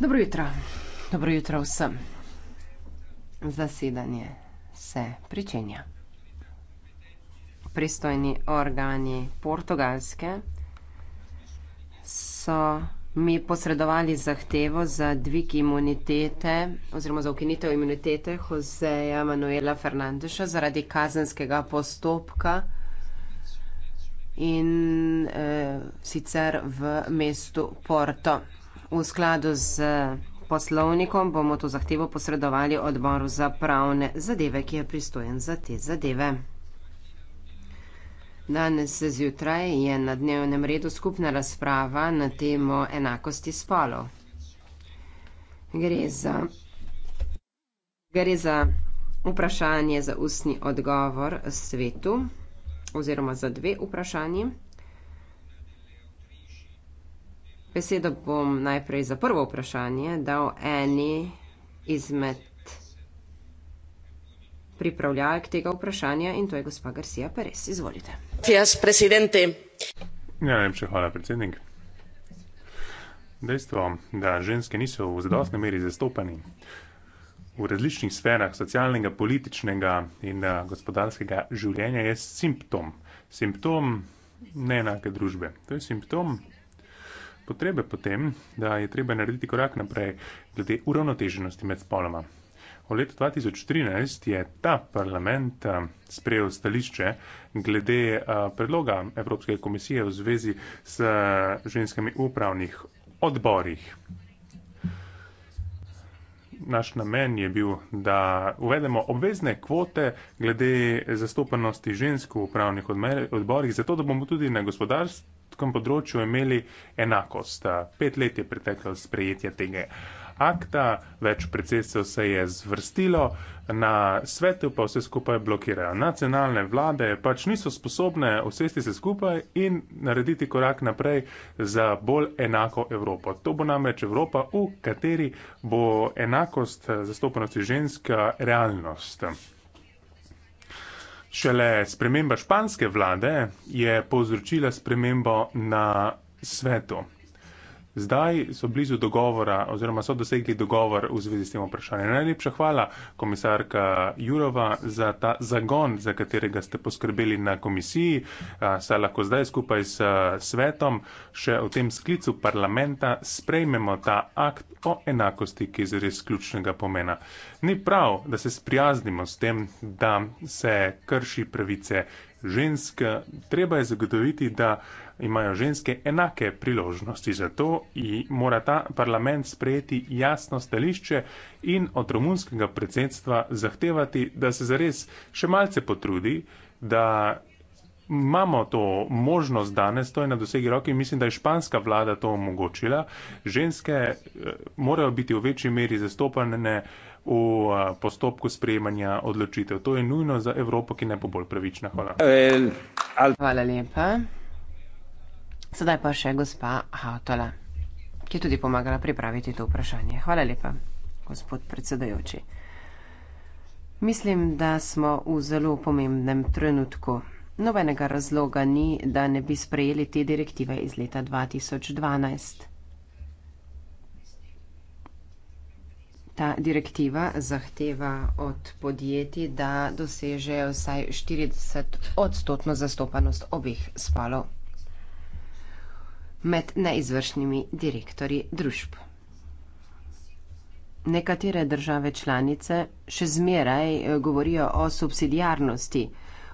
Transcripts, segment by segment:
Dobro jutro. Dobro jutro vsem. Zasedanje se pričenja. Pristojni organi Portugalske so mi posredovali zahtevo za dvig imunitete oziroma za ukinitev imunitete Joseja Manuela Fernandeša zaradi kazenskega postopka in e, sicer v mestu Porto. V skladu z poslovnikom bomo to zahtevo posredovali odboru za pravne zadeve, ki je pristojen za te zadeve. Danes zjutraj je na dnevnem redu skupna razprava na temo enakosti spolov. Gre za, gre za vprašanje za ustni odgovor svetu oziroma za dve vprašanji. besedo bom najprej za prvo vprašanje dal eni izmed pripravljalk tega vprašanja in to je gospa Garcia Perez. Izvolite. Ja, najlepša hvala, predsednik. Dejstvo, da ženske niso v zadostni meri zastopani v različnih sferah socialnega, političnega in eh, gospodarskega življenja je simptom. Simptom neenake družbe. To je simptom potrebe po tem, da je treba narediti korak naprej glede uravnoteženosti med spoloma. V letu 2013 je ta parlament eh, sprejel stališče glede eh, predloga Evropske komisije v zvezi s eh, ženskami v upravnih odborih. Naš namen je bil, da uvedemo obvezne kvote glede zastopanosti žensk v upravnih odmer, odborih, zato da bomo tudi na gospodarstvu tem področju imeli enakost. Pet let je preteklo sprejetje tega akta, več predsedstev se je zvrstilo, na svetu pa vse skupaj blokirajo. Nacionalne vlade pač niso sposobne usesti se skupaj in narediti korak naprej za bolj enako Evropo. To bo namreč Evropa, v kateri bo enakost zastopanosti ženska realnost. Šele sprememba španske vlade je povzročila spremembo na svetu. Zdaj so blizu dogovora oziroma so dosegli dogovor v zvezi s tem vprašanjem. Najlepša hvala, komisarka Jurova, za ta zagon, za katerega ste poskrbeli na komisiji. Se lahko zdaj skupaj s svetom še v tem sklicu parlamenta sprejmemo ta akt o enakosti, ki je zares ključnega pomena. Ni prav, da se sprijaznimo s tem, da se krši pravice žensk. Treba je zagotoviti, da imajo ženske enake priložnosti. Zato mora ta parlament sprejeti jasno stališče in od romunskega predsedstva zahtevati, da se zares še malce potrudi, da imamo to možnost danes, to je na dosegi roki, mislim, da je španska vlada to omogočila. Ženske eh, morajo biti v večji meri zastopane v eh, postopku sprejemanja odločitev. To je nujno za Evropo, ki ne bo bolj pravična. Hvala. Eh, Hvala lepa. Sedaj pa še gospa Hatola, ki je tudi pomagala pripraviti to vprašanje. Hvala lepa, gospod predsedajoči. Mislim, da smo v zelo pomembnem trenutku. Nobenega razloga ni, da ne bi sprejeli te direktive iz leta 2012. Ta direktiva zahteva od podjetij, da dosežejo vsaj 40 odstotno zastopanost obih spolov med neizvršnimi direktori družb. Nekatere države članice še zmeraj eh, govorijo o subsidijarnosti.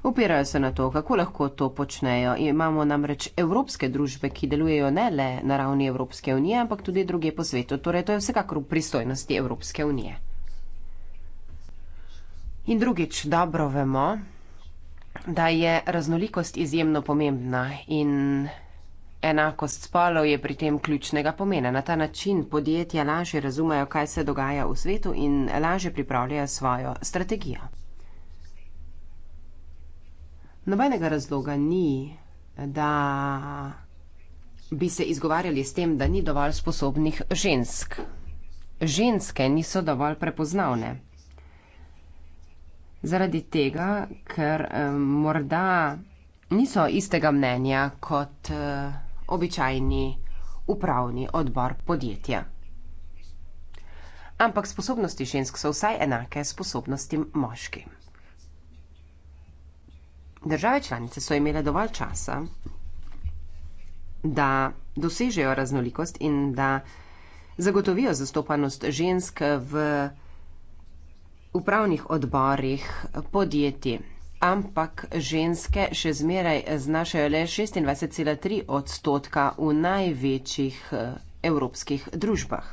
Upirajo se na to, kako lahko to počnejo. Imamo namreč evropske družbe, ki delujejo ne le na ravni Evropske unije, ampak tudi druge po svetu. Torej, to je vsekakor v pristojnosti Evropske unije. In drugič, dobro vemo, da je raznolikost izjemno pomembna in enakost spolov je pri tem ključnega pomena. Na ta način podjetja lažje razumejo, kaj se dogaja v svetu in lažje pripravljajo svojo strategijo. Nobenega razloga ni, da bi se izgovarjali s tem, da ni dovolj sposobnih žensk. Ženske niso dovolj prepoznavne. Zaradi tega, ker eh, morda niso istega mnenja kot. Eh, običajni upravni odbor podjetja. Ampak sposobnosti žensk so vsaj enake sposobnostim moški. Države članice so imele dovolj časa, da dosežejo raznolikost in da zagotovijo zastopanost žensk v upravnih odborih podjetij ampak ženske še zmeraj znašajo le 26,3 odstotka v največjih eh, evropskih družbah.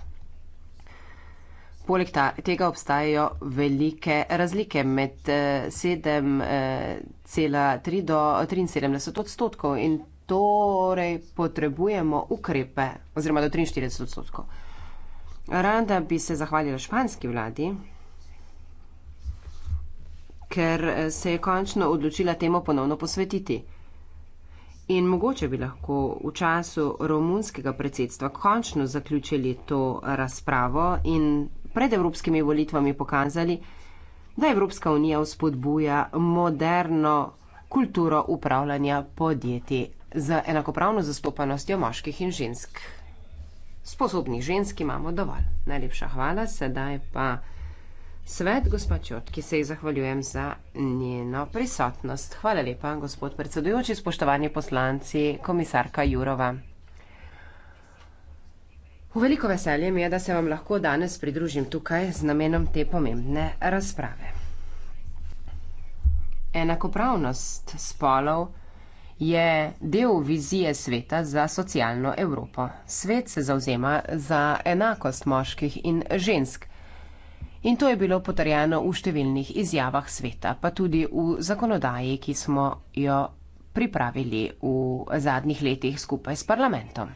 Poleg tega obstajajo velike razlike med 7,3 eh, eh, do 73 odstotkov in torej potrebujemo ukrepe oziroma do 43 odstotkov. Rada bi se zahvalila španski vladi ker eh, se je končno odločila temu ponovno posvetiti. In mogoče bi lahko v času romunskega predsedstva končno zaključili to razpravo in pred evropskimi volitvami pokazali, da Evropska unija vzpodbuja moderno kulturo upravljanja podjetij z enakopravno zastopanostjo moških in žensk. Sposobnih žensk imamo dovolj. Najlepša hvala, sedaj pa. Svet, gospod Čotki, se ji zahvaljujem za njeno prisotnost. Hvala lepa, gospod predsedujoči, spoštovani poslanci, komisarka Jurova. V veliko veselje mi je, da se vam lahko danes pridružim tukaj z namenom te pomembne razprave. Enakopravnost spolov je del vizije sveta za socialno Evropo. Svet se zauzema za enakost moških in žensk. In to je bilo potrjeno v številnih izjavah sveta, pa tudi v zakonodaji, ki smo jo pripravili v zadnjih letih skupaj s parlamentom.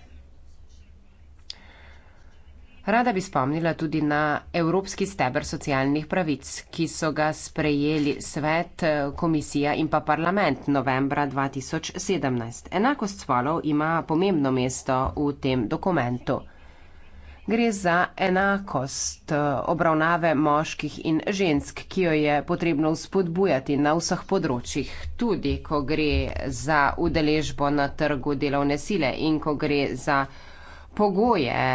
Rada bi spomnila tudi na Evropski steber socialnih pravic, ki so ga sprejeli svet, komisija in pa parlament novembra 2017. Enakost spolov ima pomembno mesto v tem dokumentu gre za enakost eh, obravnave moških in žensk, ki jo je potrebno vzpodbujati na vseh področjih, tudi ko gre za udeležbo na trgu delovne sile in ko gre za pogoje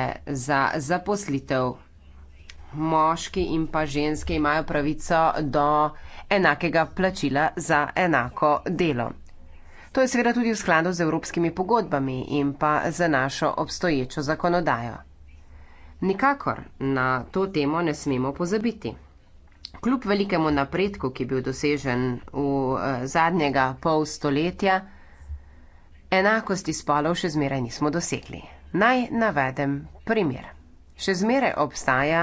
za zaposlitev. Moški in pa ženske imajo pravico do enakega plačila za enako delo. To je seveda tudi v skladu z evropskimi pogodbami in pa za našo obstoječo zakonodajo. Nikakor na to temo ne smemo pozabiti. Kljub velikemu napredku, ki je bil dosežen v eh, zadnjega pol stoletja, enakosti spolov še zmeraj nismo dosegli. Naj navedem primer. Še zmeraj obstaja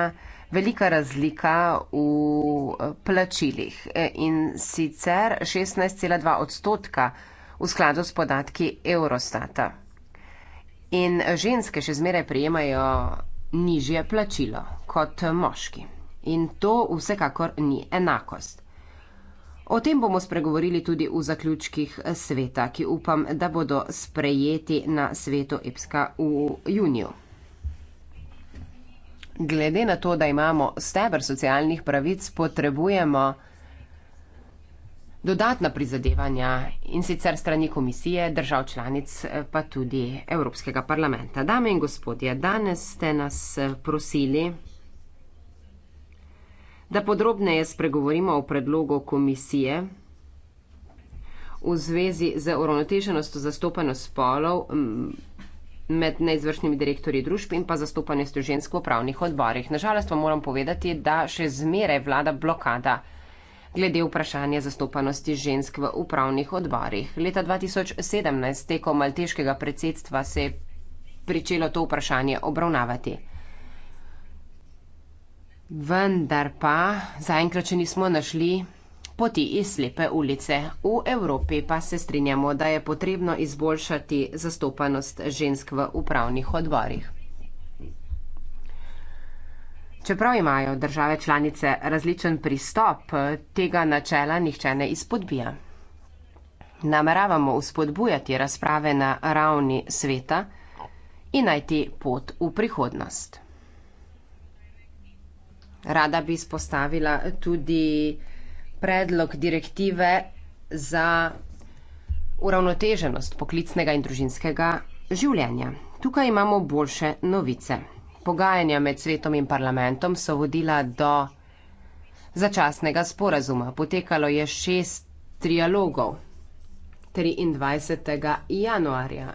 velika razlika v eh, plačilih eh, in sicer 16,2 odstotka v skladu s podatki Eurostata. In ženske še zmeraj prijemajo nižje plačilo kot moški. In to vsekakor ni enakost. O tem bomo spregovorili tudi v zaključkih sveta, ki upam, da bodo sprejeti na svetu EPSKA v juniju. Glede na to, da imamo steber socialnih pravic, potrebujemo dodatna prizadevanja in sicer strani komisije držav članic, eh, pa tudi Evropskega parlamenta. Dame in gospodje, danes ste nas eh, prosili, da podrobneje spregovorimo o predlogu komisije v zvezi z uravnoteženostjo zastopanja spolov med neizvršnimi direktori družb in pa zastopanjem žensk v upravnih odborih. Nažalost, moram povedati, da še zmeraj vlada blokada glede vprašanja zastopanosti žensk v upravnih odborih. Leta 2017, tekom malteškega predsedstva, se je pričelo to vprašanje obravnavati. Vendar pa zaenkrat še nismo našli poti iz slepe ulice. V Evropi pa se strinjamo, da je potrebno izboljšati zastopanost žensk v upravnih odborih. Čeprav imajo države članice različen pristop, tega načela nihče ne izpodbija. Nameravamo vzpodbujati razprave na ravni sveta in najti pot v prihodnost. Rada bi izpostavila tudi predlog direktive za uravnoteženost poklicnega in družinskega življenja. Tukaj imamo boljše novice. Pogajanja med svetom in parlamentom so vodila do začasnega sporazuma. Potekalo je šest trialogov 23. januarja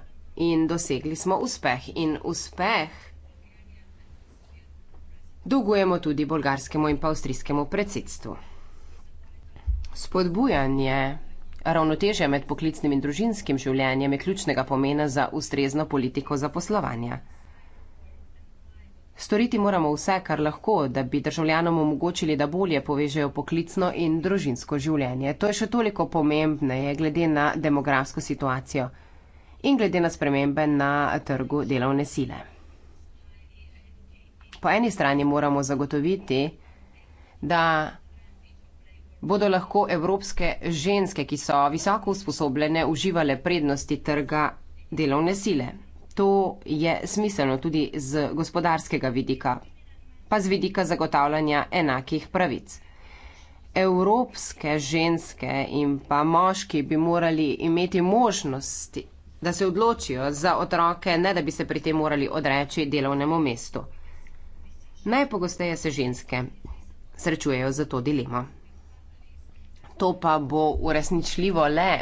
in dosegli smo uspeh. In uspeh dolgujemo tudi bolgarskemu in pa avstrijskemu predsedstvu. Spodbujanje ravnotežja med poklicnim in družinskim življenjem je ključnega pomena za ustrezno politiko zaposlovanja. Storiti moramo vse, kar lahko, da bi državljanom omogočili, da bolje povežejo poklicno in družinsko življenje. To je še toliko pomembneje glede na demografsko situacijo in glede na spremembe na trgu delovne sile. Po eni strani moramo zagotoviti, da bodo lahko evropske ženske, ki so visoko usposobljene, uživale prednosti trga delovne sile to je smiselno tudi z gospodarskega vidika, pa z vidika zagotavljanja enakih pravic. Evropske ženske in pa moški bi morali imeti možnosti, da se odločijo za otroke, ne da bi se pri tem morali odreči delovnemu mestu. Najpogosteje se ženske srečujejo z to dilemo. To pa bo uresničljivo le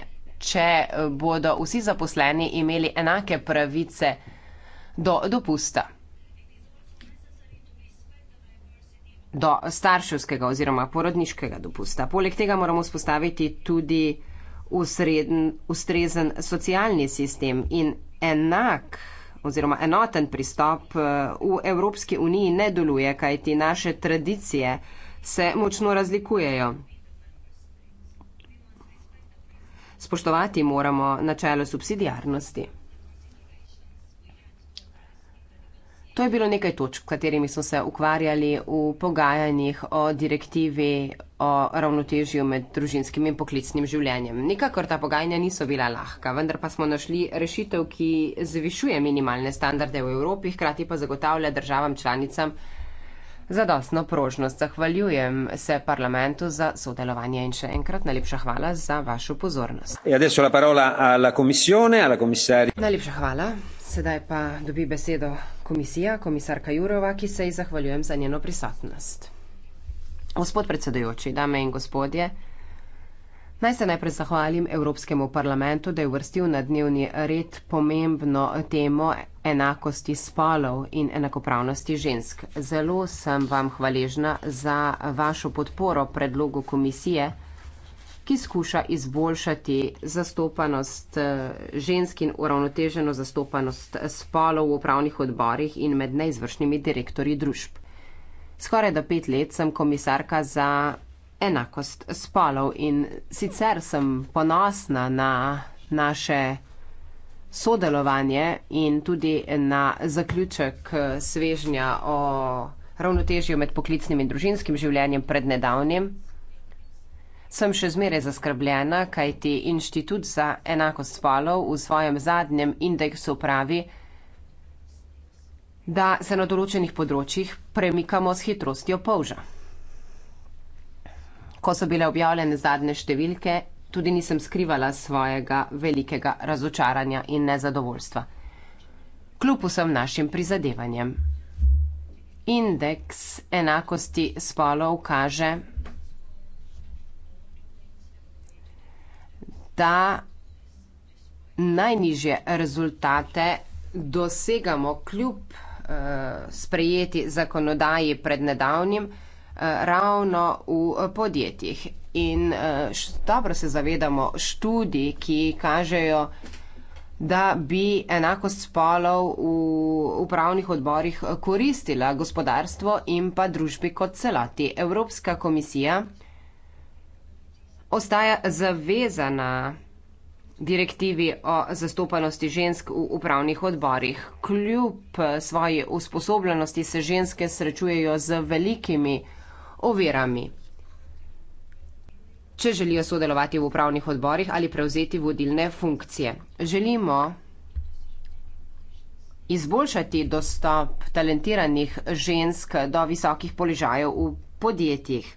če eh, bodo vsi zaposleni imeli enake pravice do dopusta. Do starševskega oziroma porodniškega dopusta. Poleg tega moramo spostaviti tudi usreden, ustrezen socialni sistem in enak oziroma enoten pristop eh, v Evropski uniji ne deluje, kajti naše tradicije se močno razlikujejo. Spoštovati moramo načelo subsidijarnosti. To je bilo nekaj točk, katerimi smo se ukvarjali v pogajanjih o direktivi o ravnotežju med družinskim in poklicnim življenjem. Nikakor ta pogajanja niso bila lahka, vendar pa smo našli rešitev, ki zvišuje minimalne standarde v Evropi, hkrati pa zagotavlja državam članicam zadostno prožnost. Zahvaljujem se parlamentu za sodelovanje in še enkrat najlepša hvala za vašo pozornost. E najlepša hvala. Sedaj pa dobi besedo komisija, komisarka Jurova, ki se ji zahvaljujem za njeno prisotnost. Gospod predsedujoči, dame in gospodje, Naj se najprej zahvalim Evropskemu parlamentu, da je vrstil na dnevni red pomembno temo enakosti spolov in enakopravnosti žensk. Zelo sem vam hvaležna za vašo podporo predlogu komisije, ki skuša izboljšati zastopanost eh, žensk in uravnoteženo zastopanost spolov v upravnih odborih in med neizvršnimi direktori družb. Skoraj da pet let sem komisarka za enakost spolov in sicer sem ponosna na naše sodelovanje in tudi na zaključek eh, svežnja o ravnotežju med poklicnim in družinskim življenjem pred nedavnim. Sem še zmeraj zaskrbljena, kaj ti Inštitut za enakost spolov v svojem zadnjem indeksu pravi, da se na določenih področjih premikamo s hitrostjo polža. Ko so bile objavljene zadnje številke, tudi nisem skrivala svojega velikega razočaranja in nezadovoljstva. Kljub vsem našim prizadevanjem. Indeks enakosti spolov kaže, da najnižje rezultate dosegamo kljub uh, sprejeti zakonodaji pred nedavnim, uh, Eh, ravno v eh, podjetjih. In eh, dobro se zavedamo študij, ki kažejo, da bi enakost spolov v upravnih odborih koristila gospodarstvo in pa družbi kot celoti. Evropska komisija ostaja zavezana direktivi o zastopanosti žensk v upravnih odborih. Kljub svoji usposobljenosti se ženske srečujejo z velikimi ovirami. Če želijo sodelovati v upravnih odborih ali prevzeti vodilne funkcije, želimo izboljšati dostop talentiranih žensk do visokih položajev v podjetjih.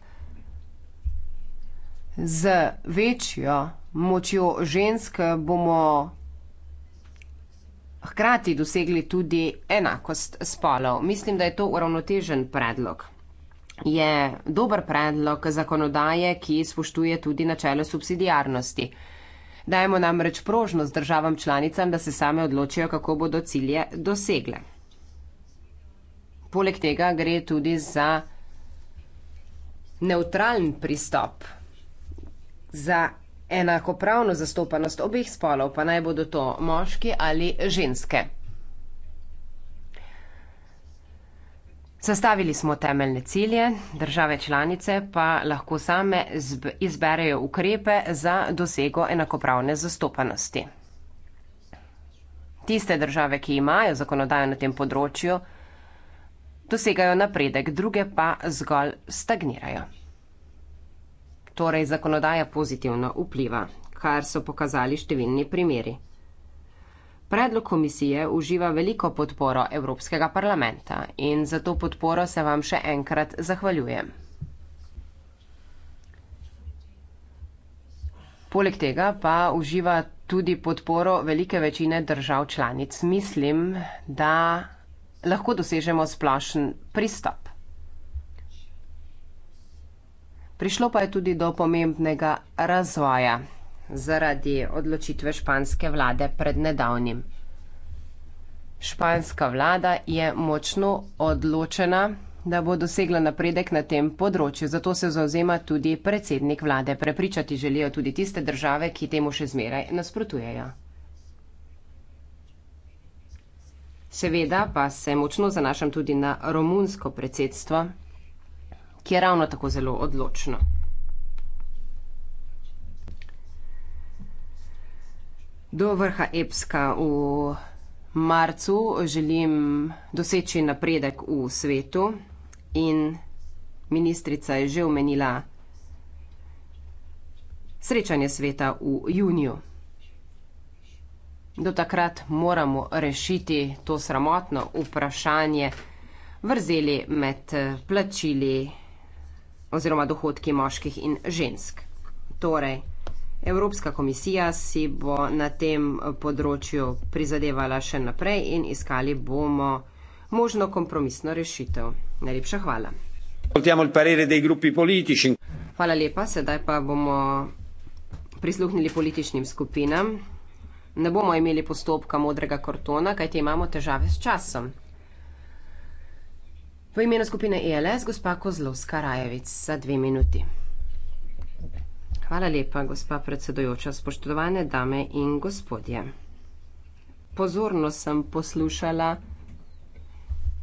Z večjo močjo žensk bomo hkrati dosegli tudi enakost spolov. Mislim, da je to uravnotežen predlog je dober predlog zakonodaje, ki spoštuje tudi načelo subsidijarnosti. Dajemo namreč prožnost državam članicam, da se same odločijo, kako bodo cilje dosegle. Poleg tega gre tudi za neutralen pristop, za enakopravno zastopanost obeh spolov, pa naj bodo to moški ali ženske. Sestavili smo temeljne cilje, države članice pa lahko same izberejo ukrepe za dosego enakopravne zastopanosti. Tiste države, ki imajo zakonodajo na tem področju, dosegajo napredek, druge pa zgolj stagnirajo. Torej zakonodaja pozitivno vpliva, kar so pokazali številni primeri. Predlog komisije uživa veliko podporo Evropskega parlamenta in za to podporo se vam še enkrat zahvaljujem. Poleg tega pa uživa tudi podporo velike večine držav članic. Mislim, da lahko dosežemo splošen pristop. Prišlo pa je tudi do pomembnega razvoja zaradi odločitve španske vlade pred nedavnim. Španska vlada je močno odločena, da bo dosegla napredek na tem področju, zato se zauzema tudi predsednik vlade. Prepričati želijo tudi tiste države, ki temu še zmeraj nasprotujejo. Seveda pa se močno zanašam tudi na romunsko predsedstvo, ki je ravno tako zelo odločno. Do vrha Epska v marcu želim doseči napredek v svetu in ministrica je že omenila srečanje sveta v juniju. Do takrat moramo rešiti to sramotno vprašanje vrzeli med plačili oziroma dohodki moških in žensk. Torej, Evropska komisija si bo na tem področju prizadevala še naprej in iskali bomo možno kompromisno rešitev. Najlepša hvala. Hvala lepa, sedaj pa bomo prisluhnili političnim skupinam. Ne bomo imeli postopka modrega kartona, kajti imamo težave s časom. V imenu skupine ELS gospa Kozlovska Rajevic za dve minuti. Hvala lepa, gospa predsedujoča, spoštovane dame in gospodje. Pozorno sem poslušala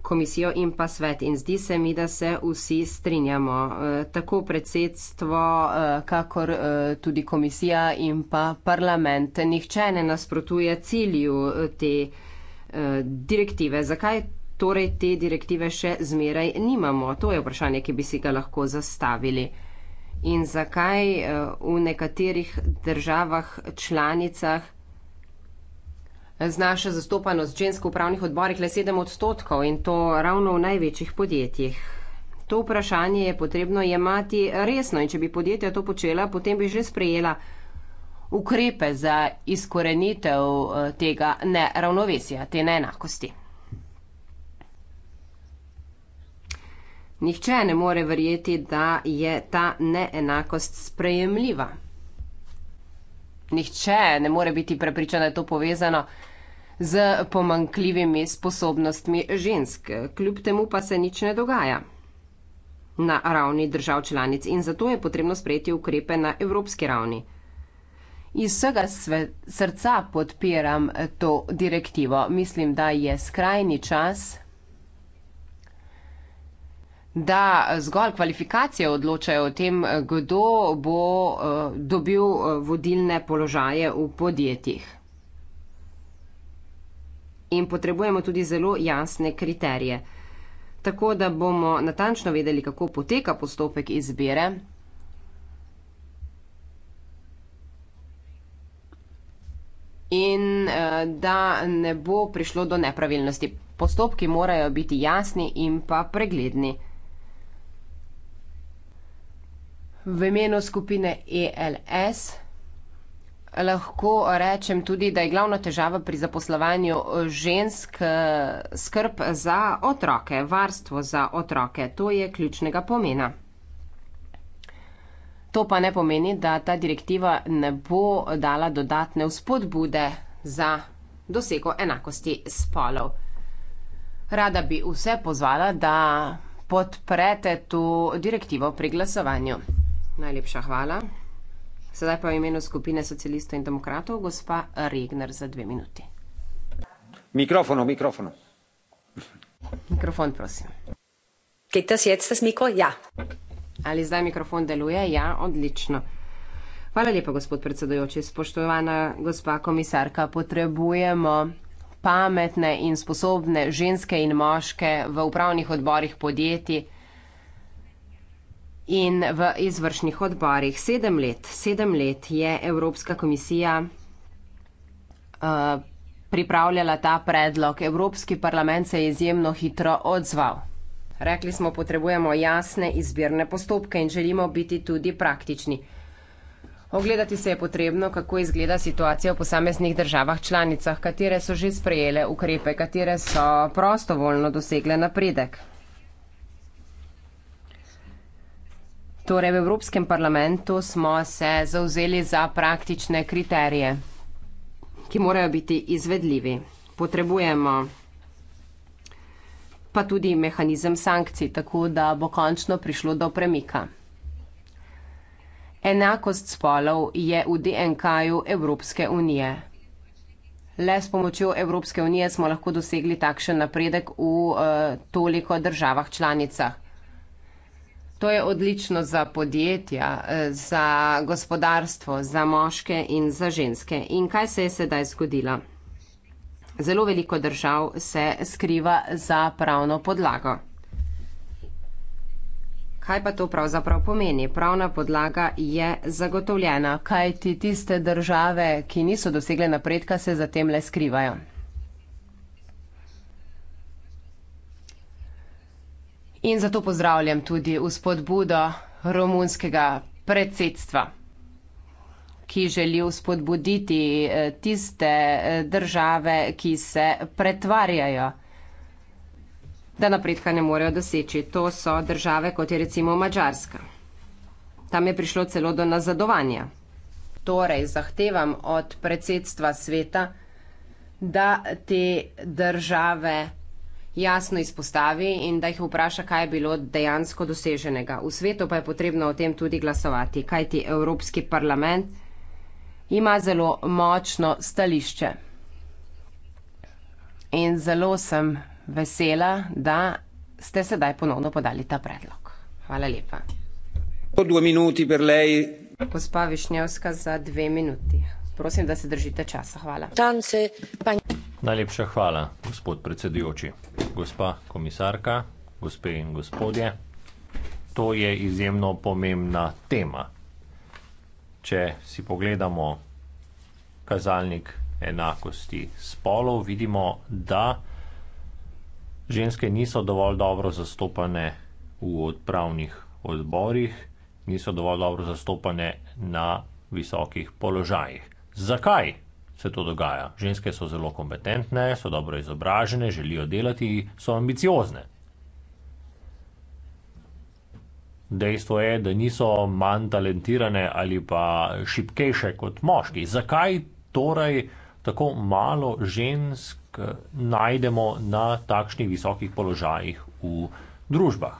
komisijo in pa svet in zdi se mi, da se vsi strinjamo. E, tako predsedstvo, e, kakor e, tudi komisija in pa parlament. Nihče ne nasprotuje cilju te direktive. Zakaj torej te direktive še zmeraj nimamo? To je vprašanje, ki bi si ga lahko zastavili in zakaj eh, v nekaterih državah članicah znaša zastopanost žensk v upravnih odborih le 7 odstotkov in to ravno v največjih podjetjih. To vprašanje je potrebno jemati resno in če bi podjetja to počela, potem bi že sprejela ukrepe za izkorenitev eh, tega neravnovesja, te neenakosti. Nihče ne more verjeti, da je ta neenakost sprejemljiva. Nihče ne more biti prepričan, da je to povezano z pomankljivimi sposobnostmi žensk. Kljub temu pa se nič ne dogaja na ravni držav članic in zato je potrebno sprejeti ukrepe na evropski ravni. Iz vsega srca podpiram to direktivo. Mislim, da je skrajni čas, da zgolj kvalifikacije odločajo o tem, kdo bo eh, dobil eh, vodilne položaje v podjetjih. In potrebujemo tudi zelo jasne kriterije, tako da bomo natančno vedeli, kako poteka postopek izbire. In eh, da ne bo prišlo do nepravilnosti. Postopki morajo biti jasni in pa pregledni. v imenu skupine ELS. Lahko rečem tudi, da je glavna težava pri zaposlovanju žensk eh, skrb za otroke, varstvo za otroke. To je ključnega pomena. To pa ne pomeni, da ta direktiva ne bo dala dodatne vzpodbude za dosego enakosti spolov. Rada bi vse pozvala, da podprete to direktivo pri glasovanju. Najlepša hvala. Sedaj pa v imenu skupine socialistov in demokratov gospa Regner za dve minuti. Mikrofono, mikrofono. Mikrofon, prosim. Kitas, jec, ste smiko? Ja. Ali zdaj mikrofon deluje? Ja, odlično. Hvala lepa, gospod predsedujoči. Spoštovana gospa komisarka, potrebujemo pametne in sposobne ženske in moške v upravnih odborih podjetij in v izvršnih odborih. Sedem let, sedem let je Evropska komisija uh, pripravljala ta predlog. Evropski parlament se je izjemno hitro odzval. Rekli smo, potrebujemo jasne izbirne postopke in želimo biti tudi praktični. Ogledati se je potrebno, kako izgleda situacija v posameznih državah članicah, katere so že sprejele ukrepe, katere so prostovoljno dosegle napredek. Torej, v Evropskem parlamentu smo se zauzeli za praktične kriterije, ki morajo biti izvedljivi. Potrebujemo pa tudi mehanizem sankcij, tako da bo končno prišlo do premika. Enakost spolov je v DNK-ju Evropske unije. Le s pomočjo Evropske unije smo lahko dosegli takšen napredek v uh, toliko državah članicah. To je odlično za podjetja, eh, za gospodarstvo, za moške in za ženske. In kaj se je sedaj zgodilo? Zelo veliko držav se skriva za pravno podlago. Kaj pa to pravzaprav pomeni? Pravna podlaga je zagotovljena, kaj ti tiste države, ki niso dosegle napredka, se zatem le skrivajo. In zato pozdravljam tudi vzpodbudo romunskega predsedstva, ki želi vzpodbuditi eh, tiste eh, države, ki se pretvarjajo, da napredka ne morejo doseči. To so države, kot je recimo Mačarska. Tam je prišlo celo do nazadovanja. Torej zahtevam od predsedstva sveta, da te države jasno izpostavi in da jih vpraša, kaj je bilo dejansko doseženega. V svetu pa je potrebno o tem tudi glasovati, kajti Evropski parlament ima zelo močno stališče. In zelo sem vesela, da ste sedaj ponovno podali ta predlog. Hvala lepa. Po dve minuti, Berlej. Gospa Višnjevska za dve minuti. Prosim, da se držite časa. Hvala. Tance, pa... Najlepša hvala, gospod predsedujoči. Gospa komisarka, gospe in gospodje, to je izjemno pomembna tema. Če si pogledamo kazalnik enakosti spolov, vidimo, da ženske niso dovolj dobro zastopane v odpravnih odborih, niso dovolj dobro zastopane na visokih položajih. Zakaj? se to dogaja. Ženske so zelo kompetentne, so dobro izobražene, želijo delati, so ambiciozne. Dejstvo je, da niso manj talentirane ali pa šipkejše kot moški. Zakaj torej tako malo žensk najdemo na takšnih visokih položajih v družbah?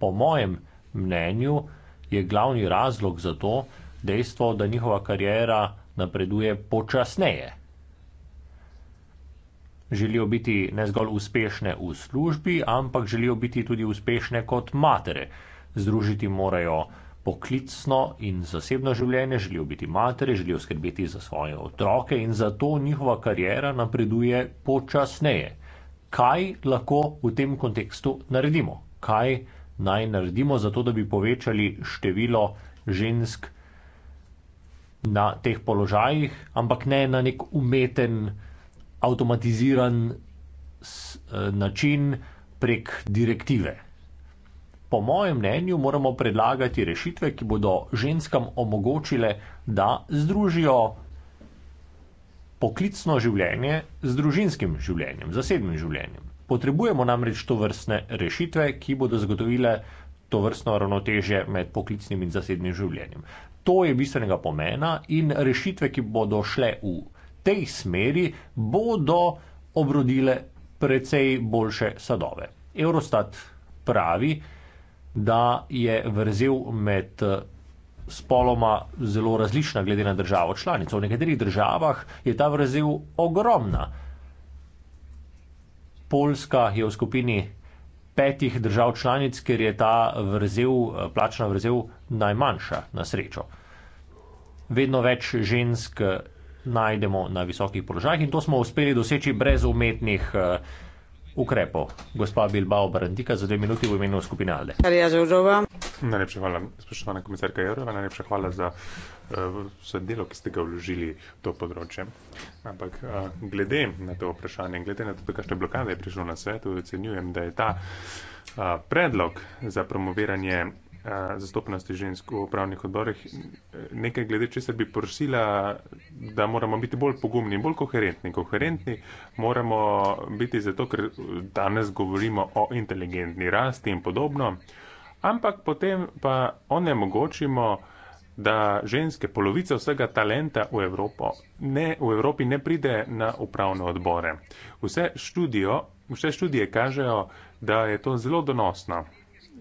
Po mojem mnenju je glavni razlog za to dejstvo, da njihova karjera napreduje počasneje. Želijo biti ne zgolj uspešne v službi, ampak želijo biti tudi uspešne kot matere. Združiti morajo poklicno in zasebno življenje, želijo biti matere, želijo skrbeti za svoje otroke in zato njihova karjera napreduje počasneje. Kaj lahko v tem kontekstu naredimo? Kaj naj naredimo za to, da bi povečali število žensk na teh položajih, ampak ne na nek umeten, avtomatiziran eh, način prek direktive. Po mojem mnenju moramo predlagati rešitve, ki bodo ženskam omogočile, da združijo poklicno življenje z družinskim življenjem, zasebnim življenjem. Potrebujemo namreč to vrstne rešitve, ki bodo zagotovile to vrstno ravnotežje med poklicnim in zasebnim življenjem to je bistvenega pomena in rešitve, ki bodo šle v tej smeri, bodo obrodile precej boljše sadove. Eurostat pravi, da je vrzel med eh, spoloma zelo različna glede na državo članico. V nekaterih državah je ta vrzel ogromna. Poljska je v skupini petih držav članic, ker je ta vrzel, eh, plačna vrzel najmanjša na srečo vedno več žensk eh, najdemo na visokih položajih in to smo uspeli doseči brez umetnih eh, ukrepov. Gospa Bilbao Brandika za dve minuti v imenu skupine Alde. Najlepša hvala, spoštovana komisarka Jorova, najlepša hvala za vse eh, delo, ki ste ga vložili v to področje. Ampak glede na to vprašanje, glede na to, kakšne blokade je prišlo na svetu, ocenjujem, da je ta predlog za promoviranje zastopnosti žensk v upravnih odborih. Nekaj glede česar bi prosila, da moramo biti bolj pogumni in bolj koherentni. Koherentni moramo biti zato, ker danes govorimo o inteligentni rasti in podobno, ampak potem pa onemogočimo, da ženske polovica vsega talenta v, ne, v Evropi ne pride na upravne odbore. Vse, študijo, vse študije kažejo, da je to zelo donosno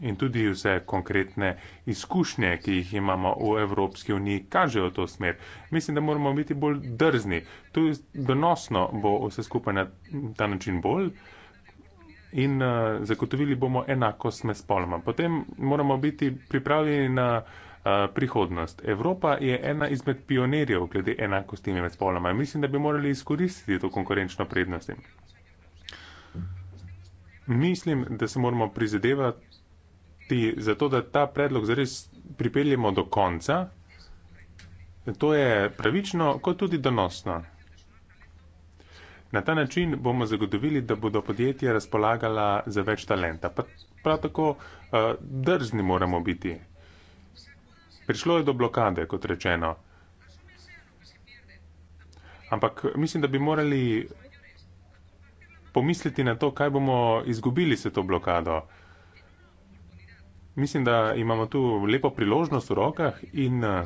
in tudi vse konkretne izkušnje, ki jih imamo v Evropski uniji, kažejo to smer. Mislim, da moramo biti bolj drzni. To je donosno, bo vse skupaj na ta način bolj in uh, zagotovili bomo enakost med spoloma. Potem moramo biti pripravljeni na uh, prihodnost. Evropa je ena izmed pionirjev glede enakosti med spoloma. Mislim, da bi morali izkoristiti to konkurenčno prednost. Mislim, da se moramo prizadevati ti za to, da ta predlog zares pripeljemo do konca, to je pravično, kot tudi donosno. Na ta način bomo zagotovili, da bodo podjetja razpolagala za več talenta. Pa prav tako uh, drzni moramo biti. Prišlo je do blokade, kot rečeno. Ampak mislim, da bi morali pomisliti na to, kaj bomo izgubili s to blokado. Uh, Mislim, da imamo tu lepo priložnost v rokah in eh,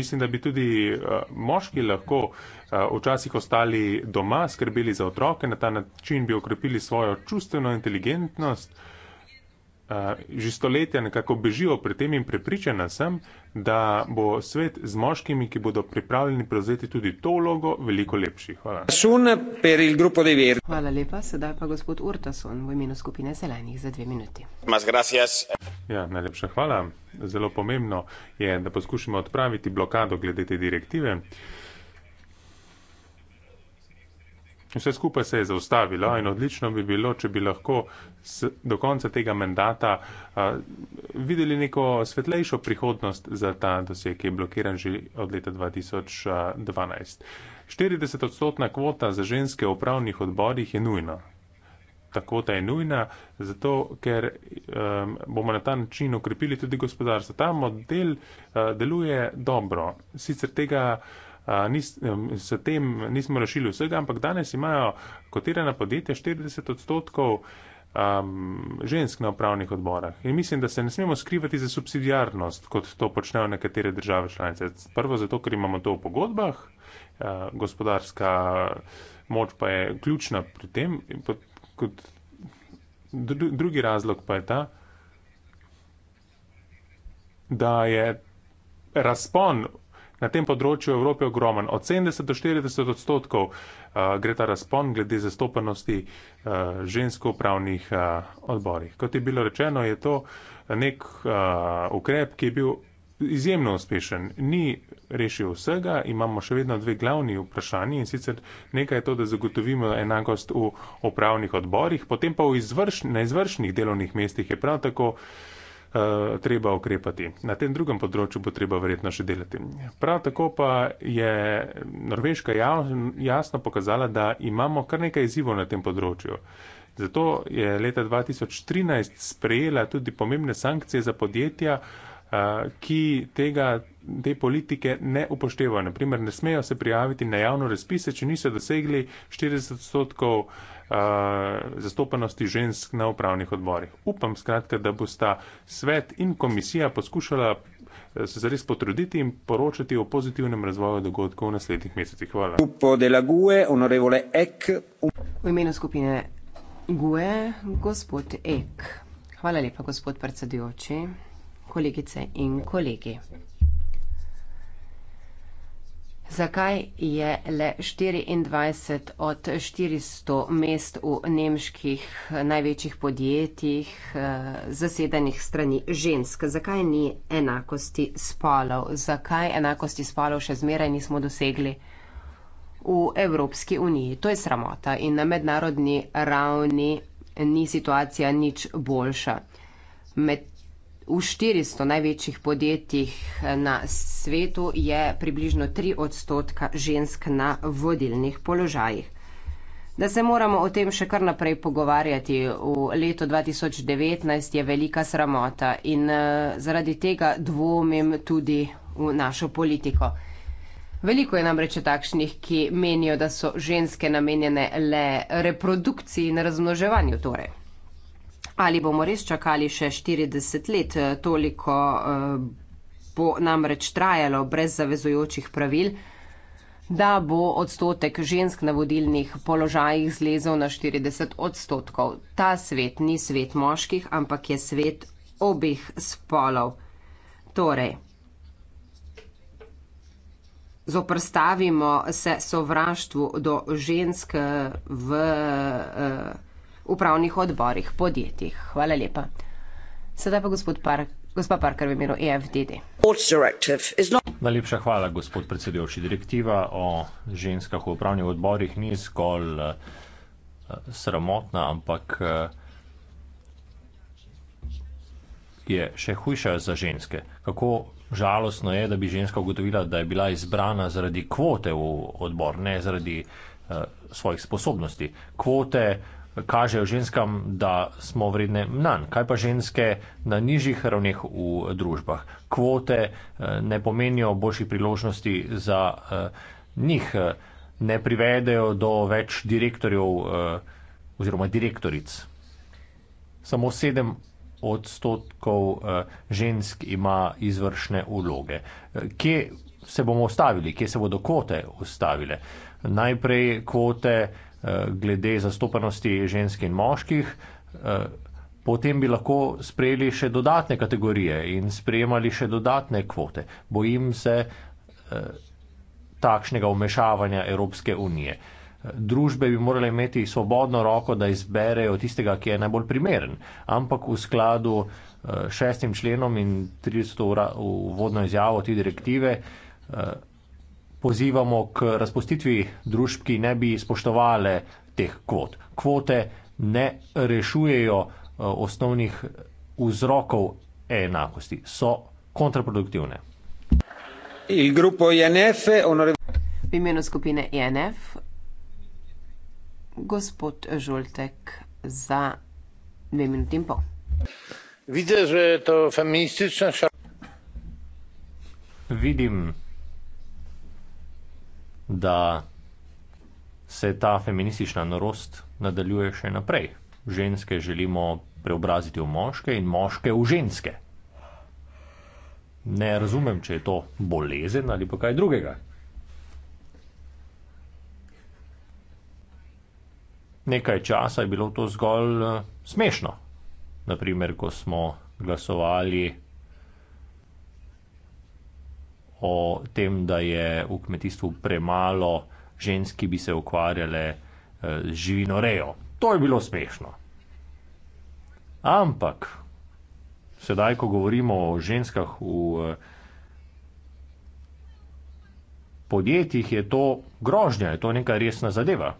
mislim, da bi tudi eh, moški lahko eh, včasih ostali doma, skrbeli za otroke, na ta način bi okrepili svojo čustveno inteligentnost. Eh, že stoletja nekako bežijo pred tem in prepričana sem, da bo svet z moškimi, ki bodo pripravljeni prevzeti tudi to vlogo, veliko lepši. Hvala. Hvala lepa, sedaj pa gospod Urtason v imenu skupine zelenih za dve minuti. Ja, najlepša hvala. Zelo pomembno je, da poskušamo odpraviti blokado glede te direktive. Vse skupaj se je zaustavilo in odlično bi bilo, če bi lahko s, do konca tega mandata a, videli neko svetlejšo prihodnost za ta doseg, ki je blokiran že od leta 2012. 40-odstotna kvota za ženske v upravnih odborih je nujna. Ta kvota je nujna, zato ker um, bomo na ta način okrepili tudi gospodarstvo. Ta model uh, deluje dobro. Sicer tega uh, nis, tem nismo rešili vsega, ampak danes imajo kotirana podjetja 40 odstotkov um, žensk na upravnih odborah. In mislim, da se ne smemo skrivati za subsidijarnost, kot to počnejo nekatere države članice. Prvo zato, ker imamo to v pogodbah, uh, gospodarska moč pa je ključna pri tem. Kot drugi razlog pa je ta, da je razpon na tem področju v Evropi ogromen. Od 70 do 40 odstotkov uh, gre ta razpon glede zastopanosti uh, eh, žensko upravnih uh, odborih. Kot je bilo rečeno, je to nek uh, ukrep, ki je bil izjemno uspešen. Ni rešil vsega, imamo še vedno dve glavni vprašanji in sicer nekaj je to, da zagotovimo enakost v upravnih odborih, potem pa v izvrš, na izvršnih delovnih mestih je prav tako uh, Eh, treba ukrepati. Na tem drugem področju bo treba verjetno še delati. Prav tako pa je norveška jasno pokazala, da imamo kar nekaj izzivov na tem področju. Zato je leta 2013 sprejela tudi pomembne sankcije za podjetja, eh, ki tega, te politike ne upoštevajo. Naprimer, ne smejo se prijaviti na javno razpise, če niso dosegli 40 odstotkov zastopanosti žensk na upravnih odborih. Upam skratka, da bosta svet in komisija poskušala eh, se zares potruditi in poročati o pozitivnem razvoju dogodkov v naslednjih mesecih. Hvala. V imenu skupine GUE, gospod Ek. Hvala lepa, gospod predsedujoči, kolegice in kolegi zakaj je le 24 od 400 mest v nemških največjih podjetjih eh, zasedanih strani žensk, zakaj ni enakosti spolov, zakaj enakosti spolov še zmeraj nismo dosegli v Evropski uniji. To je sramota in na mednarodni ravni ni situacija nič boljša. Med V 400 največjih podjetjih eh, na svetu je približno 3 odstotka žensk na vodilnih položajih. Da se moramo o tem še kar naprej pogovarjati v letu 2019 je velika sramota in eh, zaradi tega dvomim tudi v našo politiko. Veliko je namreč takšnih, ki menijo, da so ženske namenjene le reprodukciji in razmnoževanju torej. Ali bomo res čakali še 40 let, toliko eh, bo namreč trajalo brez zavezujočih pravil, da bo odstotek žensk na vodilnih položajih zlezel na 40 odstotkov. Ta svet ni svet moških, ampak je svet obih spolov. Torej, zoprstavimo se sovraštvu do žensk v. Uh, upravnih odborih podjetij. Hvala lepa. Sedaj pa gospod Park. Gospa Parker v imenu EFDD. Najlepša hvala, gospod predsedujoči. Direktiva o ženskah v upravnih odborih ni zgolj uh, sramotna, ampak uh, je še hujša za ženske. Kako žalostno je, da bi ženska ugotovila, da je bila izbrana zaradi kvote v odbor, ne zaradi uh, svojih sposobnosti. Kvote uh, kažejo ženskam, da smo vredne mnanj. Kaj pa ženske na nižjih ravneh v družbah? Kvote eh, ne pomenijo boljših priložnosti za eh, njih, eh, ne privedejo do več direktorjev oziroma direktoric. Samo sedem odstotkov žensk ima izvršne vloge. Kje se bomo ustavili, kje se bodo kvote ustavile? Najprej kvote Eh, glede zastopanosti žensk in moških, eh, potem bi lahko sprejeli še dodatne kategorije in sprejemali še dodatne kvote. Bojim se eh, takšnega umešavanja Evropske unije. Družbe bi morale imeti svobodno roko, da izberejo tistega, ki je najbolj primeren, ampak v skladu s šestim členom in 300 ura v vodno izjavo te direktive pozivamo k razpustitvi družb, ki ne bi spoštovali teh kvot. Kvote ne rešujejo eh, osnovnih vzrokov enakosti, so kontraproduktivne. V imenu skupine INF, gospod Žoltek za dve minuti in pol. Vidim, da je to feministična šala. Vidim, da se ta feministična norost nadaljuje še naprej. Ženske želimo preobraziti v moške in moške v ženske. Ne razumem, če je to bolezen ali pa kaj drugega. Nekaj časa je bilo to zgolj eh, smešno. Naprimer, ko smo glasovali o tem, da je v kmetijstvu premalo žensk, ki bi se ukvarjale eh, z živinorejo. To je bilo smešno. Ampak sedaj, ko govorimo o ženskah v eh, podjetjih, je to grožnja, je to neka resna zadeva.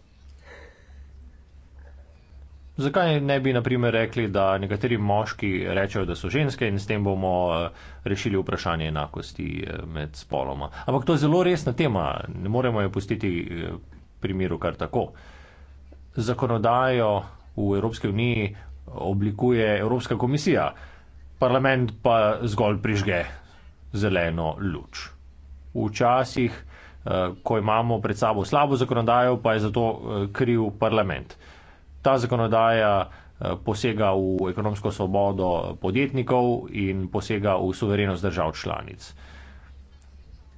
Zakaj ne bi, na primer, rekli, da nekateri moški rečejo, da so ženske in s tem bomo eh, rešili vprašanje enakosti eh, med spoloma? Ampak to je zelo resna tema, ne moremo jo pustiti eh, pri miru kar tako. Zakonodajo v Evropski uniji oblikuje Evropska komisija, parlament pa zgolj prižge zeleno luč. Včasih, ko imamo pred sabo slabo zakonodajo, pa je zato kriv parlament ta zakonodaja eh, posega v ekonomsko svobodo podjetnikov in posega v suverenost držav članic.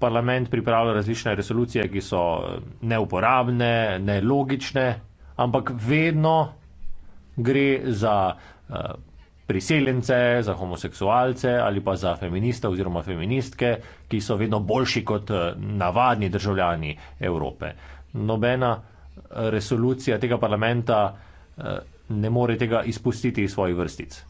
Parlament pripravlja različne resolucije, ki so eh, neuporabne, nelogične, ampak vedno gre za eh, priseljence, za homoseksualce ali pa za feministe oziroma feministke, ki so vedno boljši kot navadni državljani Evrope. Nobena resolucija tega parlamenta Eh, ne more tega izpustiti iz svojih vrstic.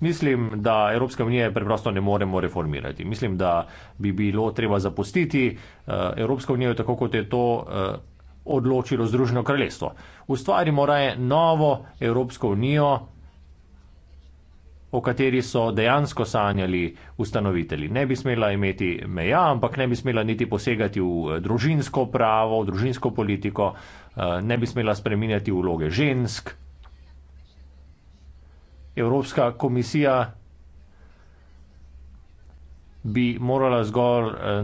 Mislim, da Evropske unije preprosto ne moremo reformirati. Mislim, da bi bilo treba zapustiti eh, Evropsko unijo, tako kot je to eh, odločilo Združeno kraljestvo. Ustvarimo raje novo Evropsko unijo, o kateri so dejansko sanjali ustanoviteli. Ne bi smela imeti meja, ampak ne bi smela niti posegati v družinsko pravo, v družinsko politiko, Eh, ne bi smela spreminjati vloge žensk. Evropska komisija bi morala zgolj eh,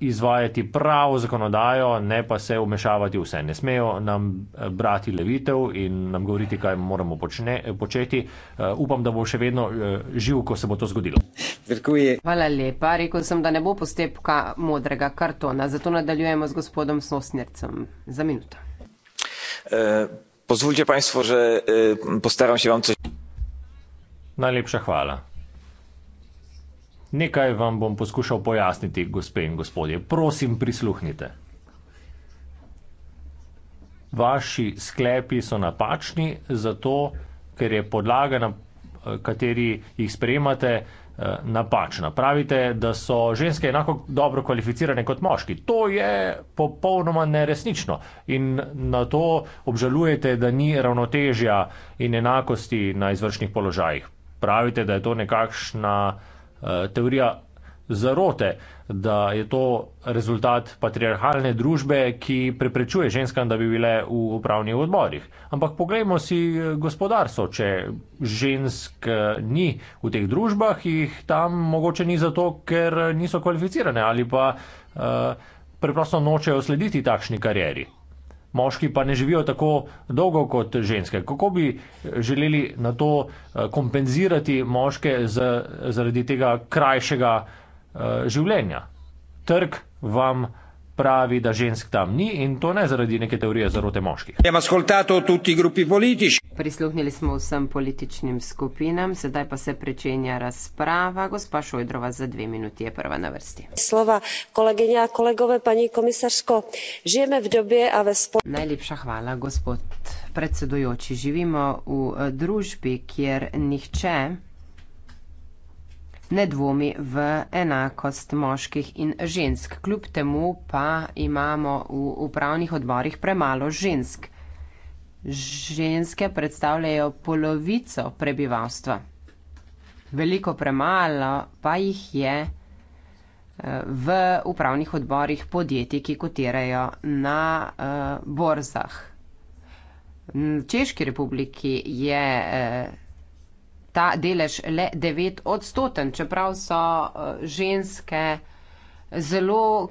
izvajati pravo zakonodajo, ne pa se umešavati vse. Ne smejo nam eh, brati levitev in nam govoriti, kaj moramo počne, početi. Upam, da bo še vedno živ, ko se bo to zgodilo. Zrkuje. Hvala lepa. Rekel sem, da ne bo postepka modrega kartona. Zato nadaljujemo z gospodom Sosnercem. Za minuto. E, pozwólcie Państwo, że e, postaram się Wam coś. Najlepsza chwała. Nekaj Wam bym poskuszał pojasnić, gospe i gospodzie. Prosim, prisłuchnijcie. Vaši sklepi so napačni, zato ker je podlaga, na kateri jih spremate, eh, Eh, napačna. Pravite, da so ženske enako dobro kvalificirane kot moški. To je popolnoma neresnično in na to obžalujete, da ni ravnotežja in enakosti na izvršnih položajih. Pravite, da je to nekakšna uh, teorija zarote, da je to rezultat patriarhalne družbe, ki preprečuje ženskam, da bi bile v upravnih odborih. Ampak poglejmo si eh, gospodarstvo. Če žensk eh, ni v teh družbah, jih tam mogoče ni zato, ker niso kvalificirane ali pa uh, preprosto nočejo slediti takšni karieri. Moški pa ne živijo tako dolgo kot ženske. Kako bi želeli na to kompenzirati moške z, zaradi tega krajšega Eh, življenja. Trg vam pravi, da žensk tam ni in to ne zaradi neke teorije zarote moških. Prisluhnili smo vsem političnim skupinam, sedaj pa se prečenja razprava. Gospa Šojdrova za dve minuti je prva na vrsti. Slova kolegenja, kolegove, pani komisarsko, žijeme v dobe, a ve spol... Najlepša hvala, gospod predsedujoči. Živimo v eh, družbi, kjer nihče ne dvomi v enakost moških in žensk. Kljub temu pa imamo v upravnih odborih premalo žensk. Ženske predstavljajo polovico prebivalstva. Veliko premalo pa jih je eh, v upravnih odborih podjetij, ki kotirajo na eh, borzah. V Češki republiki je eh, ta delež le 9 odstoten, čeprav so eh, ženske zelo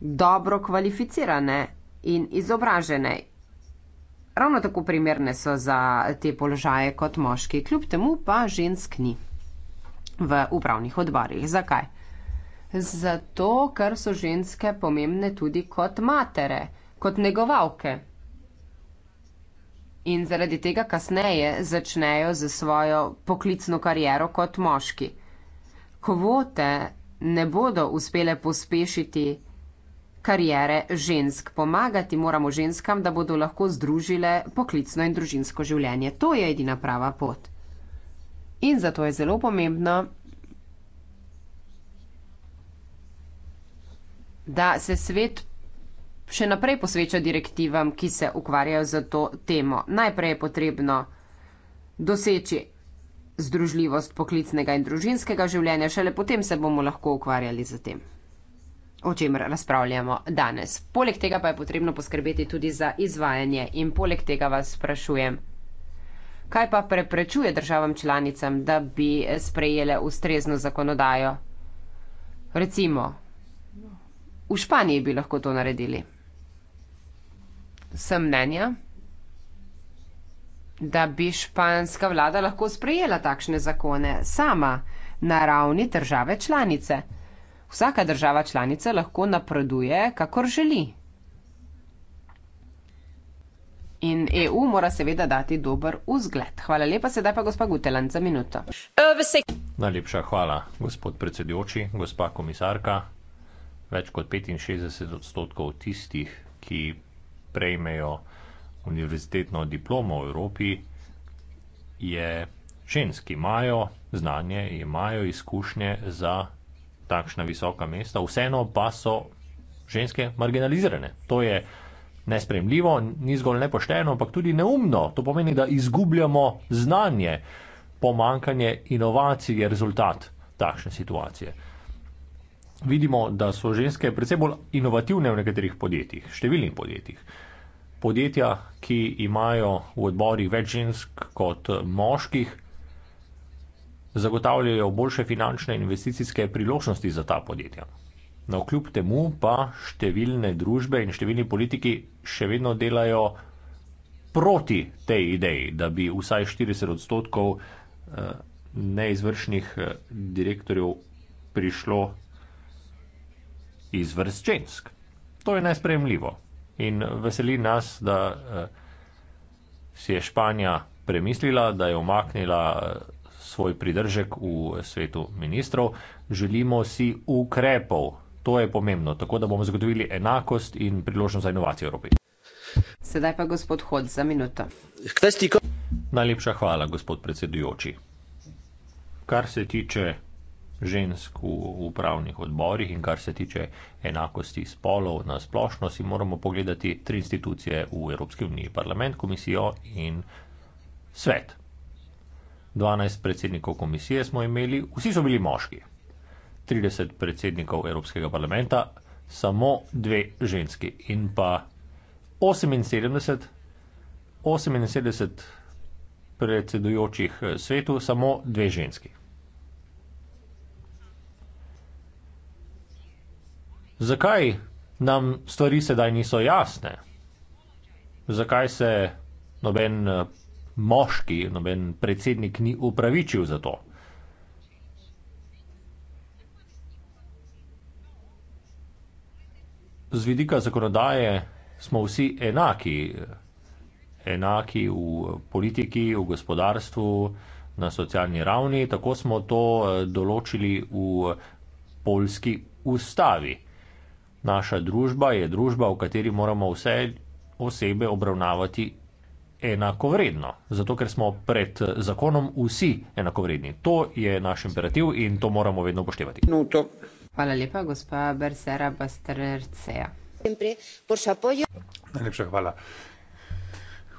dobro kvalificirane in izobražene. Ravno tako primerne so za te položaje kot moški, kljub temu pa žensk ni v upravnih odborih. Zakaj? Zato, ker so ženske pomembne tudi kot matere, kot negovalke in zaradi tega kasneje začnejo za svojo poklicno kariero kot moški. Kvote ne bodo uspele pospešiti kariere žensk. Pomagati moramo ženskam, da bodo lahko združile poklicno in družinsko življenje. To je edina prava pot. In zato je zelo pomembno, da se svet še naprej posveča direktivam, ki se ukvarjajo z to temo. Najprej je potrebno doseči združljivost poklicnega in družinskega življenja, šele potem se bomo lahko ukvarjali z tem, o čemer razpravljamo danes. Poleg tega pa je potrebno poskrbeti tudi za izvajanje in poleg tega vas sprašujem, kaj pa preprečuje državam članicam, da bi sprejele ustrezno zakonodajo. Recimo, v Španiji bi lahko to naredili sem mnenja, da bi španska vlada lahko sprejela takšne zakone sama na ravni države članice. Vsaka država članica lahko napreduje, kakor želi. In EU mora seveda dati dober vzgled. Hvala lepa, sedaj pa gospa Guteland za minuto. Najlepša hvala, gospod predsedujoči, gospa komisarka. Več kot 65 odstotkov tistih, ki prejmejo univerzitetno diplomo v Evropi, je ženski, imajo znanje, imajo izkušnje za takšna visoka mesta, vseeno pa so ženske marginalizirane. To je nespremljivo, ni zgolj nepošteno, ampak tudi neumno. To pomeni, da izgubljamo znanje, pomankanje inovacij je rezultat takšne situacije. Vidimo, da so ženske predvsem bolj inovativne v nekaterih podjetjih, številnih podjetjih. Uh, podjetja, ki imajo v odborih več žensk kot moških, zagotavljajo boljše finančne investicijske priložnosti za ta podjetja. No, kljub temu pa številne družbe in številni politiki še vedno delajo proti tej ideji, da bi vsaj 40 odstotkov eh, neizvršnih eh, direktorjev prišlo iz vrst žensk. To je nespremljivo. In veseli nas, da eh, si je Španija premislila, da je omaknila eh, svoj pridržek v eh, svetu ministrov. Želimo si ukrepov, to je pomembno, tako da bomo zagotovili enakost in priložnost za inovacije v Evropi. Sedaj pa gospod Hod za minuto. Najlepša hvala, gospod predsedujoči. Kar se tiče žensk v upravnih odborih in kar se tiče enakosti spolov na splošno, si moramo pogledati tri institucije v Evropski uniji, parlament, komisijo in svet. 12 predsednikov komisije smo imeli, vsi so bili moški. 30 predsednikov Evropskega parlamenta, samo dve ženski in pa 78, 78 predsedujočih svetu, samo dve ženski. Zakaj nam stvari sedaj niso jasne? Zakaj se noben eh, moški, noben predsednik ni upravičil za to? Z vidika zakonodaje smo vsi enaki, enaki v politiki, v gospodarstvu, na socialni ravni, tako smo to eh, določili v polski ustavi. Naša družba je družba, v kateri moramo vse osebe obravnavati enakovredno, zato ker smo pred zakonom vsi enakovredni. To je naš imperativ in to moramo vedno upoštevati. No, to. Hvala lepa, gospa Bersera Bastrerceja. Najlepša hvala.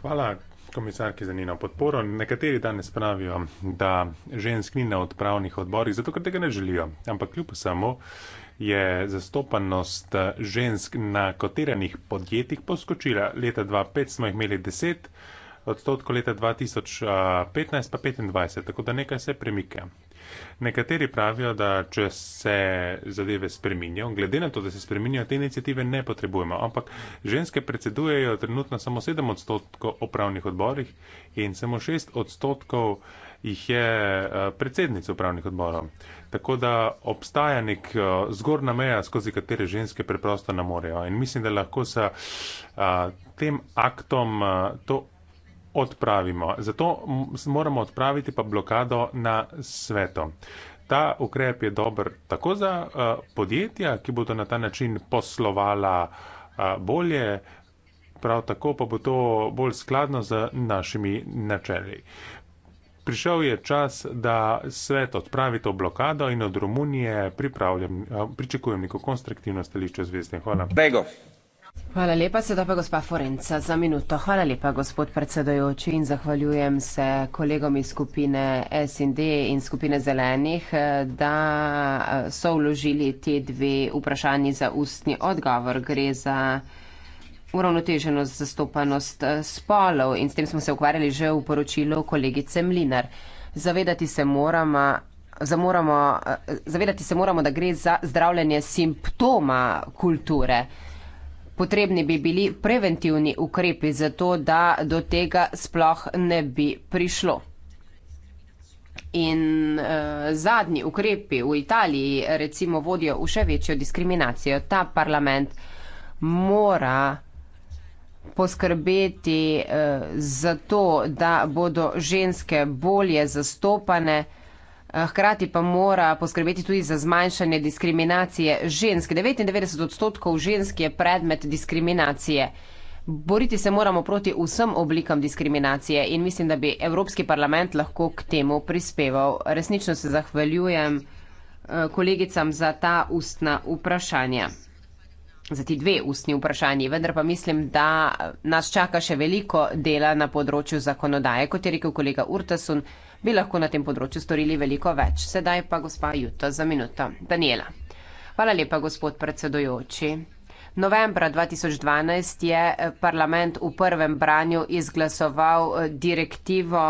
Hvala komisarki za njeno podporo. Nekateri danes pravijo, da žensk ni na odpravnih odborih, zato ker tega ne želijo. Ampak kljub samo je zastopanost eh, žensk na kotiranih podjetjih poskočila. Leta 2005 smo jih imeli 10 odstotkov, leta 2015 eh, pa 25, tako da nekaj se premike. Nekateri pravijo, da če se zadeve spreminjajo, glede na to, da se spreminjajo, te inicijative ne potrebujemo, ampak ženske predsedujejo trenutno samo 7 odstotkov upravnih odborih in samo 6 odstotkov uh, jih je eh, predsednica upravnih odborov. Tako da obstaja nek eh, zgornja meja, skozi katero ženske preprosto ne morejo. In mislim, da lahko s eh, tem aktom to odpravimo. Zato moramo odpraviti pa blokado na sveto. Ta ukrep je dober tako za podjetja, ki bodo na ta način poslovala bolje. Prav tako pa bo to bolj skladno z našimi načeli. Prišel je čas, da svet odpravi to blokado in od Romunije pričakujem neko konstruktivno stališče zvezde. Hvala. Bego. Hvala lepa, sedaj pa gospa Forenca za minuto. Hvala lepa, gospod predsedojoči in zahvaljujem se kolegom iz skupine SND in skupine zelenih, eh, da eh, so vložili te dve vprašanji za ustni odgovor. Gre za uravnoteženo zastopanost eh, spolov in s tem smo se ukvarjali že v poročilu kolegice Mlinar. Zavedati se moramo, zamoramo, eh, zavedati se moramo da gre za zdravljanje simptoma kulture. Potrebni bi bili preventivni ukrepi za to, da do tega sploh ne bi prišlo. In uh, zadnji ukrepi v Italiji recimo vodijo v še večjo diskriminacijo. Ta parlament mora poskrbeti eh, za to, da bodo ženske bolje zastopane, eh, hkrati pa mora poskrbeti tudi za zmanjšanje diskriminacije žensk. 99 odstotkov žensk je predmet diskriminacije. Boriti se moramo proti vsem oblikam diskriminacije in mislim, da bi Evropski parlament lahko k temu prispeval. Resnično se zahvaljujem eh, kolegicam za ta ustna vprašanja za ti dve ustni vprašanji, vendar pa mislim, da nas čaka še veliko dela na področju zakonodaje. Kot je rekel kolega Urtasun, bi lahko na tem področju storili veliko več. Sedaj pa gospa Juto za minuto. Daniela. Hvala lepa, gospod predsedojoči. Novembra 2012 je eh, parlament v prvem branju izglasoval eh, direktivo.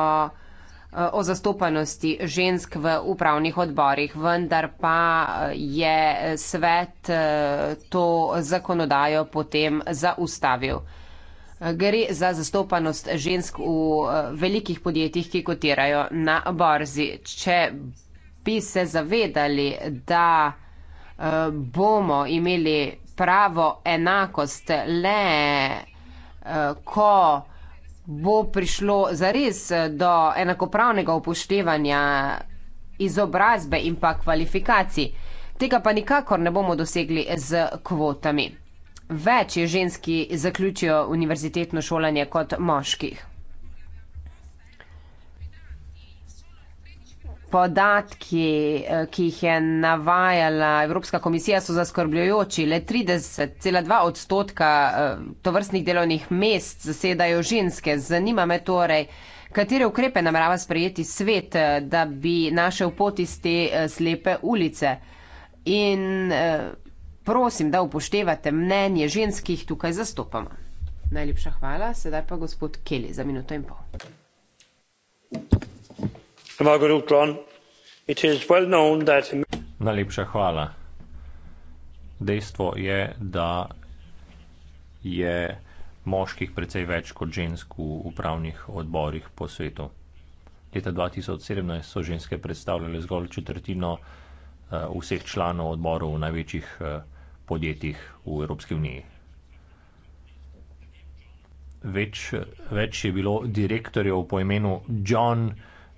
Eh, o zastopanosti žensk v upravnih odborih, vendar pa eh, je svet eh, to zakonodajo potem zaustavil. Gre za zastopanost žensk v velikih podjetjih, ki kotirajo na borzi. Če bi se zavedali, da bomo imeli pravo enakost le, ko bo prišlo zares eh, do enakopravnega upoštevanja izobrazbe in pa kvalifikacij. Tega pa nikakor ne bomo dosegli z kvotami. Več je ženski zaključijo univerzitetno šolanje kot moških. podatki, eh, ki jih je navajala Evropska komisija, so zaskrbljujoči. Le 30,2 odstotka eh, tovrstnih delovnih mest zasedajo ženske. Zanima me torej, katere ukrepe namerava sprejeti svet, eh, da bi našel pot iz te slepe ulice. In prosim, da upoštevate mnenje ženskih tukaj zastopamo. Najlepša hvala, sedaj pa gospod Kelly za minuto in pol. Thank you. Najlepša hvala. Dejstvo je, da je moških precej več kot žensk v upravnih odborih po svetu. Leta 2017 so ženske predstavljale zgolj četrtino eh, vseh članov odborov v največjih eh, podjetjih v Evropski uniji. Več, več je bilo direktorjev po imenu John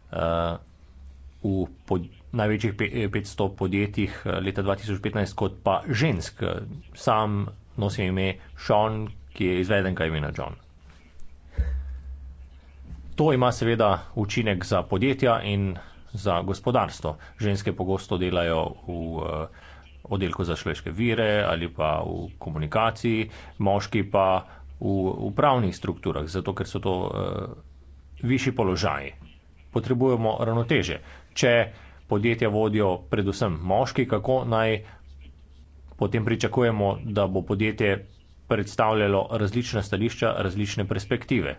v pod, največjih 500 eh, podjetjih eh, leta 2015 kot pa žensk. Sam nosim ime Sean, ki je izveden ga imena John. To ima seveda učinek za podjetja in za gospodarstvo. Ženske pogosto delajo v eh, oddelku za človeške vire ali pa v komunikaciji, moški pa v upravnih strukturah, zato ker so to uh, višji položaji potrebujemo ravnoteže. Če podjetja vodijo predvsem moški, kako naj potem pričakujemo, da bo podjetje predstavljalo različna stališča, različne perspektive.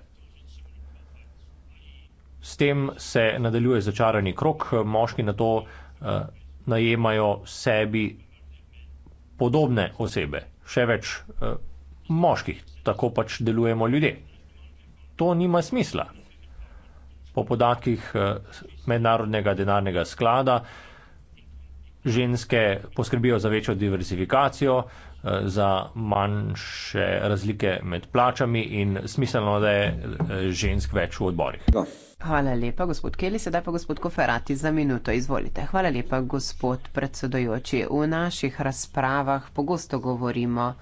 S tem se nadaljuje začarani krok, moški na to eh, najemajo sebi podobne osebe, še več eh, moških, tako pač delujemo ljudje. To nima smisla. Po podatkih eh, Mednarodnega denarnega sklada ženske poskrbijo za večjo diversifikacijo, eh, za manjše razlike med plačami in smiselno, da je eh, žensk več v odborih. No. Hvala lepa, gospod Keli. Sedaj pa gospod Koferati za minuto. Izvolite. Hvala lepa, gospod predsedojoči. V naših razpravah pogosto govorimo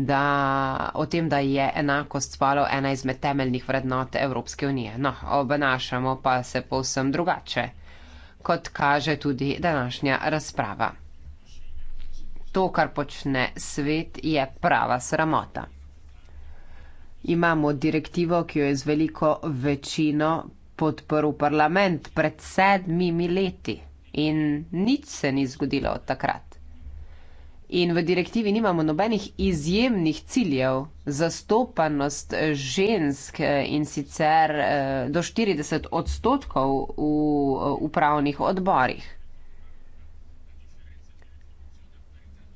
da, o tem, da je enakost spolov ena izmed temeljnih vrednot Evropske unije. No, obnašamo pa se povsem drugače, kot kaže tudi današnja razprava. To, kar počne svet, je prava sramota. Imamo direktivo, ki jo je z veliko večino podprl parlament pred sedmimi leti in nič se ni zgodilo od takrat. In v direktivi nimamo nobenih izjemnih ciljev. Zastopanost žensk eh, in sicer eh, do 40 odstotkov v eh, upravnih odborih.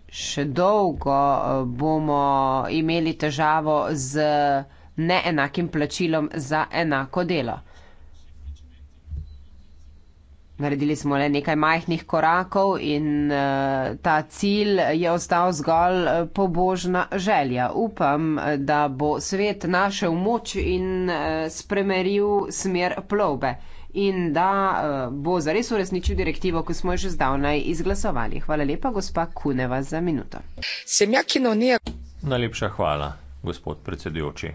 Še dolgo bomo imeli težavo z neenakim plačilom za enako delo. Naredili smo le nekaj majhnih korakov in uh, ta cilj je ostal zgolj eh, pobožna želja. Upam, da bo svet našel moč in uh, spremeril smer plovbe in da uh, bo zares uresničil direktivo, ko smo jo že zdavnaj izglasovali. Hvala lepa, gospa Kuneva, za minuto. Najlepša hvala, gospod predsedujoči.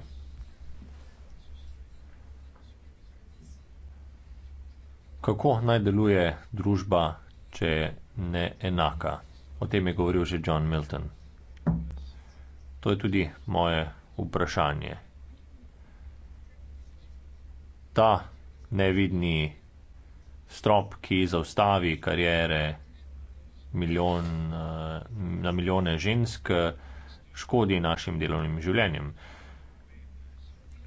kako naj deluje družba, če je ne enaka. O tem je govoril že John Milton. To je tudi moje vprašanje. Ta nevidni strop, ki zaustavi karijere milijon, eh, na milijone žensk, eh, škodi našim delovnim življenjem.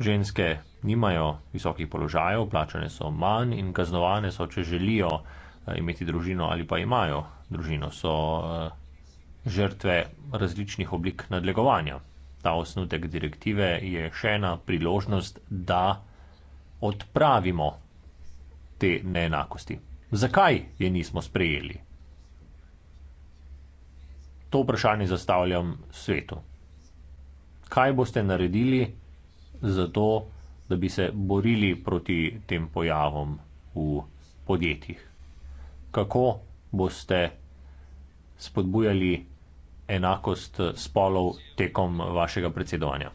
Ženske nimajo visokih položajev, plačane so manj in kaznovane so, če želijo eh, imeti družino ali pa imajo družino, so eh, žrtve različnih oblik nadlegovanja. Ta osnutek direktive je še ena priložnost, da odpravimo te neenakosti. Zakaj je nismo sprejeli? To vprašanje zastavljam svetu. Kaj boste naredili za to, da da bi se borili proti tem pojavom v podjetjih. Kako boste spodbujali enakost spolov tekom vašega predsedovanja?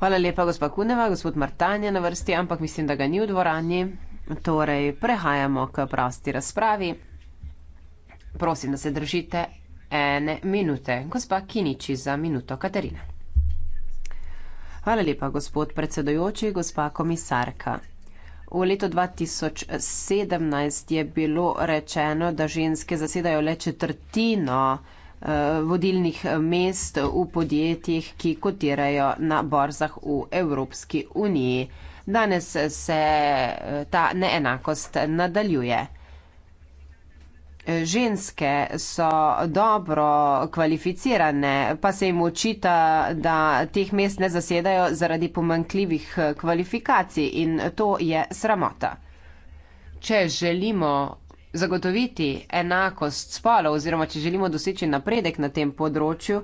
Hvala lepa, gospa Kuneva. Gospod Martan je na vrsti, ampak mislim, da ga ni v dvorani. Torej, prehajamo k prosti razpravi. Prosim, da se držite ene minute. Gospa Kiniči za minuto, Katarina. Hvala lepa, gospod predsedojoči, gospa komisarka. V letu 2017 je bilo rečeno, da ženske zasedajo le četrtino eh, vodilnih mest v podjetjih, ki kotirajo na borzah v Evropski uniji. Danes se eh, ta neenakost nadaljuje ženske so dobro kvalificirane, pa se jim očita, da teh mest ne zasedajo zaradi pomankljivih eh, kvalifikacij in to je sramota. Če želimo zagotoviti enakost spolov oziroma če želimo doseči napredek na tem področju,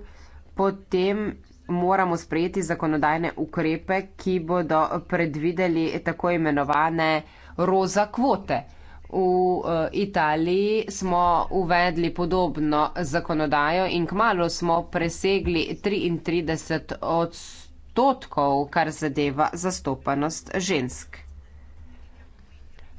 potem moramo sprejeti zakonodajne ukrepe, ki bodo predvideli tako imenovane roza kvote. V eh, Italiji smo uvedli podobno zakonodajo in kmalo smo presegli 33 odstotkov, kar zadeva zastopanost žensk.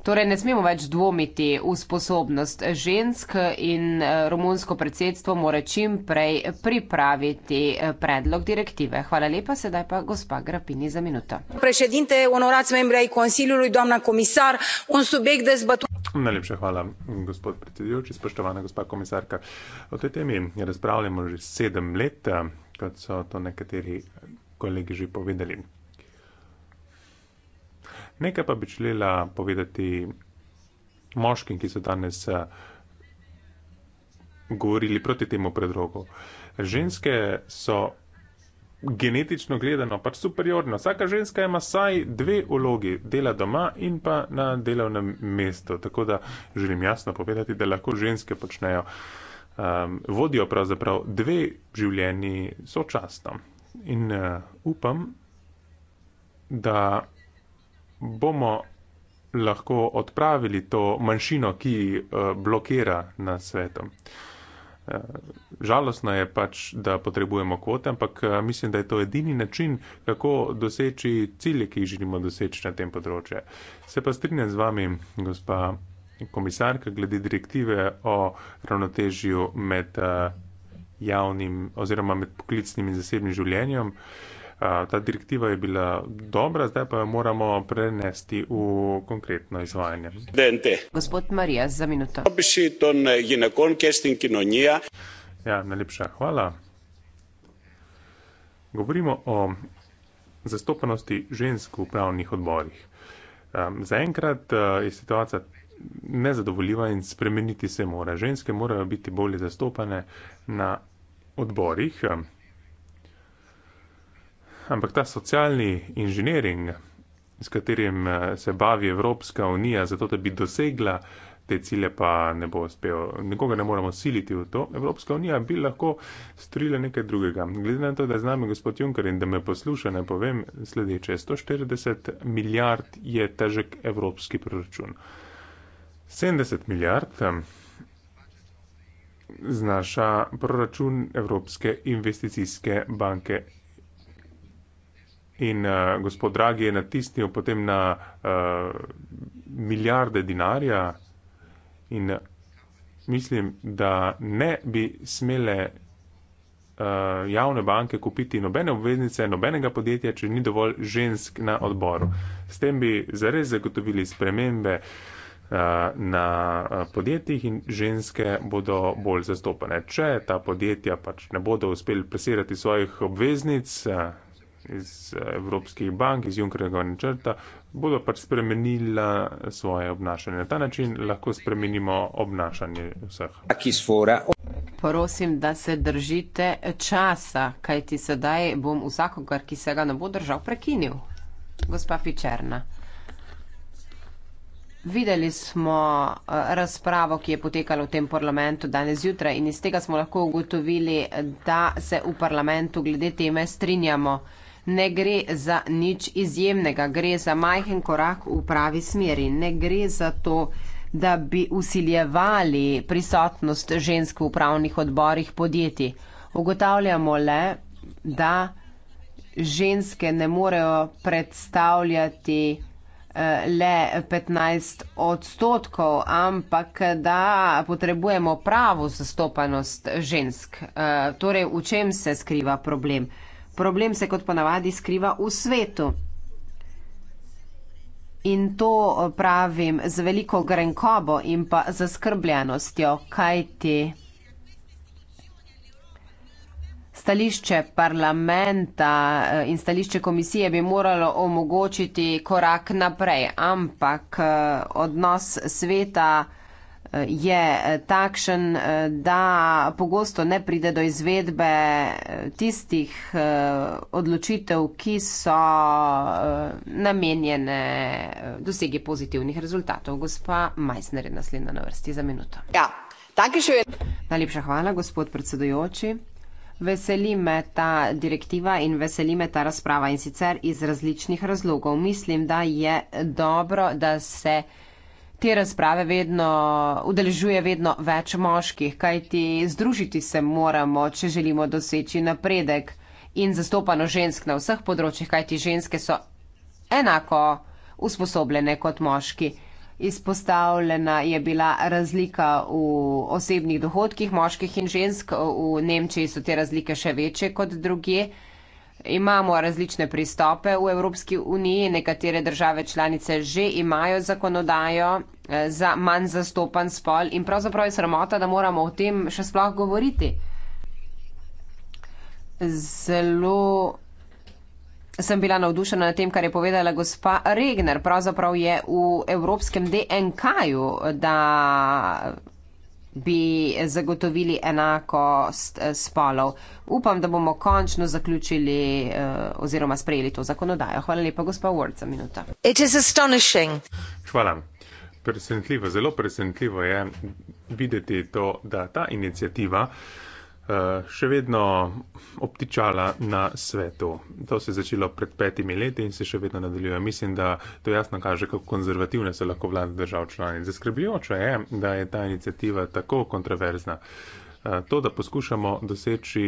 Torej, ne smemo več dvomiti v sposobnost žensk in eh, romunsko predsedstvo mora čim prej pripraviti eh, predlog direktive. Hvala lepa, sedaj pa gospa Grapini za minuto. Najlepša hvala, gospod predsedujoči, spoštovana gospa komisarka. O tej temi razpravljamo že sedem let, eh, kot so to nekateri kolegi že povedali. Nekaj pa bi želela povedati moškim, ki so danes eh, govorili proti temu predrogu. Ženske so genetično gledano pač superiorne. Vsaka ženska ima saj dve ulogi, dela doma in pa na delovnem mestu. Tako da želim jasno povedati, da lahko ženske počnejo, um, vodijo pravzaprav dve življenji sočasno. In uh, upam, da bomo lahko odpravili to manjšino, ki eh, blokira nad svetom. Eh, žalostno je pač, da potrebujemo kvote, ampak eh, mislim, da je to edini način, kako doseči cilje, ki jih želimo doseči na tem področju. Se pa strinjam z vami, gospa komisarka, glede direktive o ravnotežju med javnim oziroma med poklicnim in zasebnim življenjem. Uh, ta direktiva je bila dobra, zdaj pa jo moramo prenesti v konkretno izvajanje. Dente. Gospod Marija, za minuto. Ja, najlepša hvala. Govorimo o zastopanosti žensk v pravnih odborih. Zaenkrat je situacija nezadovoljiva in spremeniti se mora. Ženske morajo biti bolje zastopane na odborih ampak ta socialni inženiring, s katerim eh, se bavi Evropska unija, zato da bi dosegla te cilje, pa ne bo uspel, nikoga ne moramo siliti v to, Evropska unija bi lahko storila nekaj drugega. Glede na to, da znam gospod Juncker in da me posluša, ne povem sledeče. 140 milijard je težek evropski proračun. 70 milijard eh, znaša proračun Evropske investicijske banke In uh, gospod Dragi je natisnil potem na uh, milijarde dinarja in eh, mislim, da ne bi smele uh, javne banke kupiti nobene obveznice, nobenega podjetja, če ni dovolj žensk na odboru. S tem bi zares zagotovili spremembe uh, na uh, podjetjih in ženske bodo bolj zastopane. Če ta podjetja pač ne bodo uspeli presirati svojih obveznic, uh, iz eh, evropskih bank, iz Junkerjega načrta, bodo pač spremenila svoje obnašanje. Na ta način lahko spremenimo obnašanje vseh. Prosim, da se držite časa, kajti sedaj bom vsakogar, ki se ga ne bo držal, prekinil. Gospa Pičerna. Videli smo eh, razpravo, ki je potekala v tem parlamentu danes zjutraj in iz tega smo lahko ugotovili, da se v parlamentu glede teme strinjamo ne gre za nič izjemnega, gre za majhen korak v pravi smeri, ne gre za to, da bi usiljevali prisotnost žensk v upravnih odborih podjetij. Ugotavljamo le, da ženske ne morejo predstavljati eh, le 15 odstotkov, ampak da potrebujemo pravo zastopanost žensk. Eh, torej, v čem se skriva problem? Problem se kot ponavadi skriva v svetu. In to eh, pravim z veliko grenkobo in pa zaskrbljenostjo, kaj ti stališče parlamenta eh, in stališče komisije bi moralo omogočiti korak naprej, ampak eh, odnos sveta je takšen, eh, da pogosto ne pride do izvedbe eh, tistih eh, odločitev, ki so namenjene dosegi pozitivnih rezultatov. Gospa Majsner je naslednja na vrsti za minuto. Ja, tako še. Najlepša hvala, gospod predsedujoči. Veseli me ta direktiva in veseli me ta razprava in sicer iz različnih razlogov. Mislim, da je dobro, da se te razprave vedno udeležuje vedno več moških, kajti združiti se moramo, če želimo doseči napredek in zastopano žensk na vseh področjih, kajti ženske so enako usposobljene kot moški. Izpostavljena je bila razlika v osebnih dohodkih moških in žensk, v Nemčiji so te razlike še večje kot drugje. Imamo različne pristope v Evropski uniji, nekatere države članice že imajo zakonodajo eh, za manj zastopan spol in pravzaprav je sramota, da moramo o tem še sploh govoriti. Zelo sem bila navdušena na tem, kar je povedala gospa Regner. Pravzaprav je v Evropskem DNK-ju, da bi zagotovili enakost eh, spolov. Upam, da bomo končno zaključili eh, oziroma sprejeli to zakonodajo. Hvala lepa, gospa Ward, za minuto. Hvala. Presenetljivo, zelo presenetljivo je videti to, da ta inicijativa. Eh, še vedno obtičala na svetu. To se je začelo pred petimi leti in se še vedno nadaljuje. Mislim, da to jasno kaže, kako konzervativne so lahko vlade držav članic. Zaskrbljujoče je, da je ta inicijativa tako kontroverzna. Eh, to, da poskušamo doseči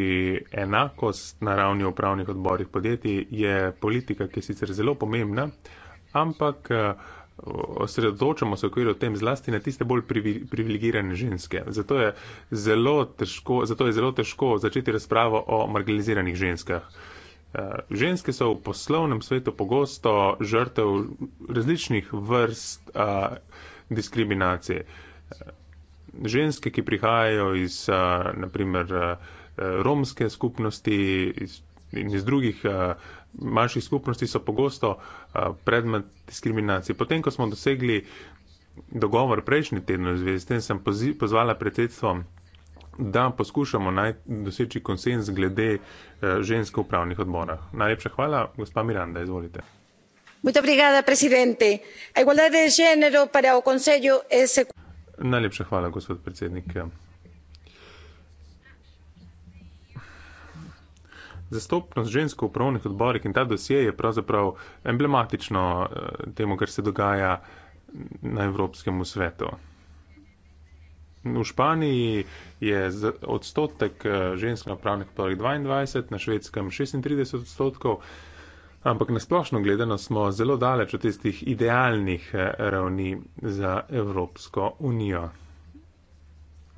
enakost na ravni upravnih odborih podjetij, je politika, ki je sicer zelo pomembna, ampak eh, osredotočamo se v okviru tem zlasti na tiste bolj privilegirane ženske. Zato je, zelo težko, zato je zelo težko začeti razpravo o marginaliziranih ženskah. Eh, ženske so v poslovnem svetu pogosto žrtev različnih vrst a, eh, diskriminacije. Eh, ženske, ki prihajajo iz a, naprimer a, romske skupnosti in iz, iz drugih. A, manjših skupnosti so pogosto eh, predmet diskriminacije. Potem, ko smo dosegli dogovor prejšnji teden v zvezi s tem, sem pozvala predsedstvo, da poskušamo doseči konsens glede eh, žensk v upravnih odborah. Najlepša hvala, gospa Miranda, izvolite. Muito obrigada, presidente. A igualdade de género para o Conselho é... Najlepša hvala, gospod predsednik. Zastopnost žensk v upravnih odborih in ta dosje je pravzaprav emblematično eh, temu, kar se dogaja na Evropskem svetu. V Španiji je odstotek eh, žensk na upravnih odborih 22, na švedskem 36 odstotkov, ampak nasplošno gledano smo zelo daleč od tistih idealnih eh, ravni za Evropsko unijo.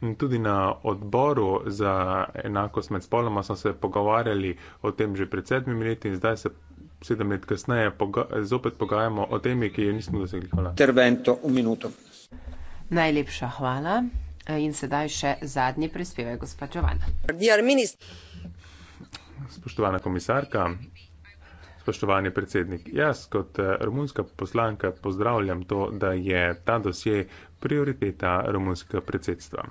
In tudi na odboru za enakost med spoloma smo se pogovarjali o tem že pred sedmimi leti in zdaj se sedem let kasneje poga zopet pogajamo o temi, ki jo nismo dosegli. Hvala. Intervento v minuto. Najlepša hvala. E, in sedaj še zadnji prispevek, gospod Jovana. Spoštovana komisarka, spoštovani predsednik, jaz kot eh, romunska poslanka pozdravljam to, da je ta dosje prioriteta romunskega predsedstva.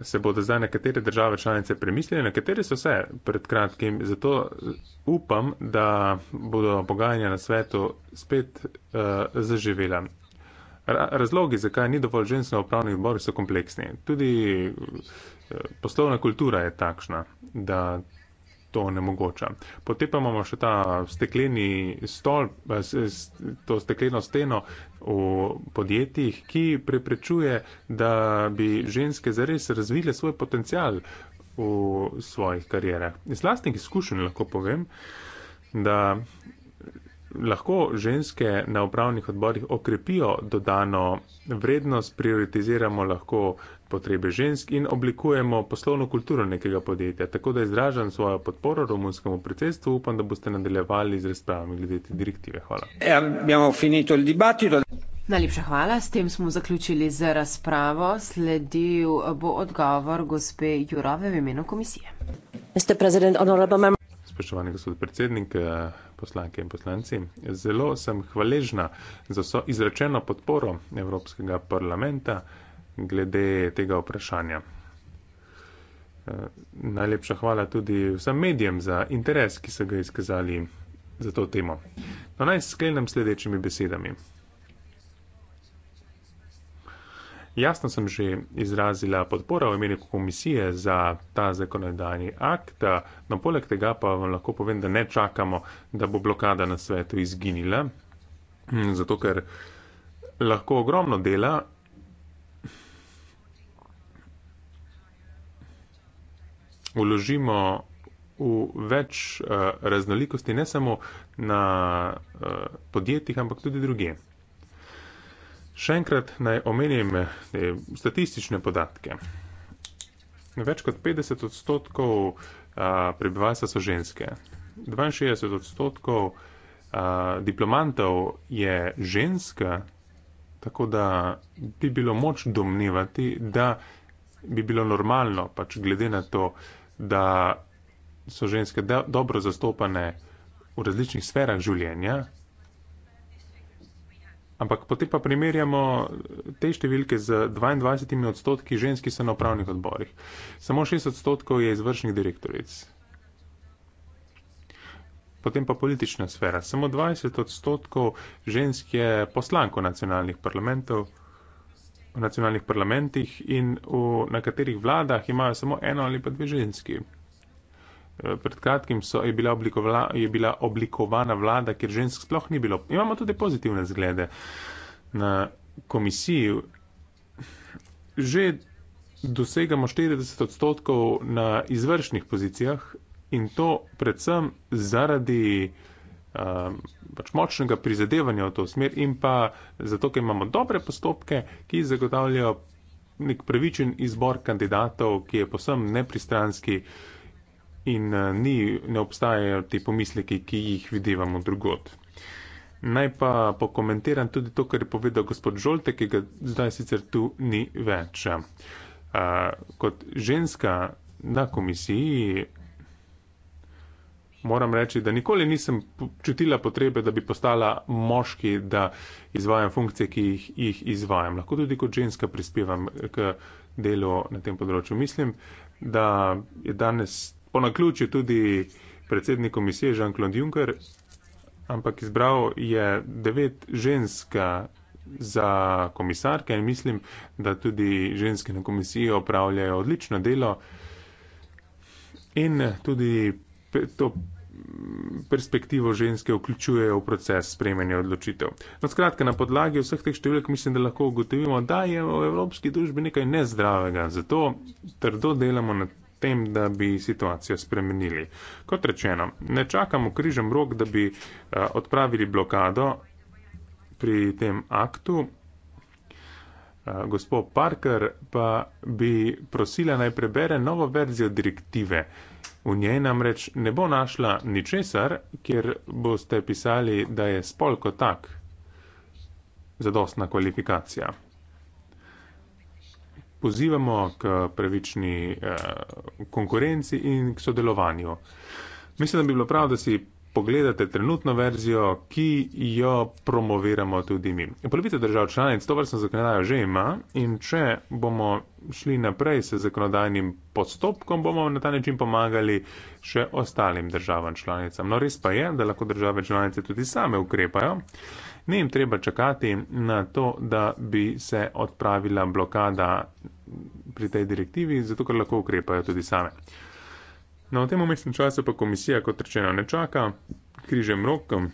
Se bodo zdaj nekatere države članice premislili, nekatere so vse pred kratkim, zato eh, upam, da bodo pogajanja na svetu spet uh, zaživela. Razlogi, zakaj ni dovolj žensk na upravnih odborih, so kompleksni. Tudi poslovna kultura je takšna, da to onemogoča. Potem pa imamo še ta stekleni stolp, to stekleno steno v podjetjih, ki preprečuje, da bi ženske zares razvile svoj potencial v svojih karjerah. Iz lastnih izkušenj lahko povem, da lahko ženske na upravnih odborih okrepijo dodano vrednost, prioritiziramo lahko potrebe žensk in oblikujemo poslovno kulturo nekega podjetja. Tako da izražam svojo podporo romunskemu predsedstvu, upam, da boste nadaljevali z razpravami glede te direktive. Hvala. E, Najlepša hvala. S tem smo zaključili z razpravo. Sledil bo odgovor gospe Jurove v imenu komisije. Spoštovani gospod predsednik, poslanke in poslanci. Zelo sem hvaležna za so izrečeno podporo Evropskega parlamenta glede tega vprašanja. Eh, najlepša hvala tudi vsem medijem za interes, ki so ga izkazali za to temo. No, naj sklenem sledečimi besedami. Jasno sem že izrazila podporo v imenu komisije za ta zakonodajni akt, no poleg tega pa vam lahko povem, da ne čakamo, da bo blokada na svetu izginila, zato ker lahko ogromno dela. Uložimo v več uh, raznolikosti, ne samo na uh, podjetjih, ampak tudi druge. Še enkrat naj omenim eh, statistične podatke. Več kot 50 odstotkov prebivalstva so ženske. 62 odstotkov a, diplomantov je ženska, tako da bi bilo moč domnevati, da bi bilo normalno, pač glede na to, da so ženske do dobro zastopane v različnih sferah življenja, Ampak potem pa primerjamo eh, te številke z 22 odstotki žensk, ki so na upravnih odborih. Samo 6 odstotkov je izvršnih direktoric. Potem pa politična sfera. Samo 20 odstotkov žensk je poslanko nacionalnih parlamentov, v nacionalnih parlamentih in v, na katerih vladah imajo samo eno ali pa dve ženski. Eh, pred kratkim so, je, bila je bila oblikovana vlada, kjer žensk sploh ni bilo. Imamo tudi pozitivne zglede na komisiji. Že dosegamo 40 odstotkov na izvršnih pozicijah in to predvsem zaradi um, pač močnega prizadevanja v to smer in pa zato, ker imamo dobre postopke, ki zagotavljajo nek pravičen izbor kandidatov, ki je posebno nepristranski. Uh, in eh, ni, ne obstajajo ti pomisleki, ki jih vidivamo drugot. Naj pa pokomentiram tudi to, kar je povedal gospod Žolte, ki ga zdaj sicer tu ni več. Uh, kot ženska na komisiji moram reči, da nikoli nisem čutila potrebe, da bi postala moški, da izvajam funkcije, ki jih, jih izvajam. Lahko tudi kot ženska prispevam k delu na tem področju. Mislim, da je danes po naključju tudi predsednik komisije Jean-Claude Juncker, ampak izbral je devet ženska za komisarke in mislim, da tudi ženske na komisiji opravljajo odlično delo in tudi to perspektivo ženske vključujejo v proces spremenja odločitev. No, skratka, na podlagi vseh teh številk mislim, da lahko ugotovimo, da je v evropski družbi nekaj nezdravega, zato trdo delamo na tem, da bi situacijo spremenili. Kot rečeno, ne čakamo križem rok, da bi eh, odpravili blokado pri tem aktu. Eh, Gospod Parker pa bi prosila naj prebere novo verzijo direktive. V njej namreč ne bo našla ničesar, kjer boste pisali, da je spol kot tak zadostna kvalifikacija pozivamo k pravični eh, konkurenci in k sodelovanju. Mislim, da bi bilo prav, da si pogledate trenutno verzijo, ki jo promoviramo tudi mi. Polovica držav članic to vrstno zakonodajo že ima in če bomo šli naprej s zakonodajnim postopkom, bomo na ta način pomagali še ostalim državam članicam. No, res pa je, da lahko države članice tudi same ukrepajo. Eh, ni jim treba čakati na to, da bi se odpravila blokada pri tej direktivi, zato ker lahko ukrepajo tudi same. No, v tem umestnem času pa komisija, kot rečeno, ne čaka križem rokom.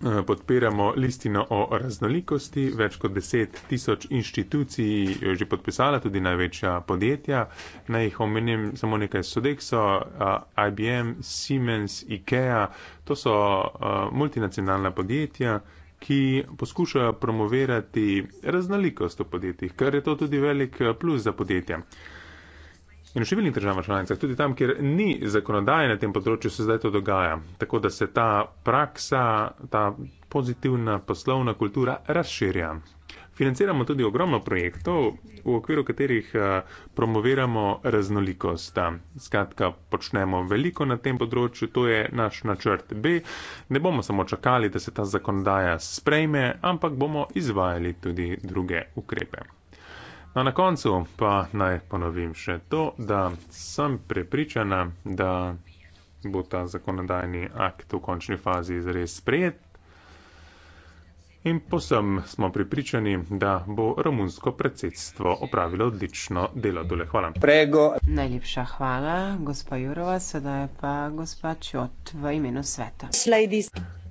Eh, podpiramo listino o raznolikosti, več kot deset tisoč inštitucij je že podpisala, tudi največja podjetja. Naj jih omenim samo nekaj sodekso, eh, IBM, Siemens, IKEA, to so eh, multinacionalna podjetja, ki poskušajo promovirati raznolikost v podjetjih, kar je to tudi velik plus za podjetja. In v številnih državah članicah, tudi tam, kjer ni zakonodaje na tem področju, se zdaj to dogaja. Tako da se ta praksa, ta pozitivna poslovna kultura razširja. Financiramo tudi ogromno projektov, v okviru katerih eh, promoviramo raznolikost. Skratka, počnemo veliko na tem področju, to je naš načrt B. Ne bomo samo čakali, da se ta zakonodaja sprejme, ampak bomo izvajali tudi druge ukrepe. No, na koncu pa naj ponovim še to, da sem prepričana, da bo ta zakonodajni akt v končni fazi zres sprejet. In posem smo pripričani, da bo romunsko predsedstvo opravilo odlično delo dole. Hvala. Prego. Najlepša hvala, gospa Jurova, sedaj pa gospa Čot v imenu sveta.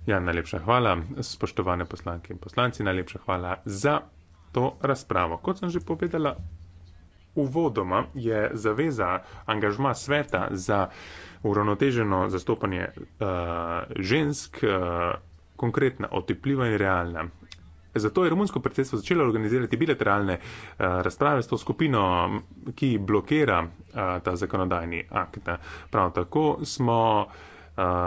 Ja, najlepša hvala, spoštovane poslanke in poslanci, najlepša hvala za to razpravo. Kot sem že povedala, uvodoma je zaveza, angažma sveta za uravnoteženo zastopanje uh, žensk uh, konkretna, otepljiva in realna. Zato je rumunsko predsedstvo začelo organizirati bilateralne uh, razprave s to skupino, ki blokira uh, ta zakonodajni akt. Prav tako smo uh,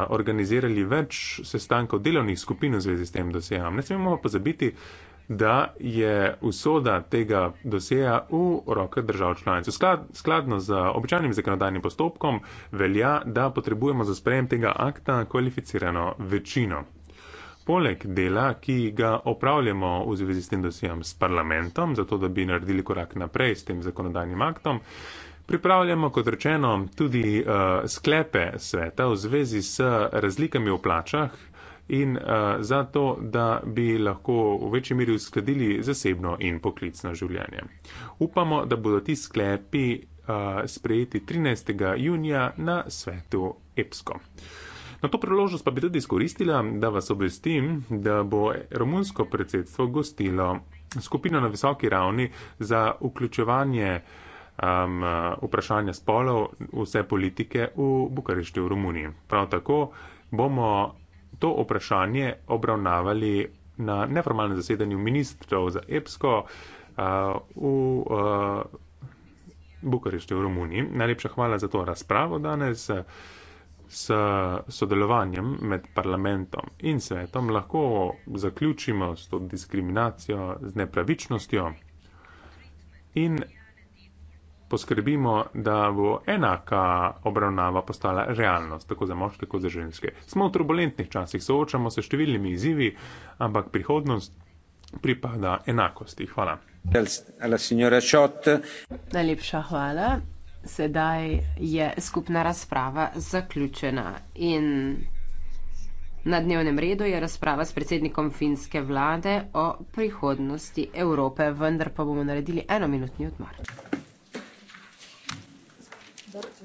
organizirali več sestankov delovnih skupin v zvezi s tem dosejam. Ne smemo pa zabiti, uh, da je usoda tega doseja v roke držav članic. Sklad, skladno z običajnim zakonodajnim postopkom velja, da potrebujemo za sprejem tega akta kvalificirano večino. Poleg dela, ki ga opravljamo v zvezi s tem dosijem s parlamentom, zato da bi naredili korak naprej s tem zakonodajnim aktom, pripravljamo, kot rečeno, tudi uh, sklepe sveta v zvezi s razlikami v plačah in uh, za to, da bi lahko v večji meri uskladili zasebno in poklicno življenje. Upamo, da bodo ti sklepi uh, sprejeti 13. junija na svetu EPSCO. Na to priložnost pa bi tudi izkoristila, da vas obvestim, da bo romunsko predsedstvo gostilo skupino na visoki ravni za vključevanje um, vprašanja spolov vse politike v Bukareštju v Romuniji. Prav tako bomo to vprašanje obravnavali na neformalnem zasedanju ministrov za EPSKO uh, v uh, Bukarešti v Romuniji. Najlepša hvala za to razpravo danes. Uh, s sodelovanjem med parlamentom in svetom lahko zaključimo s to diskriminacijo, z nepravičnostjo in poskrbimo, da bo enaka obravnava postala realnost, tako za moške, kot za ženske. Smo v turbulentnih časih, soočamo se s številnimi izzivi, ampak prihodnost pripada enakosti. Hvala. Najlepša hvala. Sedaj je skupna razprava zaključena in na dnevnem redu je razprava s predsednikom finske vlade o prihodnosti Evrope, vendar pa bomo naredili enominutni odmor.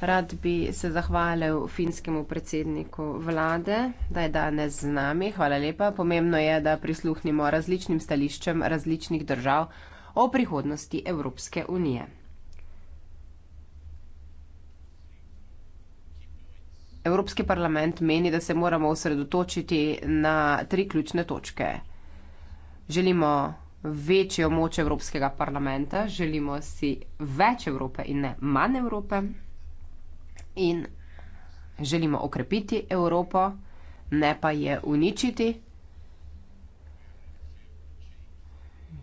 Rad bi se zahvalil finskemu predsedniku vlade, da je danes z nami. Hvala lepa. Pomembno je, da prisluhnimo različnim stališčem različnih držav o prihodnosti Evropske unije. Evropski parlament meni, da se moramo osredotočiti na tri ključne točke. Želimo večjo moč Evropskega parlamenta, želimo si več Evrope in ne manj Evrope in želimo okrepiti Evropo, ne pa je uničiti.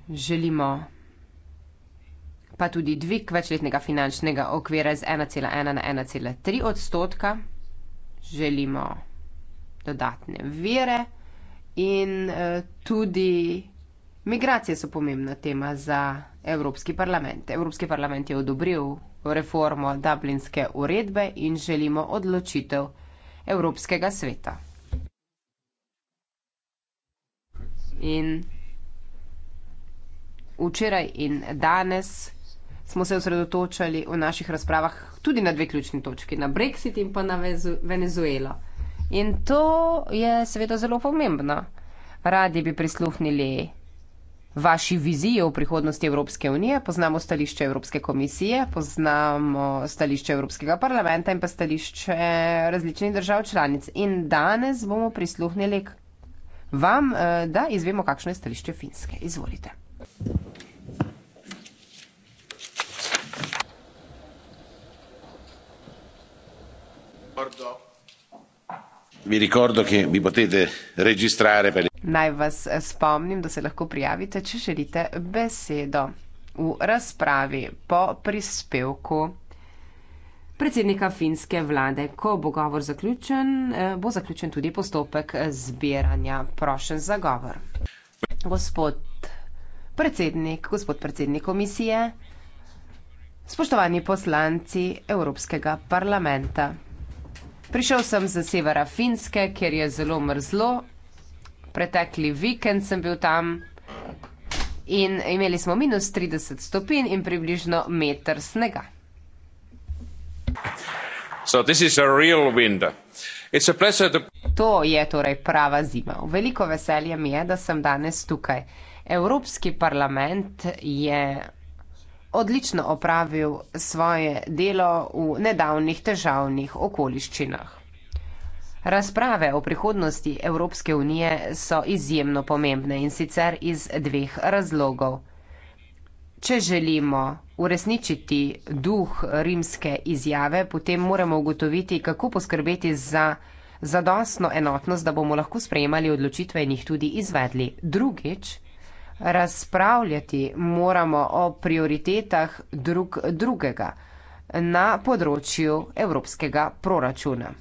Želimo pa tudi dvig večletnega finančnega okvira z 1,1 na 1,3 odstotka. Želimo dodatne vire in eh, tudi Migracije so pomembna tema za Evropski parlament. Evropski parlament je odobril reformo Dublinske uredbe in želimo odločitev Evropskega sveta. In včeraj in danes smo se osredotočali v naših razpravah tudi na dve ključni točki, na Brexit in pa na Venezuelo. In to je seveda zelo pomembno. Radi bi prisluhnili vaši viziji o prihodnosti Evropske unije, poznamo stališče Evropske komisije, poznamo stališče Evropskega parlamenta in pa stališče različnih držav članic. In danes bomo prisluhnili vam, eh, da izvemo, kakšno je stališče Finske. Izvolite. Pardon. Vi ricordo che vi potete registrare per... Naj vas eh, spomnim, da se lahko prijavite, če želite besedo v razpravi po prispevku. Predsednika finske vlade, ko bo govor zaključen, eh, bo zaključen tudi postopek zbiranja prošen za govor. Gospod predsednik, gospod predsednik komisije, spoštovani poslanci Evropskega parlamenta. Prišel sem ze severa Finske, kjer je zelo mrzlo. Pretekli vikend sem bil tam in imeli smo minus 30 stopinj in približno meter snega. To je torej prava zima. Veliko veselje mi je, da sem danes tukaj. Evropski parlament je odlično opravil svoje delo v nedavnih težavnih okoliščinah. Razprave o prihodnosti Evropske unije so izjemno pomembne in sicer iz dveh razlogov. Če želimo uresničiti duh rimske izjave, potem moramo ugotoviti, kako poskrbeti za zadostno enotnost, da bomo lahko sprejemali odločitve in jih tudi izvedli. Drugič, Razpravljati moramo o prioritetah drug drugega na področju evropskega proračuna.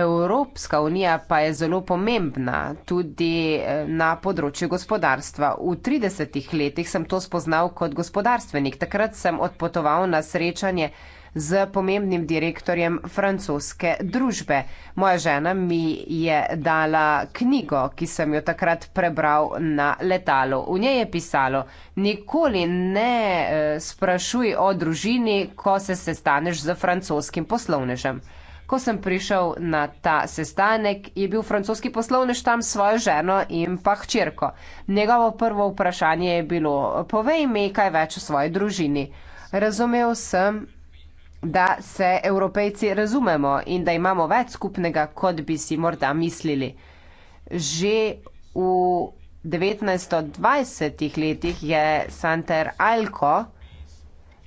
Evropska unija pa je zelo pomembna tudi eh, na področju gospodarstva. V 30 letih sem to spoznal kot gospodarstvenik. Takrat sem odpotoval na srečanje z pomembnim direktorjem francoske družbe. Moja žena mi je dala knjigo, ki sem jo takrat prebral na letalu. V njej je pisalo, nikoli ne eh, sprašuj o družini, ko se sestaneš z francoskim poslovnežem. Ko sem prišel na ta sestanek, je bil francoski poslovnež tam s svojo ženo in pa hčerko. Njegovo prvo vprašanje je bilo, povej mi kaj več o svoji družini. Razumel sem, da se evropejci razumemo in da imamo več skupnega, kot bi si morda mislili. Že v 1920 letih je Santer Alko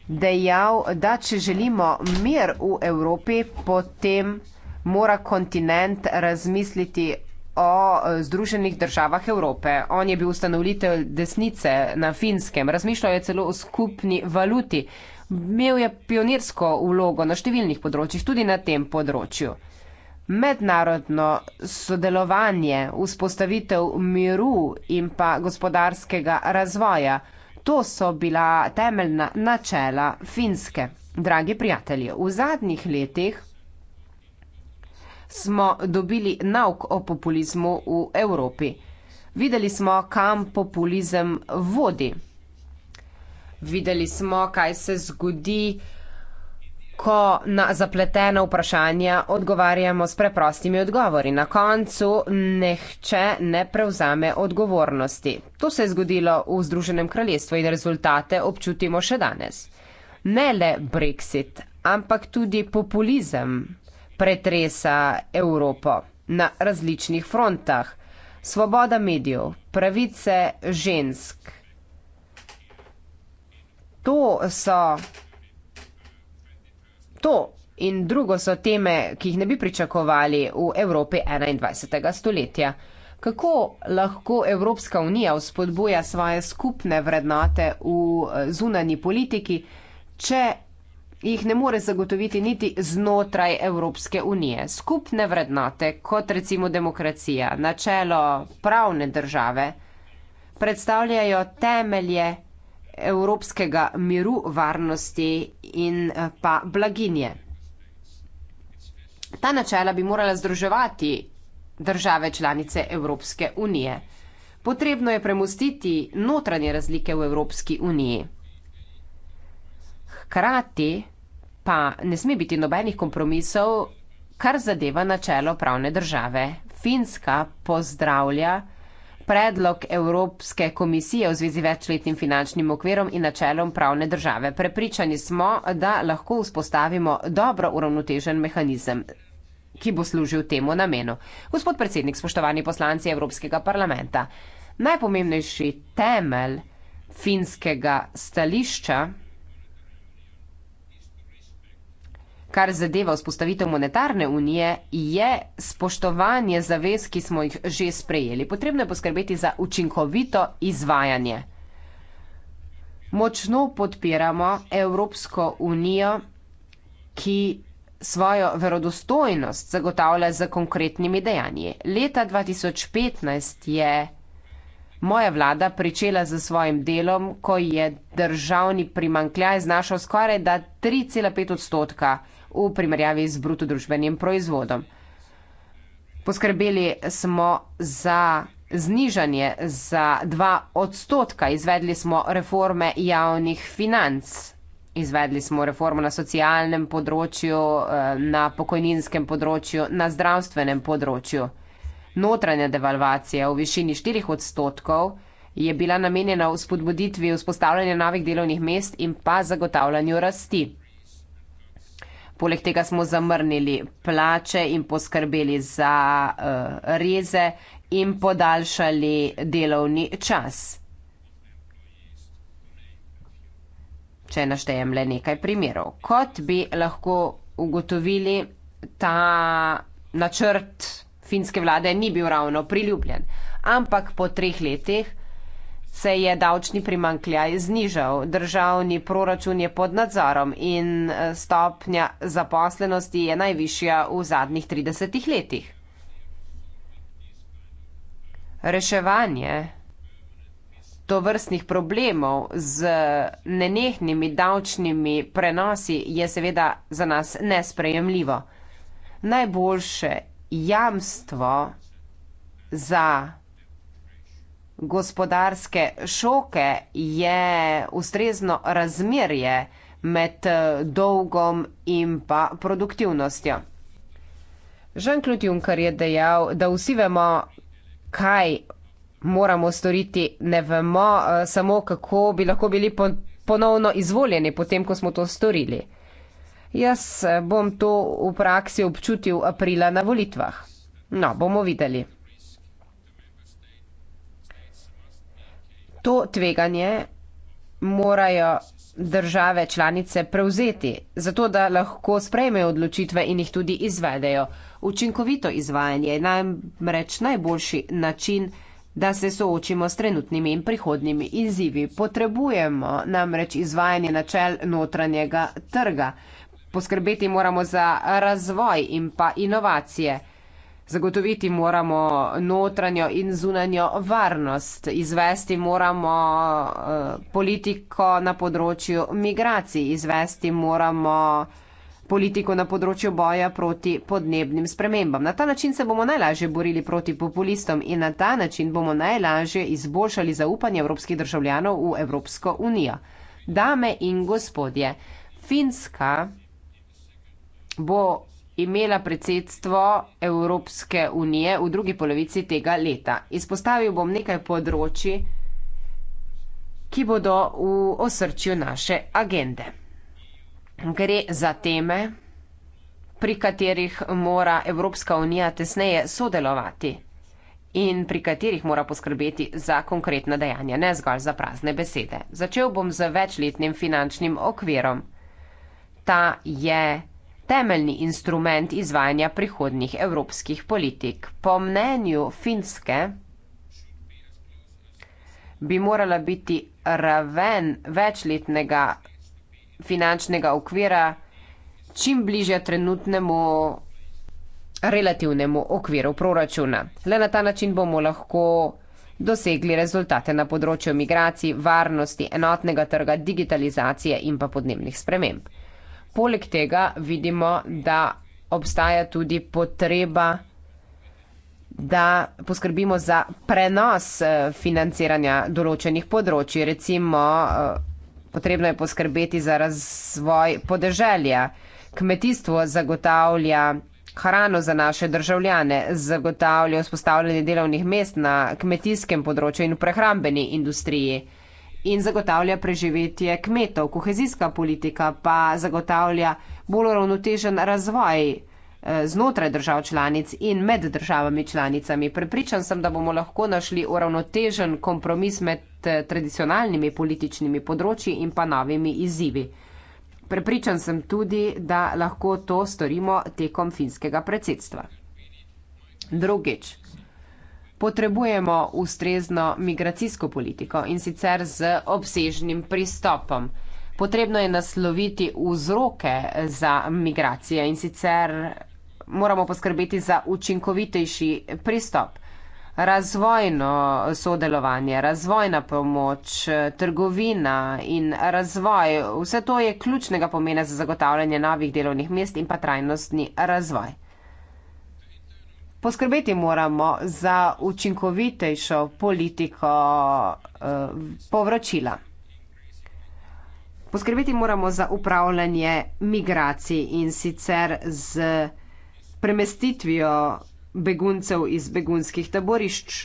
dejal, da če želimo mir v Evropi, potem mora kontinent razmisliti o Združenih državah Evrope. On je bil ustanovitelj desnice na finskem, razmišljal je celo o skupni valuti. Imel je pionirsko vlogo na številnih področjih, tudi na tem področju. Mednarodno sodelovanje, vzpostavitev miru in pa gospodarskega razvoja, to so bila temeljna načela Finske. Dragi prijatelji, v zadnjih letih smo dobili nauk o populizmu v Evropi. Videli smo, kam populizem vodi videli smo, kaj se zgodi, ko na zapletena vprašanja odgovarjamo s preprostimi odgovori. Na koncu nehče ne prevzame odgovornosti. To se je zgodilo v Združenem kraljestvu in rezultate občutimo še danes. Ne le Brexit, ampak tudi populizem pretresa Evropo na različnih frontah. Svoboda medijev, pravice žensk, to so. To in drugo so teme, ki jih ne bi pričakovali v Evropi 21. stoletja. Kako lahko Evropska unija vzpodbuja svoje skupne vrednote v zunani politiki, če jih ne more zagotoviti niti znotraj Evropske unije? Skupne vrednote, kot recimo demokracija, načelo pravne države, predstavljajo temelje evropskega miru, varnosti in eh, pa blaginje. Ta načela bi morala združevati države članice Evropske unije. Potrebno je premustiti notranje razlike v Evropski uniji. Hkrati pa ne sme biti nobenih kompromisov, kar zadeva načelo pravne države. Finska pozdravlja predlog Evropske komisije v zvezi večletnim finančnim okvirom in načelom pravne države. Prepričani smo, da lahko vzpostavimo dobro uravnotežen mehanizem, ki bo služil temu namenu. Gospod predsednik, spoštovani poslanci Evropskega parlamenta, najpomembnejši temelj finskega stališča Kar zadeva vzpostavitev monetarne unije, je spoštovanje zavez, ki smo jih že sprejeli. Potrebno je poskrbeti za učinkovito izvajanje. Močno podpiramo Evropsko unijo, ki svojo verodostojnost zagotavlja z konkretnimi dejanji. Leta 2015 je moja vlada pričela z svojim delom, ko je državni primankljaj znašal skoraj 3,5 odstotka v primerjavi z bruto družbenim proizvodom. Poskrbeli smo za znižanje za dva odstotka, izvedli smo reforme javnih financ. Izvedli smo reformo na socialnem področju, eh, na pokojninskem področju, na zdravstvenem področju. Notranja devalvacija v višini 4 odstotkov je bila namenjena v spodbuditvi vzpostavljanja novih delovnih mest in pa zagotavljanju rasti. Poleg tega smo zamrnili plače in poskrbeli za uh, reze in podaljšali delovni čas. Če naštejem le nekaj primerov. Kot bi lahko ugotovili, ta načrt finske vlade ni bil ravno priljubljen, ampak po treh letih se je davčni primankljaj znižal, državni proračun je pod nadzorom in eh, stopnja zaposlenosti je najvišja v zadnjih 30 letih. Reševanje to vrstnih problemov z nenehnimi davčnimi prenosi je seveda za nas nesprejemljivo. Najboljše jamstvo za gospodarske šoke je ustrezno razmerje med eh, dolgom in pa produktivnostjo. Jean-Claude Juncker je dejal, da vsi vemo, kaj moramo storiti, ne vemo eh, samo, kako bi lahko bili ponovno izvoljeni, potem ko smo to storili. Jaz eh, bom to v praksi občutil aprila na volitvah. No, bomo videli. to tveganje morajo države članice prevzeti, zato da lahko sprejmejo odločitve in jih tudi izvedejo. Učinkovito izvajanje je namreč najboljši način, da se soočimo s trenutnimi in prihodnimi izzivi. Potrebujemo namreč izvajanje načel notranjega trga. Poskrbeti moramo za razvoj in pa inovacije. Zagotoviti moramo notranjo in zunanjo varnost, izvesti moramo eh, politiko na področju migracij, izvesti moramo eh, politiko na področju boja proti podnebnim spremembam. Na ta način se bomo najlažje borili proti populistom in na ta način bomo najlažje izboljšali zaupanje evropskih državljanov v Evropsko unijo. Dame in gospodje, Finska bo imela predsedstvo Evropske unije v drugi polovici tega leta. Izpostavil bom nekaj področji, ki bodo v osrčju naše agende. Gre za teme, pri katerih mora Evropska unija tesneje sodelovati in pri katerih mora poskrbeti za konkretna dejanja, ne zgolj za prazne besede. Začel bom z večletnim finančnim okvirom. Ta je temeljni instrument izvajanja prihodnih evropskih politik. Po mnenju Finske bi morala biti raven večletnega finančnega okvira čim bliže trenutnemu relativnemu okviru proračuna. Le na ta način bomo lahko dosegli rezultate na področju migracij, varnosti, enotnega trga, digitalizacije in pa podnebnih sprememb poleg tega vidimo, da obstaja tudi potreba, da poskrbimo za prenos eh, financiranja določenih področji. Recimo, eh, potrebno je poskrbeti za razvoj podeželja. Kmetijstvo zagotavlja hrano za naše državljane, zagotavlja vzpostavljanje delovnih mest na kmetijskem področju in v prehrambeni industriji in zagotavlja preživetje kmetov. Kohezijska politika pa zagotavlja bolj ravnotežen razvoj eh, znotraj držav članic in med državami članicami. Prepričan sem, da bomo lahko našli uravnotežen kompromis med eh, tradicionalnimi političnimi področji in pa novimi izzivi. Prepričan sem tudi, da lahko to storimo tekom finskega predsedstva. Drugič. Potrebujemo ustrezno migracijsko politiko in sicer z obsežnim pristopom. Potrebno je nasloviti vzroke za migracije in sicer moramo poskrbeti za učinkovitejši pristop. Razvojno sodelovanje, razvojna pomoč, trgovina in razvoj, vse to je ključnega pomena za zagotavljanje novih delovnih mest in pa trajnostni razvoj. Poskrbeti moramo za učinkovitejšo politiko eh, povračila. Poskrbeti moramo za upravljanje migracij in sicer z premestitvijo beguncev iz begunskih taborišč.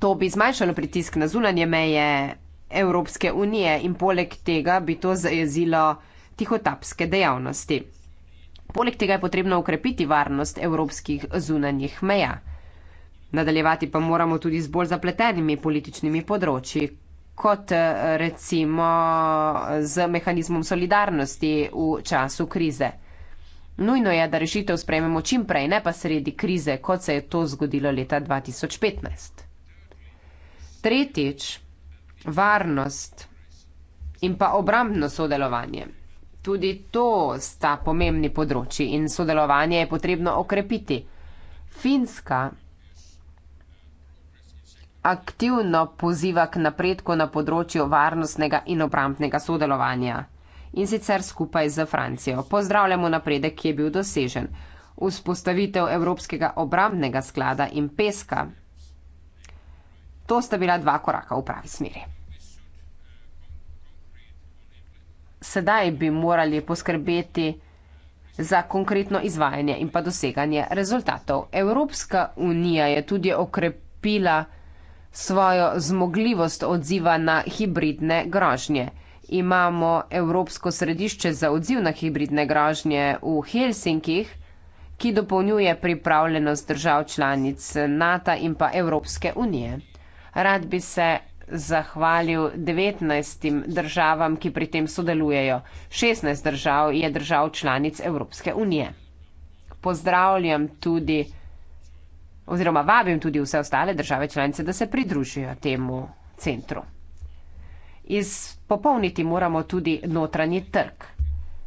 To bi zmanjšalo pritisk na zunanje meje Evropske unije in poleg tega bi to zajezilo tihotapske dejavnosti. Poleg tega je potrebno ukrepiti varnost evropskih zunanjih meja. Nadaljevati pa moramo tudi z bolj zapletenimi političnimi področji, kot eh, recimo z mehanizmom solidarnosti v času krize. Nujno je, da rešitev sprejmemo čim prej, ne pa sredi krize, kot se je to zgodilo leta 2015. Tretjič, varnost in pa obrambno sodelovanje. Tudi to sta pomembni področji in sodelovanje je potrebno okrepiti. Finska aktivno poziva k napredku na področju varnostnega in obrambnega sodelovanja in sicer skupaj z Francijo. Pozdravljamo napredek, ki je bil dosežen. Vzpostavitev Evropskega obrambnega sklada in peska. To sta bila dva koraka v pravi smeri. sedaj bi morali poskrbeti za konkretno izvajanje in pa doseganje rezultatov. Evropska unija je tudi okrepila svojo zmogljivost odziva na hibridne grožnje. Imamo Evropsko središče za odziv na hibridne grožnje v Helsinkih, ki dopolnjuje pripravljenost držav članic NATO in pa Evropske unije. Rad bi se zahvalil 19 državam, ki pri tem sodelujejo. 16 držav je držav članic Evropske unije. Pozdravljam tudi, oziroma vabim tudi vse ostale države članice, da se pridružijo temu centru. Izpopolniti moramo tudi notranji trg.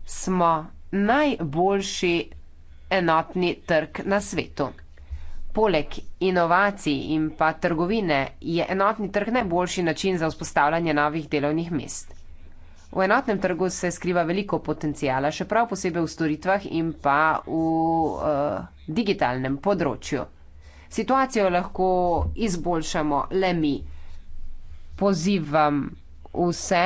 Smo najboljši enotni trg na svetu. Poleg inovacij in pa trgovine je enotni trg najboljši način za vzpostavljanje novih delovnih mest. V enotnem trgu se skriva veliko potencijala, še prav posebej v storitvah in pa v uh, digitalnem področju. Situacijo lahko izboljšamo le mi. Pozivam vse,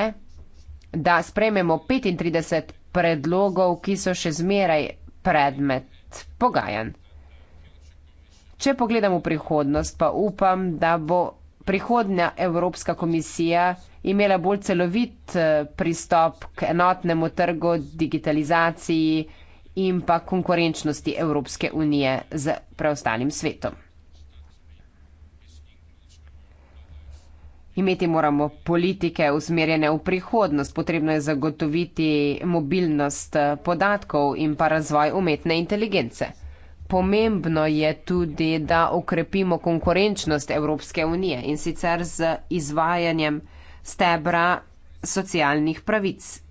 da sprejmemo 35 predlogov, ki so še zmeraj predmet pogajanj. Če pogledam v prihodnost, pa upam, da bo prihodnja Evropska komisija imela bolj celovit eh, pristop k enotnemu trgu, digitalizaciji in pa konkurenčnosti Evropske unije z preostalim svetom. Imeti moramo politike usmerjene v prihodnost, potrebno je zagotoviti mobilnost eh, podatkov in pa razvoj umetne inteligence pomembno je tudi, da okrepimo konkurenčnost Evropske unije in sicer z izvajanjem stebra socialnih pravic.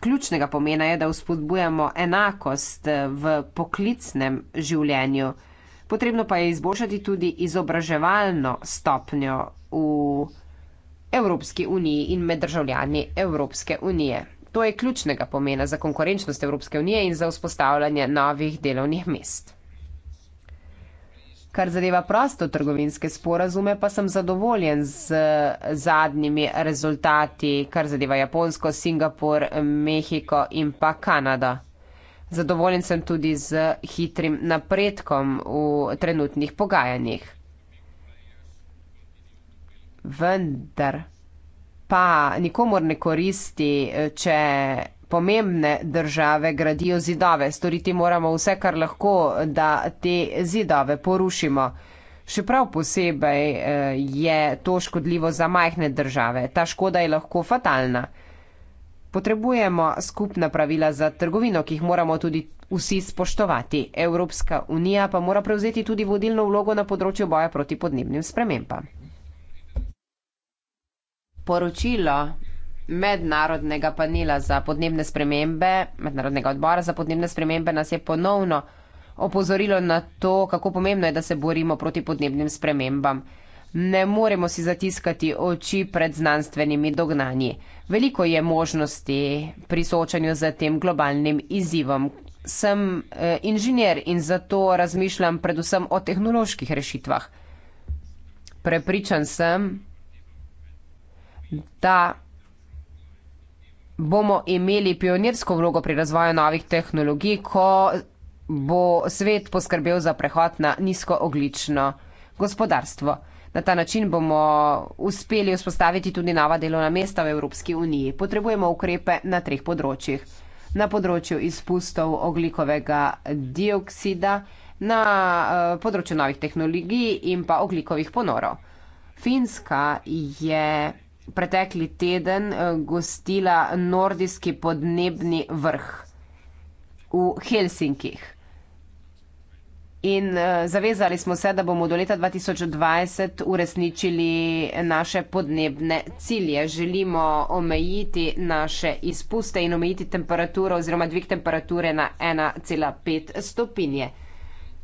Ključnega pomena je, da vzpodbujamo enakost v poklicnem življenju. Potrebno pa je izboljšati tudi izobraževalno stopnjo v Evropski uniji in med državljani Evropske unije. To je ključnega pomena za konkurenčnost Evropske unije in za vzpostavljanje novih delovnih mest. Kar zadeva prosto trgovinske sporazume, pa sem zadovoljen z zadnjimi rezultati, kar zadeva Japonsko, Singapur, Mehiko in pa Kanado. Zadovoljen sem tudi z hitrim napredkom v trenutnih pogajanjih. Vendar pa nikomor ne koristi, če pomembne države gradijo zidove. Storiti moramo vse, kar lahko, da te zidove porušimo. Še prav posebej eh, je to škodljivo za majhne države. Ta škoda je lahko fatalna. Potrebujemo skupna pravila za trgovino, ki jih moramo tudi vsi spoštovati. Evropska unija pa mora prevzeti tudi vodilno vlogo na področju boja proti podnebnim spremembam poročilo mednarodnega panela za podnebne spremembe, mednarodnega odbora za podnebne spremembe nas je ponovno opozorilo na to, kako pomembno je, da se borimo proti podnebnim spremembam. Ne moremo si zatiskati oči pred znanstvenimi dognanji. Veliko je možnosti pri soočanju z tem globalnim izzivom. Sem eh, inženjer in zato razmišljam predvsem o tehnoloških rešitvah. Prepričan sem, da bomo imeli pionirsko vlogo pri razvoju novih tehnologij, ko bo svet poskrbel za prehod na nizkooglično gospodarstvo. Na ta način bomo uspeli vzpostaviti tudi nova delovna mesta v Evropski uniji. Potrebujemo ukrepe na treh področjih. Na področju izpustov oglikovega dioksida, na eh, področju novih tehnologij in pa oglikovih ponorov. Finska je pretekli teden eh, gostila nordijski podnebni vrh v Helsinkih. In eh, zavezali smo se, da bomo do leta 2020 uresničili naše podnebne cilje. Želimo omejiti naše izpuste in omejiti temperaturo oziroma dvig temperature na 1,5 stopinje.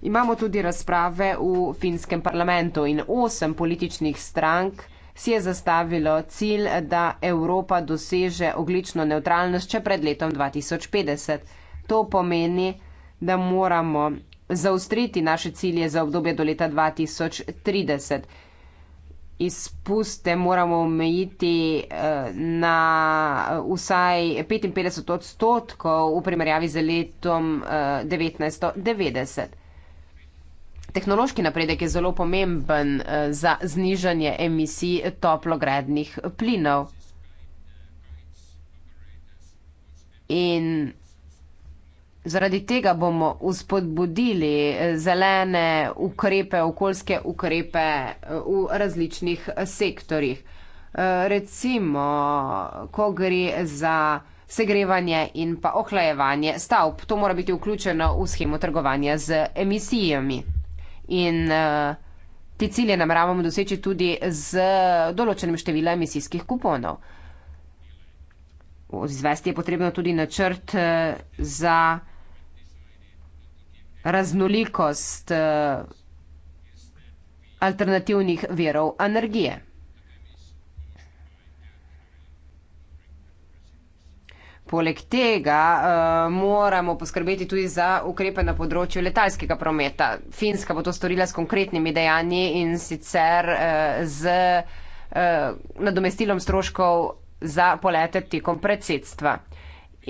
Imamo tudi razprave v finskem parlamentu in osem političnih strank si je zastavilo cilj, da Evropa doseže oglično neutralnost še pred letom 2050. To pomeni, da moramo zaustriti naše cilje za obdobje do leta 2030. Izpuste moramo omejiti eh, na eh, vsaj 55 odstotkov v primerjavi z letom 1990. Eh, Tehnološki napredek je zelo pomemben eh, za znižanje emisij toplogrednih plinov. In zaradi tega bomo uspodbudili eh, zelene ukrepe, okoljske ukrepe eh, v različnih sektorjih. Recimo, ko gre za segrevanje in pa ohlajevanje stavb, to mora biti vključeno v schemo trgovanja z emisijami in uh, te cilje nameravamo doseči tudi z določenim številom emisijskih kuponov. Izvesti je potrebno tudi načrt uh, za raznolikost uh, alternativnih verov energije. Poleg tega uh, moramo poskrbeti tudi za ukrepe na področju letalskega prometa. Finska bo to storila s konkretnimi dejanji in sicer uh, z uh, nadomestilom stroškov za polete tekom predsedstva.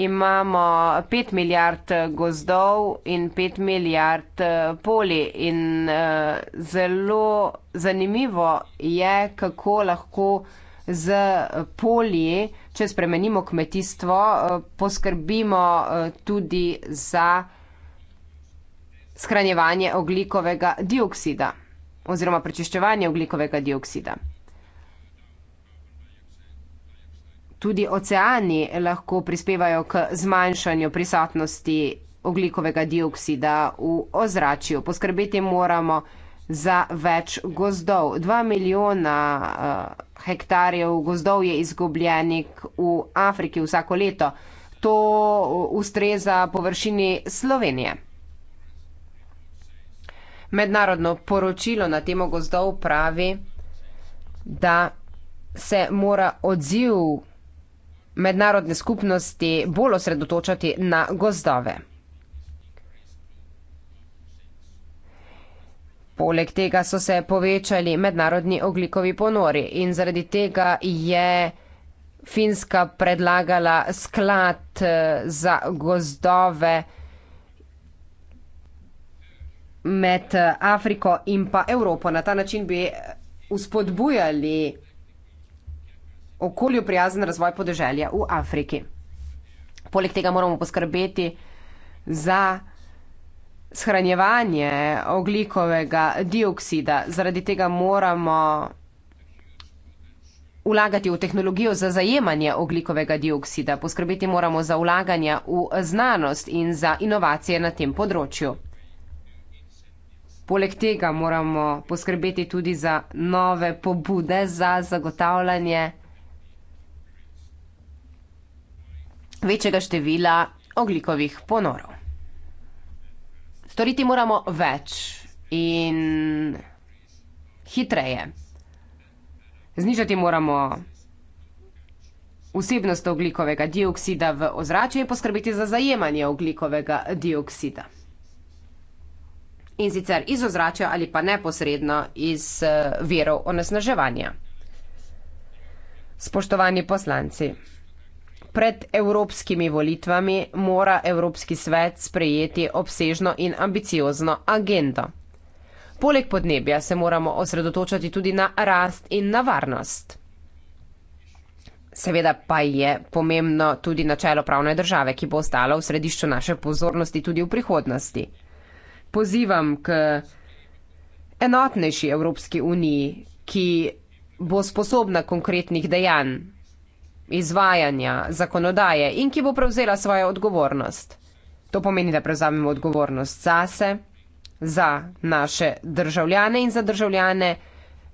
Imamo 5 milijard gozdov in 5 milijard poli in uh, zelo zanimivo je, kako lahko z polji, če spremenimo kmetijstvo, eh, poskrbimo eh, tudi za shranjevanje oglikovega dioksida oziroma prečiščevanje oglikovega dioksida. Tudi oceani lahko prispevajo k zmanjšanju prisotnosti oglikovega dioksida v ozračju. Poskrbeti moramo, za več gozdov. Dva milijona uh, hektarjev gozdov je izgubljenih v Afriki vsako leto. To eh, ustreza površini Slovenije. Mednarodno poročilo na temo gozdov pravi, da se mora odziv mednarodne skupnosti bolj osredotočati na gozdove. Poleg tega so se povečali mednarodni oglikovi ponori in zaradi tega je Finska predlagala sklad eh, za gozdove med eh, Afriko in pa Evropo. Na ta način bi uspodbujali eh, okolju prijazen razvoj podeželja v Afriki. Poleg tega moramo poskrbeti za shranjevanje oglikovega dioksida, zaradi tega moramo vlagati v tehnologijo za zajemanje oglikovega dioksida, poskrbeti moramo za vlaganja v znanost in za inovacije na tem področju. Poleg tega moramo poskrbeti tudi za nove pobude za zagotavljanje večjega števila oglikovih ponorov. Storiti moramo več in hitreje. Znižati moramo vsebnost oglikovega dioksida v ozračju in poskrbeti za zajemanje oglikovega dioksida. In sicer iz ozračja ali pa neposredno iz eh, verov onesnaževanja. Spoštovani poslanci pred evropskimi volitvami mora Evropski svet sprejeti obsežno in ambiciozno agendo. Poleg podnebja se moramo osredotočati tudi na rast in na varnost. Seveda pa je pomembno tudi načelo pravne države, ki bo ostalo v središču naše pozornosti tudi v prihodnosti. Pozivam k enotnejši Evropski uniji, ki bo sposobna konkretnih dejanj izvajanja zakonodaje in ki bo prevzela svojo odgovornost. To pomeni, da prevzamemo odgovornost zase, za naše državljane in za državljane,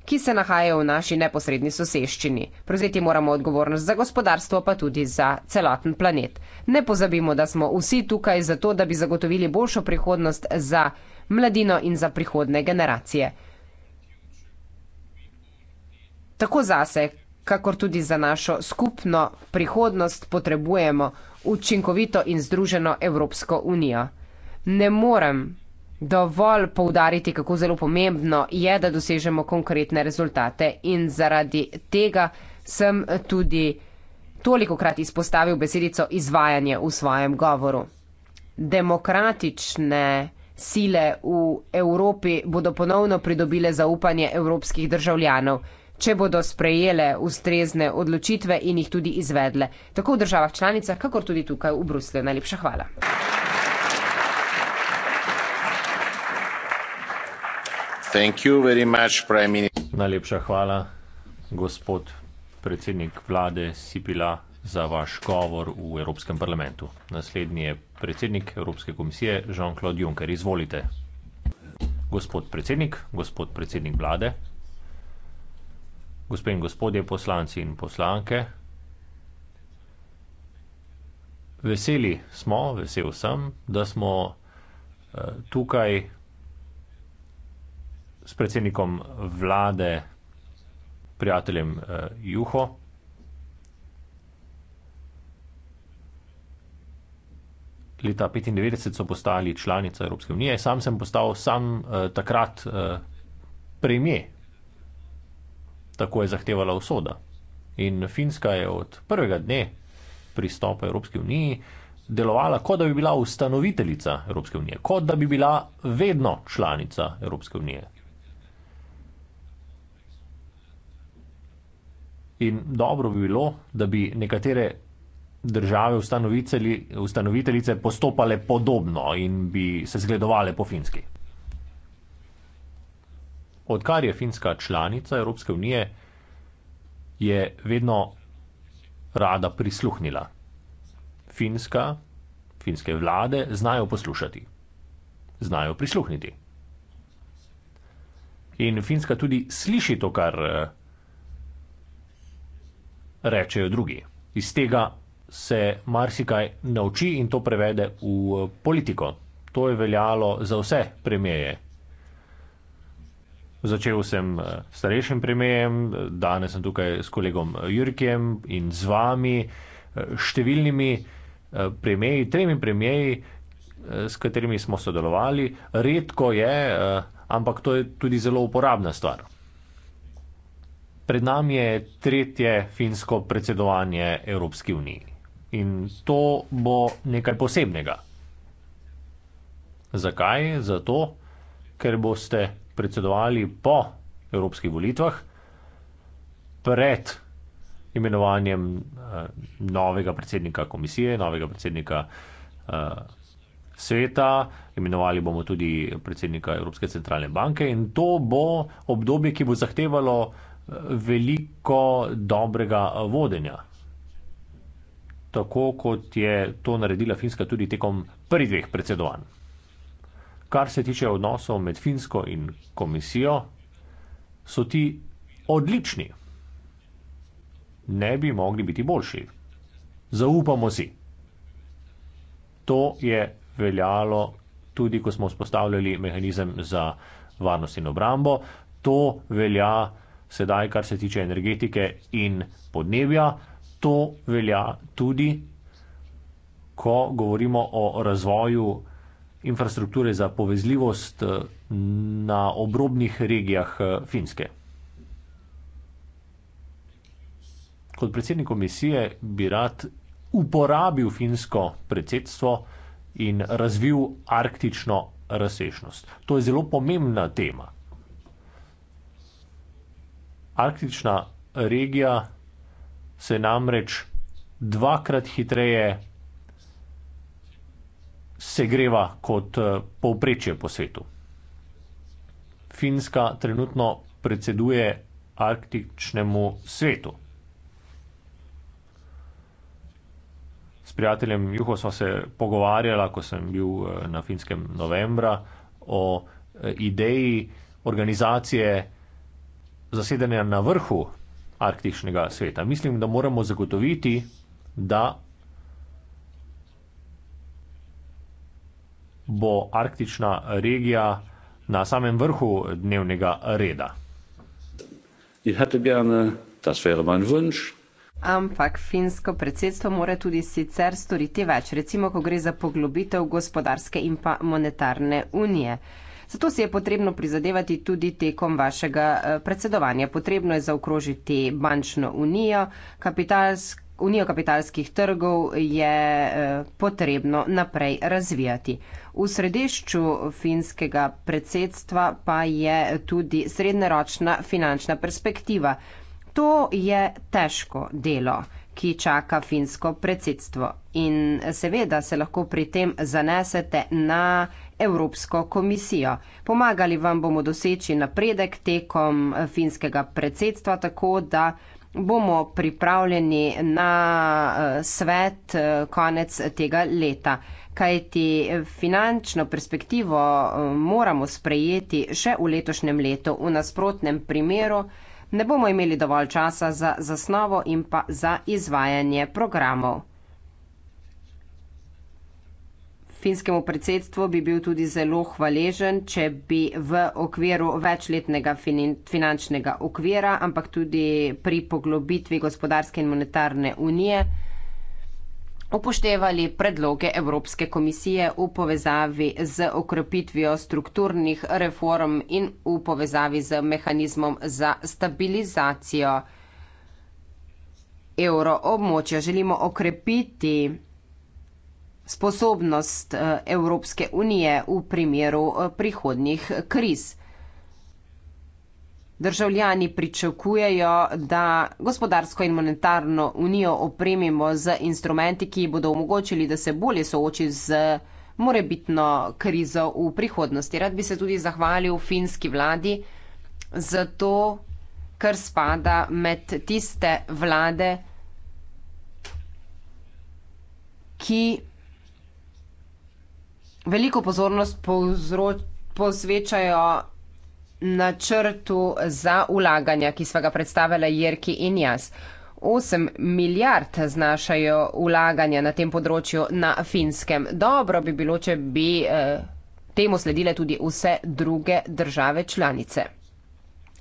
ki se nahajajo v naši neposredni soseščini. Prevzeti moramo odgovornost za gospodarstvo, pa tudi za celoten planet. Ne pozabimo, da smo vsi tukaj zato, da bi zagotovili boljšo prihodnost za mladino in za prihodne generacije. Tako zase, kakor tudi za našo skupno prihodnost potrebujemo učinkovito in združeno Evropsko unijo. Ne morem dovolj poudariti, kako zelo pomembno je, da dosežemo konkretne rezultate in zaradi tega sem tudi toliko krat izpostavil besedico izvajanje v svojem govoru. Demokratične sile v Evropi bodo ponovno pridobile zaupanje evropskih državljanov če bodo sprejele ustrezne odločitve in jih tudi izvedle, tako v državah članicah, kakor tudi tukaj v Bruslju. Najlepša hvala. Much, Najlepša hvala, gospod predsednik vlade Sipila, za vaš govor v Evropskem parlamentu. Naslednji je predsednik Evropske komisije Jean-Claude Juncker. Izvolite. Gospod predsednik, gospod predsednik vlade gospe in gospodje poslanci in poslanke. Veseli smo, vesel sem, da smo eh, tukaj s predsednikom vlade, prijateljem eh, Juho. Leta 1995 so postali članica Evropske unije. Sam sem postal sam eh, takrat eh, premijer tako je zahtevala usoda. In Finska je od prvega dne pristopa Evropske unije delovala, kot da bi bila ustanoviteljica Evropske unije, kot da bi bila vedno članica Evropske unije. In dobro bi bilo, da bi nekatere države ustanoviteljice postopale podobno in bi se zgledovale po finski odkar je Finska članica Evropske unije, je vedno rada prisluhnila. Finska, finske vlade znajo poslušati, znajo prisluhniti. In Finska tudi sliši to, kar eh, rečejo drugi. Iz tega se marsikaj nauči in to prevede v eh, politiko. To je veljalo za vse premijeje Začel sem s eh, starejšim premijem, eh, danes sem tukaj s kolegom eh, Jurkjem in z vami, številnimi premijeji, tremi premijeji, s katerimi smo sodelovali. Redko je, ampak to je tudi zelo uporabna stvar. Pred nami je tretje finsko predsedovanje Evropski uniji in to bo nekaj posebnega. Zakaj? Zato, ker boste predsedovali po evropskih volitvah, pred imenovanjem uh, novega predsednika komisije, novega predsednika uh, sveta, imenovali bomo tudi predsednika Evropske centralne banke in to bo obdobje, ki bo zahtevalo eh, veliko dobrega vodenja. Tako kot je to naredila Finska tudi tekom prvih dveh predsedovanj. Kar se tiče odnosov med Finsko in komisijo, so ti odlični. Ne bi mogli biti boljši. Zaupamo si. To je veljalo tudi, ko smo vzpostavljali mehanizem za varnost in obrambo. To velja sedaj, kar se tiče energetike in podnebja. To velja tudi, ko govorimo o razvoju infrastrukture za povezljivost eh, na obrobnih regijah eh, Finske. Kot predsednik komisije bi rad uporabil finsko predsedstvo in razvil arktično razsežnost. To je zelo pomembna tema. Arktična regija se namreč dvakrat hitreje se greva kot eh, povprečje po svetu. Finska trenutno predseduje arktičnemu svetu. S prijateljem Juho smo se pogovarjala, ko sem bil eh, na finskem novembra, o eh, ideji organizacije zasedanja na vrhu arktičnega sveta. Mislim, da moramo zagotoviti, da bo arktična regija na samem vrhu dnevnega reda. Ampak finsko predsedstvo mora tudi sicer storiti več, recimo, ko gre za poglobitev gospodarske in pa monetarne unije. Zato si je potrebno prizadevati tudi tekom vašega eh, predsedovanja. Potrebno je zaokrožiti bančno unijo, kapitalsko Unijo kapitalskih trgov je eh, potrebno naprej razvijati. V središču finskega predsedstva pa je tudi srednjeročna finančna perspektiva. To je težko delo, ki čaka finsko predsedstvo in seveda se lahko pri tem zanesete na Evropsko komisijo. Pomagali vam bomo doseči napredek tekom finskega predsedstva tako, da bomo pripravljeni na eh, svet eh, konec tega leta. Kajti finančno perspektivo eh, moramo sprejeti še v letošnjem letu, v nasprotnem primeru ne bomo imeli dovolj časa za zasnovo in pa za izvajanje programov. Finskemu predsedstvu bi bil tudi zelo hvaležen, če bi v okviru večletnega finančnega okvira, ampak tudi pri poglobitvi gospodarske in monetarne unije upoštevali predloge Evropske komisije v povezavi z okrepitvijo strukturnih reform in v povezavi z mehanizmom za stabilizacijo evroobmočja. Želimo okrepiti sposobnost eh, Evropske unije v primeru eh, prihodnjih kriz. Državljani pričakujejo, da gospodarsko in monetarno unijo opremimo z instrumenti, ki bodo omogočili, da se bolje sooči z morebitno krizo v prihodnosti. Rad bi se tudi zahvalil finski vladi za to, kar spada med tiste vlade, ki veliko pozornost posvečajo načrtu za ulaganja, ki sva ga predstavila Jerki in jaz. 8 milijard znašajo ulaganja na tem področju na finskem. Dobro bi bilo, če bi eh, temu sledile tudi vse druge države članice.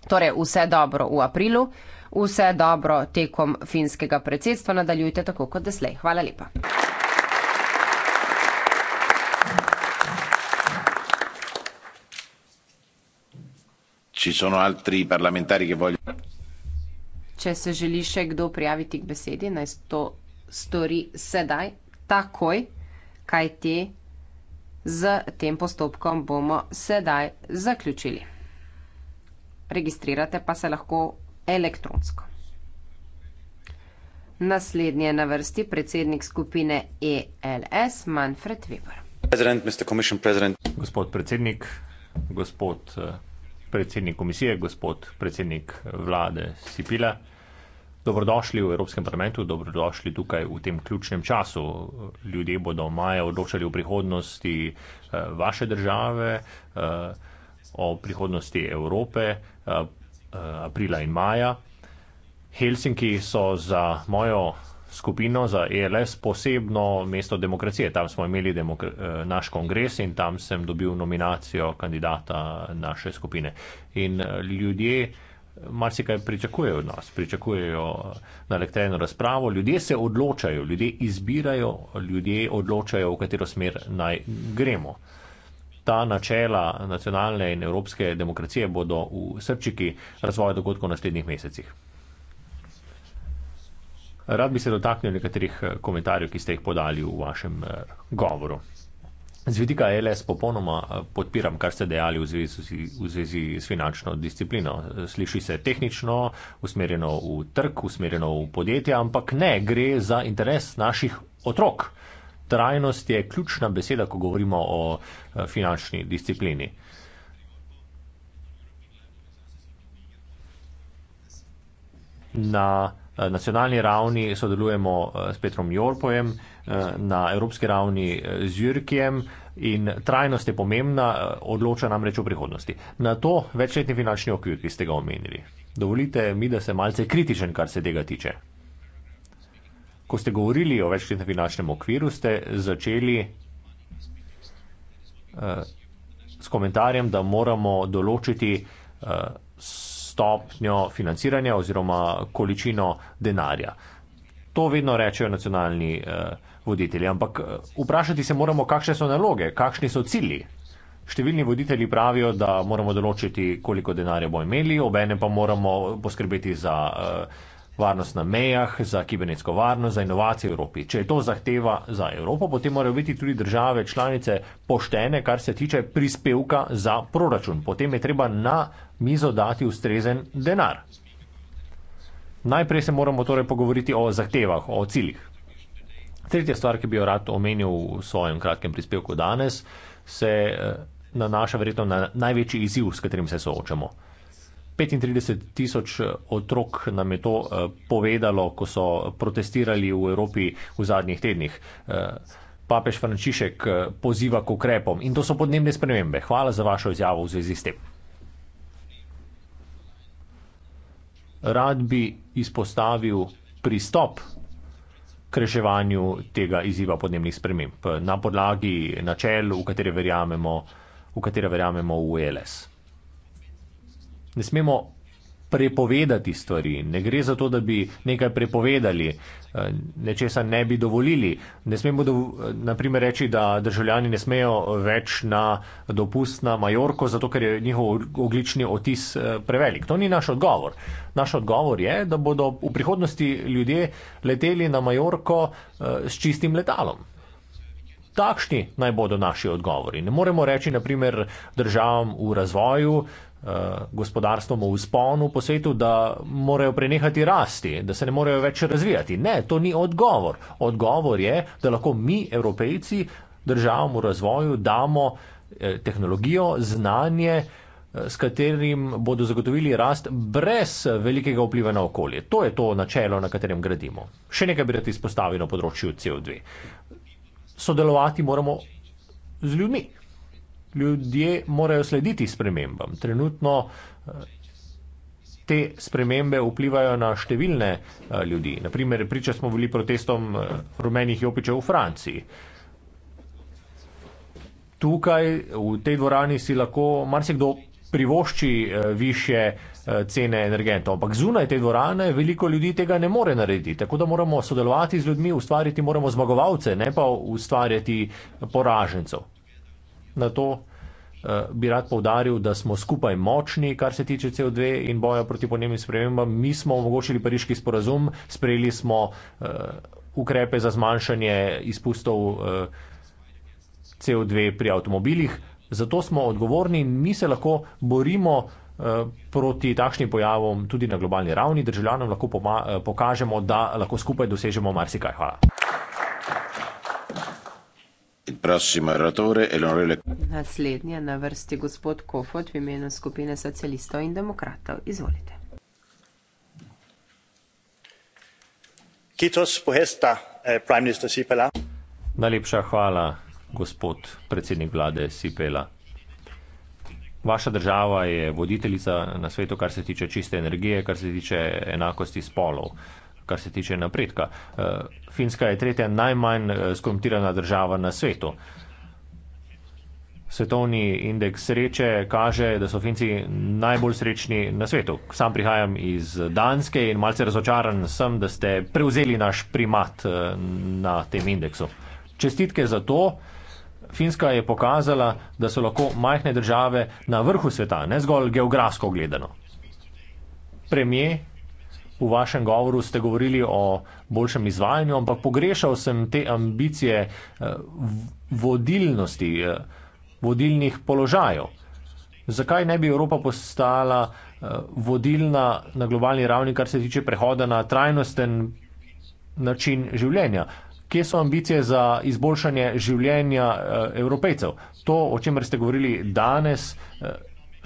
Torej, vse dobro v aprilu, vse dobro tekom finskega predsedstva nadaljujte tako kot deslej. Hvala lepa. Če se želi še kdo prijaviti k besedi, naj to stori sedaj, takoj, kaj te z tem postopkom bomo sedaj zaključili. Registrirate pa se lahko elektronsko. Naslednji je na vrsti predsednik skupine ELS Manfred Weber. Gospod predsednik, gospod eh, predsednik komisije, gospod predsednik vlade Sipila. Dobrodošli v Evropskem parlamentu, dobrodošli tukaj v tem ključnem času. Ljudje bodo v maju odločali o prihodnosti eh, vaše države, eh, o prihodnosti Evrope, eh, aprila in maja. Helsinki so za mojo skupino za ELS, posebno mesto demokracije. Tam smo imeli demokra eh, naš kongres in tam sem dobil nominacijo kandidata naše skupine. In eh, ljudje marsikaj pričakujejo od nas, pričakujejo eh, na elektrajno razpravo. Ljudje se odločajo, ljudje izbirajo, ljudje odločajo, v katero smer naj gremo. Ta načela nacionalne in evropske demokracije bodo v srčiki razvoja dogodkov v naslednjih mesecih. Rad bi se dotaknil nekaterih eh, komentarjev, ki ste jih podali v vašem eh, govoru. Z vidika LS popolnoma eh, podpiram, kar ste dejali v zvezi, v zvezi s finančno disciplino. Sliši se tehnično, usmerjeno v trg, usmerjeno v podjetje, ampak ne, gre za interes naših otrok. Trajnost je ključna beseda, ko govorimo o finančni disciplini. Na Eh, nacionalni ravni sodelujemo eh, s Petrom Jorpojem, eh, na evropski ravni z Jurkijem in trajnost je pomembna, odloča nam reč o prihodnosti. Na to večletni finančni okvir, ki ste ga omenili. Dovolite mi, da sem malce kritičen, kar se tega tiče. Ko ste govorili o večletnem finančnem okviru, ste začeli s komentarjem, da moramo določiti s stopnjo financiranja oziroma količino denarja. To vedno rečejo nacionalni eh, voditelji, ampak eh, vprašati se moramo, kakšne so naloge, kakšni so cilji. Številni voditelji pravijo, da moramo določiti, koliko denarja bomo imeli, obene pa moramo poskrbeti za eh, varnost na mejah, za kibernetsko varnost, za inovacije v Evropi. Če je to zahteva za Evropo, potem morajo biti tudi države članice poštene, kar se tiče prispevka za proračun. Potem je treba na mizo dati ustrezen denar. Najprej se moramo torej pogovoriti o zahtevah, o ciljih. Tretja stvar, ki bi jo rad omenil v svojem kratkem prispevku danes, se eh, nanaša verjetno na največji izziv, s katerim se soočamo. 35 tisoč eh, otrok nam je to eh, povedalo, ko so protestirali v Evropi v zadnjih tednih. Papež Frančišek poziva k ukrepom in to so podnebne spremembe. Hvala za vašo izjavo v zvezi s tem. rad bi izpostavil pristop k reševanju tega izziva podnebnih sprememb na podlagi načel, v katere verjamemo v, katere verjamemo v ELS. Ne smemo prepovedati stvari. Ne gre za to, da bi nekaj prepovedali, eh, nečesa ne bi dovolili. Ne smemo dovo naprimer reči, da državljani ne smejo več na dopust na Majorko, zato ker je njihov oglični otis eh, prevelik. To ni naš odgovor. Naš odgovor je, da bodo v prihodnosti ljudje leteli na Majorko eh, s čistim letalom. Takšni naj bodo naši odgovori. Ne moremo reči, naprimer, državam v razvoju, Eh, gospodarstvom v sponu po svetu, da morajo prenehati rasti, da se ne morejo več razvijati. Ne, to ni odgovor. Odgovor je, da lahko mi, evropejci, državam v razvoju damo eh, tehnologijo, znanje, eh, s katerim bodo zagotovili rast brez velikega vpliva na okolje. To je to načelo, na katerem gradimo. Še nekaj bi rad izpostavil na področju CO2. Sodelovati moramo z ljudmi ljudje morajo slediti spremembam. Trenutno eh, te spremembe vplivajo na številne eh, ljudi. Naprimer, priča smo bili protestom eh, rumenih jopičev v Franciji. Tukaj v tej dvorani si lahko marsikdo privošči više cene energentov, ampak zunaj te dvorane veliko ljudi tega ne more narediti. Tako da moramo sodelovati z ljudmi, ustvariti moramo zmagovalce, ne pa ustvarjati poražencev na to. Uh, bi rad povdaril, da smo skupaj močni, kar se tiče CO2 in boja proti podnebnim spremembam. Mi smo omogočili pariški sporazum, sprejeli smo uh, ukrepe za zmanjšanje izpustov uh, eh, CO2 pri avtomobilih. Zato smo odgovorni in mi se lahko borimo uh, proti takšnim pojavom tudi na globalni ravni. Državljanom lahko pokažemo, da lahko skupaj dosežemo marsikaj. Hvala. Naslednji je na vrsti gospod Kofod v imenu skupine socialistov in demokratov. Izvolite. Eh, Najlepša hvala, gospod predsednik vlade Sipela. Vaša država je voditeljica na svetu, kar se tiče čiste energije, kar se tiče enakosti spolov kar se tiče napredka. Eh, Finska je tretja najmanj eh, skomptirana država na svetu. Svetovni indeks sreče kaže, da so Finci najbolj srečni na svetu. Sam prihajam iz Danske in malce razočaran sem, da ste prevzeli naš primat eh, na tem indeksu. Čestitke za to. Finska je pokazala, da so lahko majhne države na vrhu sveta, ne zgolj geografsko gledano. Premije V vašem govoru ste govorili o boljšem izvajanju, ampak pogrešal sem te ambicije eh, vodilnosti, eh, vodilnih položajev. Zakaj ne bi Evropa postala eh, vodilna na globalni ravni, kar se tiče prehoda na trajnosten način življenja? Kje so ambicije za izboljšanje življenja evropejcev? To, o čemer ste govorili danes,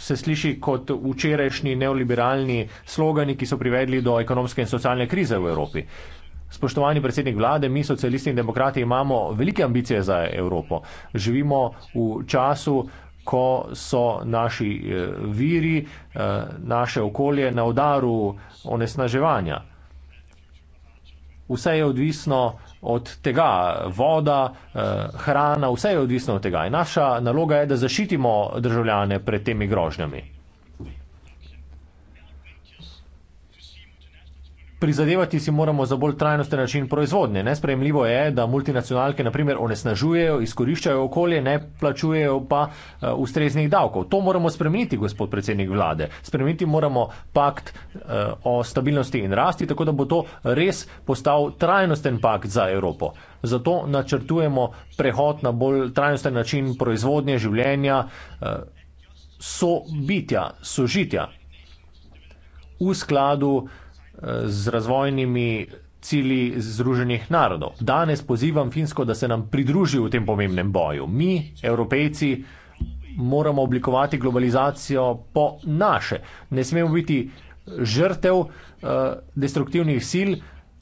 se sliši kot včerajšnji neoliberalni slogani, ki so privedli do ekonomske in socialne krize v Evropi. Spoštovani predsednik vlade, mi socialisti in demokrati imamo velike ambicije za Evropo. Živimo v času, ko so naši eh, viri, eh, naše okolje na udaru onesnaževanja vse je odvisno od tega, voda, eh, hrana, vse je odvisno od tega. In naša naloga je, da zaščitimo državljane pred temi grožnjami. prizadevati si moramo za bolj trajnosten način proizvodnje. Nespremljivo je, da multinacionalke naprimer onesnažujejo, izkoriščajo okolje, ne plačujejo pa uh, ustreznih davkov. To moramo spremeniti, gospod predsednik vlade. Spremeniti moramo pakt uh, o stabilnosti in rasti, tako da bo to res postal trajnosten pakt za Evropo. Zato načrtujemo prehod na bolj trajnosten način proizvodnje, življenja, uh, sobitja, sožitja v skladu z razvojnimi cilji Združenih narodov. Danes pozivam Finsko, da se nam pridruži v tem pomembnem boju. Mi, evropejci, moramo oblikovati globalizacijo po naše. Ne smemo biti žrtev eh, destruktivnih sil,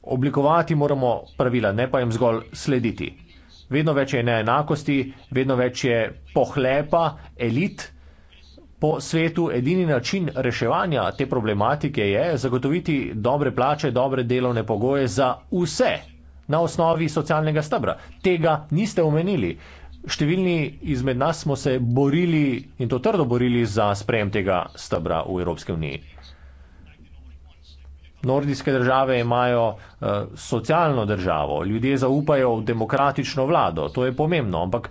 oblikovati moramo pravila, ne pa jim zgolj slediti. Vedno več je neenakosti, vedno več je pohlepa, elit. Po svetu edini način reševanja te problematike je zagotoviti dobre plače, dobre delovne pogoje za vse na osnovi socialnega stebra. Tega niste omenili. Številni izmed nas smo se borili in to trdo borili za sprejem tega stebra v Evropske unije. Nordijske države imajo uh, socialno državo, ljudje zaupajo v demokratično vlado, to je pomembno, ampak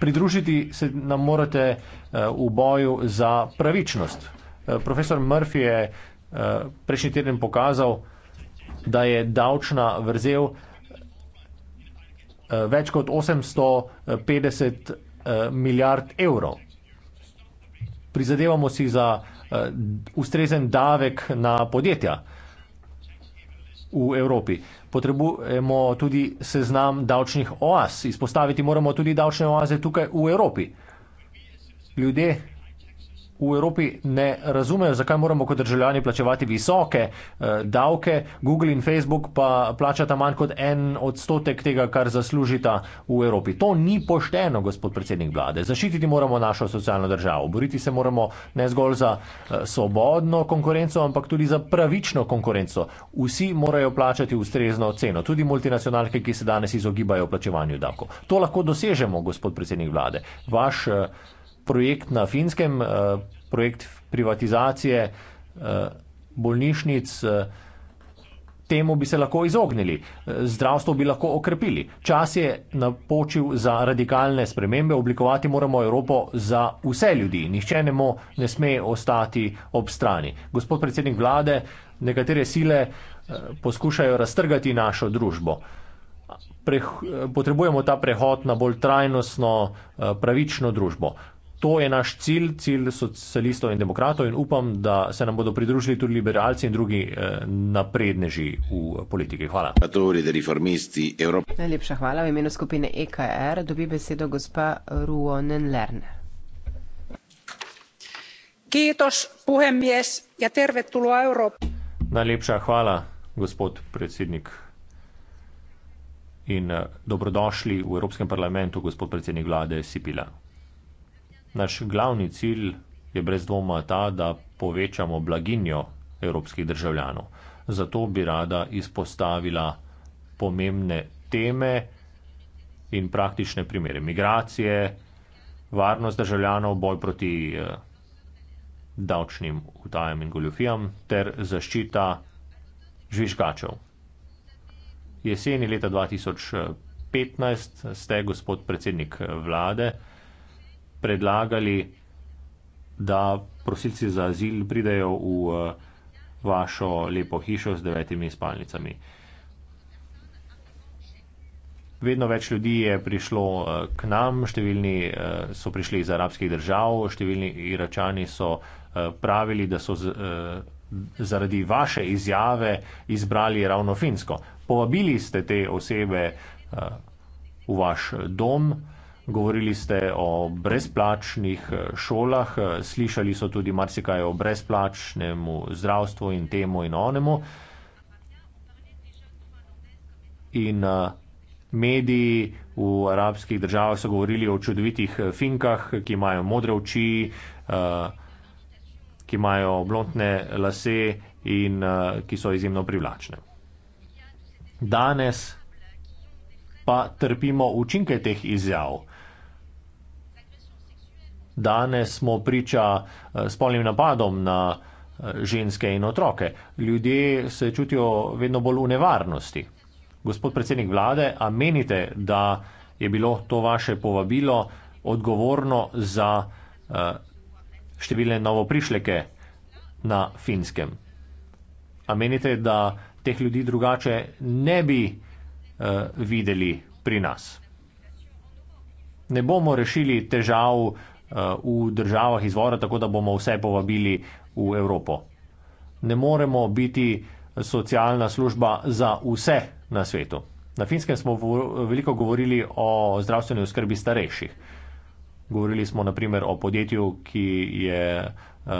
pridružiti se nam morate uh, Eh, v boju za pravičnost. Eh, profesor Murphy je eh, prejšnji teden pokazal, da je davčna vrzel več kot 850 milijard evrov. Prizadevamo si za ustrezen davek na podjetja v Evropi. Potrebujemo tudi seznam davčnih oaz. Izpostaviti moramo tudi davčne oaze tukaj v Evropi ljudje v Evropi ne razumejo, zakaj moramo kot državljani plačevati visoke eh, davke, Google in Facebook pa plačata manj kot en odstotek tega, kar zaslužita v Evropi. To ni pošteno, gospod predsednik vlade. Zaščititi moramo našo socialno državo. Boriti se moramo ne zgolj za eh, svobodno konkurenco, ampak tudi za pravično konkurenco. Vsi morajo plačati ustrezno ceno, tudi multinacionalke, ki se danes izogibajo plačevanju davkov. To lahko dosežemo, gospod predsednik vlade. Vaš, eh, projekt na finskem, eh, projekt privatizacije eh, bolnišnic, eh, temu bi se lahko izognili, zdravstvo bi lahko okrepili. Čas je napočil za radikalne spremembe, oblikovati moramo Evropo za vse ljudi, nihče ne, mo, ne sme ostati ob strani. Gospod predsednik vlade, nekatere sile poskušajo raztrgati našo družbo. Preh, potrebujemo ta prehod na bolj trajnostno, pravično družbo. To je naš cilj, cilj socialistov in demokratov in upam, da se nam bodo pridružili tudi liberalci in drugi eh, napredneži v politiki. Hvala. Najlepša hvala. V imenu skupine EKR dobi besedo gospa Ruonen Lerne. Kiitos, puhemies, ja tervetuloa Euroop. Najlepša hvala, gospod predsednik. In eh, dobrodošli v Evropskem parlamentu, gospod predsednik vlade Sipila. Naš glavni cilj je brez dvoma ta, da povečamo blaginjo evropskih državljanov. Zato bi rada izpostavila pomembne teme in praktične primere. Migracije, varnost državljanov, boj proti eh, davčnim utajam in goljofijam ter zaščita žvižgačev. Jeseni leta 2015 eh, ste, gospod predsednik eh, vlade, predlagali, da prosilci za azil pridejo v eh, vašo lepo hišo z devetimi spalnicami. Vedno več ljudi je prišlo eh, k nam, številni eh, so prišli iz arabskih držav, številni iračani so pravili, da so zaradi vaše izjave izbrali ravno Finsko. Povabili ste te osebe v vaš dom. Govorili ste o brezplačnih eh, šolah, eh, slišali so tudi marsikaj o brezplačnemu zdravstvu in temu in onemu. In eh, mediji v arabskih državah so govorili o čudovitih finkah, ki imajo modre oči, ki imajo blondne lase in ki so izjemno privlačne. Danes pa trpimo učinke teh izjav. Danes smo priča eh, spolnim napadom na eh, ženske in otroke. Ljudje se čutijo vedno bolj v nevarnosti. Gospod predsednik vlade, a menite, da je bilo to vaše povabilo odgovorno za eh, številne novoprišleke na finskem? A menite, da teh ljudi drugače ne bi videli pri nas? Ne bomo rešili težav, v državah izvora, tako da bomo vse povabili v Evropo. Ne moremo biti socialna služba za vse na svetu. Na finskem smo veliko govorili o zdravstveni oskrbi starejših. Govorili smo naprimer o podjetju, ki je uh,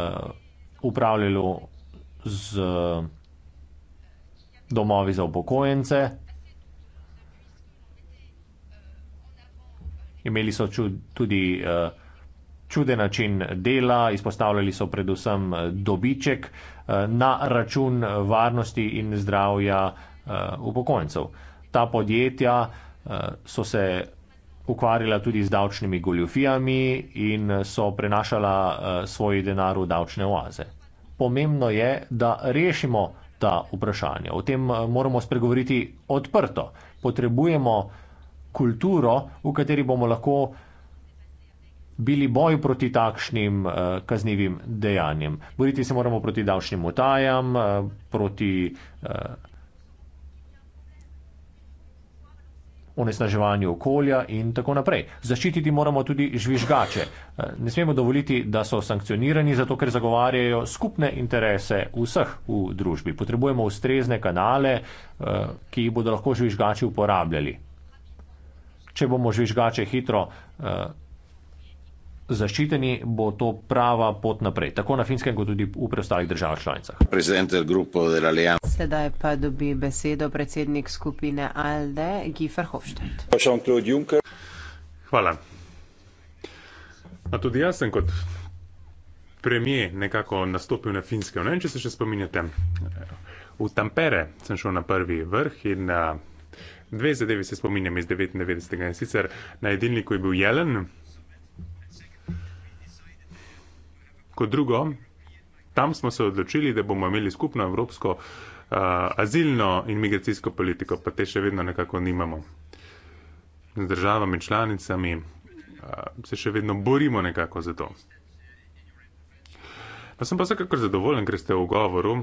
upravljalo z domovi za upokojence. Imeli so tudi uh, čuden način dela, izpostavljali so predvsem eh, dobiček eh, na račun eh, varnosti in zdravja upokojencev. Ta podjetja so se ukvarjala tudi z davčnimi goljufijami in so prenašala svoj denar v davčne oaze. Pomembno je, da rešimo ta vprašanja. O tem moramo spregovoriti odprto. Potrebujemo kulturo, v kateri bomo lahko bili boj proti takšnim uh, eh, kaznjivim dejanjem. Boriti se moramo proti davčnim utajam, uh, proti uh, onesnaževanju okolja in tako naprej. Zaščititi moramo tudi žvižgače. Uh, ne smemo dovoliti, da so sankcionirani, zato ker zagovarjajo skupne interese vseh v družbi. Potrebujemo ustrezne kanale, uh, ki jih bodo lahko žvižgači uporabljali. Če bomo žvižgače hitro uh, zaščiteni, bo to prava pot naprej, tako na finskem, kot tudi v preostalih državah članicah. Sedaj pa dobi besedo predsednik skupine ALDE, Giefer Hofstadt. Hvala. A tudi jaz sem kot premije nekako nastopil na finske. Ne vem, če se še spominjate. V Tampere sem šel na prvi vrh in na eh, dve zadevi se spominjam iz 99. In sicer na jedilniku je bil jelen, Kot drugo, tam smo se odločili, da bomo imeli skupno evropsko uh, azilno in migracijsko politiko, pa te še vedno nekako nimamo. Z državami članicami uh, se še vedno borimo nekako za to. Pa sem pa vsekakor zadovoljen, ker ste v govoru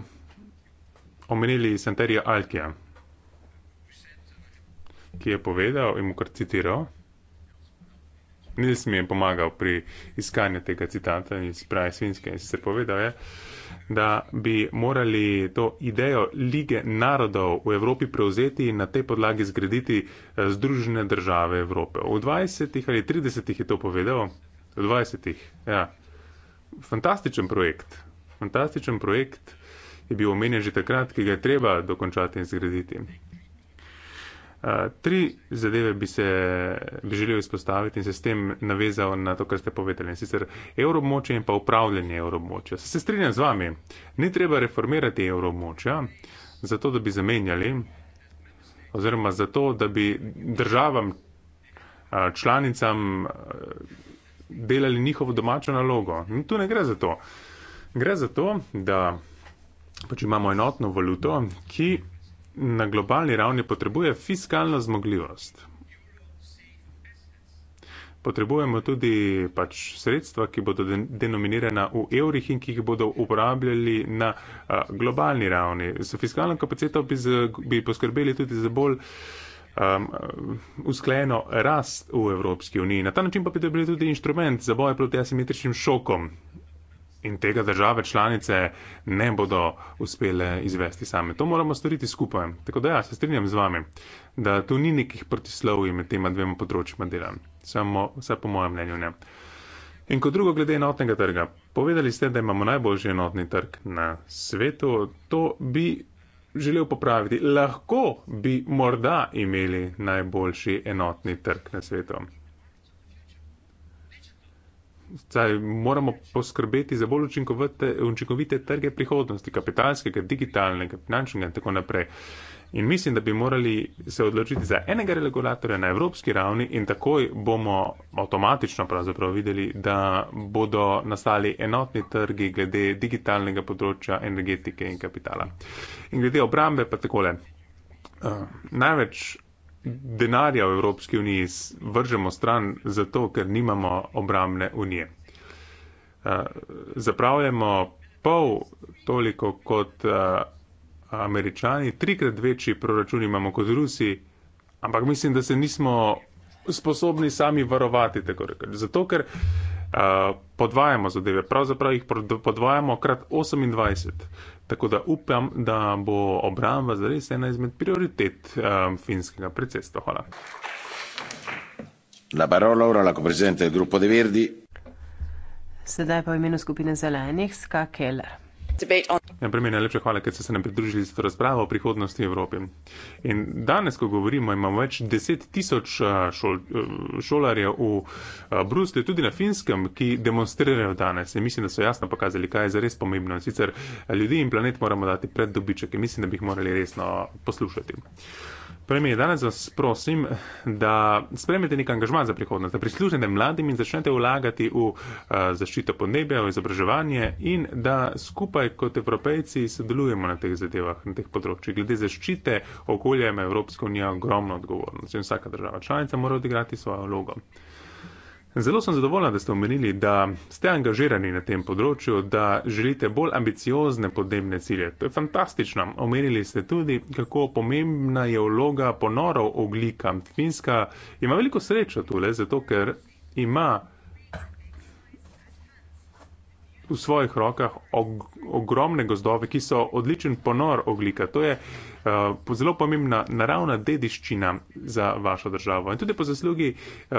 omenili Santerija Alkija, ki je povedal in mu kar citiral. Nils mi je pomagal pri iskanju tega citata iz Praje Svinske in sicer povedal je, da bi morali to idejo lige narodov v Evropi prevzeti in na tej podlagi zgraditi eh, Združene države Evrope. V 20. ali 30. je to povedal, v 20. ja. Fantastičen projekt, fantastičen projekt je bil omenjen že takrat, ki ga je treba dokončati in zgraditi. Eh, tri zadeve bi se bi želel izpostaviti in se s tem navezal na to, kar ste povedali. In sicer evromoče in pa upravljanje evromoče. Se, se strinjam z vami, ni treba reformirati evromoča, zato da bi zamenjali oziroma zato, da bi državam, eh, članicam eh, delali njihovo domačo nalogo. In tu ne gre za to. Gre za to, da pač imamo enotno valuto, ki na globalni ravni potrebuje fiskalno zmogljivost. Potrebujemo tudi pač sredstva, ki bodo denominirana v evrih in ki jih bodo uporabljali na a, globalni ravni. Z fiskalno kapaciteto bi, z, bi poskrbeli tudi za bolj um, usklejeno rast v Evropski uniji. Na ta način pa bi dobili tudi inštrument za boje proti asimetričnim šokom in tega države članice ne bodo uspele izvesti same. To moramo storiti skupaj. Tako da ja, se strinjam z vami, da tu ni nekih protislovij med tema dvema področjima dela. Samo, vse po mojem mnenju ne. In kot drugo, glede enotnega trga. Povedali ste, da imamo najboljši enotni trg na svetu. To bi želel popraviti. Lahko bi morda imeli najboljši enotni trg na svetu. Zdaj moramo poskrbeti za bolj učinkovite, učinkovite trge prihodnosti, kapitalskega, digitalnega, finančnega in tako naprej. In mislim, da bi morali se odločiti za enega regulatorja na evropski ravni in takoj bomo avtomatično pravzaprav videli, da bodo nastali enotni trgi glede digitalnega področja energetike in kapitala. In glede obrambe pa takole. Uh, največ denarja v Evropski uniji vržemo stran zato, ker nimamo obramne unije. Eh, zapravljamo pol toliko kot eh, američani, trikrat večji proračun imamo kot Rusi, ampak mislim, da se nismo sposobni sami varovati, tako rekoč. Zato, ker eh, podvajamo zadeve, pravzaprav jih podvajamo krat 28. Tako da upam, da bo obramba zares ena izmed prioritet um, finskega predsedstva. Hvala. La parola ora la presidente del gruppo De Verdi. Sedaj pa v imenu skupine zelenih Ska Keller. Ja, najlepša hvala, ker ste se nam pridružili za to razpravo o prihodnosti Evrope. In danes, ko govorimo, imamo več deset tisoč eh, šol, eh, šolarjev v eh, Bruslju, tudi na finskem, ki demonstrirajo danes. In mislim, da so jasno pokazali, kaj je zares pomembno. In sicer ljudi in planet moramo dati pred dobiček in mislim, da bi jih morali resno poslušati premijer, danes vas prosim, da spremete nek angažma za prihodnost, da prisluhnete mladim in začnete vlagati v uh, zaščito podnebja, v izobraževanje in da skupaj kot evropejci sodelujemo na teh zadevah, na teh področjih. Glede zaščite okolja ima Evropska unija ogromno odgovornost in vsaka država članica mora odigrati svojo vlogo. Zelo sem zadovoljna, da ste omenili, da ste angažirani na tem področju, da želite bolj ambiciozne podnebne cilje. To je fantastično. Omenili ste tudi, kako pomembna je vloga ponorov oglika. Finska ima veliko srečo tukaj, zato ker ima v svojih rokah og, ogromne gozdove, ki so odličen ponor oglika. To je uh, zelo pomembna naravna dediščina za vašo državo. In tudi po zaslugi uh,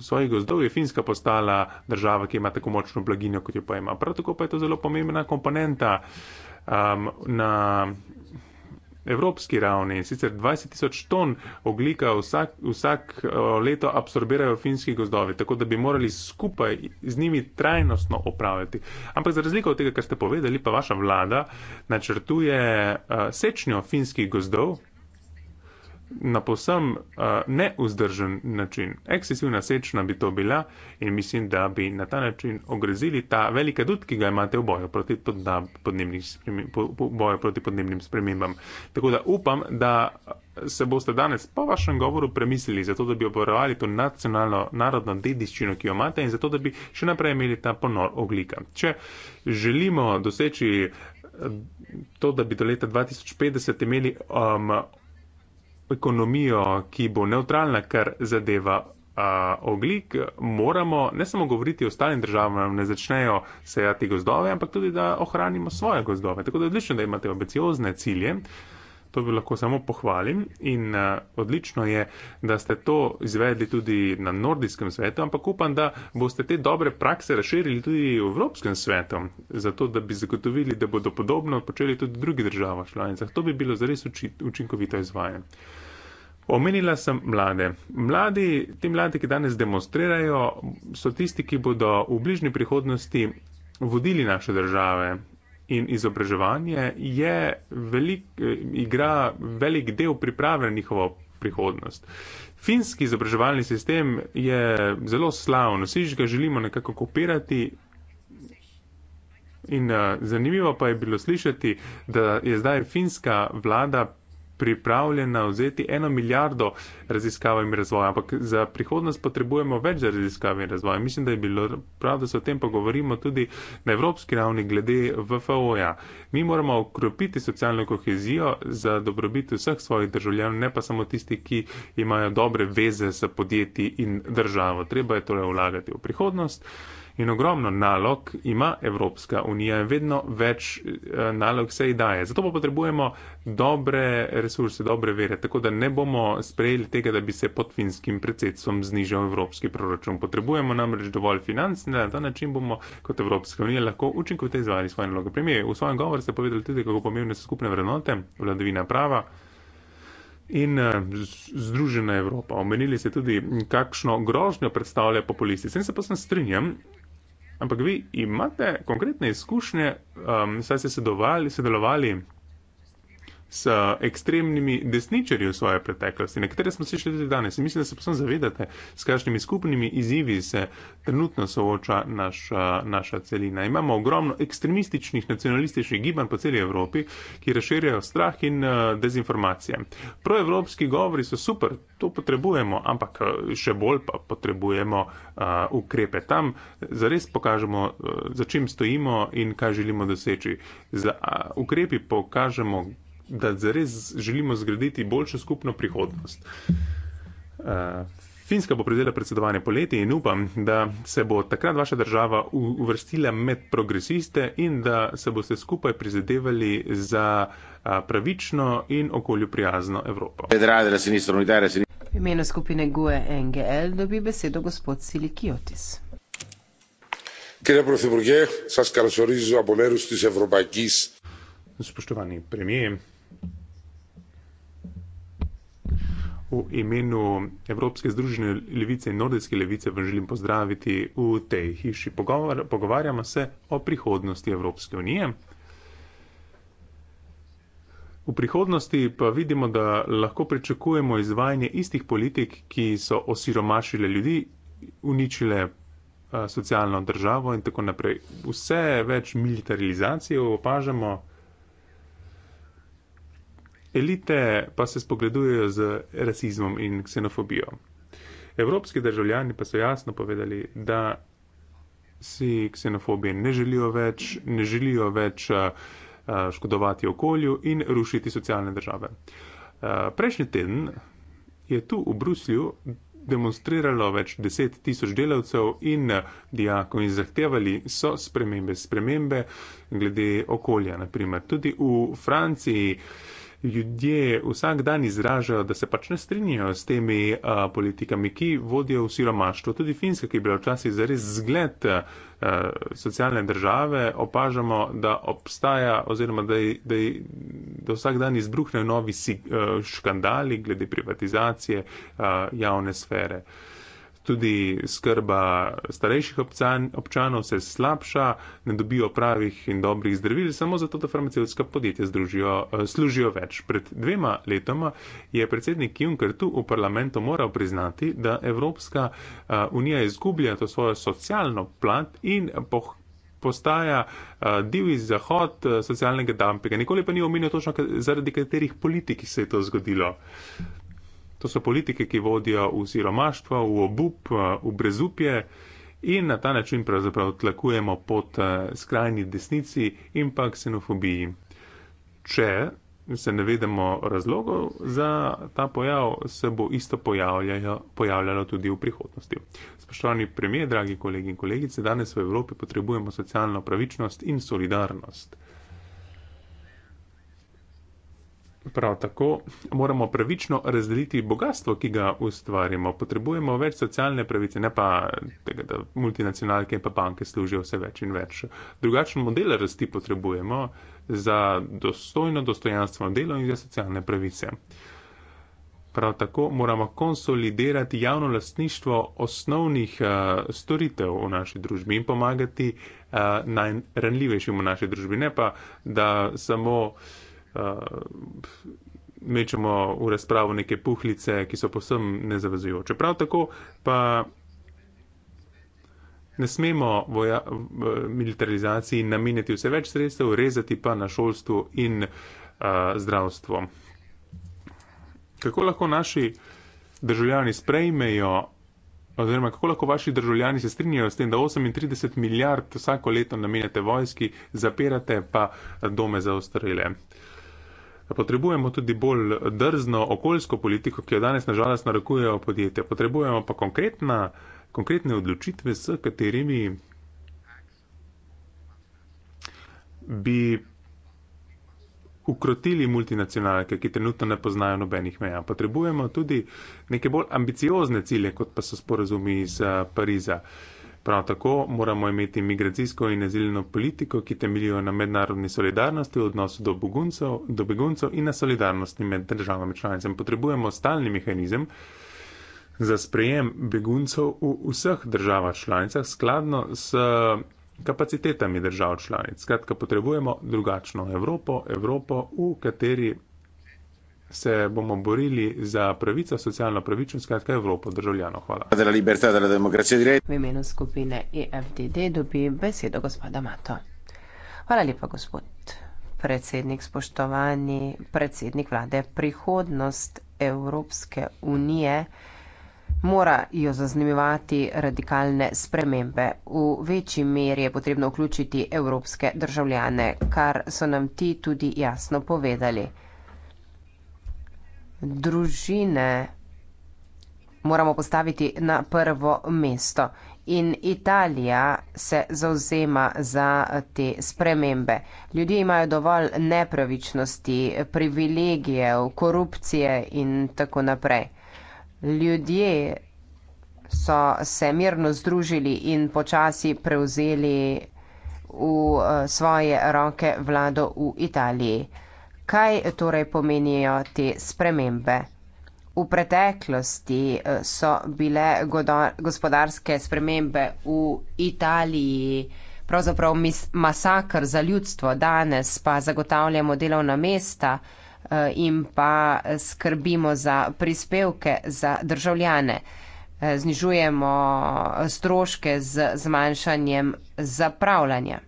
svojih gozdov je Finska postala država, ki ima tako močno blaginjo, kot jo pa ima. Prav tako pa je to zelo pomembna komponenta um, na evropski ravni. Sicer 20 tisoč ton oglika vsak, vsak eh, leto absorbirajo finski gozdovi, tako da bi morali skupaj z njimi trajnostno upravljati. Ampak za razliko od tega, kar ste povedali, pa vaša vlada načrtuje eh, sečnjo finskih gozdov na posem uh, eh, neuzdržen način. Eksesivna sečna bi to bila in mislim, da bi na ta način ogrezili ta velika dud, ki ga imate v boju proti, podnebni po, boju proti podnebnim spremembam. Tako da upam, da se boste danes po vašem govoru premislili, zato da bi oporovali to nacionalno narodno dediščino, ki jo imate in zato da bi še naprej imeli ta ponor oglika. Če želimo doseči eh, to, da bi do leta 2050 imeli um, ekonomijo, ki bo neutralna, kar zadeva uh, oglik, moramo ne samo govoriti o ostalim državam, ne začnejo sejati gozdove, ampak tudi, da ohranimo svoje gozdove. Tako da odlično, da imate ambiciozne cilje. Uh, to bi lahko samo pohvalim in uh, odlično je, da ste to izvedli tudi na Nordijskem svetu, ampak upam, da boste te dobre prakse razširili tudi v Evropskem svetu, zato da bi zagotovili, da bodo podobno počeli tudi drugi država članicah. To bi bilo zares uči, učinkovito izvajanje. Omenila sem mlade. Mladi, ti mladi, ki danes demonstrirajo, so tisti, ki bodo v bližnji prihodnosti vodili naše države in izobraževanje je velik, igra velik del priprave na njihovo prihodnost. Finski izobraževalni sistem je zelo slaven, vsi že ga želimo nekako kopirati. In uh, zanimivo pa je bilo slišati, da je zdaj finska vlada pripravljena vzeti eno milijardo raziskav in razvoja, ampak za prihodnost potrebujemo več za raziskav in razvoja. Mislim, da je bilo prav, da se o tem pogovorimo tudi na evropski ravni glede VFO-ja. Mi moramo okropiti socialno kohezijo za dobrobit vseh svojih državljanov, ne pa samo tisti, ki imajo dobre veze s podjetji in državo. Treba je torej vlagati v prihodnost in ogromno nalog ima Evropska unija in vedno več eh, nalog se ji daje. Zato pa potrebujemo dobre resurse, dobre vere, tako da ne bomo sprejeli tega, da bi se pod finskim predsedstvom znižal evropski proračun. Potrebujemo namreč dovolj financ in na ta način bomo kot Evropska unija lahko učinkovito izvajali svoje naloge. Premijer, v svojem govoru ste povedali tudi, kako pomembne so skupne vrednote, vladavina prava. In eh, Združena Evropa. Omenili ste tudi, kakšno grožnjo predstavlja populisti. Sem se pa sem strinjam, Ampak vi imate konkretne izkušnje, um, saj ste sodelovali, sodelovali s ekstremnimi desničarji v svoje preteklosti, na katere smo slišali tudi danes. In mislim, da se posem zavedate, s kakšnimi skupnimi izzivi se trenutno sooča naša, naša celina. Imamo ogromno ekstremističnih, nacionalističnih gibanj po celi Evropi, ki razširjajo strah in uh, dezinformacije. Proevropski govori so super, to potrebujemo, ampak eh, še bolj pa potrebujemo uh, ukrepe tam, zares pokažemo, uh, za čim stojimo in kaj želimo doseči. Z uh, ukrepi pokažemo, da zares želimo zgraditi boljšo skupno prihodnost. Uh, Finska bo predela predsedovanje poleti in upam, da se bo takrat vaša država uvrstila med progresiste in da se boste skupaj prizadevali za eh, pravično in okolju prijazno Evropo. V imenu skupine GUE NGL dobi besedo gospod Silikiotis. Spoštovani premijer, V imenu Evropske združene levice in nordijske levice vam želim pozdraviti v tej hiši. Pogovar, pogovarjamo se o prihodnosti Evropske unije. V prihodnosti pa vidimo, da lahko pričakujemo izvajanje istih politik, ki so osiromašile ljudi, uničile eh, socialno državo in tako naprej. Vse več militarizacije opažamo. Elite pa se spogledujejo z rasizmom in ksenofobijo. Evropski državljani pa so jasno povedali, da si ksenofobije ne želijo več, ne želijo več eh, eh, škodovati okolju in rušiti socialne države. Eh, prejšnji teden je tu v Bruslju demonstriralo več deset tisoč delavcev in dijakov in zahtevali so spremembe, spremembe glede okolja. Naprimer, tudi v Franciji ljudje vsak dan izražajo, da se pač ne strinjajo s temi uh, politikami, ki vodijo v siromaštvo. Tudi Finska, ki je bila včasih zares zgled uh, socialne države, opažamo, da obstaja oziroma da, da, da vsak dan izbruhnejo novi si, uh, škandali glede privatizacije uh, javne sfere. Uh, tudi skrba starejših občanov se slabša, ne dobijo pravih in dobrih zdravil, samo zato, da farmacevtska podjetja združijo, eh, služijo več. Pred dvema letoma je predsednik Juncker tu v parlamentu moral priznati, da Evropska eh, unija izgublja to svojo socialno plat in poh postaja uh, divji zahod uh, socialnega dampinga. Nikoli pa ni omenil točno, zaradi katerih politik se je to zgodilo. To so politike, ki vodijo v siromaštvo, v obup, v brezupje in na ta način pravzaprav tlakujemo pot eh, skrajni desnici in pa ksenofobiji. Če se ne vedemo razlogov za ta pojav, se bo isto pojavljalo tudi v prihodnosti. Spoštovani premije, dragi kolegi in kolegice, danes v Evropi potrebujemo socialno pravičnost in solidarnost. Prav tako moramo pravično razdeliti bogatstvo, ki ga ustvarjamo. Potrebujemo več socialne pravice, ne pa tega, da multinacionalke in pa banke služijo vse več in več. Drugačen model rasti potrebujemo za dostojno, dostojanstveno delo in za socialne pravice. Prav tako moramo konsolidirati javno lastništvo osnovnih uh, storitev v naši družbi in pomagati uh, najranljivejšim v naši družbi, ne pa da samo uh, uh, mečemo v razpravo neke puhlice, ki so posebno nezavezujoče. Prav tako pa ne smemo voja, v militarizaciji namenjati vse več sredstev, rezati pa na šolstvo in uh, zdravstvo. Kako lahko naši državljani sprejmejo? Oziroma, kako lahko vaši državljani se strinjajo s tem, da 38 milijard vsako leto namenjate vojski, zapirate pa dome za ostarele? Uh, Potrebujemo tudi bolj drzno okoljsko politiko, ki jo danes nažalost narekujejo podjetja. Potrebujemo pa konkretna, konkretne odločitve, s katerimi bi ukrotili multinacionalke, ki trenutno ne poznajo nobenih meja. Potrebujemo tudi neke bolj ambiciozne cilje, kot pa so sporazumi iz eh, Pariza. Uh, Prav tako moramo imeti migracijsko in azilno politiko, ki temeljijo na mednarodni solidarnosti v odnosu do, buguncov, do beguncov in na solidarnosti med državami članicami. Potrebujemo stalni mehanizem za sprejem beguncov v vseh državah članicah skladno s kapacitetami držav članic. Skratka, potrebujemo drugačno Evropo, Evropo, v kateri se bomo borili za pravico, socialno pravičnost, skratka Evropo državljanov. Hvala. V imenu skupine EFDD dobi besedo gospoda Mato. Hvala lepa, gospod predsednik, spoštovani predsednik vlade. Prihodnost Evropske unije mora jo zaznamevati radikalne spremembe. V večji meri je potrebno vključiti evropske državljane, kar so nam ti tudi jasno povedali družine moramo postaviti na prvo mesto. In Italija se zauzema za te spremembe. Ljudje imajo dovolj nepravičnosti, privilegijev, korupcije in tako naprej. Ljudje so se mirno združili in počasi prevzeli v eh, svoje roke vlado v Italiji kaj torej pomenijo te spremembe. V preteklosti eh, so bile gospodarske spremembe v Italiji pravzaprav masakr za ljudstvo, danes pa zagotavljamo delovna mesta eh, in pa skrbimo za prispevke za državljane. Eh, znižujemo stroške z zmanjšanjem zapravljanja.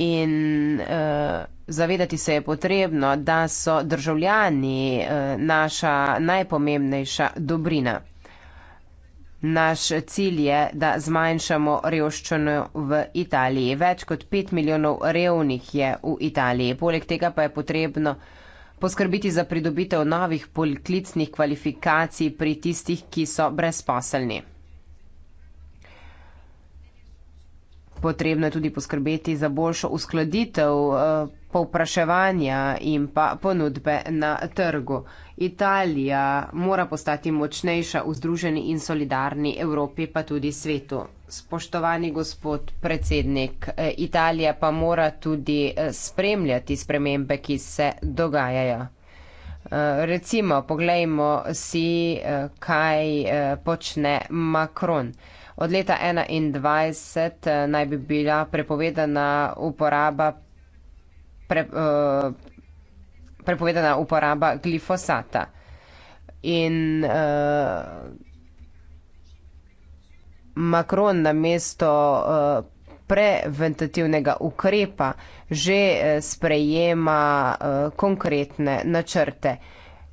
in uh, zavedati se je potrebno, da so državljani uh, naša najpomembnejša dobrina. Naš cilj je, da zmanjšamo revščino v Italiji. Več kot 5 milijonov revnih je v Italiji. Poleg tega pa je potrebno poskrbiti za pridobitev novih poklicnih kvalifikacij pri tistih, ki so brezposelni. potrebno je tudi poskrbeti za boljšo uskladitev eh, povpraševanja in pa ponudbe na trgu. Italija mora postati močnejša v združeni in solidarni Evropi, pa tudi svetu. Spoštovani gospod predsednik, eh, Italija pa mora tudi eh, spremljati spremembe, ki se dogajajo. Recimo, poglejmo si, kaj počne Macron. Od leta 2021 eh, naj bi bila prepovedana uporaba, pre, uh, prepovedana uporaba glifosata. In uh, Macron na mesto uh, preventativnega ukrepa že sprejema uh, konkretne načrte. Uh,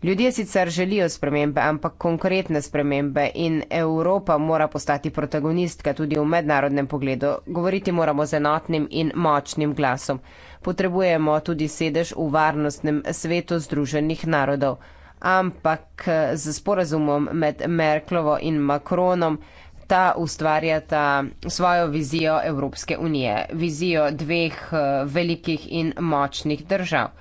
Ljudje sicer želijo spremembe, ampak konkretne spremembe in Evropa mora postati protagonistka tudi v mednarodnem pogledu. Govoriti moramo z enotnim in močnim glasom. Potrebujemo tudi sedež v varnostnem svetu Združenih narodov. Ampak z sporazumom med Merklovo in Macronom ta ustvarjata svojo vizijo Evropske unije, vizijo dveh eh, velikih in močnih držav.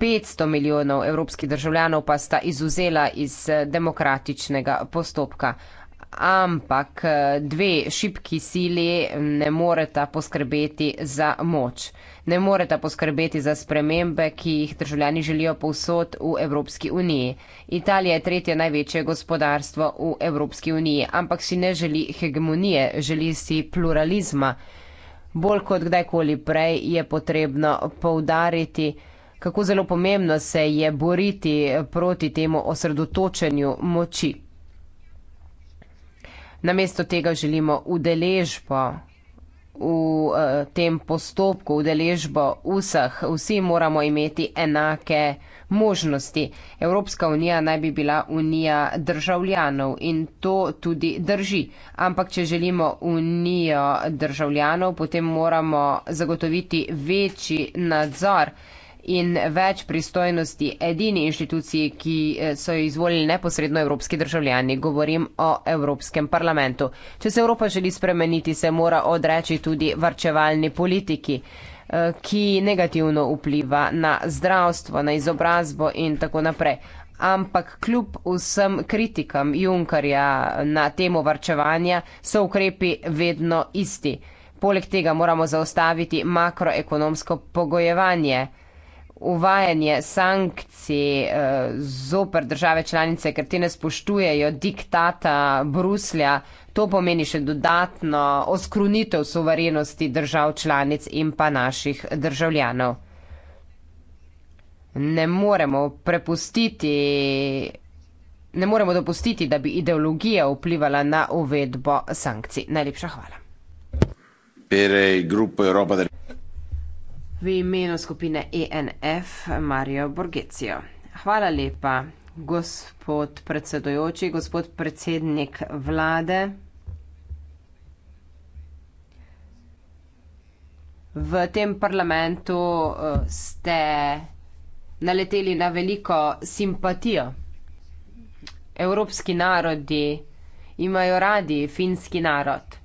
500 milijonov evropskih državljanov pa sta izuzela iz eh, demokratičnega postopka. Ampak eh, dve šibki sili ne moreta poskrbeti za moč, ne moreta poskrbeti za spremembe, ki jih državljani želijo povsod v Evropski uniji. Italija je tretje največje gospodarstvo v Evropski uniji, ampak si ne želi hegemonije, želi si pluralizma. Bolj kot kdajkoli prej je potrebno poudariti, kako zelo pomembno se je boriti proti temu osredotočenju moči. Namesto tega želimo udeležbo v eh, tem postopku, udeležbo vseh. Vsi moramo imeti enake možnosti. Evropska unija naj bi bila unija državljanov in to tudi drži. Ampak, če želimo unijo državljanov, potem moramo zagotoviti večji nadzor in več pristojnosti edini inštituciji, ki eh, so jo izvolili neposredno evropski državljani. Govorim o Evropskem parlamentu. Če se Evropa želi spremeniti, se mora odreči tudi varčevalni politiki, eh, ki negativno vpliva na zdravstvo, na izobrazbo in tako naprej. Ampak kljub vsem kritikam Junkarja na temo varčevanja so ukrepi vedno isti. Poleg tega moramo zaustaviti makroekonomsko pogojevanje uvajanje sankcij eh, zoper države članice, ker te ne spoštujejo diktata Bruslja, to pomeni še dodatno oskrunitev suverenosti držav članic in pa naših državljanov. Ne moremo prepustiti. Ne moremo dopustiti, da bi ideologija vplivala na uvedbo sankcij. Najlepša hvala. V imenu skupine ENF Mario Borgecio. Hvala lepa, gospod predsedojoči, gospod predsednik vlade. V tem parlamentu eh, ste naleteli na veliko simpatijo. Evropski narodi imajo radi finski narod.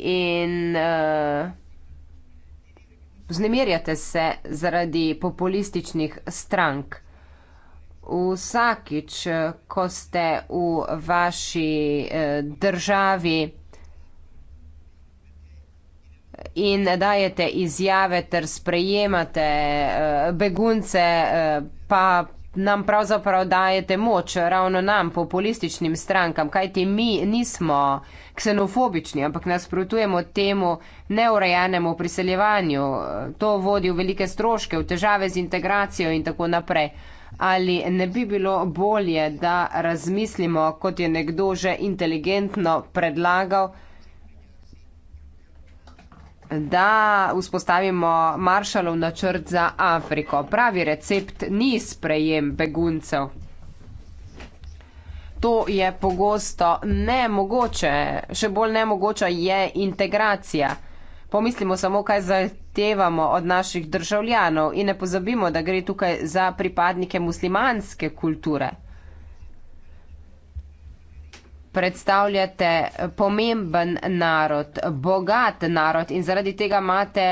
in uh, vznemirjate se zaradi populističnih strank. Vsakič, ko ste v vaši uh, državi in dajete izjave ter sprejemate uh, begunce, uh, pa nam pravzaprav dajete moč, ravno nam, populističnim strankam, kajti mi nismo ksenofobični, ampak nasprotujemo temu neurejenemu priseljevanju. To vodi v velike stroške, v težave z integracijo in tako naprej. Ali ne bi bilo bolje, da razmislimo, kot je nekdo že inteligentno predlagal, da vzpostavimo Maršalov načrt za Afriko. Pravi recept ni sprejem beguncev. To je pogosto nemogoče, še bolj nemogoča je integracija. Pomislimo samo, kaj zahtevamo od naših državljanov in ne pozabimo, da gre tukaj za pripadnike muslimanske kulture predstavljate pomemben narod, bogat narod in zaradi tega imate,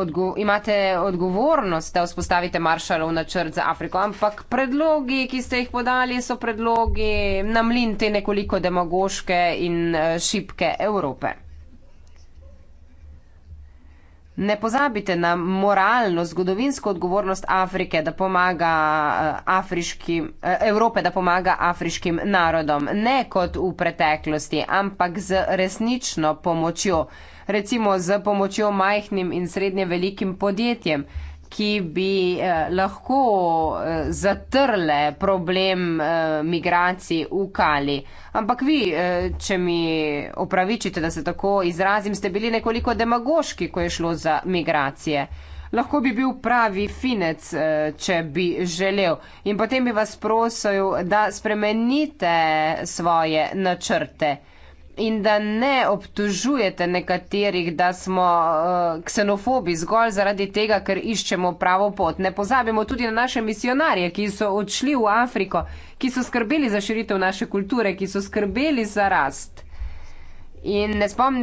odgo imate odgovornost, da vzpostavite maršalov načrt za Afriko. Ampak predlogi, ki ste jih podali, so predlogi namlin te nekoliko demagoške in eh, šipke Evrope. Ne pozabite na moralno, zgodovinsko odgovornost Afrike, da pomaga eh, afriški, eh, Evrope, da pomaga afriškim narodom. Ne kot v preteklosti, ampak z resnično pomočjo. Recimo z pomočjo majhnim in srednje velikim podjetjem, ki bi eh, lahko eh, zatrle problem eh, migracij v Kali. Ampak vi, če mi opravičite, da se tako izrazim, ste bili nekoliko demagoški, ko je šlo za migracije. Lahko bi bil pravi finec, če bi želel. In potem bi vas prosil, da spremenite svoje načrte in da ne obtožujete nekaterih, da smo uh, ksenofobi zgolj zaradi tega, ker iščemo pravo pot. Ne pozabimo tudi na naše misionarje, ki so odšli v Afriko, ki so skrbeli za širitev naše kulture, ki so skrbeli za rast. In ne, spom,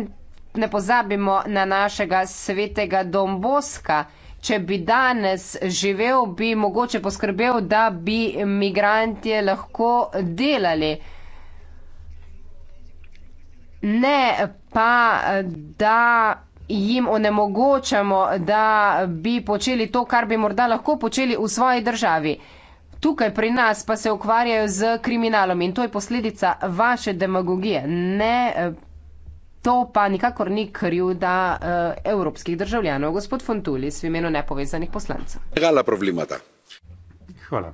ne pozabimo na našega svetega Domboska. Če bi danes živel, bi mogoče poskrbel, da bi imigranti lahko delali ne pa da jim onemogočamo, da bi počeli to, kar bi morda lahko počeli v svoji državi. Tukaj pri nas pa se ukvarjajo z kriminalom in to je posledica vaše demagogije. Ne, to pa nikakor ni krivda eh, evropskih državljanov. Gospod Fontuli, s imenom nepovezanih poslancev. Hvala.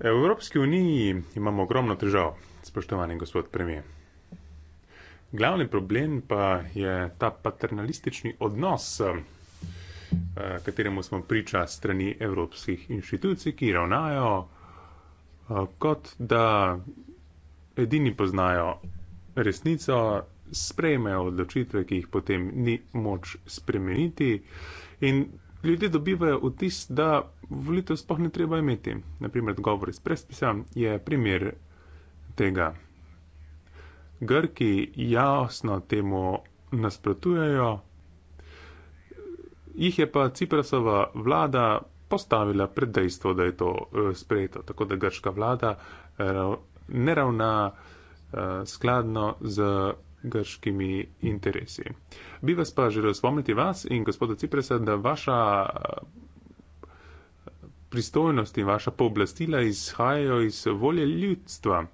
Evropski uniji imamo ogromno težav, spoštovani gospod premijer. Glavni problem pa je ta paternalistični odnos, eh, kateremu smo priča strani evropskih inštitucij, ki ravnajo eh, kot da edini poznajo resnico, sprejmejo odločitve, ki jih potem ni moč spremeniti in ljudje dobivajo vtis, da volitev sploh ne treba imeti. Naprimer, govor iz prespisa je primer tega. Grki jasno temu nasprotujejo, jih je pa Ciprasova vlada postavila pred dejstvo, da je to e, sprejeto. Tako da grška vlada e, ne ravna e, skladno z grškimi interesi. Bi vas pa želel spomniti vas in gospoda Ciprasa, da vaša pristojnost in vaša pooblastila izhajajo iz volje ljudstva.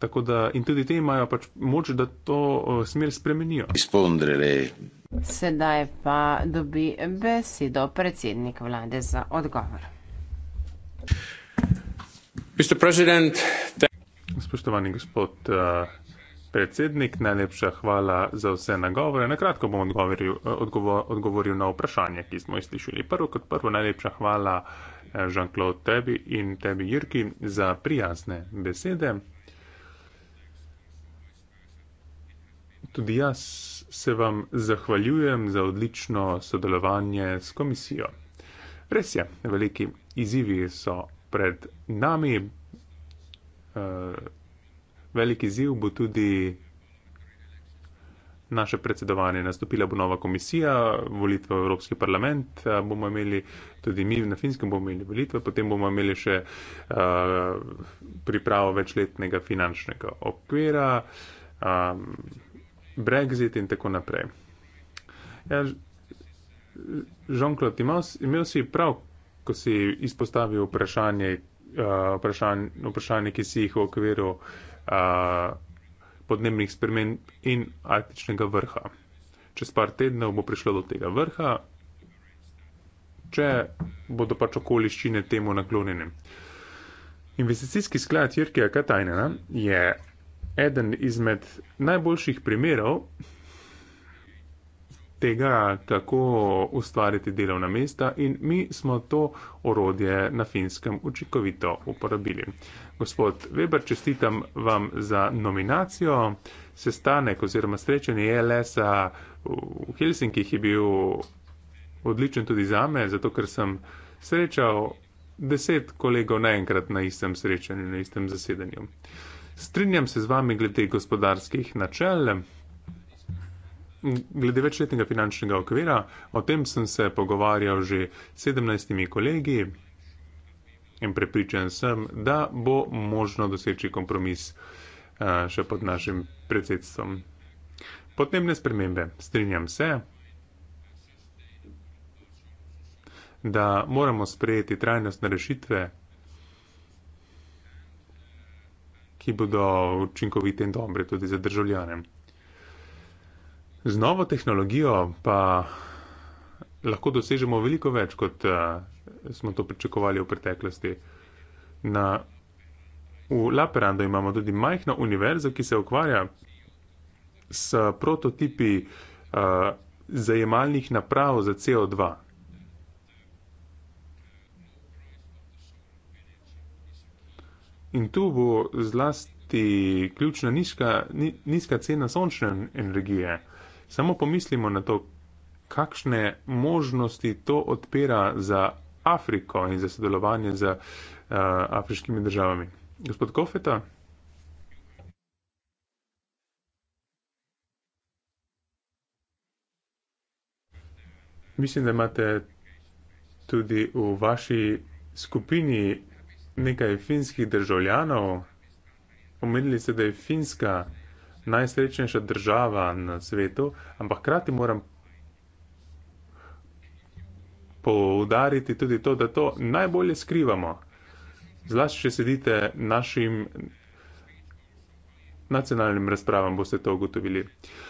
Tako da in tudi te imajo pač moč, da to uh, smer spremenijo. Izpondrele. Sedaj pa dobi besedo predsednik vlade za odgovor. Spoštovani gospod uh, predsednik, najlepša hvala za vse nagovore. Na kratko bom odgovoril, eh, odgovor, odgovoril na vprašanje, ki smo jih slišali. Prvo kot prvo, najlepša hvala Jean-Claude tebi in tebi Jirki za prijazne besede. tudi jaz se vam zahvaljujem za odlično sodelovanje s komisijo. Res je, veliki izzivi so pred nami. Eh, veliki izziv bo tudi naše predsedovanje. Nastopila bo nova komisija, volitve v Evropski parlament, eh, bomo imeli tudi mi na finskem, bomo imeli volitve, potem bomo imeli še eh, pripravo večletnega finančnega okvira. Brexit in tako naprej. Ja, Žonklot, imel si prav, ko si izpostavil vprašanje, vprašanje, eh, vprašanje ki si jih v okviru eh, podnebnih sprememb in arktičnega vrha. Čez par tednov bo prišlo do tega vrha, če bodo pač okoliščine temu naklonjene. Investicijski sklad Jirkija Katajnena je eden izmed najboljših primerov tega, kako ustvariti delovna mesta in mi smo to orodje na finskem učinkovito uporabili. Gospod Weber, čestitam vam za nominacijo. Sestanek oziroma srečanje ELS-a v Helsinkih je bil odličen tudi za me, zato ker sem srečal deset kolegov naenkrat na istem srečanju, na istem zasedanju. Uh, Strinjam se z vami glede gospodarskih načel, glede večletnega finančnega okvira. O tem sem se pogovarjal že s 17 kolegi in prepričan sem, da bo možno doseči kompromis eh, še pod našim predsedstvom. Podnebne spremembe. Strinjam se, da moramo sprejeti trajnostne rešitve ki bodo učinkovite in dobre tudi za državljane. Z novo tehnologijo pa lahko dosežemo veliko več, kot uh, smo to pričakovali v preteklosti. Na, v Laperando imamo tudi majhno univerzo, ki se ukvarja s prototipi uh, zajemalnih naprav za CO2. In tu bo zlasti ključna nizka, nizka cena sončne energije. Samo pomislimo na to, kakšne možnosti to odpira za Afriko in za sodelovanje z uh, afriškimi državami. Gospod Kofeta? Mislim, da imate tudi v vaši skupini nekaj finskih državljanov. Omenili ste, da je Finska najsrečnejša država na svetu, ampak hkrati moram poudariti tudi to, da to najbolje skrivamo. Zlasti, če sedite našim nacionalnim razpravam, boste to ugotovili. Uh,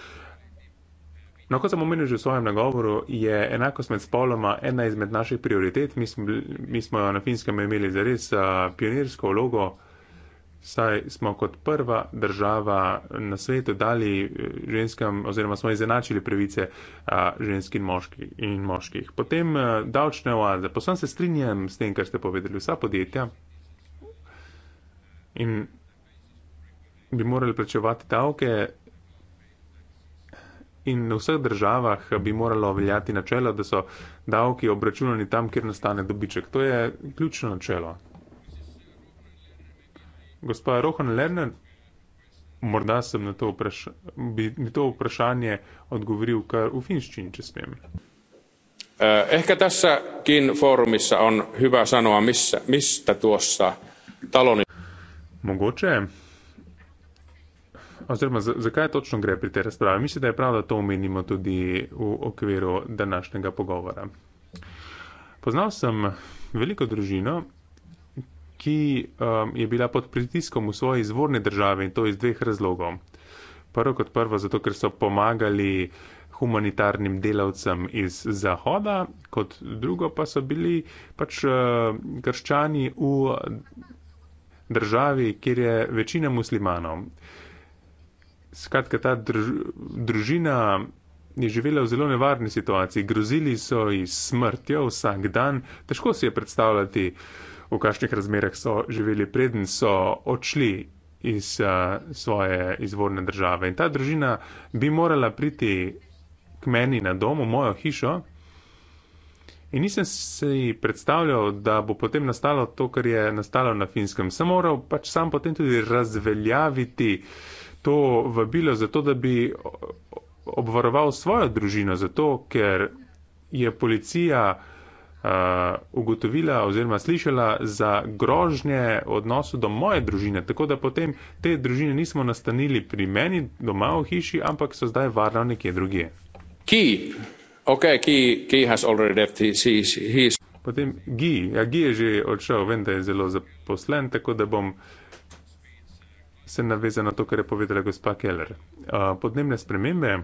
No, kot sem omenil že v svojem nagovoru, je enakost med spoloma ena izmed naših prioritet. Mi smo, mi smo na Finskem imeli zares uh, pionirsko vlogo, saj smo kot prva država na svetu dali e, ženskam oziroma smo izenačili pravice uh, ženski in, moški, in moških. Potem uh, davčne oaze. Poslom se strinjam s tem, kar ste povedali. Vsa podjetja in bi morali plačevati davke. Okay, In v vseh državah bi moralo veljati načelo, da so davki obračunani tam, kjer nastane dobiček. To je ključno načelo. Gospa Rohan Lerner, morda sem na to, vpraš bi, bi to vprašanje odgovoril kar v finščini, če smem. Eh, ehkä tässäkin foorumissa on hyvä sanoa, missä, mistä tuossa talon... Mogoče oziroma zakaj za točno gre pri tej razpravi. Mislim, da je prav, da to omenimo tudi v okviru današnjega pogovora. Poznal sem veliko družino, ki um, je bila pod pritiskom v svoji izvorni državi in to iz dveh razlogov. Prvo kot prvo, zato ker so pomagali humanitarnim delavcem iz Zahoda, kot drugo pa so bili pač uh, krščani uh, v državi, kjer je večina muslimanov skratka, ta drž, družina je živela v zelo nevarni situaciji. Grozili so ji smrtjo vsak dan. Težko si je predstavljati, v kakšnih razmerah so živeli, preden so odšli iz a, eh, svoje izvorne države. In ta družina bi morala priti k meni na dom, v mojo hišo. In nisem si predstavljal, da bo potem nastalo to, kar je nastalo na finskem. Sem moral pač sam potem tudi razveljaviti uh, to vabilo, zato da bi obvaroval svojo družino, zato ker je policija uh, ugotovila oziroma slišala za grožnje v odnosu do moje družine. Tako da potem te družine nismo nastanili pri meni doma v hiši, ampak so zdaj varno nekje drugje. Ki? Ok, ki, ki has already left his. his, his. Potem Gi, ja, Gi je že odšel, vem, da je zelo zaposlen, tako da bom uh, se naveza na to, kar je povedala gospa Keller. Uh, podnebne spremembe.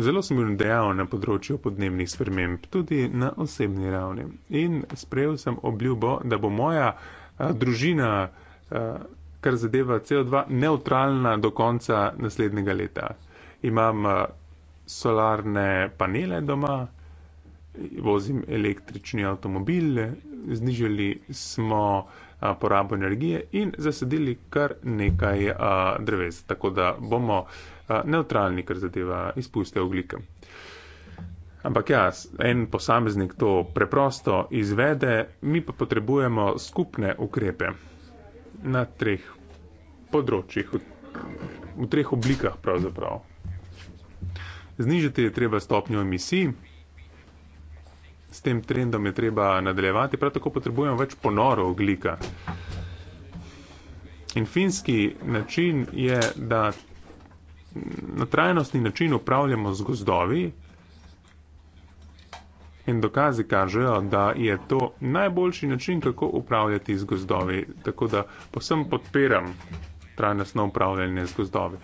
Zelo sem bil dejaven na področju podnebnih sprememb, tudi na osebni ravni. In sprejel sem obljubo, da bo moja a, družina, a, kar zadeva CO2, neutralna do konca naslednjega leta. Imam a, solarne panele doma, vozim električni avtomobil, znižali smo a, porabo energije in zasadili kar nekaj a, dreves, tako da bomo a, neutralni, kar zadeva izpuste oglike. Ampak ja, en posameznik to preprosto izvede, mi pa potrebujemo skupne ukrepe na treh področjih, v treh oblikah pravzaprav. Znižati je treba stopnjo emisij, s tem trendom je treba nadaljevati, prav tako potrebujemo več ponorov oglika. In finski način je, da na trajnostni način upravljamo z gozdovi in dokazi kažejo, da je to najboljši način, kako upravljati z gozdovi. Tako da posem podpiram trajnostno upravljanje z gozdovi.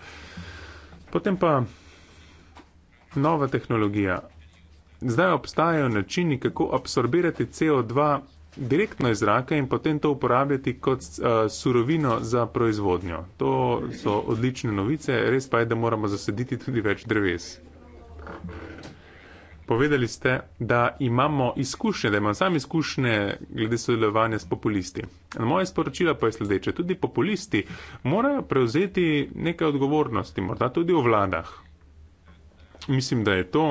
Potem pa nova tehnologija. Zdaj obstajajo načini, kako absorbirati CO2 direktno iz zraka in potem to uporabljati kot uh, surovino za proizvodnjo. To so odlične novice, res pa je, da moramo zasaditi tudi več dreves. Povedali ste, da imamo izkušnje, da imam sam izkušnje glede sodelovanja s populisti. Moje sporočilo pa je sledeče. Tudi populisti morajo prevzeti nekaj odgovornosti, morda tudi v vladah. Mislim, da je to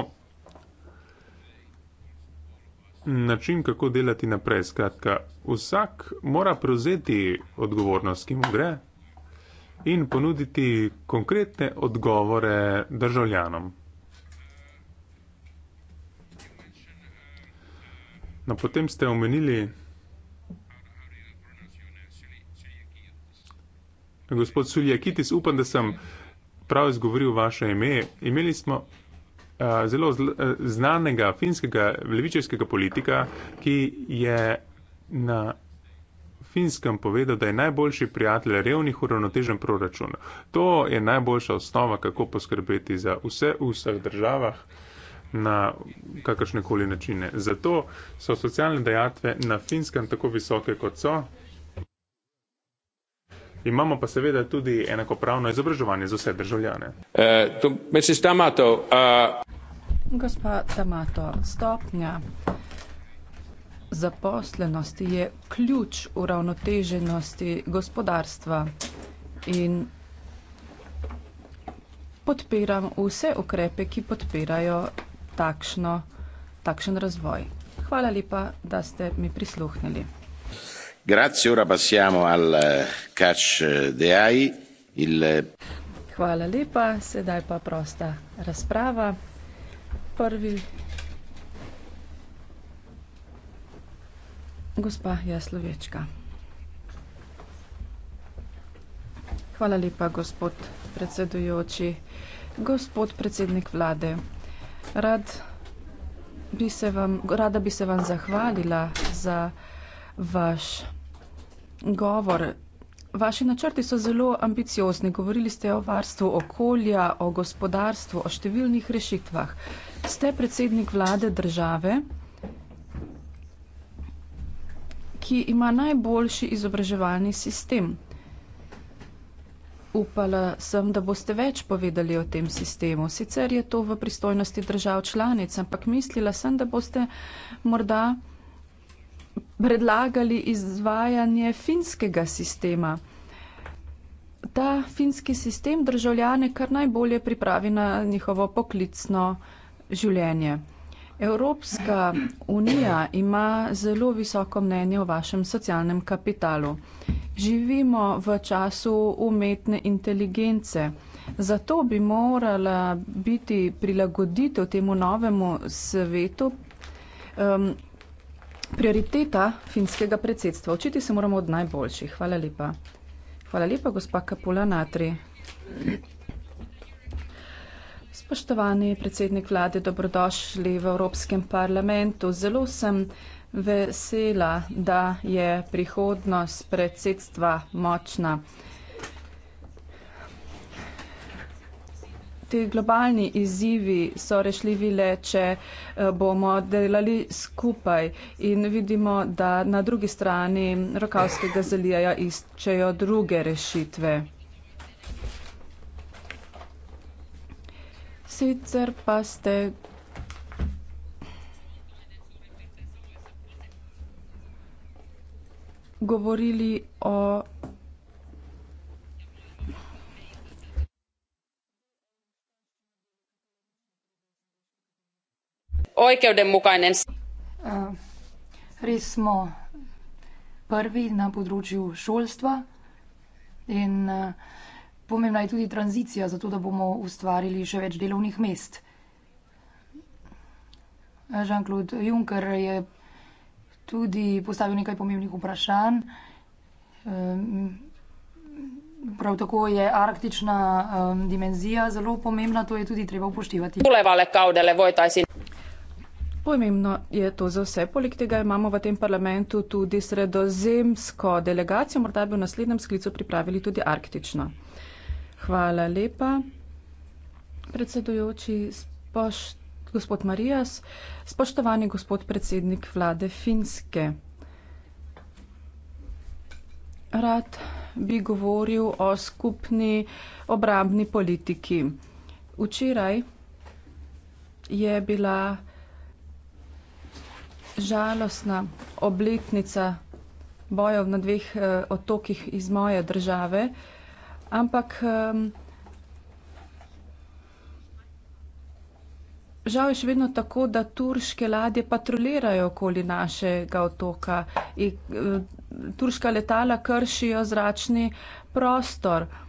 način, kako delati naprej. Skratka, vsak mora prevzeti odgovornost, ki mu gre, in ponuditi konkretne odgovore državljanom. No, potem ste omenili gospod Suljakitis, upam, da sem prav izgovoril vaše ime. Imeli smo. Eh, zelo zl, uh, znanega finskega levičarskega politika, ki je na finskem povedal, da je najboljši prijatelj revnih uravnotežen proračun. To je najboljša osnova, kako poskrbeti za vse v vseh državah na kakršne koli načine. Zato so socialne dejatve na finskem tako visoke, kot so imamo pa seveda tudi enakopravno izobraževanje za vse državljane. Uh, to, eh. Gospa Tamato, stopnja zaposlenosti je ključ uravnoteženosti gospodarstva in podpiram vse ukrepe, ki podpirajo takšno, takšen razvoj. Hvala lepa, da ste mi prisluhnili. Eh, eh, eh, Hvala lepa. Sedaj pa prosta razprava. Prvi... Gospa Jasla Vrečka. Hvala lepa, gospod predsedujoči. Gospod predsednik vlade, rad bi se vam, rada bi se vam zahvalila za vaš govor. Vaši načrti so zelo ambiciozni. Govorili ste o varstvu okolja, o gospodarstvu, o številnih rešitvah. Ste predsednik vlade države, ki ima najboljši izobraževalni sistem. Upala sem, da boste več povedali o tem sistemu. Sicer je to v pristojnosti držav članic, ampak mislila sem, da boste morda predlagali izvajanje finskega sistema. Ta finski sistem državljane kar najbolje pripravi na njihovo poklicno življenje. Evropska unija ima zelo visoko mnenje o vašem socialnem kapitalu. Živimo v času umetne inteligence. Zato bi morala biti prilagoditev temu novemu svetu um, Prioriteta finskega predsedstva. Učiti se moramo od najboljših. Hvala lepa. Hvala lepa, gospa Kapula Natri. Spoštovani predsednik vlade, dobrodošli v Evropskem parlamentu. Zelo sem vesela, da je prihodnost predsedstva močna. ti globalni izzivi so rešljivi le, če eh, bomo delali skupaj in vidimo, da na drugi strani Rokavskega zalijaja iščejo druge rešitve. Sicer pa ste. Govorili o oikeudenmukainen. Äh, res smo prvi na področju šolstva in äh, pomembna je tudi tranzicija, zato da bomo ustvarili še več delovnih mest. Jean-Claude Juncker je tudi postavil nekaj pomembnih vprašanj. Ehm, prav tako je arktična ehm, dimenzija zelo pomembna, to je tudi treba upoštevati. Tulevale kaudele, vojtaj si pomembno je to za vse. Poleg tega imamo v tem parlamentu tudi sredozemsko delegacijo, morda bi v naslednjem sklicu pripravili tudi arktično. Hvala lepa, predsedujoči spošt, gospod Marijas, spoštovani gospod predsednik vlade Finske. Rad bi govoril o skupni obrambni politiki. Včeraj je bila žalostna obletnica bojov na dveh eh, otokih iz moje države, ampak eh, žal je še vedno tako, da turške ladje patrolirajo okoli našega otoka in eh, turška letala kršijo zračni prostor. Eh,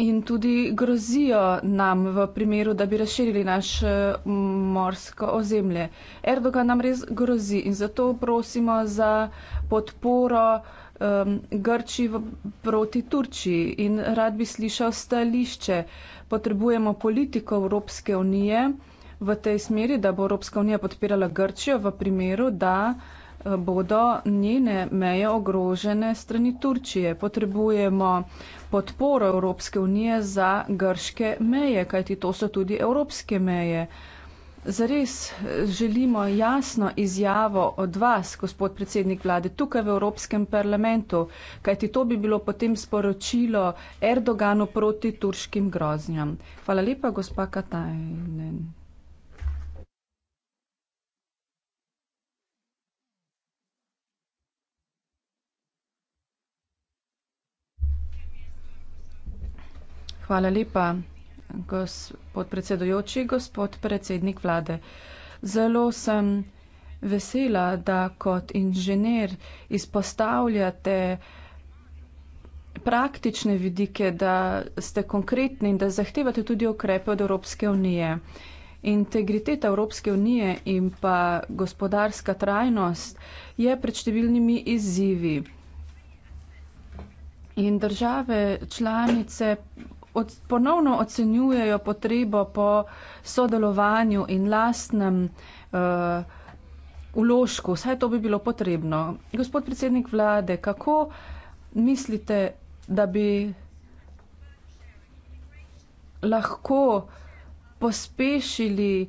in tudi grozijo nam v primeru, da bi razširili naš eh, morsko ozemlje. Erdogan nam res grozi in zato prosimo za podporo um, ehm, Grči v, proti Turčiji in rad bi slišal stališče. Potrebujemo politiko Evropske unije v tej smeri, da bo Evropska unija podpirala Grčijo v primeru, da bodo njene meje ogrožene strani Turčije. Potrebujemo podporo Evropske unije za grške meje, kajti to so tudi evropske meje. Zares želimo jasno izjavo od vas, gospod predsednik vlade, tukaj v Evropskem parlamentu, kajti to bi bilo potem sporočilo Erdoganu proti turškim groznjam. Hvala lepa, gospa Katajnen. Hvala lepa, gospod predsedujoči, gospod predsednik vlade. Zelo sem vesela, da kot inženir izpostavljate praktične vidike, da ste konkretni in da zahtevate tudi ukrepe od Evropske unije. Integriteta Evropske unije in pa gospodarska trajnost je pred številnimi izzivi. In države članice od, ponovno ocenjujejo potrebo po sodelovanju in lastnem uh, eh, uložku. Vsaj to bi bilo potrebno. Gospod predsednik vlade, kako mislite, da bi lahko pospešili uh,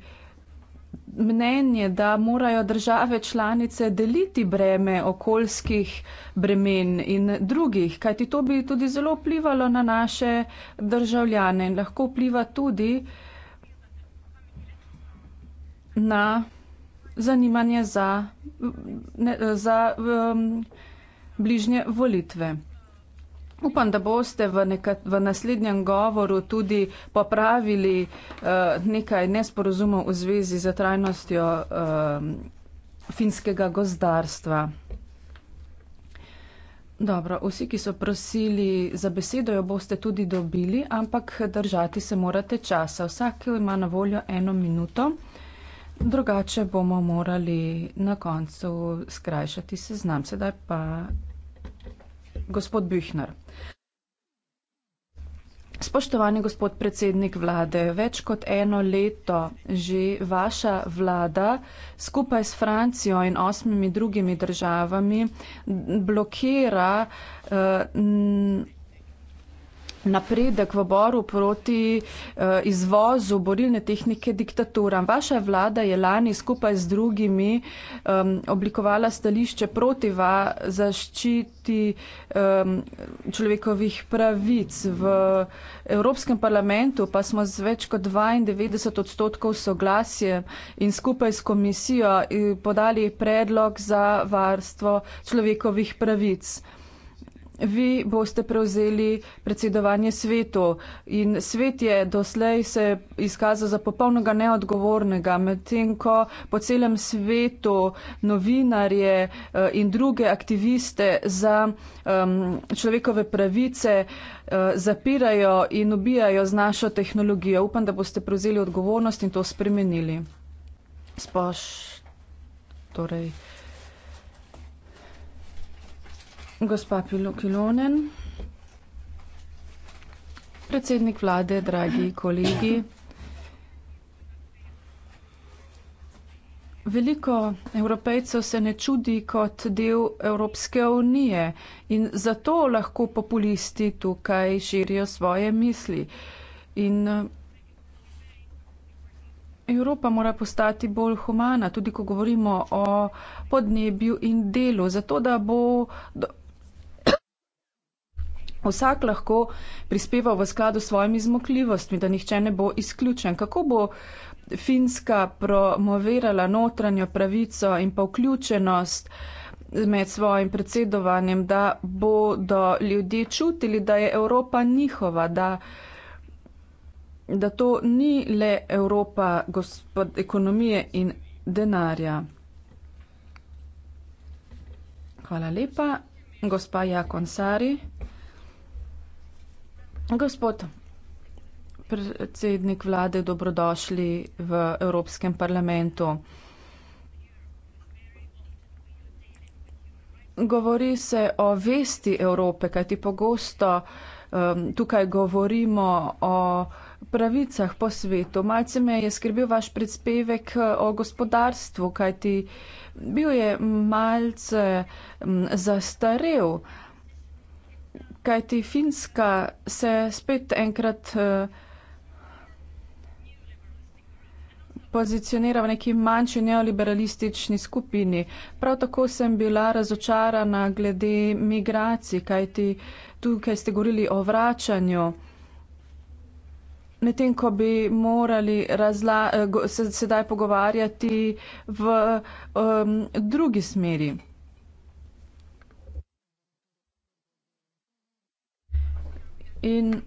mnenje, da morajo države članice deliti breme okoljskih bremen in drugih, kajti to bi tudi zelo vplivalo na naše državljane in lahko vpliva tudi na zanimanje za, ne, za um, bližnje volitve. Upam, da boste v, neka, v naslednjem govoru tudi popravili uh, nekaj nesporozumov v zvezi z trajnostjo uh, finskega gozdarstva. Dobro, vsi, ki so prosili za besedo, jo boste tudi dobili, ampak držati se morate časa. Vsak ima na voljo eno minuto, drugače bomo morali na koncu skrajšati seznam. Sedaj pa gospod Bühner. Spoštovani gospod predsednik vlade, več kot eno leto že vaša vlada skupaj s Francijo in osmimi drugimi državami blokira uh, napredek v boru proti eh, izvozu borilne tehnike diktaturam. Vaša vlada je lani skupaj z drugimi um, oblikovala stališče proti zaščiti um, človekovih pravic. V Evropskem parlamentu pa smo z več kot 92 odstotkov soglasje in skupaj s komisijo eh, podali predlog za varstvo človekovih pravic vi boste prevzeli predsedovanje svetu. In svet je doslej se izkazal za popolnoma neodgovornega, medtem ko po celem svetu novinarje eh, in druge aktiviste za um, človekove pravice eh, zapirajo in ubijajo z našo tehnologijo. Upam, da boste prevzeli odgovornost in to spremenili. Spoš, torej. Gospa Pilokilonen, predsednik vlade, dragi kolegi, Veliko evropejcev se ne čudi kot del Evropske unije in zato lahko populisti tukaj širijo svoje misli. In Evropa mora postati bolj humana, tudi ko govorimo o podnebju in delu, zato da bo vsak lahko prispeval v skladu s svojimi zmokljivostmi, da nihče ne bo izključen. Kako bo Finska promovirala notranjo pravico in pa vključenost med svojim predsedovanjem, da bodo ljudje čutili, da je Evropa njihova, da, da to ni le Evropa gospod, ekonomije in denarja. Hvala lepa, gospa Jakonsari. Gospod predsednik vlade, dobrodošli v Evropskem parlamentu. Govori se o vesti Evrope, kajti pogosto um, tukaj govorimo o pravicah po svetu. Malce me je skrbil vaš prispevek uh, o gospodarstvu, kajti bil je malce um, zastarel kaj ti Finska se spet enkrat eh, pozicionira v neki manjši neoliberalistični skupini. Prav tako sem bila razočarana glede migracij, kaj ti tukaj ste govorili o vračanju. Medtem, ko bi morali razla, eh, se sedaj pogovarjati v um, drugi smeri. In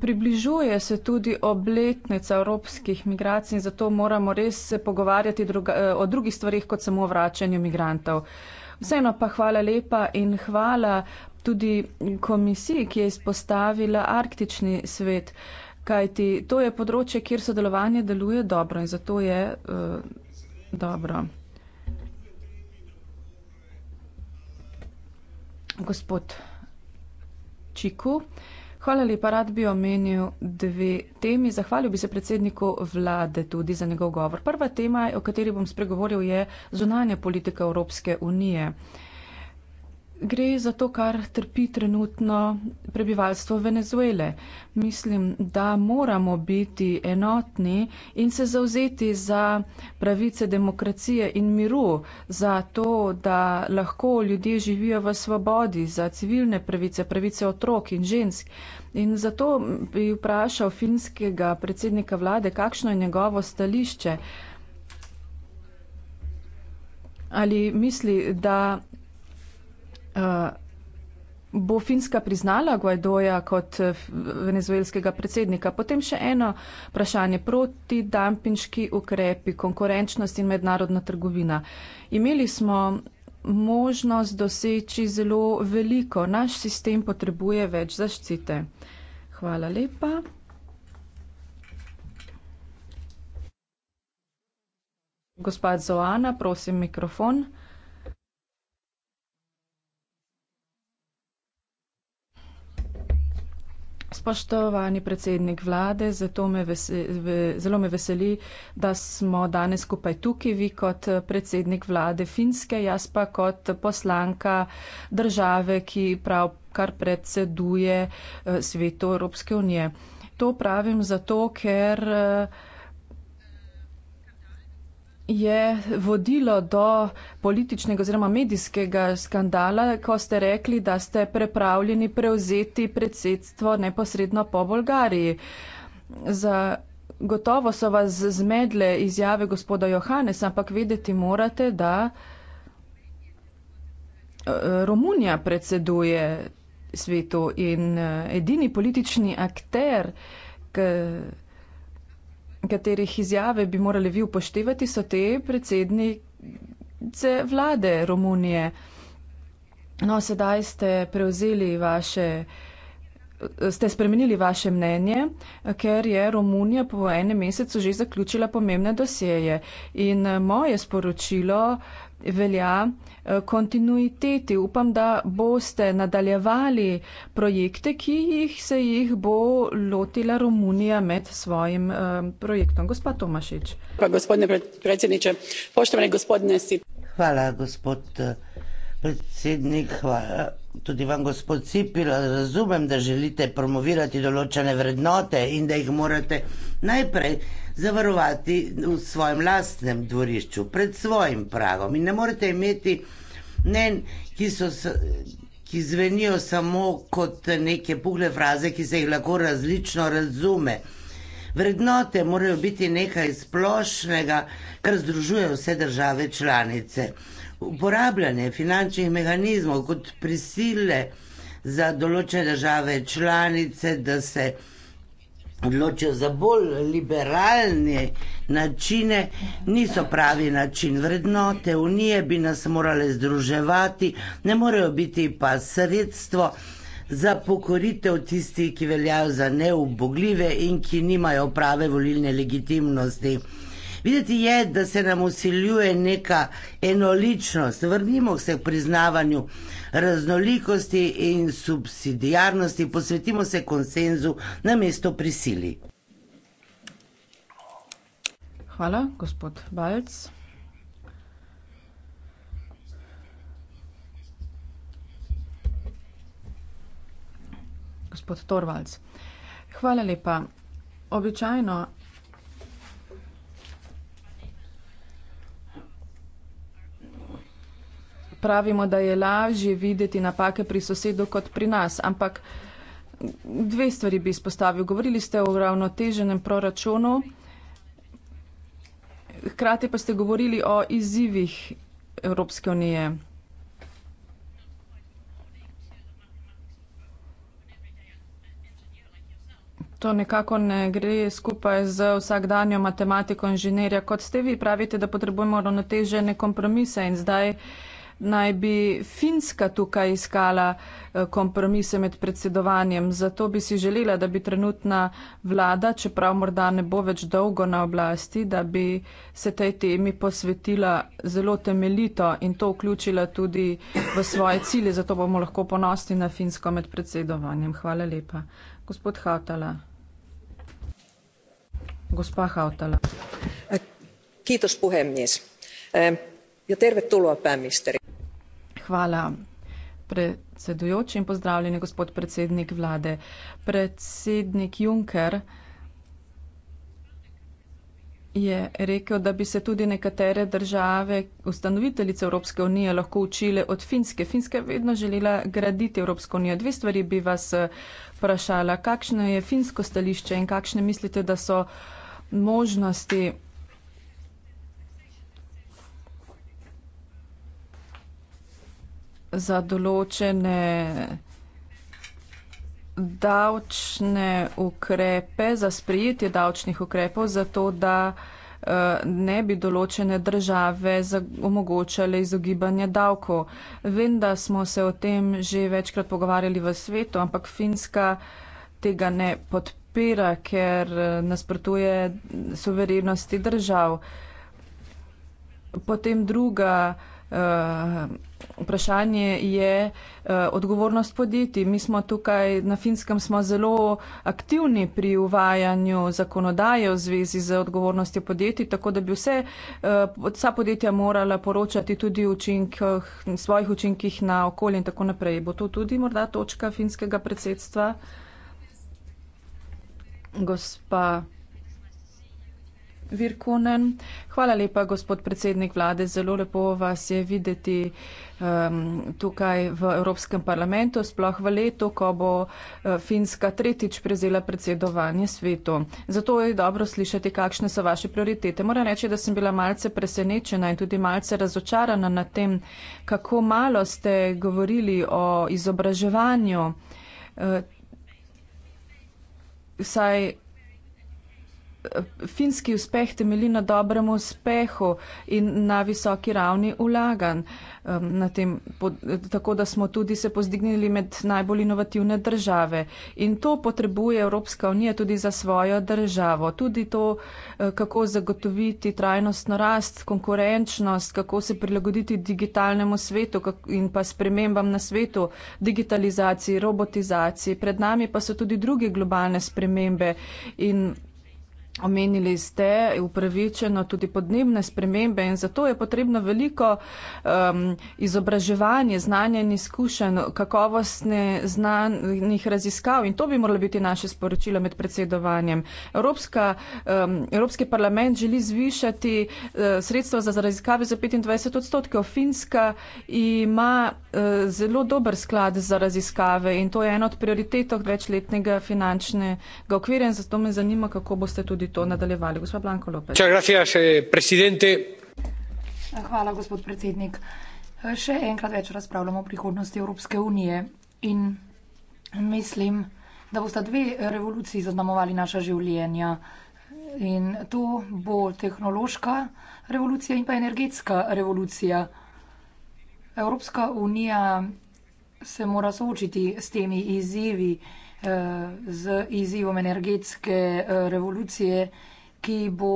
približuje se tudi obletnica evropskih migracij, zato moramo res se pogovarjati druga, eh, o drugih stvarih kot samo o vračanju migrantov. Vseeno pa hvala lepa in hvala tudi komisiji, ki je izpostavila arktični svet, kajti to je področje, kjer sodelovanje deluje dobro in zato je uh, dobro. Gospod. Čiku. Hvala lepa, rad bi omenil dve temi. Zahvalil bi se predsedniku vlade tudi za njegov govor. Prva tema, o kateri bom spregovoril, je zunanja politika Evropske unije. Gre za to, kar trpi trenutno prebivalstvo Venezuele. Mislim, da moramo biti enotni in se zauzeti za pravice demokracije in miru, za to, da lahko ljudje živijo v svobodi, za civilne pravice, pravice otrok in žensk. In zato bi vprašal finskega predsednika vlade, kakšno je njegovo stališče. Ali misli, da uh, bo Finska priznala Guaidoja kot eh, venezuelskega predsednika. Potem še eno vprašanje proti dampinški ukrepi, konkurenčnost in mednarodna trgovina. Imeli smo možnost doseči zelo veliko. Naš sistem potrebuje več zaščite. Hvala lepa. Gospod Zoana, prosim mikrofon. Spoštovani predsednik vlade, zato me vese, zelo me veseli, da smo danes skupaj tukaj, vi kot predsednik vlade Finske, jaz pa kot poslanka države, ki prav kar predseduje eh, svetu Evropske unije. To pravim zato, ker eh, je vodilo do političnega oziroma medijskega skandala, ko ste rekli, da ste prepravljeni prevzeti predsedstvo neposredno po Bolgariji. Za gotovo so vas zmedle izjave gospoda Johanes, ampak vedeti morate, da e, Romunija predseduje svetu in e, edini politični akter, ki katerih izjave bi morali vi upoštevati, so te predsednice vlade Romunije. No, sedaj ste prevzeli vaše, ste spremenili vaše mnenje, ker je Romunija po enem mesecu že zaključila pomembne dosjeje. In moje sporočilo velja eh, kontinuiteti. Upam, da boste nadaljevali projekte, ki jih se jih bo lotila Romunija med svojim eh, projektom. Gospa Tomašič. Pa gospodine predsedniče, poštovani gospodine Sit. Hvala, gospod eh, predsednik. Hvala tudi vam, gospod Cipil, razumem, da želite promovirati določene vrednote in da jih morate najprej zavarovati v svojem lastnem dvorišču, pred svojim pragom. In ne morete imeti mnen, ki, so, ki zvenijo samo kot neke puhle fraze, ki se jih lahko različno razume. Vrednote morajo biti nekaj splošnega, kar združuje vse države članice uporabljanje finančnih mehanizmov kot prisile za določene države članice, da se odločijo za bolj liberalne načine, niso pravi način vrednote. Unije bi nas morale združevati, ne morejo biti pa sredstvo za pokoritev tistih, ki veljajo za neubogljive in ki nimajo prave volilne legitimnosti. Videti je, da se nam usiljuje neka enoličnost. Vrnimo se k priznavanju raznolikosti in subsidijarnosti, posvetimo se konsenzu na mesto prisili. Hvala, gospod Balc. Gospod Torvalc. Hvala lepa. Običajno pravimo, da je lažje videti napake pri sosedu kot pri nas. Ampak dve stvari bi izpostavil. Govorili ste o uravnoteženem proračunu, hkrati pa ste govorili o izzivih Evropske unije. To nekako ne gre skupaj z vsakdanjo matematiko inženirja, kot ste vi. Pravite, da potrebujemo ravnotežene kompromise in zdaj naj bi Finska tukaj iskala eh, kompromise med predsedovanjem. Zato bi si želela, da bi trenutna vlada, čeprav morda ne bo več dolgo na oblasti, da bi se tej temi posvetila zelo temeljito in to vključila tudi v svoje cilje. Zato bomo lahko ponosni na Finsko med predsedovanjem. Hvala lepa. Gospod Hautala. Gospa Hautala. Kiitos puhemies. Eh, ja tervetuloa pääministeri hvala. Predsedujoči in pozdravljeni gospod predsednik vlade. Predsednik Juncker je rekel, da bi se tudi nekatere države, ustanoviteljice Evropske unije, lahko učile od Finske. Finska je vedno želela graditi Evropsko unijo. Dve stvari bi vas eh, vprašala. Kakšno je finsko stališče in kakšne mislite, da so možnosti za določene davčne ukrepe, za sprijetje davčnih ukrepov, zato da eh, ne bi določene države omogočale izogibanje davkov. Vem, da smo se o tem že večkrat pogovarjali v svetu, ampak Finska tega ne podpira, ker eh, nasprotuje suverenosti držav. Potem druga Eh, vprašanje je eh, odgovornost podjetij. Mi smo tukaj na Finskem smo zelo aktivni pri uvajanju zakonodaje v zvezi z odgovornostjo podjetij, tako da bi vse, eh, vsa podjetja morala poročati tudi o učinkih, svojih učinkih na okolje in tako naprej. Bo to tudi morda točka finskega predsedstva? Gospa. Virkonen. Hvala lepa, gospod predsednik vlade. Zelo lepo vas je videti um, tukaj v Evropskem parlamentu, sploh v letu, ko bo uh, Finska tretjič prezela predsedovanje svetu. Zato je dobro slišati, kakšne so vaše prioritete. Moram reči, da sem bila malce presenečena in tudi malce razočarana nad tem, kako malo ste govorili o izobraževanju. Uh, Vsaj finski uspeh temeli na dobrem uspehu in na visoki ravni ulaganj. Um, tem, tako da smo tudi se pozdignili med najbolj inovativne države. In to potrebuje Evropska unija tudi za svojo državo. Tudi to, uh, kako zagotoviti trajnostno rast, konkurenčnost, kako se prilagoditi digitalnemu svetu in pa spremembam na svetu, digitalizaciji, robotizaciji. Pred nami pa so tudi druge globalne spremembe in Omenili ste upravičeno tudi podnebne spremembe in zato je potrebno veliko um, izobraževanje, znanja in izkušenj, kakovostne znanih raziskav in to bi moralo biti naše sporočilo med predsedovanjem. Evropska, um, Evropski parlament želi zvišati uh, sredstva za raziskave za 25 odstotkov. Finska ima uh, zelo dober sklad za raziskave in to je eno od prioritetov večletnega finančnega okvirja in zato me zanima, kako boste tudi to nadaljevali. Gospa Blanko Lopez. Eh, Hvala, gospod predsednik. Še enkrat več razpravljamo o prihodnosti Evropske unije in mislim, da bosta dve revoluciji zaznamovali naša življenja. In to bo tehnološka revolucija in pa energetska revolucija. Evropska unija se mora soočiti s temi izzivi. Eh, z izzivom energetske eh, revolucije, ki bo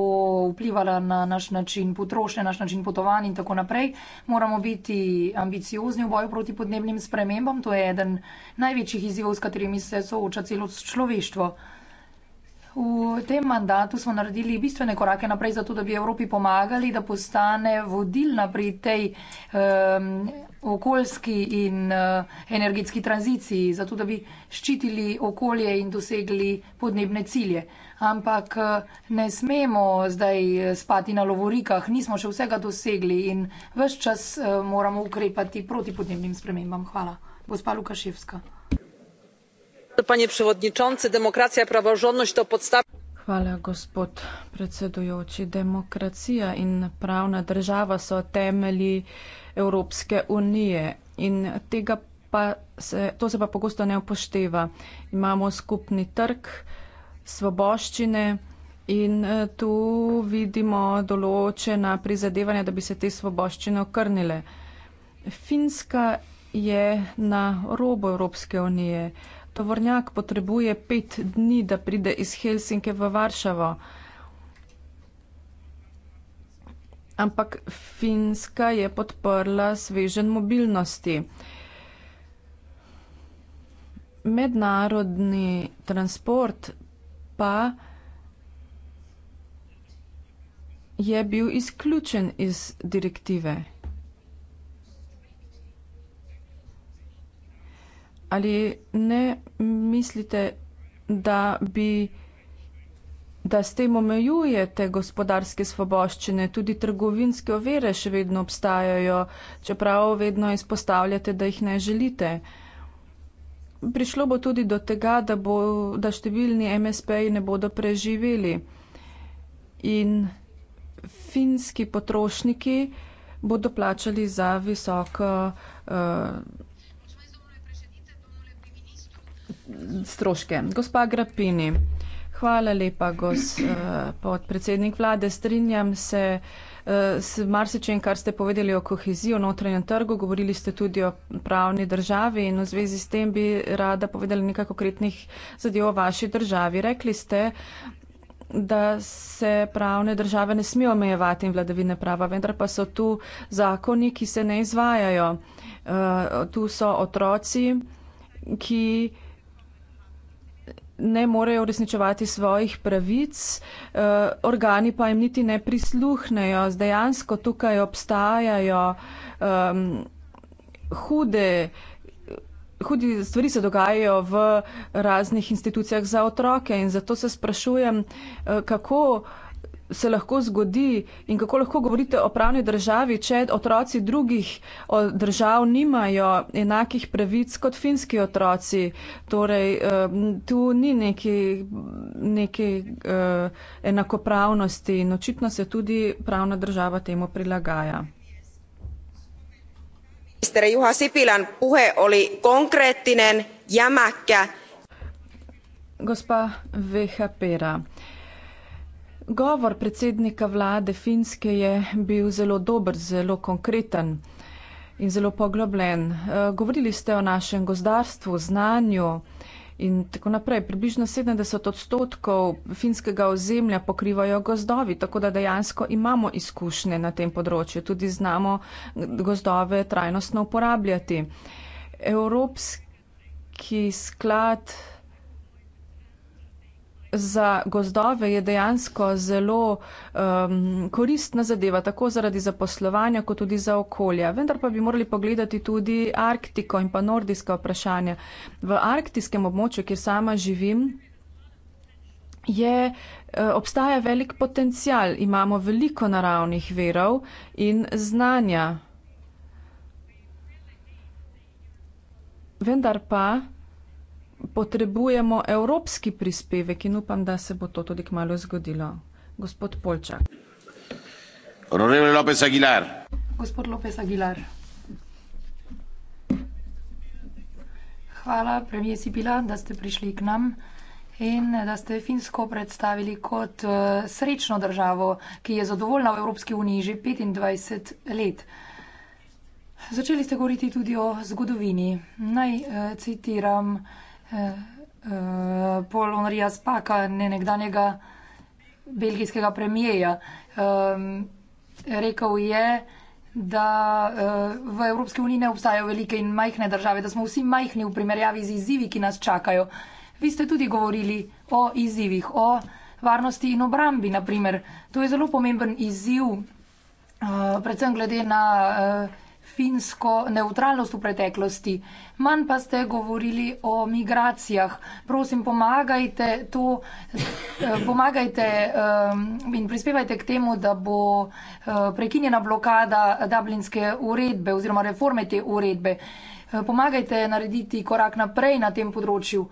vplivala na naš način potrošnje, naš način potovanja in tako naprej. Moramo biti ambiciozni v boju proti podnebnim spremembam, to je eden največjih izzivov, s katerimi se sooča celo človeštvo. V tem mandatu smo naredili bistvene korake naprej, zato da bi Evropi pomagali, da postane vodilna pri tej um, okoljski in uh, energetski tranziciji, zato da bi ščitili okolje in dosegli podnebne cilje. Ampak eh, ne smemo zdaj eh, spati na lovorikah, nismo še vsega dosegli in vse čas uh, moramo ukrepati proti podnebnim spremembam. Hvala. Gospa Lukaševska. Panie przewodniczący, demokracja, praworządność to podstawa. Hvala, gospod predsedujoči. Demokracija in pravna država so temelji Evropske unije in tega pa se, to se pa pogosto ne upošteva. Imamo skupni trg svoboščine in eh, tu vidimo določena prizadevanja, da bi se te svoboščine okrnile. Finska je na robo Evropske unije. Tovornjak potrebuje pet dni, da pride iz Helsinke v Varšavo. ampak Finska je podprla svežen mobilnosti. Mednarodni transport pa je bil izključen iz direktive. Ali ne mislite, da bi da s tem omejujete gospodarske svoboščine, tudi trgovinske ovire še vedno obstajajo, čeprav vedno izpostavljate, da jih ne želite. Prišlo bo tudi do tega, da, bo, da številni MSP-ji ne bodo preživeli in finski potrošniki bodo plačali za visoko uh, stroške. Gospa Grapini. Hvala lepa, gospod eh, predsednik vlade. Strinjam se eh, s marsičem, kar ste povedali o koheziji, o notranjem trgu, govorili ste tudi o pravni državi in v zvezi s tem bi rada povedala nekaj konkretnih zadev o vaši državi. Rekli ste, da se pravne države ne smijo omejevati in vladavine prava, vendar pa so tu zakoni, ki se ne izvajajo. Eh, tu so otroci, ki ne morejo uresničevati svojih pravic, eh, organi pa jim niti ne prisluhnejo. Zdajansko tukaj obstajajo eh, hude, hude stvari se dogajajo v raznih institucijah za otroke in zato se sprašujem, eh, kako se lahko zgodi in kako lahko govorite o pravni državi, če otroci drugih držav nimajo enakih pravic kot finski otroci. Torej, eh, tu ni neki, neki eh, enakopravnosti in očitno se tudi pravna država temu prilagaja. Ministeri Juha Sipilan puhe oli konkretinen, jamakka. Gospa Vehapera. Govor predsednika vlade Finske je bil zelo dober, zelo konkreten in zelo poglobljen. E, govorili ste o našem gozdarstvu, znanju in tako naprej. Približno 70 odstotkov finskega ozemlja pokrivajo gozdovi, tako da dejansko imamo izkušnje na tem področju, tudi znamo gozdove trajnostno uporabljati. Evropski sklad za gozdove je dejansko zelo um, koristna zadeva, tako zaradi zaposlovanja, kot tudi za okolje. Vendar pa bi morali pogledati tudi Arktiko in pa nordijska vprašanja. V arktijskem območju, kjer sama živim, je, eh, obstaja velik potencial. Imamo veliko naravnih verov in znanja. Vendar pa potrebujemo evropski prispevek in upam, da se bo to tudi k malo zgodilo. Gospod Polčak. Honorable López Aguilar. Gospod López Aguilar. Hvala, premijer Sibila, da ste prišli k nam in da ste Finsko predstavili kot uh, srečno državo, ki je zadovoljna v Evropski uniji že 25 let. Začeli ste govoriti tudi o zgodovini. Naj uh, citiram. Eh, eh, pol Honorija Spaka, ne nekdanjega belgijskega premijeja. Um, rekel je, da uh, v Evropski uniji ne obstajajo velike in majhne države, da smo vsi majhni v primerjavi z izzivi, ki nas čakajo. Vi ste tudi govorili o izzivih, o varnosti in obrambi, naprimer. To je zelo pomemben izziv, uh, predvsem glede na. Uh, finsko neutralnost v preteklosti. Manj pa ste govorili o migracijah. Prosim, pomagajte to, eh, pomagajte eh, in prispevajte k temu, da bo eh, prekinjena blokada dublinske uredbe oziroma reforme te uredbe. Pomagajte narediti korak naprej na tem področju.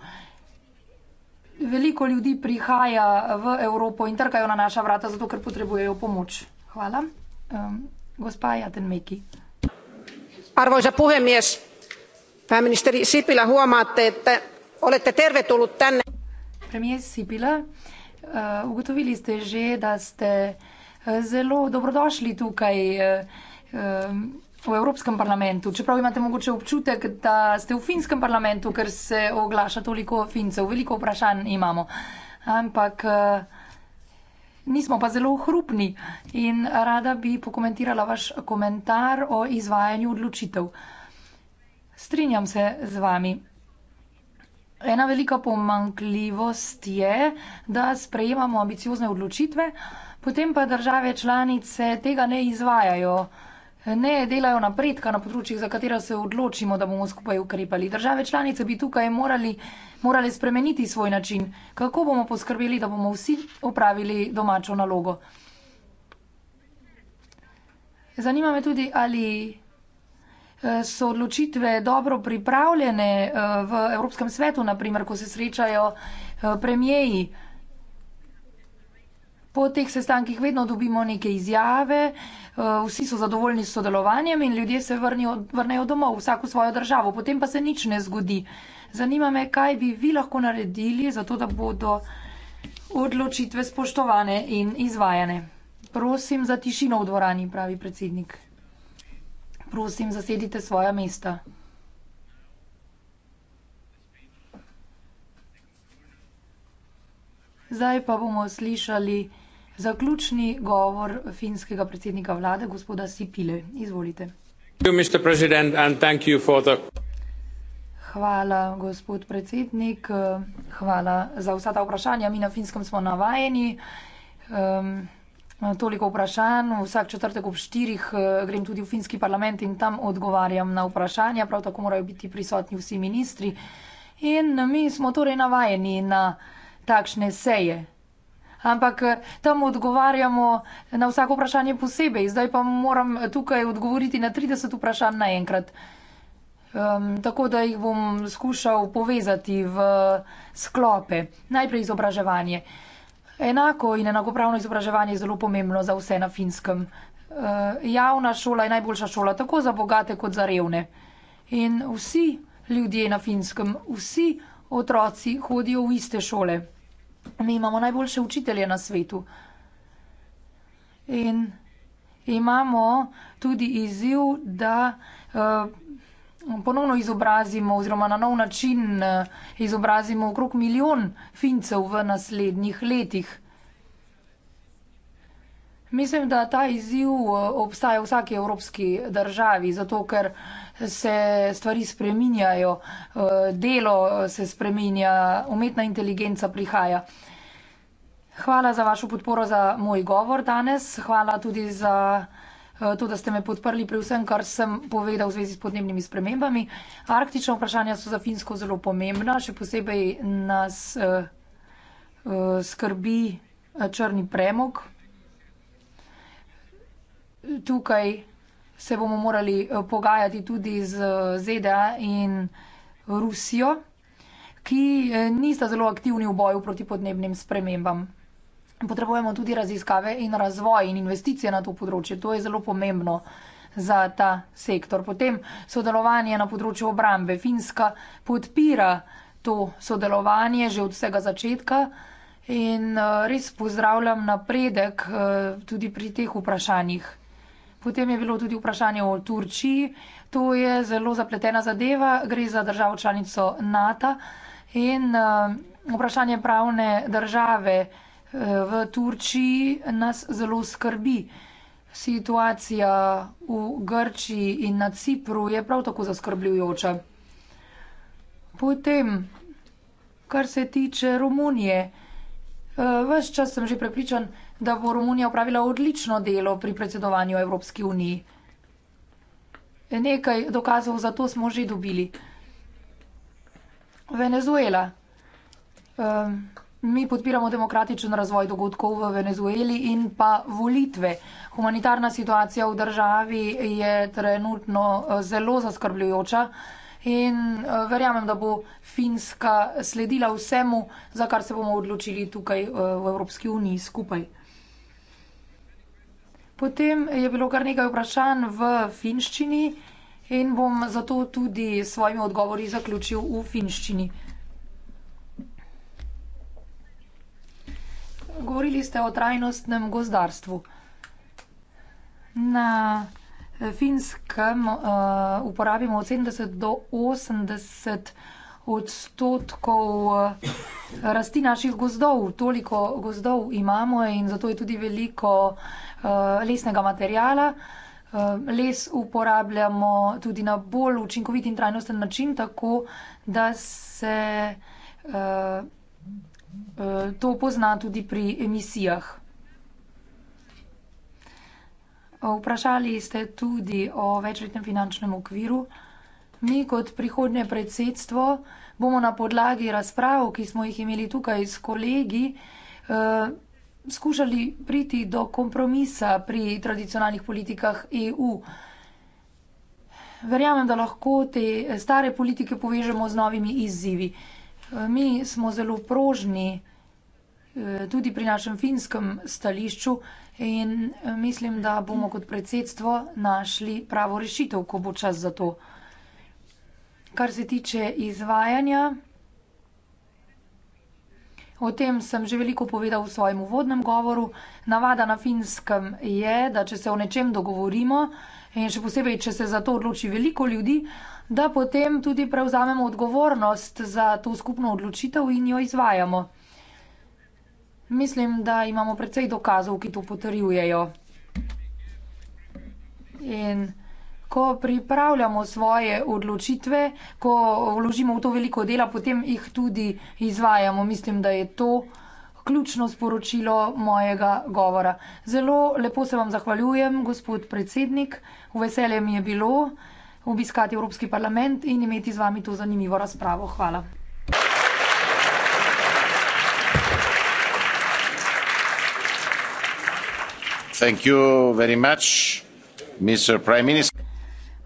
Veliko ljudi prihaja v Evropo in trkajo na naša vrata, zato ker potrebujejo pomoč. Hvala. Ehm, gospa Jatenmeki arvoisa puhemies pääministeri sipilä huomaatte että olette tervetullut tänne Premier Sipilä, uh, ugotovili ste že, da ste uh, zelo dobrodošli tukaj uh, v Evropskem parlamentu. Čeprav imate mogoče občutek, da ste v finskem parlamentu, ker se oglaša toliko fincev. Veliko vprašanj imamo. Ampak Mi smo pa zelo hrupni in rada bi pokomentirala vaš komentar o izvajanju odločitev. Strinjam se z vami. Ena velika pomankljivost je, da sprejemamo ambiciozne odločitve, potem pa države članice tega ne izvajajo, ne delajo napredka na področjih, za katera se odločimo, da bomo skupaj ukrepali. Države članice bi tukaj morali morali spremeniti svoj način. Kako bomo poskrbeli, da bomo vsi upravili domačo nalogo? Zanima me tudi, ali eh, so odločitve dobro pripravljene eh, v Evropskem svetu, naprimer, ko se srečajo eh, premijeji. Po teh sestankih vedno dobimo neke izjave, vsi so zadovoljni s sodelovanjem in ljudje se vrnijo, vrnejo domov, vsako svojo državo, potem pa se nič ne zgodi. Zanima me, kaj bi vi lahko naredili, zato da bodo odločitve spoštovane in izvajane. Prosim za tišino v dvorani, pravi predsednik. Prosim, zasedite svoja mesta. Zdaj pa bomo slišali zaključni govor finskega predsednika vlade, gospoda Sipile. Izvolite. Thank you, Mr. President, and thank you for the... Hvala, gospod predsednik. Hvala za vsa ta vprašanja. Mi na Finskem smo navajeni. Um, toliko vprašanj. Vsak četrtek ob štirih eh, grem tudi v finski parlament in tam odgovarjam na vprašanja. Prav tako morajo biti prisotni vsi ministri. In mi smo torej navajeni na takšne seje. Ampak eh, tam odgovarjamo na vsako vprašanje posebej. Zdaj pa moram tukaj odgovoriti na 30 vprašanj naenkrat. Um, tako da jih bom skušal povezati v sklope. Najprej izobraževanje. Enako in enakopravno izobraževanje je zelo pomembno za vse na finskem. Uh, javna šola je najboljša šola, tako za bogate kot za revne. In vsi ljudje na finskem, vsi otroci hodijo v iste šole. Mi imamo najboljše učitelje na svetu. In imamo tudi izziv, da. Uh, ponovno izobrazimo oziroma na nov način eh, izobrazimo okrog milijon fincev v naslednjih letih. Mislim, da ta izziv eh, obstaja v vsaki evropski državi, zato ker se stvari spreminjajo, eh, delo se spreminja, umetna inteligenca prihaja. Hvala za vašo podporo za moj govor danes, hvala tudi za Eh, to, da ste me podprli pri vsem, kar sem povedal v zvezi s podnebnimi spremembami. Arktična vprašanja so za Finsko zelo pomembna, še posebej nas eh, eh, skrbi črni premog. Tukaj se bomo morali pogajati tudi z ZDA in Rusijo, ki nista zelo aktivni v boju proti podnebnim spremembam potrebujemo tudi raziskave in razvoj in investicije na to področje. To je zelo pomembno za ta sektor. Potem sodelovanje na področju obrambe. Finska podpira to sodelovanje že od vsega začetka in eh, res pozdravljam napredek eh, tudi pri teh vprašanjih. Potem je bilo tudi vprašanje o Turčiji. To je zelo zapletena zadeva, gre za državo članico NATO in eh, vprašanje pravne države v Turčiji nas zelo skrbi. Situacija v Grčiji in na Cipru je prav tako zaskrbljujoča. Potem, kar se tiče Romunije, eh, ves čas sem že prepričan, da bo Romunija upravila odlično delo pri predsedovanju Evropski uniji. Nekaj dokazov za to smo že dobili. Venezuela. Um, Mi podpiramo demokratičen razvoj dogodkov v Venezueli in pa volitve. Humanitarna situacija v državi je trenutno eh, zelo zaskrbljujoča in eh, verjamem, da bo Finska sledila vsemu, za kar se bomo odločili tukaj eh, v Evropski uniji skupaj. Potem je bilo kar nekaj vprašanj v finščini in bom zato tudi s svojimi odgovori zaključil v finščini. govorili ste o trajnostnem gozdarstvu. Na eh, finskem uh, uporabimo od 70 do 80 odstotkov eh, rasti naših gozdov. Toliko gozdov imamo in zato je tudi veliko uh, lesnega materijala. Les uporabljamo tudi na bolj učinkovit in trajnosten način, tako da se uh, Eh, to pozna tudi pri emisijah. Vprašali ste tudi o večletnem finančnem okviru. Mi kot prihodnje predsedstvo bomo na podlagi razprav, ki smo jih imeli tukaj s kolegi, eh, skušali priti do kompromisa pri tradicionalnih politikah EU. Verjamem, da lahko te stare politike povežemo z novimi izzivi. Mi smo zelo prožni eh, tudi pri našem finskem stališču in eh, mislim, da bomo kot predsedstvo našli pravo rešitev, ko bo čas za to. Kar se tiče izvajanja, o tem sem že veliko povedal v svojem uvodnem govoru. Navada na Finskem je, da če se o nečem dogovorimo, in še posebej, če se za to odloči veliko ljudi, da potem tudi prevzamemo odgovornost za to skupno odločitev in jo izvajamo. Mislim, da imamo precej dokazov, ki to potrjujejo. In ko pripravljamo svoje odločitve, ko vložimo v to veliko dela, potem jih tudi izvajamo. Mislim, da je to ključno sporočilo mojega govora. Zelo lepo se vam zahvaljujem, gospod predsednik. V veselje mi je bilo obiskati Evropski parlament in imeti z vami to zanimivo razpravo. Hvala.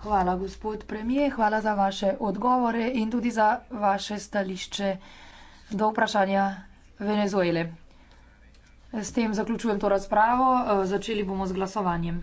Hvala, gospod premier, hvala za vaše odgovore in tudi za vaše stališče do vprašanja Venezuele. S tem zaključujem to razpravo, začeli bomo z glasovanjem.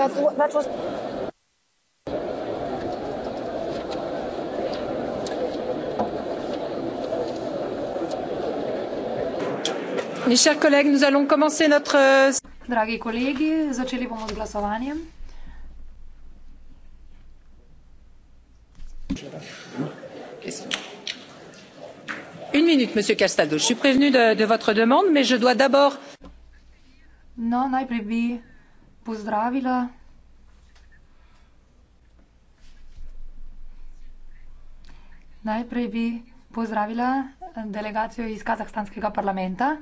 that's what that was. Mes chers collègues, nous allons commencer notre. Euh, Dragi kolegi, začeli bomo z glasovanjem. Une minute, monsieur Castaldo. Je suis prévenu de, de votre demande, mais je dois d'abord. Non, najprej bi pozdravila. Najprej bi pozdravila delegacijo iz kazahstanskega parlamenta.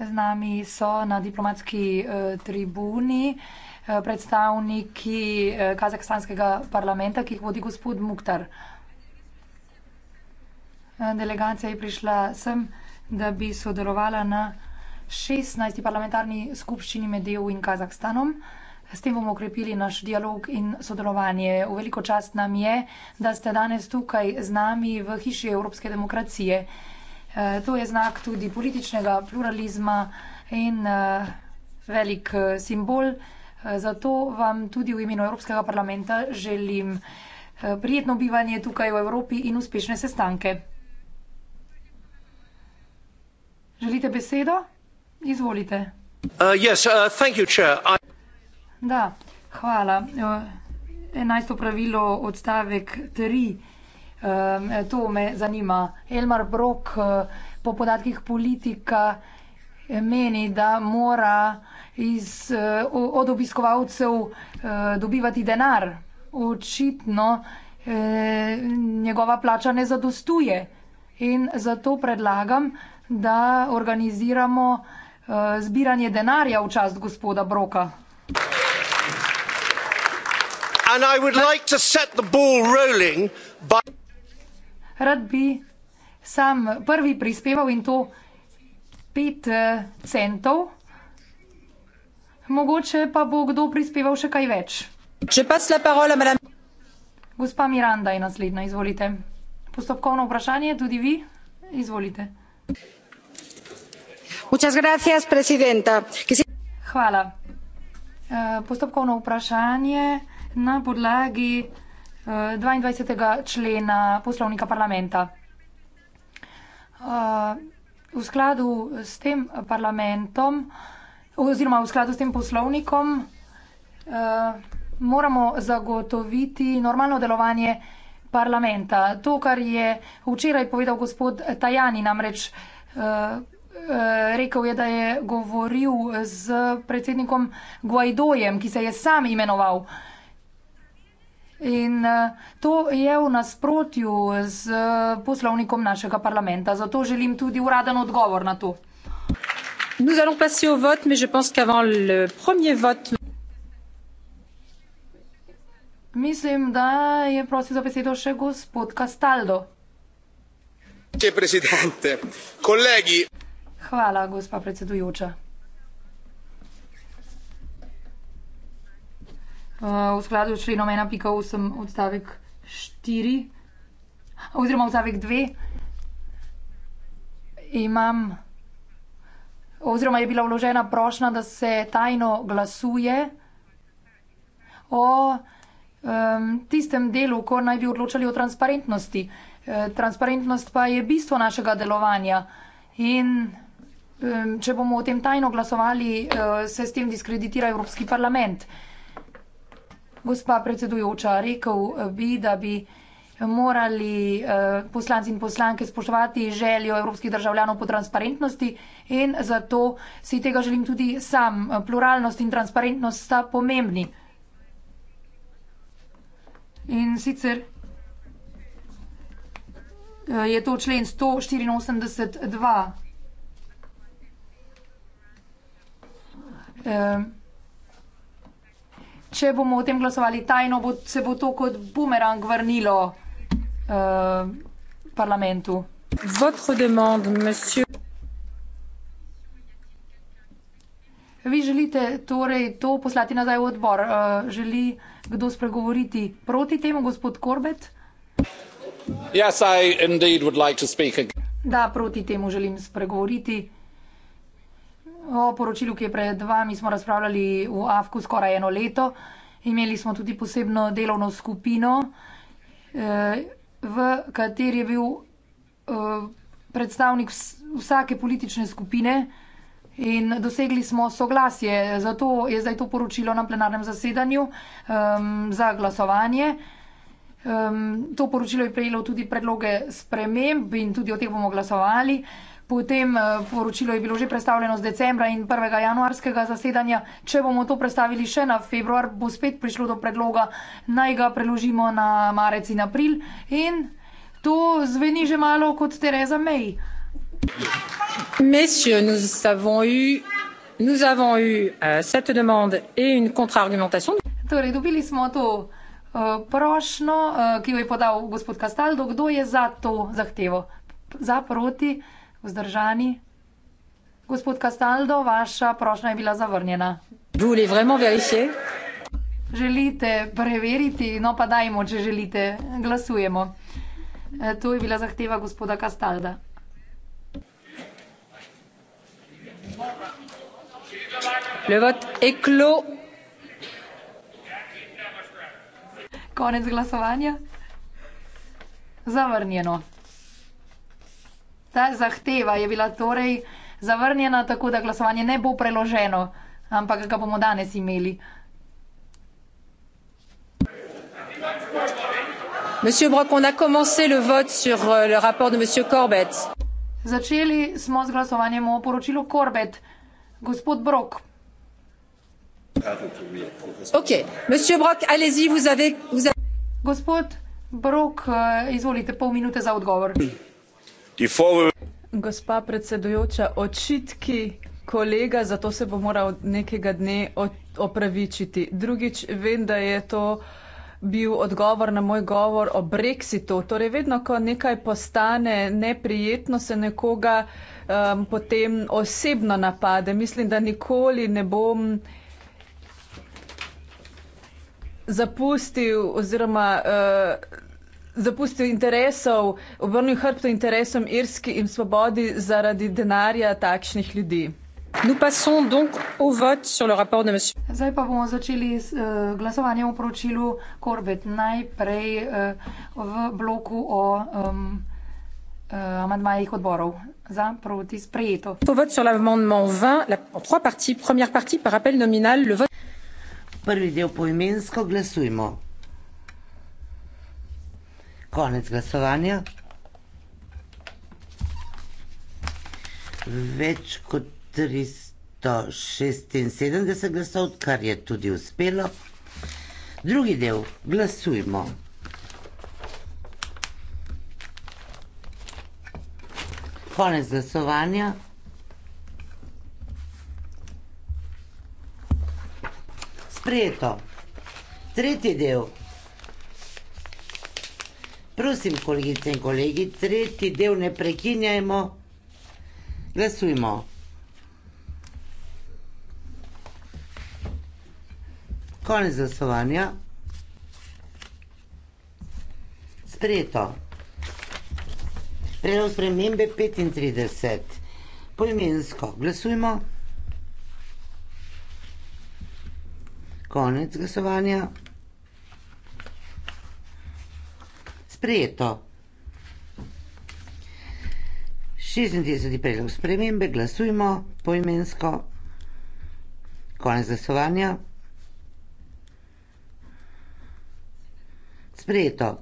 Z nami so na diplomatski eh, tribuni eh, predstavniki eh, kazahstanskega parlamenta, ki jih vodi gospod Muktar. Delegacija je prišla sem, da bi sodelovala na šestnajsti parlamentarni skupščini med EU in Kazahstanom. S tem bomo okrepili naš dialog in sodelovanje. V veliko čast nam je, da ste danes tukaj z nami v hiši Evropske demokracije. E, to je znak tudi političnega pluralizma in e, velik e, simbol. Zato vam tudi v imenu Evropskega parlamenta želim prijetno bivanje tukaj v Evropi in uspešne sestanke. Želite besedo? Izvolite. Uh, yes, uh, you, I... Da, hvala. Uh, enajsto pravilo, odstavek tri. Um, to me zanima. Elmar Brok uh, po podatkih politika meni, da mora iz, uh, od obiskovalcev uh, dobivati denar. Očitno uh, njegova plača ne zadostuje. In zato predlagam, da organiziramo uh, Eh, zbiranje denarja v čast gospoda Broka. Rad bi sam prvi prispeval in to pet eh, centov, mogoče pa bo kdo prispeval še kaj več. Gospa Miranda je naslednja, izvolite. Postopkovno vprašanje, tudi vi, izvolite. Eh, postopkovno vprašanje na podlagi eh, dvaindvajsetega člena poslovnika parlamenta eh, v skladu s tem parlamentom oziroma v skladu s tem poslovnikom moramo zagotoviti normalno delovanje parlamenta to kar je včeraj povedal gospod Tajani namreč Eh, rekel je, da je govoril z predsednikom Guaidojem, ki se je sam imenoval. In eh, to je v nasprotju z eh, poslovnikom našega parlamenta. Zato želim tudi uraden odgovor na to. Nous allons passer au vote, mais je pense qu'avant le premier vote. Mislim, da je prosil za besedo še gospod Castaldo. Presidente, colleghi. Hvala, gospa predsedujoča. v skladu s členom ena pika osem odstavek štiri oziroma odstavek dve imam oziroma je bila vložena prošnja, da se tajno glasuje o, tistem delu, ko naj bi odločali o transparentnosti. E, transparentnost pa je bistvo našega delovanja in Ehm, če bomo o tem tajno glasovali, eh, se s tem diskreditira Evropski parlament. Gospa predsedujoča, rekel eh, bi, da bi morali eh, poslanci in poslanke spoštovati željo evropskih državljanov po transparentnosti in zato si tega želim tudi sam. Pluralnost in transparentnost sta pomembni. In sicer je to člen 184.2. Ehm, če bomo o tem glasovali tajno, bo, se bo to kot bumerang vrnilo uh, parlamentu. Demande, monsieur... Vi želite torej to poslati nazaj v odbor. Uh, želi kdo spregovoriti proti temu, gospod Korbet? Yes, like da, proti temu želim spregovoriti. O poročilu, ki je pred vami, smo razpravljali v AFK-u skoraj eno leto. Imeli smo tudi posebno delovno skupino, eh, v kateri je bil eh, predstavnik vsake politične skupine in dosegli smo soglasje. Zato je zdaj to poročilo na plenarnem zasedanju ehm, za glasovanje. Ehm, to poročilo je prejelo tudi predloge sprememb in tudi o tem bomo glasovali. Potem eh, poročilo je bilo že predstavljeno z decembra in 1. januarskega zasedanja. Če bomo to predstavili še na februar, bo spet prišlo do predloga, naj ga preložimo na marec in april. In to zveni že malo kot Tereza May. Messieurs, nous avons eu, nous avons eu uh, cette demande et une contre-argumentation. Torej, dobili smo to uh, eh, prošno, uh, eh, ki jo je podal gospod Castaldo. Kdo je za to zahtevo? Za proti? Uh, vzdržani. Gospod Castaldo, vaša prošnja je bila zavrnjena. Želite preveriti? No, pa dajmo, če želite. Glasujemo. E, to je bila zahteva gospoda Castalda. Konec glasovanja. Zavrnjeno. Ta zahteva je bila torej zavrnjena, tako da glasovanje ne bo preloženo, ampak ga bomo danes imeli. Euh, Začeli smo z glasovanjem o poročilu Corbett. Gospod Brok. Gospod Brok, eh, izvolite pol minute za odgovor. Gospa predsedujoča, očitki kolega, zato se bo moral nekega dne opravičiti. Drugič, vem, da je to bil odgovor na moj govor o Brexitu. Torej, vedno, ko nekaj postane neprijetno, se nekoga um, potem osebno napade. Mislim, da nikoli ne bom zapustil oziroma uh, zapustil interesov, obrnil hrbto interesom Irski in svobodi zaradi denarja takšnih ljudi. Zdaj pa bomo začeli z uh, eh, glasovanjem o poročilu Korbet. Najprej uh, v bloku o um, uh, eh, amadmajih odborov za proti sprejeto. Prvi del poimensko glasujmo. Konec glasovanja. Več kot 376 glasov, kar je tudi uspelo. Drugi del, glasujmo. Konec glasovanja. Sprejeto. Tretji del. Prosim, kolegice in kolegi, tretji del ne prekinjajmo. Glasujmo. Konec glasovanja. Sprejeto. Predlog spremembe 35. Poimensko glasujmo. Konec glasovanja. sprejeto. 36. predlog spremembe, glasujmo poimensko. Konec glasovanja. Sprejeto.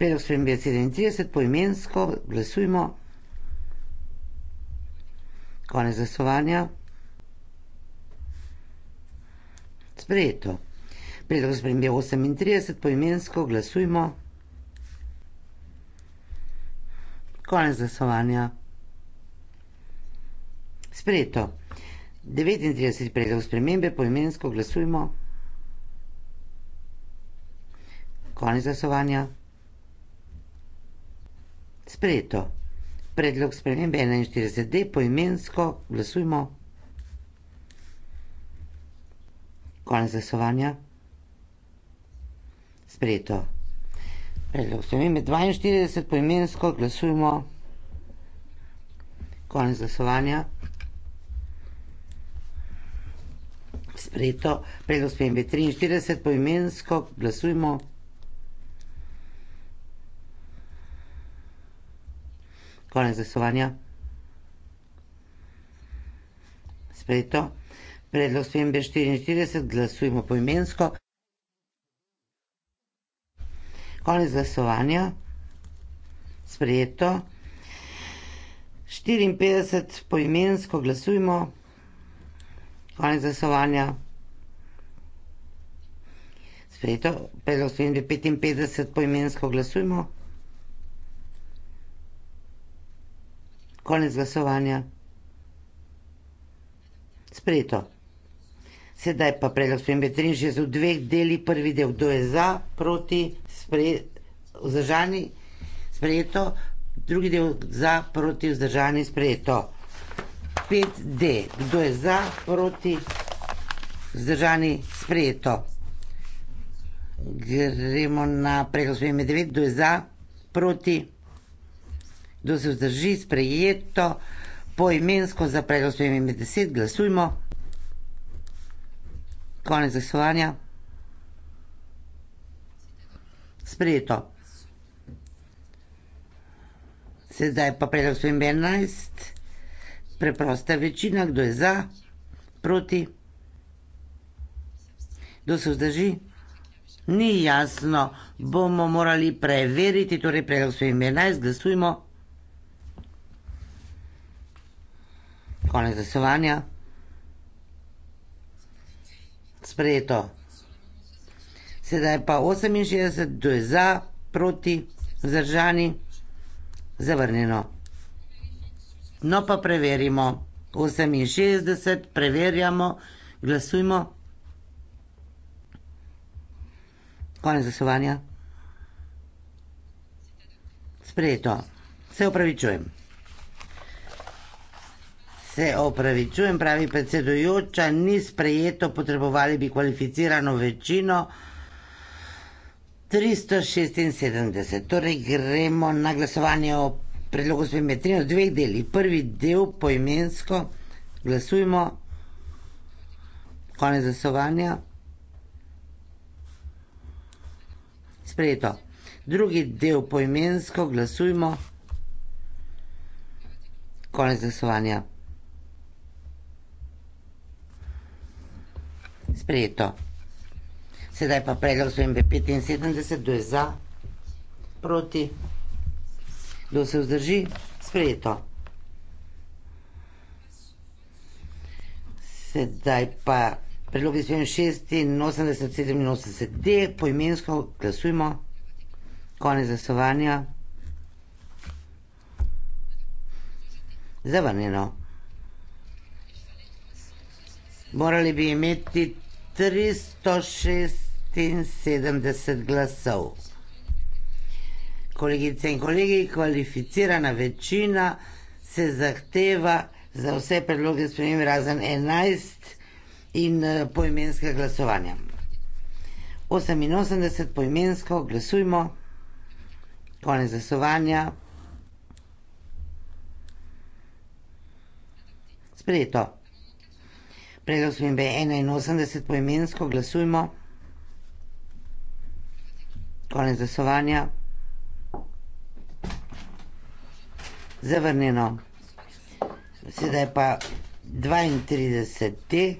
Predlog spremembe 37, poimensko, glasujmo. Konec glasovanja. Sprejeto. Predlog spremembe 38, poimensko, glasujmo. Konec glasovanja. Sprejeto. 39 predlog spremembe, poimensko glasujmo. Konec glasovanja. Sprejeto. Predlog spremembe 41D, poimensko glasujmo. Konec glasovanja. Sprejeto. Ustavljamo 42, poimensko glasujemo. Konec glasovanja. Sprejeto. Predlog spremembe 43, poimensko glasujemo. Konec glasovanja. Sprejeto. Predlog spremembe 44, glasujemo poimensko konec glasovanja, sprejeto. 54 poimensko glasujmo, konec glasovanja, sprejeto. Predlog spremembe 55 poimensko glasujmo, konec glasovanja, sprejeto. Sedaj pa predlog spremembe 63 v dveh delih, prvi del, kdo je za, proti, vzdržani sprejeto, drugi del za, proti vzdržani sprejeto. 5D. Kdo je za, proti vzdržani sprejeto? Gremo na prego spremembe 9. Kdo je za, proti, kdo se vzdrži sprejeto? Poimensko za prego spremembe 10. Glasujmo. Konec glasovanja sprejeto. Sedaj pa predlog svojim 11. Preprosta večina, kdo je za, proti, kdo se vzdrži. Ni jasno, bomo morali preveriti, torej predlog svojim 11, glasujmo. Konec glasovanja. Sprejeto sedaj pa oseminšestdeset, kdo je za, proti, vzdržani? Zavrnjeno. No, pa preverimo. Oseminšestdeset, preverjamo, glasujmo. Konec glasovanja. Sprejeto. Se opravičujem. Se opravičujem, pravi predsedujoča, ni sprejeto, potrebovali bi kvalificirano večino. 376. Torej gremo na glasovanje o predlogu spremembe v dveh delih. Prvi del poimensko glasujemo. Konec glasovanja. Sprejeto. Drugi del poimensko glasujemo. Konec glasovanja. Sprejeto. Sedaj pa predlog spremembe 75, kdo je za, proti, kdo se vzdrži, sprejeto. Sedaj pa predlog spremembe 86, 87, D, poimensko glasujmo, konec glasovanja. Zavrnjeno. Morali bi imeti 306 šestinsedemdeset glasov. Kolegice in kolegi, kvalificirana večina se zahteva za vse predloge spremem razen enajst in eh, poimenske glasovanja. Oseminosemdeset poimensko, glasujmo. Konec glasovanja. Sprejeto. Predlog spremembe enainosemdeset poimensko, glasujmo konec glasovanja. Zavrnjeno. Sedaj pa 32.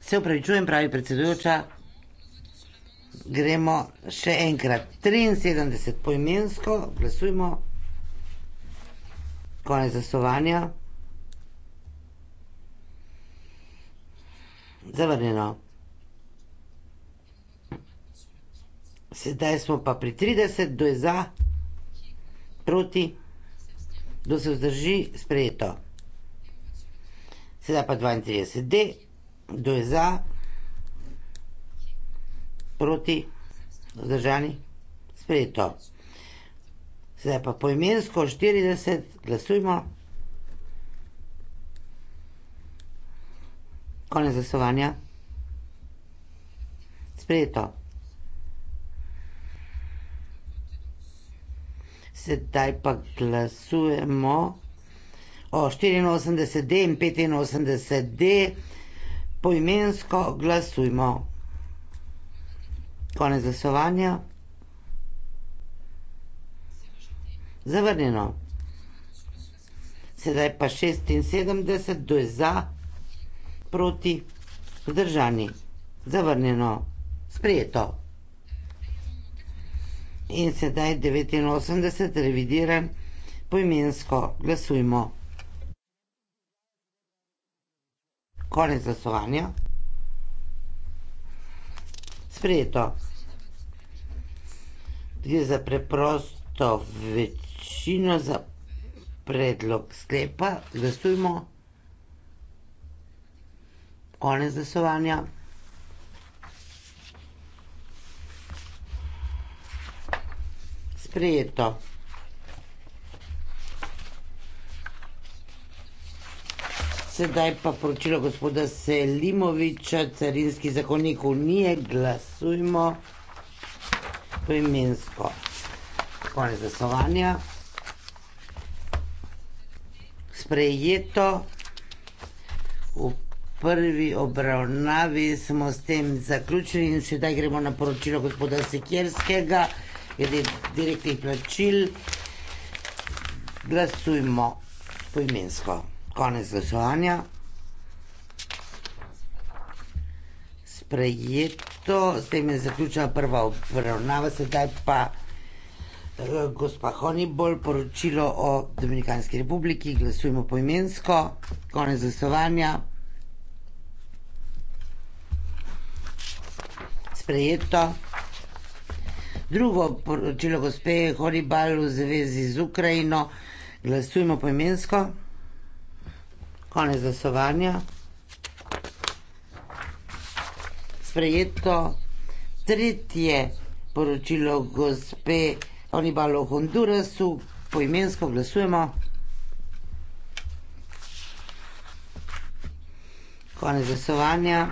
Se upravičujem, pravi predsedujoča. Gremo še enkrat. 73 poimensko, glasujmo. Konec glasovanja. Zavrnjeno. Sedaj smo pa pri 30, kdo je za, proti, kdo se vzdrži, sprejeto. Sedaj pa 32D, kdo je za, proti, vzdržani, sprejeto. Sedaj pa poimensko 40, glasujmo. Konec glasovanja. Sprejeto. sedaj pa glasujemo o štiriinosemdeset D in petinosemdeset D. Poimensko glasujmo. Konec glasovanja. Zavrnjeno. Sedaj pa šestinsedemdeset, kdo je za? Proti? Vzdržani? Zavrnjeno. Sprejeto in sedaj 89 revidiran poimensko. Glasujmo. Konec glasovanja. Sprejeto. Gre za preprosto večino za predlog sklepa. Glasujmo. Konec glasovanja. sprejeto. Sedaj pa poročilo gospoda Selimoviča, carinski zakonnik unije, glasujmo poimensko. Konec glasovanja. Sprejeto. V prvi obravnavi smo s tem zaključili in sedaj gremo na poročilo gospoda Sikerskega glede direktnih plačil, glasujmo poimensko. Konec glasovanja. Sprejeto, s tem je zaključena prva obravnava, sedaj pa eh, gospa Honibol, poročilo o Dominikanski republiki, glasujmo poimensko. Konec glasovanja. Sprejeto. Drugo poročilo gospe Horibal v zvezi z Ukrajino. Glasujmo poimensko. Konec glasovanja. Sprejeto tretje poročilo gospe Horibal v Hondurasu. Poimensko glasujemo. Konec glasovanja.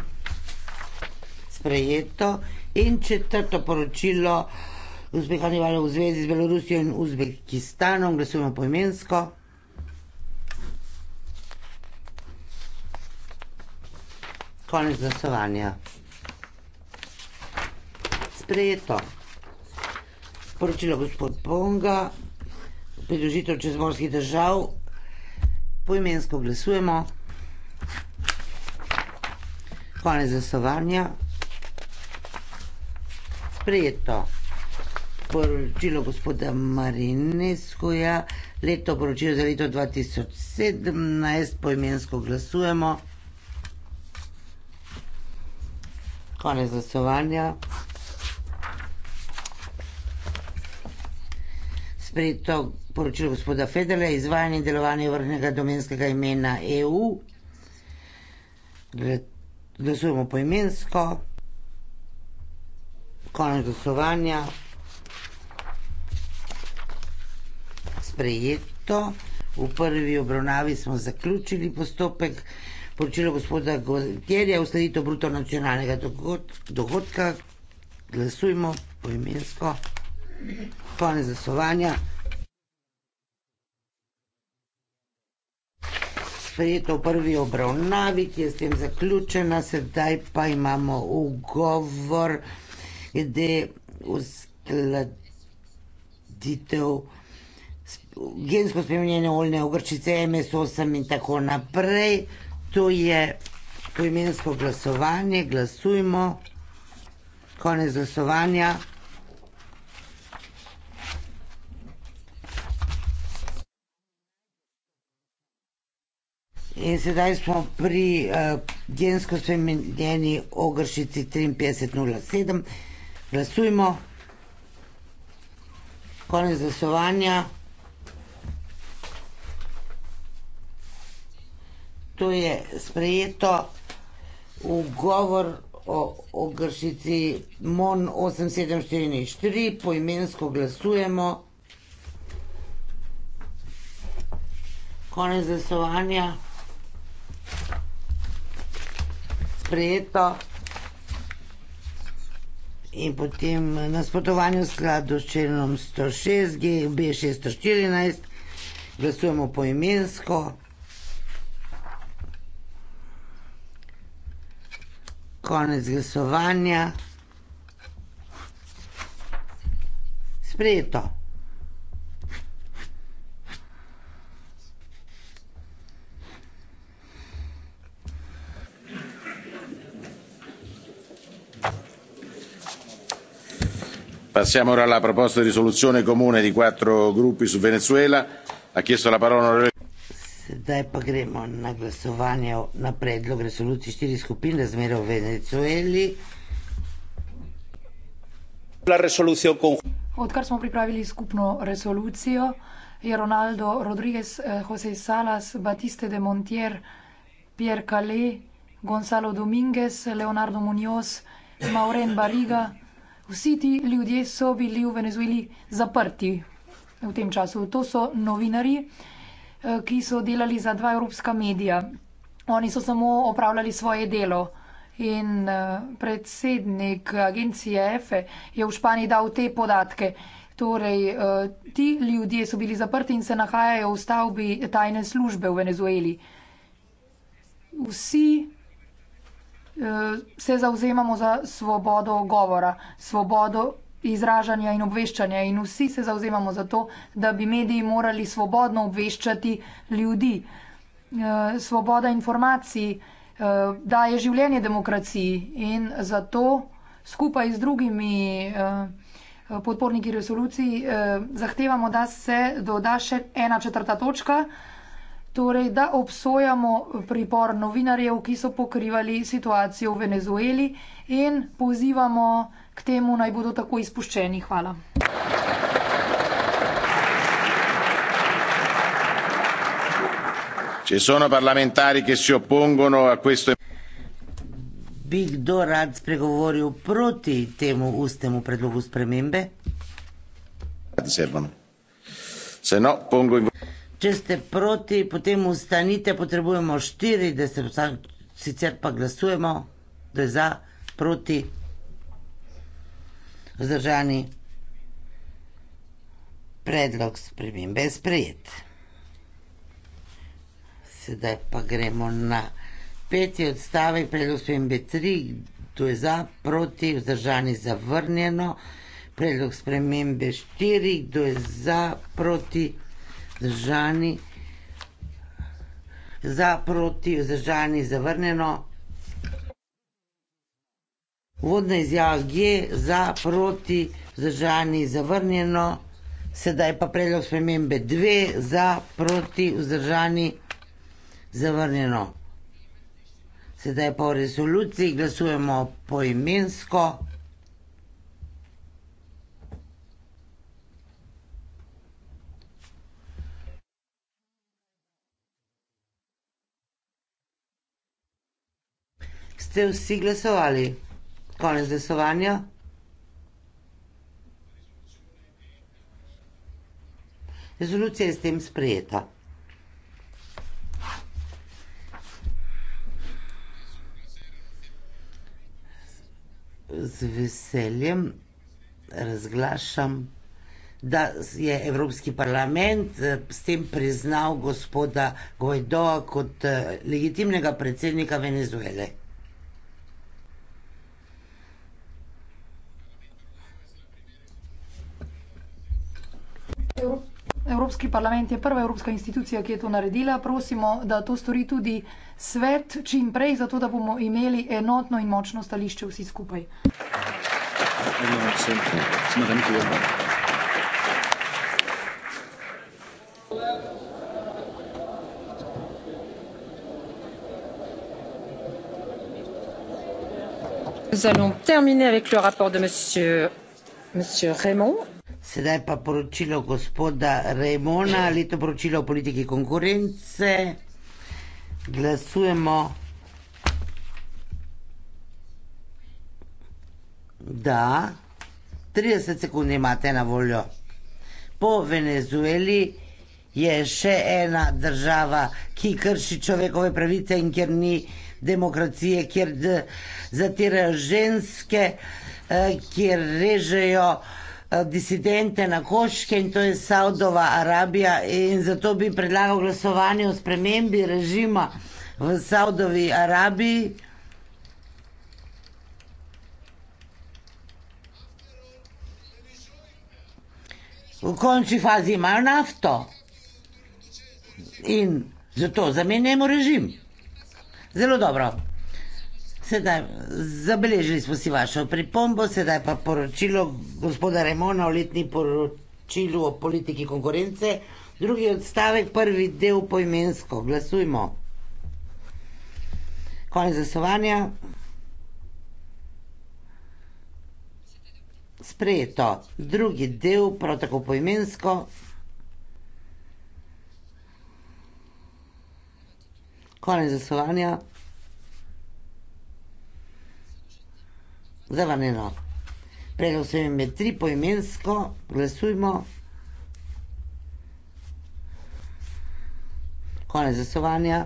Sprejeto. In četrto poročilo uspeh Hanibala v zvezi z Belorusijo in Uzbekistanom, glasujemo poimensko. Konec glasovanja. Sprejeto. Poročilo gospod Ponga, pridružitev čezmorskih držav, poimensko glasujemo. Konec glasovanja sprejeto poročilo gospoda Marineskoja, leto poročilo za leto 2017, poimensko glasujemo. Konec glasovanja. Sprejeto poročilo gospoda Federa, izvajanje in delovanje vrhnega domenskega imena EU. Glasujemo poimensko. imensko konec glasovanja. Sprejeto. V prvi obravnavi smo zaključili postopek. Poročilo gospoda Gotjerja, ustreditev bruto nacionalnega dohodka. Glasujmo poimensko. Konec glasovanja. Sprejeto v prvi obravnavi, ki je s tem zaključena, sedaj pa imamo ugovor glede uskladitev gensko spremenjene oljne ogrčice, MS8 in tako naprej. To je poimensko glasovanje, glasujmo. Konec glasovanja. In sedaj smo pri uh, gensko spremenjeni ogršici 5307. Glasujmo. Konec glasovanja. To je sprejeto v govor o ogršici MON 8743, poimensko glasujemo. Konec glasovanja. Sprejeto in potem nasprotovanje v skladu s členom 106, GB 614, glasujemo poimensko. Konec glasovanja. Sprejeto. passiamo ora alla proposta di risoluzione comune di quattro gruppi su venezuela ha chiesto la parola Zdaj pa gremo na glasovanje na predlog resoluciji štiri skupin razmerov v Venezueli. Odkar smo pripravili skupno resolucijo, je Ronaldo Rodriguez, eh, Jose Salas, Batiste de Montier, Pierre Calais, Gonzalo Dominguez, Leonardo Munoz, Mauren Barriga, Vsi ti ljudje so bili v Venezueli zaprti v tem času. To so novinari, eh, ki so delali za dva evropska medija. Oni so samo opravljali svoje delo. In eh, predsednik agencije EFE je v Španiji dal te podatke. Torej, eh, ti ljudje so bili zaprti in se nahajajo v stavbi tajne službe v Venezueli. Vsi se zauzemamo za svobodo govora, svobodo izražanja in obveščanja in vsi se zauzemamo za to, da bi mediji morali svobodno obveščati ljudi. Eh, svoboda informacij eh, daje življenje demokraciji in zato skupaj z drugimi eh, podporniki resoluciji zahtevamo, da se doda še ena četrta točka, torej da obsojamo pripor novinarjev, ki so pokrivali situacijo v Venezueli in pozivamo k temu naj bodo tako izpuščeni. Hvala. Ci sono parlamentari che si oppongono a questo Bi kdo rad spregovoril proti temu ustnemu predlogu spremembe? Se no, pongo in če ste proti, potem ustanite, potrebujemo 40, vsak, sicer pa glasujemo, da je za, proti, vzdržani. Predlog spremembe je sprejet. Sedaj pa gremo na peti odstavek, predlog spremembe 3, tu je za, proti, vzdržani, zavrnjeno. Predlog spremembe 4, kdo je za, proti, vzdržani. Zdržani. Za proti, zdržani, zavrnjeno. Vodna izjava G, za proti, zdržani, zavrnjeno. Sedaj pa predlog spremembe dve, za proti, vzdržani, zavrnjeno. Sedaj pa v resoluciji glasujemo poimensko. imensko. ste vsi glasovali. Konec glasovanja. Rezolucija je s tem sprejeta. Z veseljem razglašam, da je Evropski parlament eh, s tem priznal gospoda Gojdoa kot eh, legitimnega predsednika Venezuele. Evropski parlament je prva evropska institucija, ki je to naredila. Prosimo, da to stori tudi svet čim prej, zato da bomo imeli enotno in močno stališče vsi skupaj. Nous allons terminer avec le rapport de Monsieur, Monsieur Raymond. Sedaj pa poročilo gospoda Raymona, leto poročilo o politiki konkurence. Glasujemo. Da, 30 sekund imate na voljo. Po Venezueli je še ena država, ki krši človekove pravice in kjer ni demokracije, kjer zatirajo ženske, eh, kjer režejo. Eh, disidente na Koške in to je Saudova Arabija in zato bi predlagal glasovanje o spremembi režima v Saudovi Arabiji. V končni fazi imajo nafto in zato zamenjamo režim. Zelo dobro. Sedaj, zabeležili smo si vašo pripombo, sedaj pa poročilo gospoda Remona o letni poročilu o politiki konkurence. Drugi odstavek, prvi del poimensko. Glasujmo. Konec glasovanja. Sprejeto. Drugi del, prav tako poimensko. Konec glasovanja. Zavaneno. Prejel sem ime tri poimensko, glasujmo. Konec zasovanja.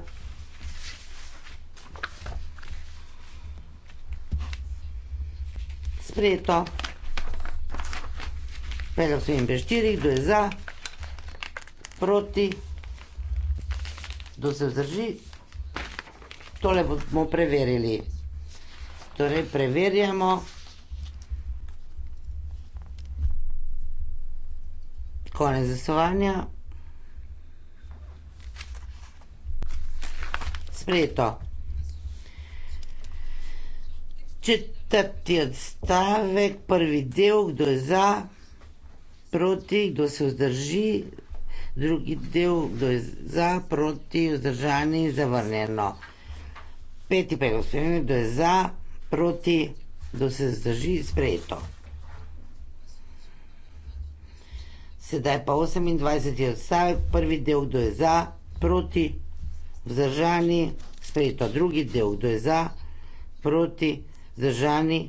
Sprejeto. Prejel sem ime štiri, kdo je za? Proti. Kdo se vzdrži? Tole bomo preverili. Torej, preverjamo. Konec glasovanja. Sprejeto. Četrti odstavek, prvi del, kdo je za, proti, kdo se vzdrži, drugi del, kdo je za, proti, vzdržani, zavrnjeno. Peti pregled, kdo je za, proti, kdo se vzdrži, drugi del, kdo je za, proti, vzdržani, zavrnjeno proti, da se zdrži sprejeto. Sedaj pa 28. odstavek, prvi del, kdo je za, proti, vzdržani, sprejeto. Drugi del, kdo je za, proti, vzdržani,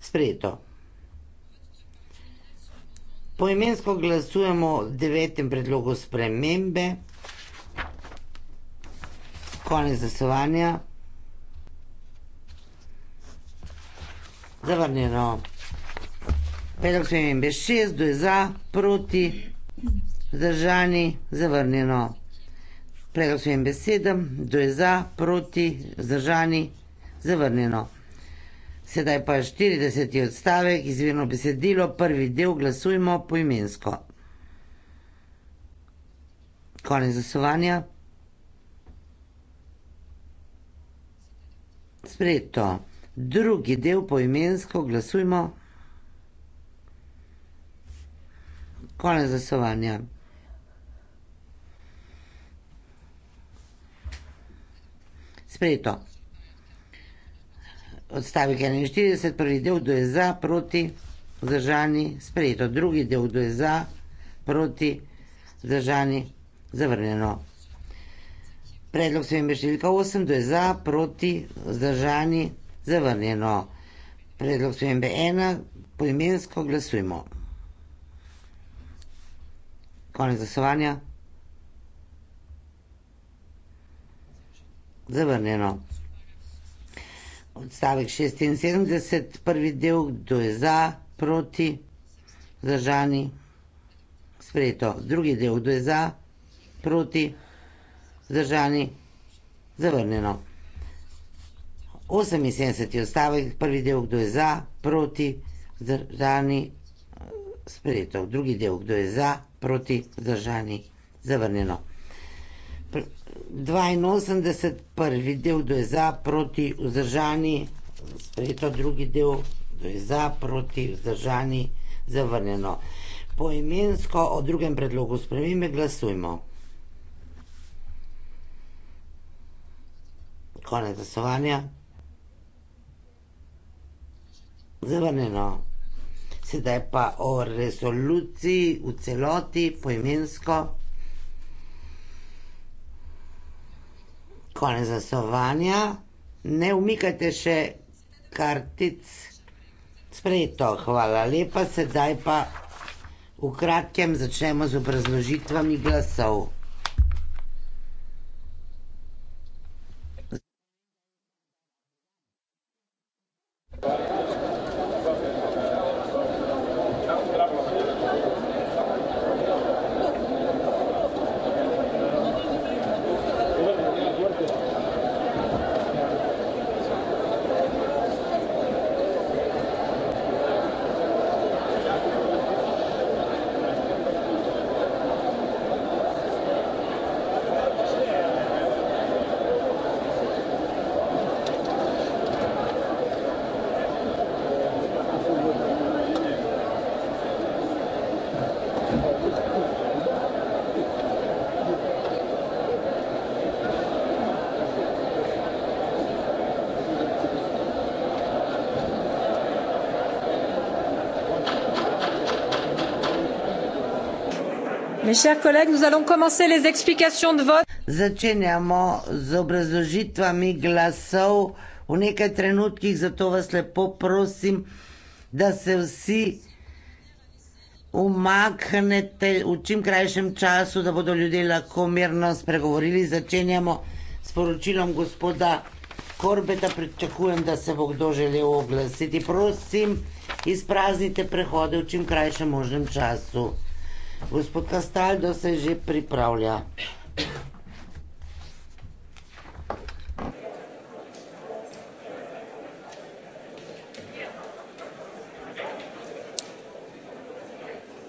sprejeto. Poimensko glasujemo v devetem predlogu spremembe. Konec glasovanja. zavrnjeno. Predlog spremembe šest, kdo je za, proti, vzdržani, zavrnjeno. Predlog spremembe sedem, kdo je za, proti, vzdržani, zavrnjeno. Sedaj pa štirideseti odstavek, izvirno besedilo, prvi del, glasujmo poimensko. Konec glasovanja. Sprejeto drugi del poimensko glasujmo. Konec glasovanja. Sprejeto. Odstavek 41, prvi del, kdo je za, proti, zdržani, sprejeto. Drugi del, kdo je za, proti, zdržani, zavrnjeno. Predlog sem imel številka 8, kdo je za, proti, zdržani, zavrnjeno zavrnjeno. Predlog spremembe ena, poimensko glasujmo. Konec glasovanja. Zavrnjeno. Odstavek 76, prvi del, kdo je za, proti, zdržani, sprejeto. Drugi del, kdo je za, proti, zdržani, zavrnjeno. 78 je ustava in prvi del, kdo je za, proti, zdržani, sprejeto. Drugi del, kdo je za, proti, zdržani, zavrnjeno. 82, prvi del, kdo je za, proti, vzdržani, sprejeto. Drugi del, kdo je za, proti, vzdržani, zavrnjeno. Poimensko o drugem predlogu spremembe glasujmo. Konec glasovanja zavrnjeno. Sedaj pa o resoluciji v celoti, poimensko. Konec zasovanja. Ne umikajte še kartic. Sprejeto, hvala lepa. Sedaj pa v kratkem začnemo z obrazložitvami glasov. Mes chers collègues, nous allons commencer les explications de vote. Začenjamo z obrazložitvami glasov. V nekaj trenutkih zato vas lepo prosim, da se vsi umaknete v čim krajšem času, da bodo ljudje lahko mirno spregovorili. Začenjamo s poročilom gospoda Korbeta. Pričakujem, da se bo kdo želel oglasiti. Prosim, izpraznite prehode v čim krajšem možnem času. Gospod Kastaldo se že pripravlja.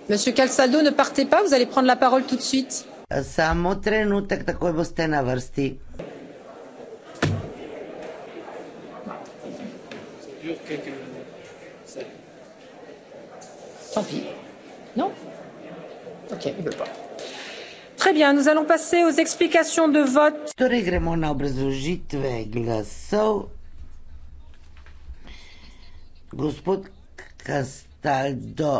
Monsieur Calzado, ne partez pas, vous allez prendre la parole tout de suite. Samo trenutek, takoj boste na vrsti. Tant pis. Non Ok, il veut pas. Très bien, nous allons passer aux explications de vote. Torej Castaldo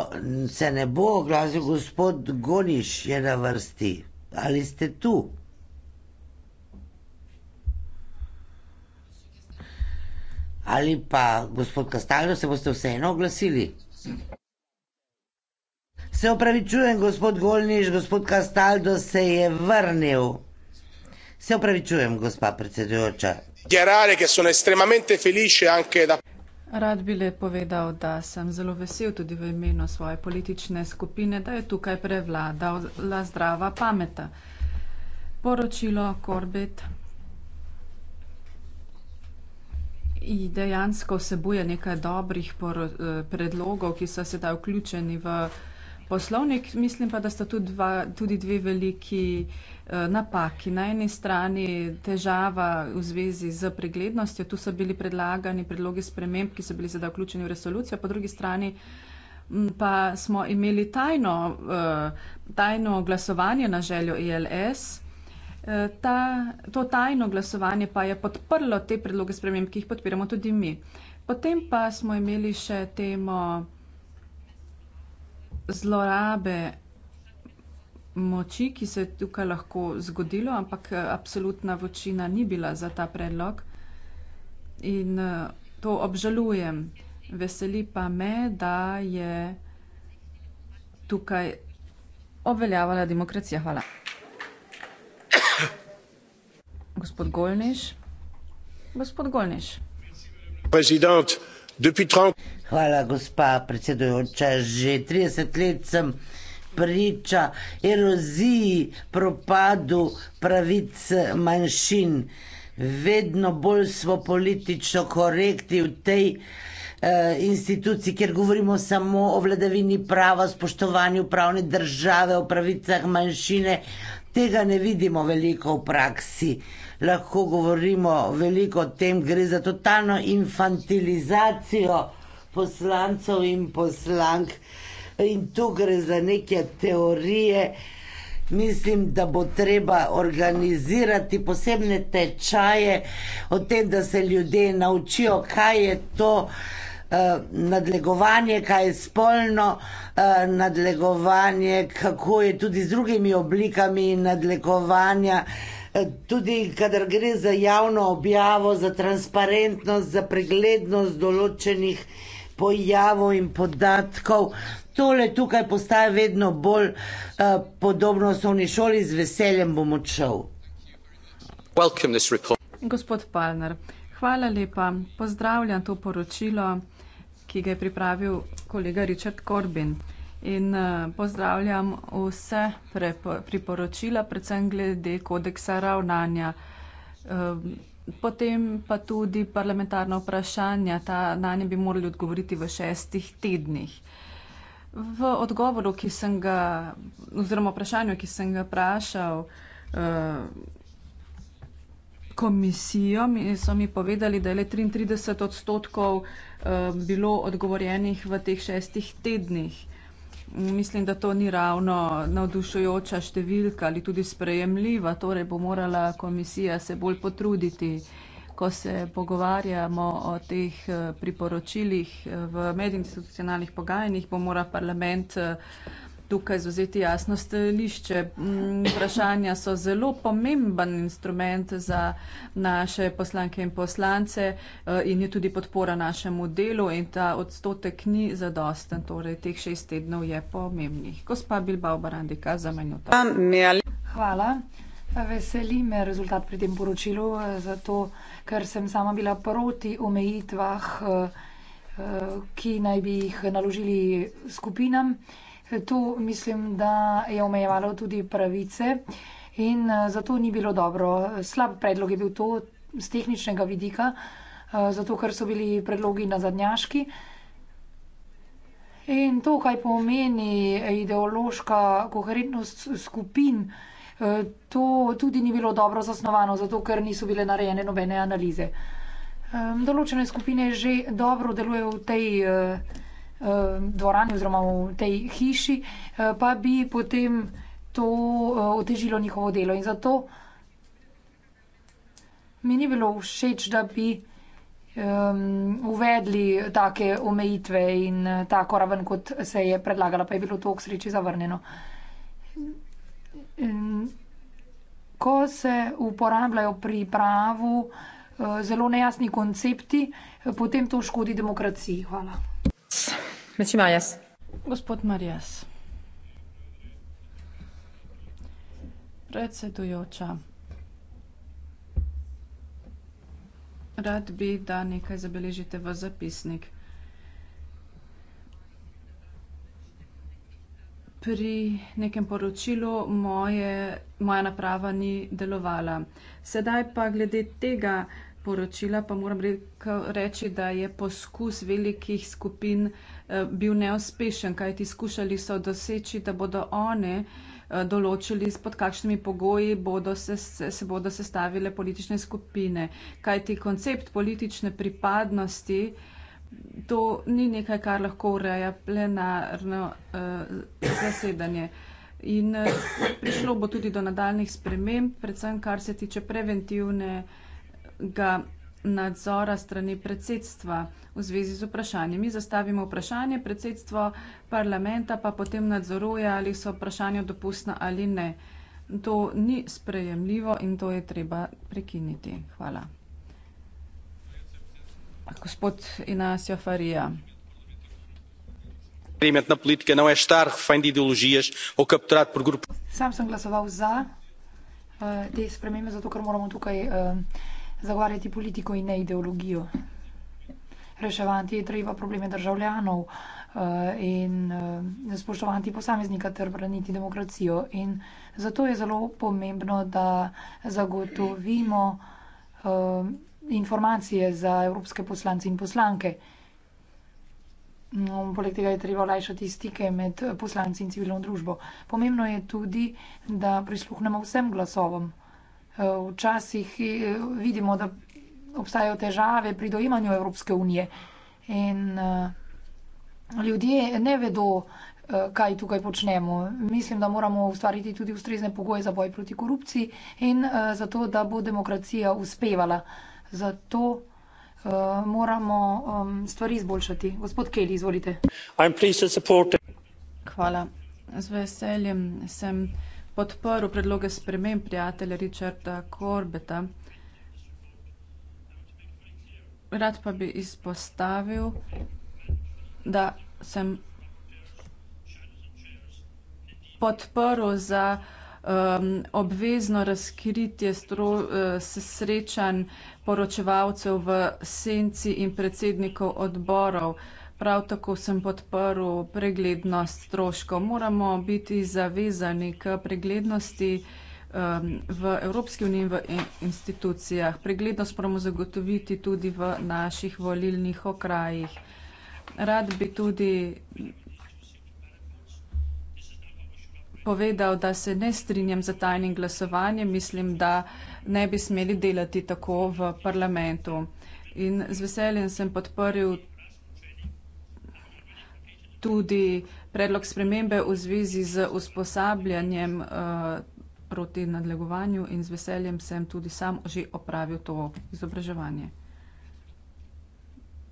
se ne bo oglasil, gospod Goniš je na vrsti. Ali ste tu? Ali pa, gospod Castaldo, se boste vseeno oglasili? Sim. Se opravičujem, gospod Golniš, gospod Kastaldo se je vrnil. Se opravičujem, gospa predsedujoča. Gerare, ki so estremamente felice, anche da. Rad bi le povedal, da sem zelo vesel tudi v imenu svoje politične skupine, da je tukaj prevladala zdrava pameta. Poročilo Korbet dejansko vsebuje nekaj dobrih eh, predlogov, ki so sedaj vključeni v. Poslovnik, mislim pa, da sta tu dva, tudi dve veliki eh, napaki. Na eni strani težava v zvezi z preglednostjo, tu so bili predlagani predlogi sprememb, ki so bili sedaj vključeni v resolucijo, po drugi strani pa smo imeli tajno, eh, tajno glasovanje na željo ELS. Eh, ta, to tajno glasovanje pa je podprlo te predloge sprememb, ki jih podpiramo tudi mi. Potem pa smo imeli še temo zlorabe moči, ki se je tukaj lahko zgodilo, ampak eh, absolutna večina ni bila za ta predlog. In eh, to obžalujem. Veseli pa me, da je tukaj obveljavala demokracija. Hvala. Gospod Golniš. Gospod Golniš. Hvala, gospa predsedujoča. Že 30 let sem priča eroziji, propadu pravic manjšin. Vedno bolj smo politično korekti v tej eh, instituciji, kjer govorimo samo o vladavini prava, spoštovanju pravne države, o pravicah manjšine. Tega ne vidimo veliko v praksi. Lahko govorimo veliko o tem, gre za totalno infantilizacijo poslancev in poslank in tu gre za neke teorije. Mislim, da bo treba organizirati posebne tečaje o tem, da se ljudje naučijo, kaj je to eh, nadlegovanje, kaj je spolno eh, nadlegovanje, kako je tudi z drugimi oblikami nadlegovanja, eh, tudi kadar gre za javno objavo, za transparentnost, za preglednost določenih informacij pojavov in podatkov. Tole tukaj postaje vedno bolj uh, podobno osnovni šoli, z veseljem bom odšel. Gospod Palner, hvala lepa. Pozdravljam to poročilo, ki ga je pripravil kolega Richard Corbin. In eh, pozdravljam vse priporočila, predvsem glede kodeksa ravnanja. Eh, Potem pa tudi parlamentarna vprašanja, ta na nje bi morali odgovoriti v šestih tednih. V odgovoru, ki sem ga, oziroma vprašanju, ki sem ga vprašal uh, komisijo, mi, so mi povedali, da je le 33 odstotkov uh, bilo odgovorjenih v teh šestih tednih mislim, da to ni ravno navdušujoča številka ali tudi sprejemljiva, torej bo morala komisija se bolj potruditi, ko se pogovarjamo o teh eh, priporočilih eh, v medinstitucionalnih pogajanjih, bo mora parlament. Uh, tukaj zauzeti jasno stališče. Mm, vprašanja so zelo pomemben instrument za naše poslanke in poslance eh, in je tudi podpora našemu delu in ta odstotek ni zadosten, torej teh šest tednov je pomembnih. Gospa Bilbao Barandika, za minuto. Hvala. Veseli me rezultat pri tem poročilu, eh, zato ker sem sama bila proti omejitvah, eh, ki naj bi jih naložili skupinam. To mislim, da je omejevalo tudi pravice in eh, zato ni bilo dobro. Slab predlog je bil to z tehničnega vidika, eh, zato ker so bili predlogi na zadnjaški. In to, kaj pomeni ideološka koherentnost skupin, eh, to tudi ni bilo dobro zasnovano, zato ker niso bile narejene nobene analize. Določene skupine že dobro delujejo v tej skupini. Eh, dvorani oziroma v tej hiši, eh, pa bi potem to eh, otežilo njihovo delo. In zato mi ni bilo všeč, da bi uvedli take omejitve in tako raven, kot se je predlagala, pa je bilo to k sreči zavrnjeno. Ko se uporabljajo pri pravu zelo nejasni koncepti, potem to škodi demokraciji. Hvala. Marijas. Meči Marijas. Gospod Marijas. Predsedujoča. Rad bi, da nekaj zabeležite v zapisnik. Pri nekem poročilu moje, moja naprava ni delovala. Sedaj pa glede tega, poročila, pa moram reči, da je poskus velikih skupin eh, bil neuspešen, kaj ti skušali so doseči, da bodo one eh, določili, pod kakšnimi pogoji bodo se, se bodo sestavile politične skupine. Kaj ti koncept politične pripadnosti, to ni nekaj, kar lahko ureja plenarno uh, zasedanje. In prišlo bo tudi do nadaljnih sprememb, predvsem kar se tiče preventivne uh, ga nadzora strani predsedstva. V zvezi z vprašanjem, mi zastavimo vprašanje, predsedstvo parlamenta pa potem nadzoruje, ali so vprašanja dopustna ali ne. To ni sprejemljivo in to je treba prekiniti. Hvala. Gospod Inasio Farija. Sam sem glasoval za uh, te spremembe, zato ker moramo tukaj uh, zagovarjati politiko in ne ideologijo. Reševati je treba probleme državljanov uh, in uh, spoštovati posameznika ter braniti demokracijo. In zato je zelo pomembno, da zagotovimo uh, informacije za evropske poslance in poslanke. No, poleg tega je treba lajšati stike med poslanci in civilno družbo. Pomembno je tudi, da prisluhnemo vsem glasovom včasih eh, vidimo, da obstajajo težave pri dojemanju Evropske unije in eh, ljudje ne vedo, eh, kaj tukaj počnemo. Mislim, da moramo ustvariti tudi ustrezne pogoje za boj proti korupciji in zato, da bo demokracija uspevala. Zato moramo stvari izboljšati. Gospod Kelly, izvolite. Hvala. Z veseljem sem podprl predloge sprememb prijatelja Richarda Corbeta. Rad pa bi izpostavil, da sem podprl za um, obvezno razkritje stro, uh, srečanj poročevalcev v senci in predsednikov odborov. Uh, Prav tako sem podporil preglednost stroškov. Moramo biti zavezani k preglednosti um, v Evropski uniji in v institucijah. Preglednost moramo zagotoviti tudi v naših volilnih okrajih. Rad bi tudi povedal, da se ne strinjam za tajnim glasovanjem. Mislim, da ne bi smeli delati tako v parlamentu. In z veseljem sem podporil tudi predlog spremembe v zvezi z usposabljanjem eh, proti nadlegovanju in z veseljem sem tudi sam že opravil to izobraževanje.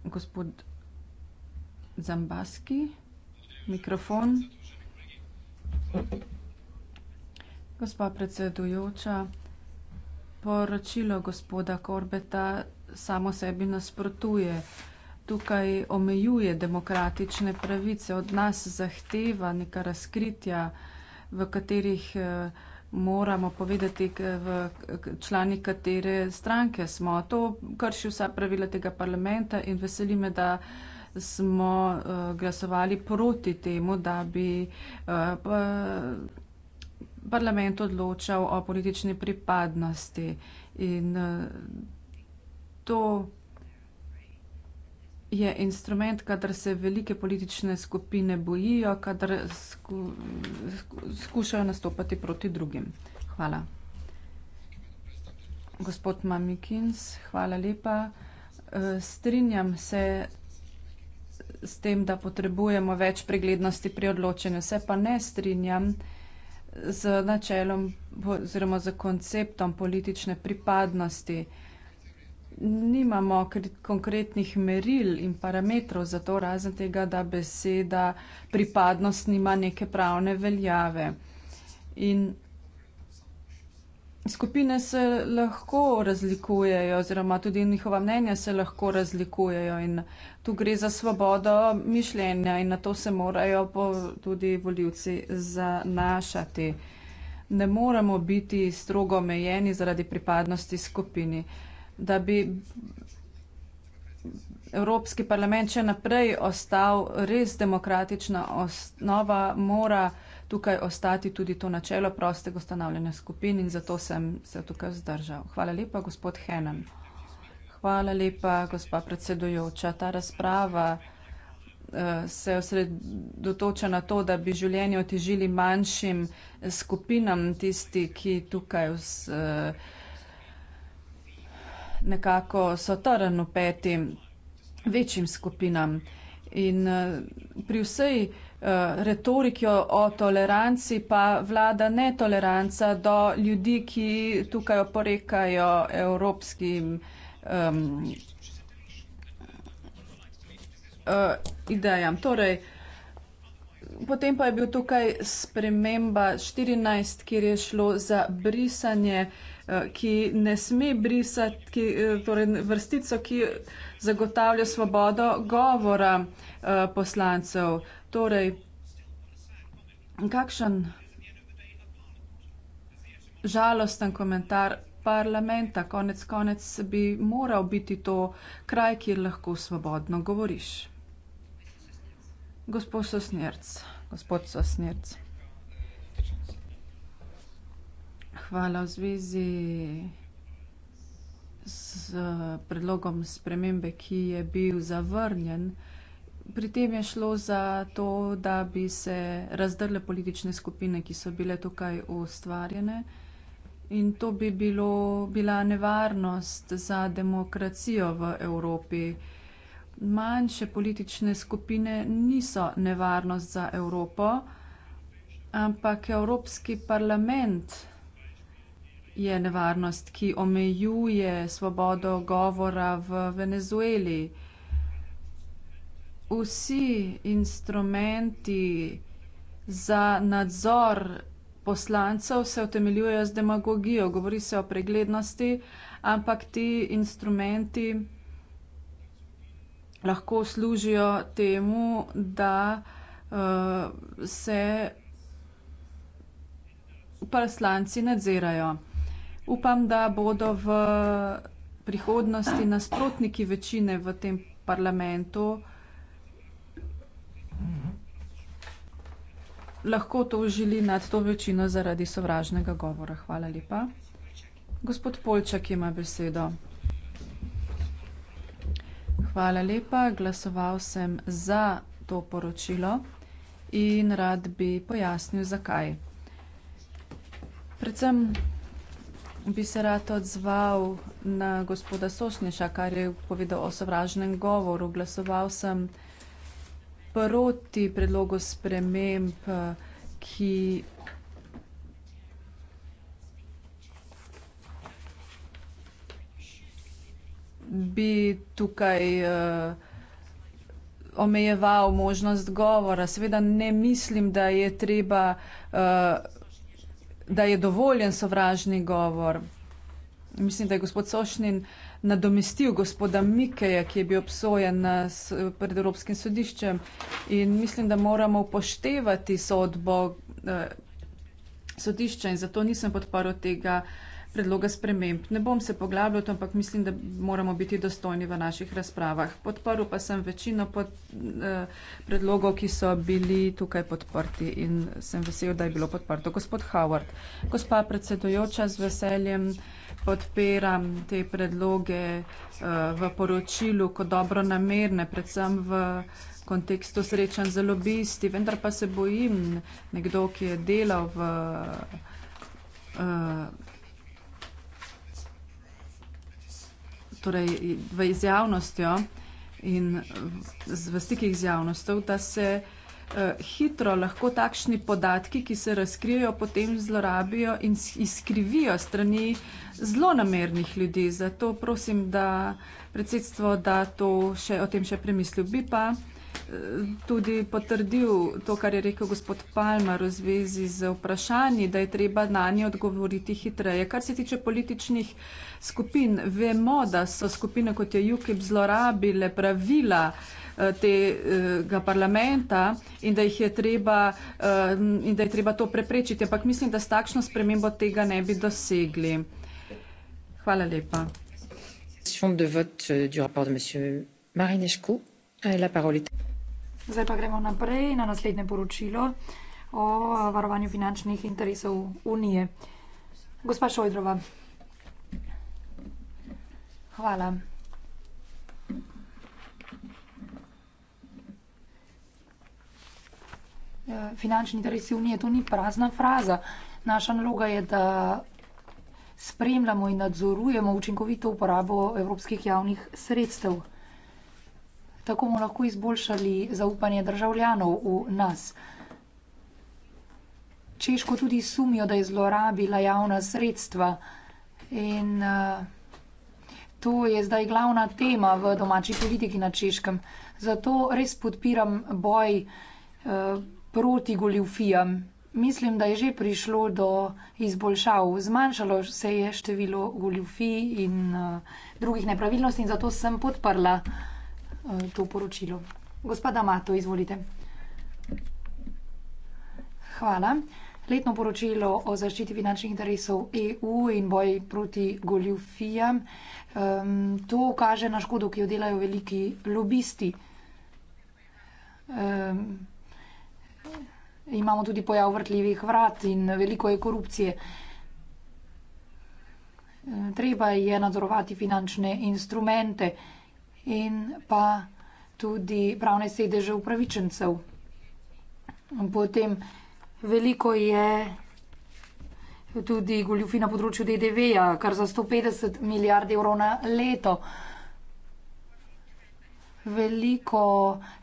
Gospod Zambaski, mikrofon. Gospa predsedujoča, poročilo gospoda Korbeta samo sebi nasprotuje tukaj omejuje demokratične pravice, od nas zahteva neka razkritja, v katerih eh, moramo povedati, v člani katere stranke smo. To krši vsa pravila tega parlamenta in veseli me, da smo eh, glasovali proti temu, da bi eh, parlament odločal o politični pripadnosti. In to je instrument, kadar se velike politične skupine bojijo, kadar sku, skušajo nastopati proti drugim. Hvala. Gospod Mamikins, hvala lepa. Eh, strinjam se s tem, da potrebujemo več preglednosti pri odločenju. Se pa ne strinjam z načelom oziroma z konceptom politične pripadnosti nimamo konkretnih meril in parametrov za to, razen tega, da beseda pripadnost nima neke pravne veljave. In skupine se lahko razlikujejo, oziroma tudi njihova mnenja se lahko razlikujejo in tu gre za svobodo mišljenja in na to se morajo tudi voljivci zanašati. Ne moremo biti strogo omejeni zaradi pripadnosti skupini. Uh, da bi Evropski parlament še naprej ostal res demokratična osnova, mora tukaj ostati tudi to načelo prostega ustanavljanja skupin in zato sem se tukaj zdržal. Hvala lepa, gospod Henem. Hvala lepa, gospa predsedujoča. Ta razprava eh, se osredotoča na to, da bi življenje otežili manjšim skupinam, tisti, ki tukaj vse. Eh, nekako sotoren upeti večjim skupinam. In eh, pri vsej eh, retoriki o toleranci pa vlada netoleranca do ljudi, ki tukaj oporekajo evropskim um, idejam. Torej, potem pa je bil tukaj sprememba 14, kjer je šlo za brisanje uh, Eh, ki ne sme brisati, ki, eh, torej vrstico, ki zagotavlja svobodo govora eh, poslancev. Torej, kakšen žalosten komentar parlamenta, konec konec bi moral biti to kraj, kjer lahko svobodno govoriš. Gospod Sosnerc, gospod Sosnerc. hvala. V zvezi s predlogom spremembe, ki je bil zavrnjen, pri tem je šlo za to, da bi se razdrle politične skupine, ki so bile tukaj ustvarjene. In to bi bilo, bila nevarnost za demokracijo v Evropi. Manjše politične skupine niso nevarnost za Evropo, ampak Evropski parlament je nevarnost, ki omejuje svobodo govora v Venezueli. Vsi instrumenti za nadzor poslancev se utemeljujejo z demagogijo, govori se o preglednosti, ampak ti instrumenti lahko služijo temu, da uh, se poslanci nadzirajo upam, da bodo v prihodnosti nasprotniki večine v tem parlamentu lahko to užili nad to večino zaradi sovražnega govora. Hvala lepa. Gospod Polčak ima besedo. Hvala lepa. Glasoval sem za to poročilo in rad bi pojasnil, zakaj. Predvsem bi se rad odzval na gospoda Sošniša, kar je povedal o sovražnem govoru. Glasoval sem proti predlogu sprememb, ki bi tukaj uh, omejeval možnost govora. Seveda ne mislim, da je treba uh, da je dovoljen sovražni govor. Mislim, da je gospod Sošnin nadomestil gospoda Mikeja, ki je bil obsojen na, pred Evropskim sodiščem. In mislim, da moramo upoštevati sodbo eh, sodišča in zato nisem podparil tega eh, predloga sprememb. Ne bom se poglabljal, ampak mislim, da moramo biti dostojni v naših razpravah. Podprl pa sem večino pod, eh, predlogov, ki so bili tukaj podprti in sem vesel, da je bilo podprto. Gospod Howard, gospa predsedujoča, z veseljem podpiram te predloge eh, v poročilu kot dobro namerne, predvsem v kontekstu srečan z lobisti, vendar pa se bojim nekdo, ki je delal v. Eh, torej v izjavnostjo in v, v stikih z javnostjo, da se eh, Hitro lahko takšni podatki, ki se razkrijejo, potem zlorabijo in izkrivijo strani zlonamernih ljudi. Zato prosim, da predsedstvo da to še, o tem še premislil. Bi pa tudi potrdil to, kar je rekel gospod Palmer v zvezi z vprašanji, da je treba na nje odgovoriti hitreje. Kar se tiče političnih skupin, vemo, da so skupine kot je UKIP zlorabile pravila eh, tega parlamenta in da, je treba, eh, in da je treba to preprečiti, ampak mislim, da s takšno spremembo tega ne bi dosegli. Hvala lepa. De vote euh, du rapport de monsieur Marinescu, euh, la parole est. Zdaj pa gremo naprej na naslednje poročilo o varovanju finančnih interesov Unije. Gospa Šojdrova. Hvala. Ja, finančni interesi Unije, to ni prazna fraza. Naša naloga je, da spremljamo in nadzorujemo učinkovito uporabo evropskih javnih sredstev. Tako bomo lahko izboljšali zaupanje državljanov v nas. Češko tudi sumijo, da je zlorabila javna sredstva in eh, to je zdaj glavna tema v domači politiki na Češkem. Zato res podpiram boj eh, proti goljufijam. Mislim, da je že prišlo do izboljšav. Zmanjšalo se je število goljufij in eh, drugih nepravilnosti in zato sem podprla. Eh, to poročilo. Gospod Amato, izvolite. Hvala. Letno poročilo o zaščiti finančnih interesov EU in boji proti goljufijam. Um, to kaže na škodo, ki jo delajo veliki lobisti. Um, imamo tudi pojav vrtljivih vrat in veliko je korupcije. Treba je nadzorovati finančne instrumente in pa tudi pravne sedeže upravičencev. Potem veliko je tudi goljufi na področju DDV-ja, kar za sto petdeset milijard evrov na leto. Veliko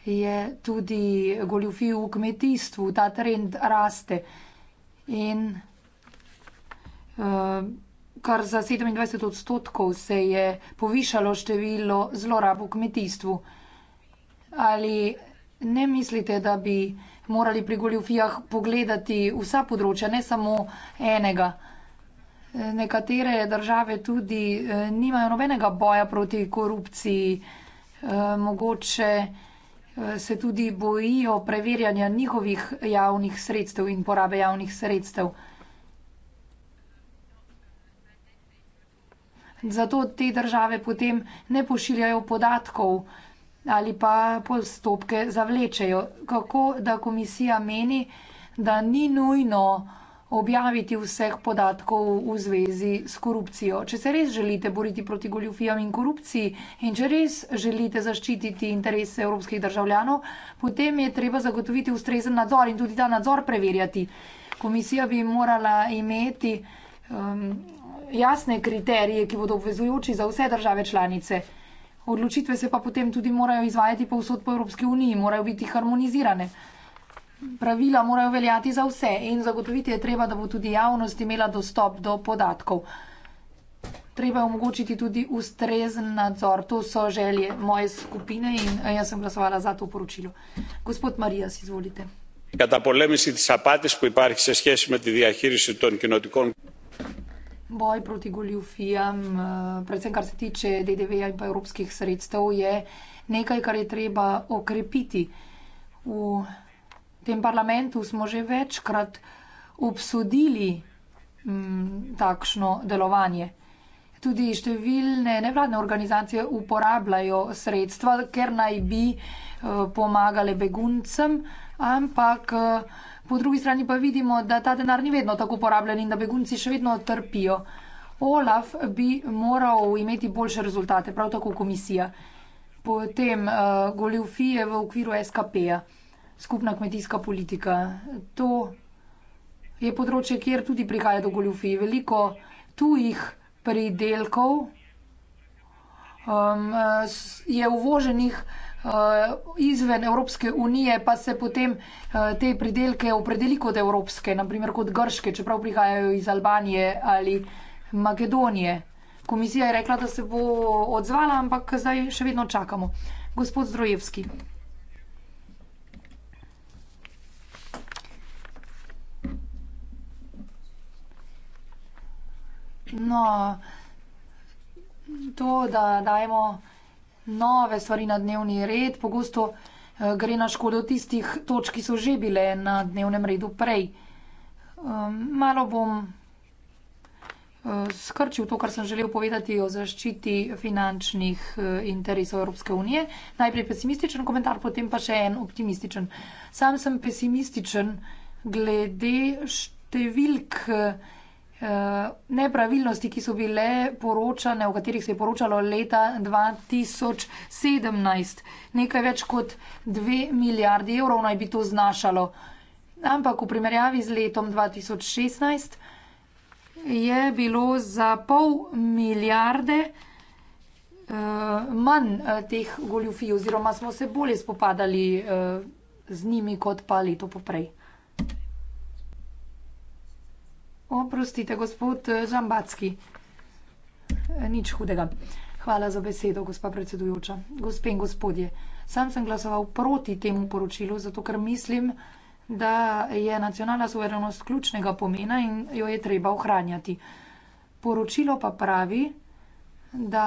je tudi goljufij v kmetijstvu, ta trend raste in, eh, kar za 27 odstotkov se je povišalo število zlorab v kmetijstvu. Ali ne mislite, da bi morali pri goljufijah pogledati vsa področja, ne samo enega? Nekatere države tudi eh, nimajo nobenega boja proti korupciji, eh, mogoče eh, se tudi bojijo preverjanja njihovih javnih sredstev in porabe javnih sredstev. Zato te države potem ne pošiljajo podatkov ali pa postopke zavlečejo. Kako da komisija meni, da ni nujno objaviti vseh podatkov v zvezi s korupcijo. Če se res želite boriti proti goljufijam in korupciji in če res želite zaščititi interese evropskih državljanov, potem je treba zagotoviti ustrezen nadzor in tudi ta nadzor preverjati. Komisija bi morala imeti um, jasne kriterije, ki bodo obvezujoči za vse države članice. Odločitve se pa potem tudi morajo izvajati povsod po Evropski uniji, morajo biti harmonizirane. Pravila morajo veljati za vse in zagotoviti je treba, da bo tudi javnost imela dostop do podatkov. Treba je omogočiti tudi ustrezen nadzor. To so želje moje skupine in eh, jaz sem glasovala za to poročilo. Gospod Marijas, izvolite. Kata polemisi tis apatis, ki je v sveti z diahirisi tistih kinotikov. Boj proti goljufijam, eh, predvsem kar se tiče DDV-ja in pa evropskih sredstev, je nekaj, kar je treba okrepiti. V tem parlamentu smo že večkrat obsodili m, mm, takšno delovanje. Tudi številne nevladne organizacije uporabljajo sredstva, ker naj bi eh, pomagale beguncem, ampak eh, Po drugi strani pa vidimo, da ta denar ni vedno tako uporabljen in da begunci še vedno trpijo. Olaf bi moral imeti boljše rezultate, prav tako komisija. Potem uh, eh, goljufije v okviru SKP-ja, skupna kmetijska politika. To je področje, kjer tudi prihaja do goljufij. Veliko tujih pridelkov um, eh, je uvoženih. Eh, izven Evropske unije, pa se potem eh, te pridelke opredeli kot evropske, naprimer kot grške, čeprav prihajajo iz Albanije ali Makedonije. Komisija je rekla, da se bo odzvala, ampak zdaj še vedno čakamo. Gospod Zdrojevski. No, to, da dajemo nove stvari na dnevni red, pogosto eh, gre na škodo tistih točk, ki so že bile na dnevnem redu prej. Ehm, malo bom eh, skrčil to, kar sem želel povedati o zaščiti finančnih eh, interesov Evropske unije. Najprej pesimističen komentar, potem pa še en optimističen. Sam sem pesimističen glede številk, Eh, nepravilnosti, ki so bile poročane, o katerih se je poročalo leta 2017. Nekaj več kot 2 milijardi evrov naj bi to znašalo. Ampak v primerjavi z letom 2016 je bilo za pol milijarde uh, manj eh, teh goljufij oziroma smo se bolje spopadali uh, z njimi kot pa leto poprej. Oprostite, gospod eh, Žambacki. Eh, nič hudega. Hvala za besedo, gospa predsedujoča. Gospe in gospodje, sam sem glasoval proti temu poročilu, zato ker mislim, da je nacionalna suverenost ključnega pomena in jo je treba ohranjati. Poročilo pa pravi, da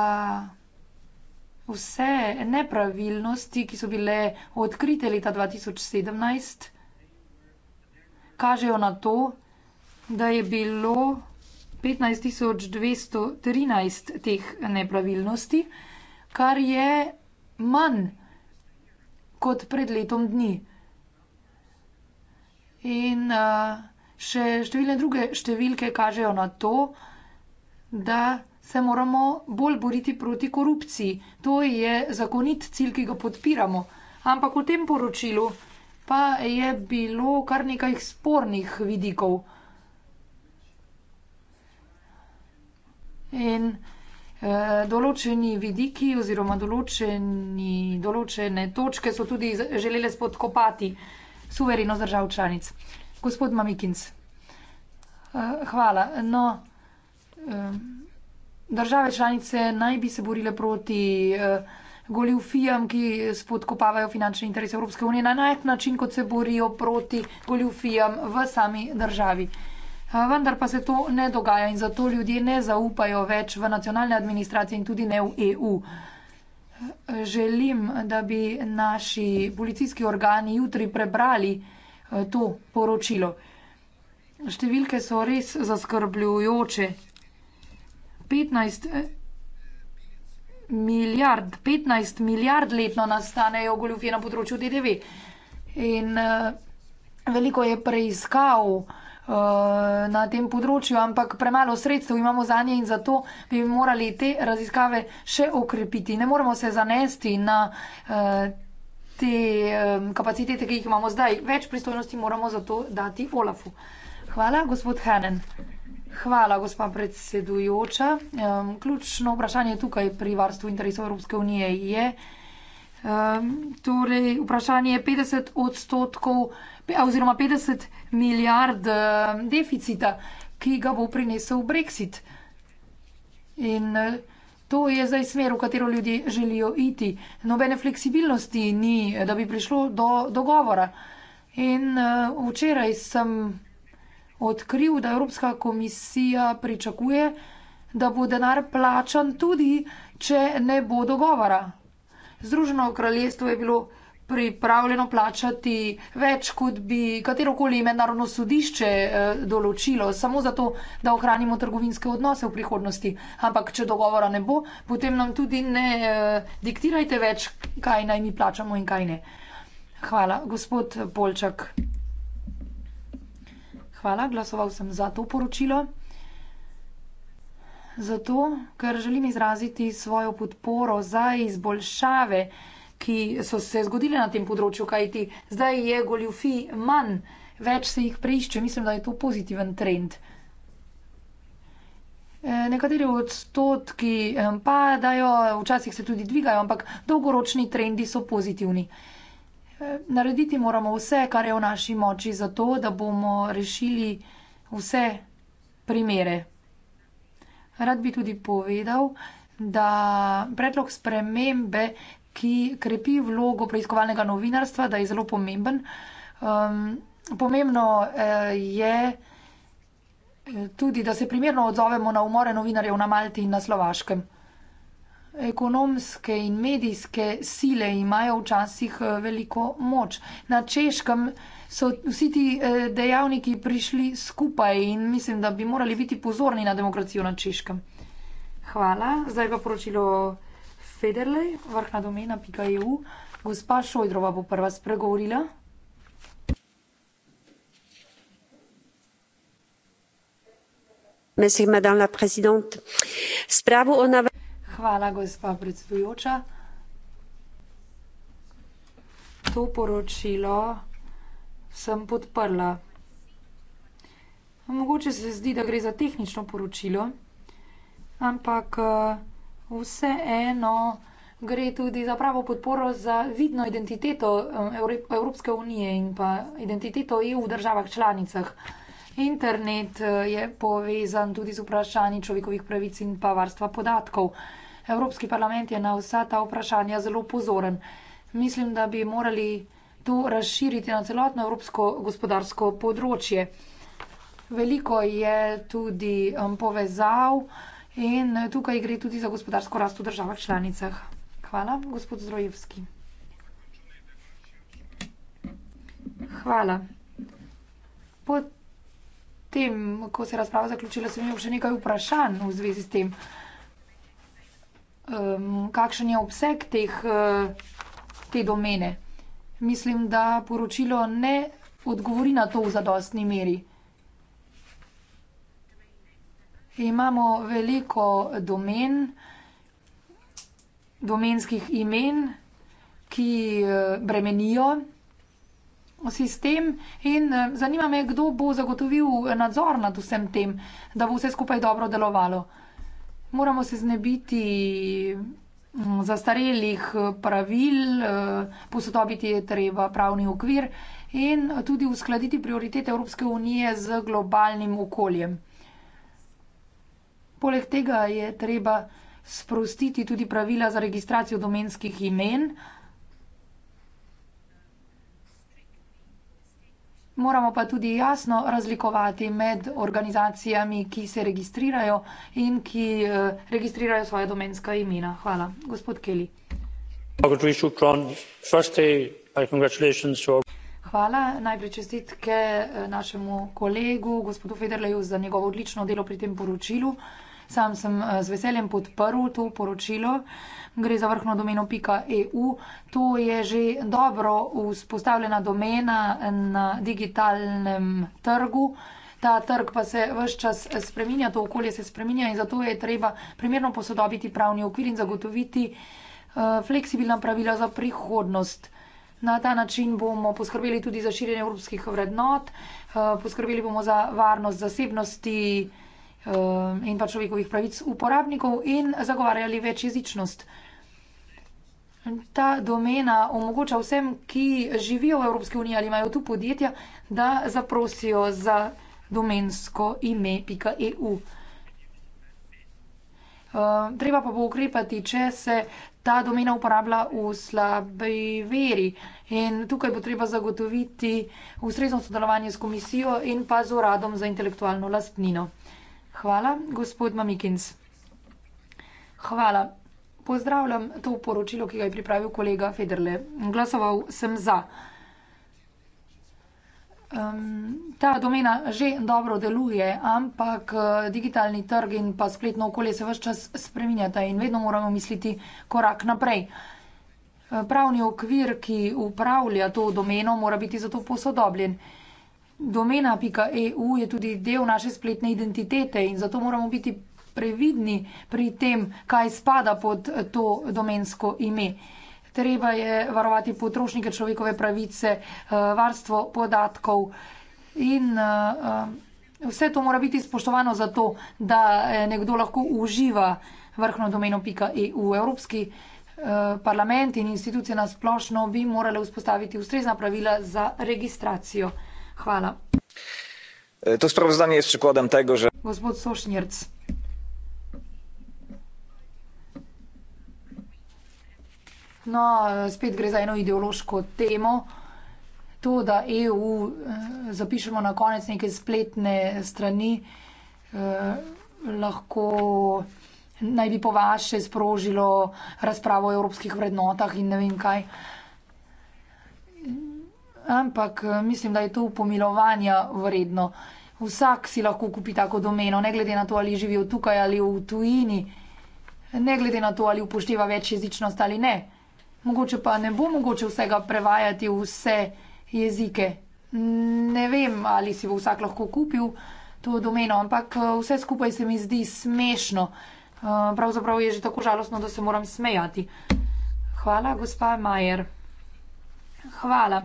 vse nepravilnosti, ki so bile odkrite leta 2017, kažejo na to, da je bilo 15213 teh nepravilnosti, kar je manj kot pred letom dni. In uh, še številne druge številke kažejo na to, da se moramo bolj boriti proti korupciji. To je zakonit cilj, ki ga podpiramo. Ampak v tem poročilu pa je bilo kar nekaj spornih vidikov. In e, določeni vidiki oziroma določeni, določene točke so tudi želeli spodkopati suverenost držav članic. Gospod Mamikins, e, hvala. No, e, države članice naj bi se borile proti. E, goljufijam, ki spodkopavajo finančne interese Evropske unije na enak način, kot se borijo proti goljufijam v sami državi vendar pa se to ne dogaja in zato ljudje ne zaupajo več v nacionalne administracije in tudi ne v EU. Želim, da bi naši policijski organi jutri prebrali e, to poročilo. Številke so res zaskrbljujoče. 15 e, milijard, 15 milijard letno nastanejo goljufije na področju DDV. In e, veliko je preiskav, Eh, na tem področju, ampak premalo sredstev imamo za nje in zato bi morali te raziskave še okrepiti. Ne moremo se zanesti na eh, te eh, kapacitete, ki jih imamo zdaj. Več pristojnosti moramo zato dati Olafu. Hvala, gospod Henen. Hvala, gospa predsedujoča. Ključno vprašanje tukaj pri varstvu interesov Evropske unije je. Torej, vprašanje je 50 odstotkov oziroma 50 milijard eh, deficita, ki ga bo prinesel brexit. In eh, to je zdaj smer, v katero ljudje želijo iti. Nobene fleksibilnosti ni, eh, da bi prišlo do dogovora. In včeraj sem odkril, da Evropska komisija pričakuje, da bo denar plačan tudi, če ne bo dogovora. Združeno kraljestvo je bilo pripravljeno plačati več, kot bi katerokoli mednarodno sodišče eh, določilo, samo zato, da ohranimo trgovinske odnose v prihodnosti. Ampak, če dogovora ne bo, potem nam tudi ne eh, diktirajte več, kaj naj mi plačamo in kaj ne. Hvala, gospod Polčak. Hvala, glasoval sem za to poročilo. Zato, ker želim izraziti svojo podporo za izboljšave ki so se zgodile na tem področju, kajti zdaj je goljufij manj, več se jih preišče. Mislim, da je to pozitiven trend. E, nekateri odstotki padajo, včasih se tudi dvigajo, ampak dolgoročni trendi so pozitivni. E, narediti moramo vse, kar je v naši moči, zato da bomo rešili vse primere. Rad bi tudi povedal, da predlog spremembe ki krepi vlogo preiskovalnega novinarstva, da je zelo pomemben. Um, pomembno eh, je eh, tudi, da se primerno odzovemo na umore novinarjev na Malti in na Slovaškem. Ekonomske in medijske sile imajo včasih eh, veliko moč. Na češkem so vsi ti eh, dejavniki prišli skupaj in mislim, da bi morali biti pozorni na demokracijo na češkem. Hvala. Zdaj pa poročilo. Federlej, vrhna domena pika EU. Gospa Šojdrova bo prva spregovorila. Hvala, gospa predsedujoča. To poročilo sem podprla. Mogoče se zdi, da gre za tehnično poročilo, ampak, vseeno gre tudi za pravo podporo za vidno identiteto eh, Evropske unije in pa identiteto EU v državah članicah. Internet eh, je povezan tudi z vprašanji človekovih pravic in pa varstva podatkov. Evropski parlament je na vsa ta vprašanja zelo pozoren. Mislim, da bi morali to razširiti na celotno evropsko gospodarsko področje. Veliko je tudi um, povezav, In, eh, tukaj gre tudi za gospodarsko rast v državah članicah. Hvala, gospod Zdrojevski. Hvala. Po tem, ko se je razprava zaključila, sem imel še nekaj vprašanj v zvezi s tem. kakšen je obseg teh, eh, te domene? Mislim, da poročilo ne odgovori na to v zadostni meri imamo veliko domen, domenskih imen, ki eh, bremenijo sistem in eh, zanima me, kdo bo zagotovil nadzor nad vsem tem, da bo vse skupaj dobro delovalo. Moramo se znebiti mm, zastarelih eh, pravil, posodobiti je treba pravni okvir in tudi uskladiti prioritete Evropske unije z globalnim okoljem. Poleg tega je treba sprostiti tudi pravila za registracijo domenskih imen. Moramo pa tudi jasno razlikovati med organizacijami, ki se registrirajo in ki eh, registrirajo svoja domenska imena. Hvala. Gospod Kelly. Hvala. Najprej čestitke eh, našemu kolegu, gospodu Federleju, za njegovo odlično delo pri tem poročilu. Sam sem eh, z veseljem podprl to poročilo. Gre za vrhno domeno .eu. To je že dobro vzpostavljena domena na digitalnem trgu. Ta trg pa se vse čas spreminja, to okolje se spreminja in zato je treba primerno posodobiti pravni okvir in zagotoviti eh, fleksibilna pravila za prihodnost. Na ta način bomo poskrbeli tudi za širjenje evropskih vrednot, eh, poskrbeli bomo za varnost zasebnosti in pa človekovih pravic uporabnikov in zagovarjali večjezičnost. Ta domena omogoča vsem, ki živijo v Evropski uniji ali imajo tu podjetja, da zaprosijo za domensko ime.eu. Treba pa bo ukrepati, če se ta domena uporablja v slabi veri. In tukaj bo treba zagotoviti ustrezno sodelovanje s komisijo in pa z uradom za intelektualno lastnino. Hvala, gospod Mamikins. Hvala. Pozdravljam to poročilo, ki ga je pripravil kolega Federle. Glasoval sem za. Um, ta domena že dobro deluje, ampak digitalni trg in pa spletno okolje se vse čas spreminjata in vedno moramo misliti korak naprej. Pravni okvir, ki upravlja to domeno, mora biti zato posodobljen. Uh, domena.eu je tudi del naše spletne identitete in zato moramo biti previdni pri tem, kaj spada pod to domensko ime. Treba je varovati potrošnike človekove pravice, eh, varstvo podatkov in eh, eh, vse to mora biti spoštovano zato, da nekdo lahko uživa vrhno domeno.eu. E Evropski parlament in institucije na splošno bi morale vzpostaviti ustrezna pravila za registracijo. Hvala. E, to sprawozdanie jest przykładem tego, że. No, spet gre za eno ideološko temo. To, da EU e, zapišemo na konec neke spletne strani, e, lahko naj bi po vaše sprožilo razpravo o evropskih vrednotah in ne vem kaj ampak eh, mislim, da je to upomilovanja vredno. Vsak si lahko kupi tako domeno, ne glede na to, ali živijo tukaj ali v tujini, ne glede na to, ali upošteva večjezičnost ali ne. Mogoče pa ne bo mogoče vsega prevajati v vse jezike. Ne vem, ali si bo vsak lahko kupil to domeno, ampak eh, vse skupaj se mi zdi smešno. Eh, pravzaprav je že tako žalostno, da se moram smejati. Hvala, gospa Majer. Hvala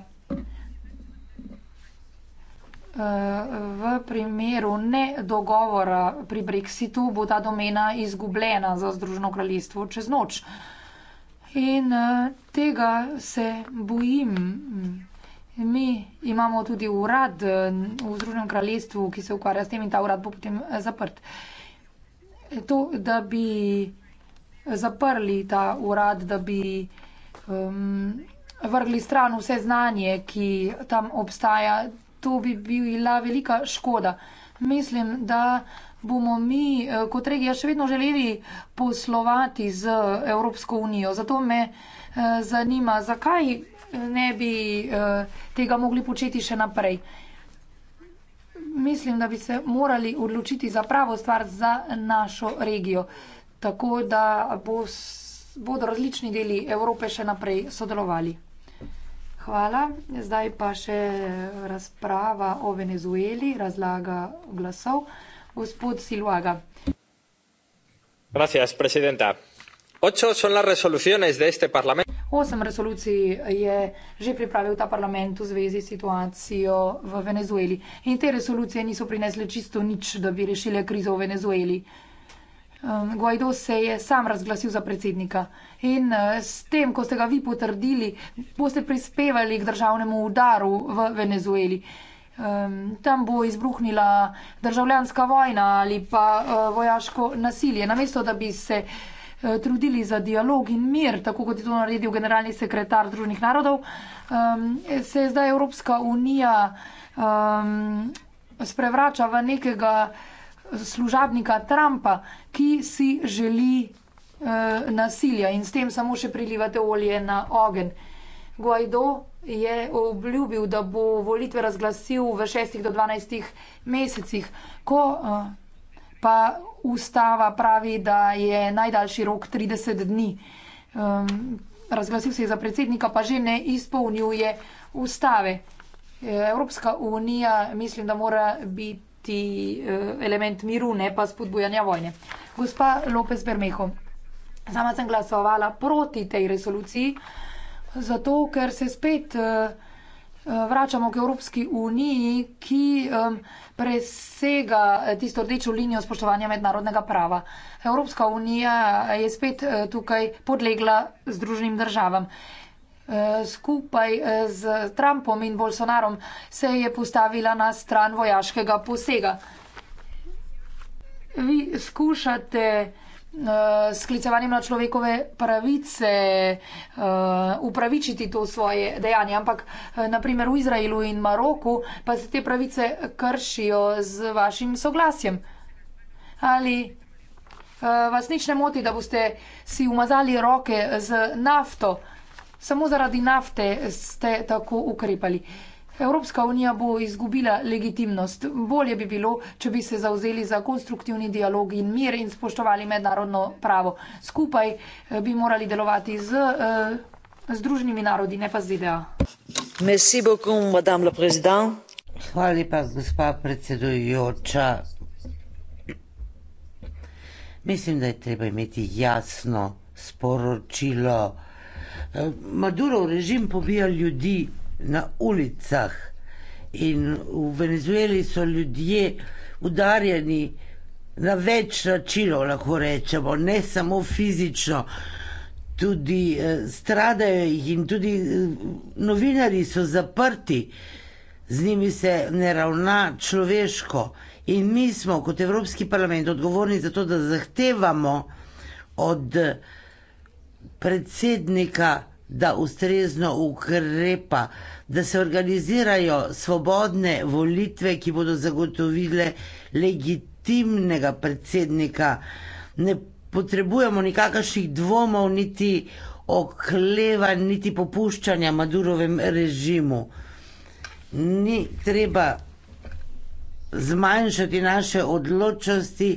v primeru ne dogovora pri Brexitu bo ta domena izgubljena za Združeno kraljestvo čez noč. In tega se bojim. Mi imamo tudi urad v Združenem kraljestvu, ki se ukvarja s tem in ta urad bo potem zaprt. To, da bi zaprli ta urad, da bi um, vrgli stran vse znanje, ki tam obstaja, to bi bila velika škoda. Mislim, da bomo mi eh, kot regija še vedno želeli poslovati z Evropsko unijo. Zato me eh, zanima, zakaj eh, ne bi tega mogli početi še naprej. Mislim, da bi se morali odločiti za pravo stvar za našo regijo, tako da bo, bodo različni deli Evrope še naprej sodelovali hvala. Zdaj pa še razprava o Venezueli, razlaga glasov. Gospod Siluaga. Gracias, presidenta. Osem resolucij je že pripravil ta parlament v zvezi s situacijo v Venezueli. In te resolucije niso prinesle čisto nič, da bi rešile krizo v Venezueli. Um, Guaido se je sam razglasil za predsednika in uh, s tem, ko ste ga vi potrdili, boste prispevali k državnemu udaru v Venezueli. Um, tam bo izbruhnila državljanska vojna ali pa uh, vojaško nasilje. Namesto, da bi se uh, trudili za dialog in mir, tako kot je to naredil generalni sekretar Združenih narodov, um, se je zdaj Evropska unija um, sprevrača v nekega služabnika Trumpa, ki si želi eh, nasilja in s tem samo še prilivate olje na ogen. Guaido je obljubil, da bo volitve razglasil v 6 do 12 mesecih, ko eh, pa ustava pravi, da je najdaljši rok 30 dni. Um, razglasil se je za predsednika, pa že ne izpolnjuje ustave. Evropska unija mislim, da mora biti tisti eh, element miru, ne pa spodbujanja vojne. Gospa Lopez Bermeho, sama sem glasovala proti tej resoluciji, zato ker se spet eh, vračamo k Evropski uniji, ki presega eh, tisto rdečo linijo spoštovanja mednarodnega prava. Evropska unija je spet tukaj podlegla združenim državam skupaj eh, z Trumpom in Bolsonarom se je postavila na stran vojaškega posega. Vi skušate eh, s sklicevanjem na človekove pravice eh, upravičiti to svoje dejanje, ampak naprimer v Izraelu in Maroku pa se te pravice kršijo z vašim soglasjem. Ali vas nič ne moti, da boste si umazali roke z nafto? Samo zaradi nafte ste tako ukrepali. Evropska unija bo izgubila legitimnost. Bolje bi bilo, če bi se zauzeli za konstruktivni dialog in mir in spoštovali mednarodno pravo. Skupaj eh, bi morali delovati z eh, Združenimi narodi, ne pa ZDA. Hvala lepa, gospa predsedujoča. Mislim, da je treba imeti jasno sporočilo. Eh, Madurov režim pobija ljudi na ulicah in v Venezueli so ljudje udarjeni na več načinov, lahko rečemo, ne samo fizično, tudi eh, stradajo jih in tudi eh, novinari so zaprti, z njimi se ne ravna človeško. In mi smo kot Evropski parlament odgovorni za to, da zahtevamo od predsednika, da ustrezno ukrepa, da se organizirajo svobodne volitve, ki bodo zagotovile legitimnega predsednika. Ne potrebujemo nikakršnih dvomov, niti okleva, niti popuščanja Madurovem režimu. Ni treba zmanjšati naše odločnosti,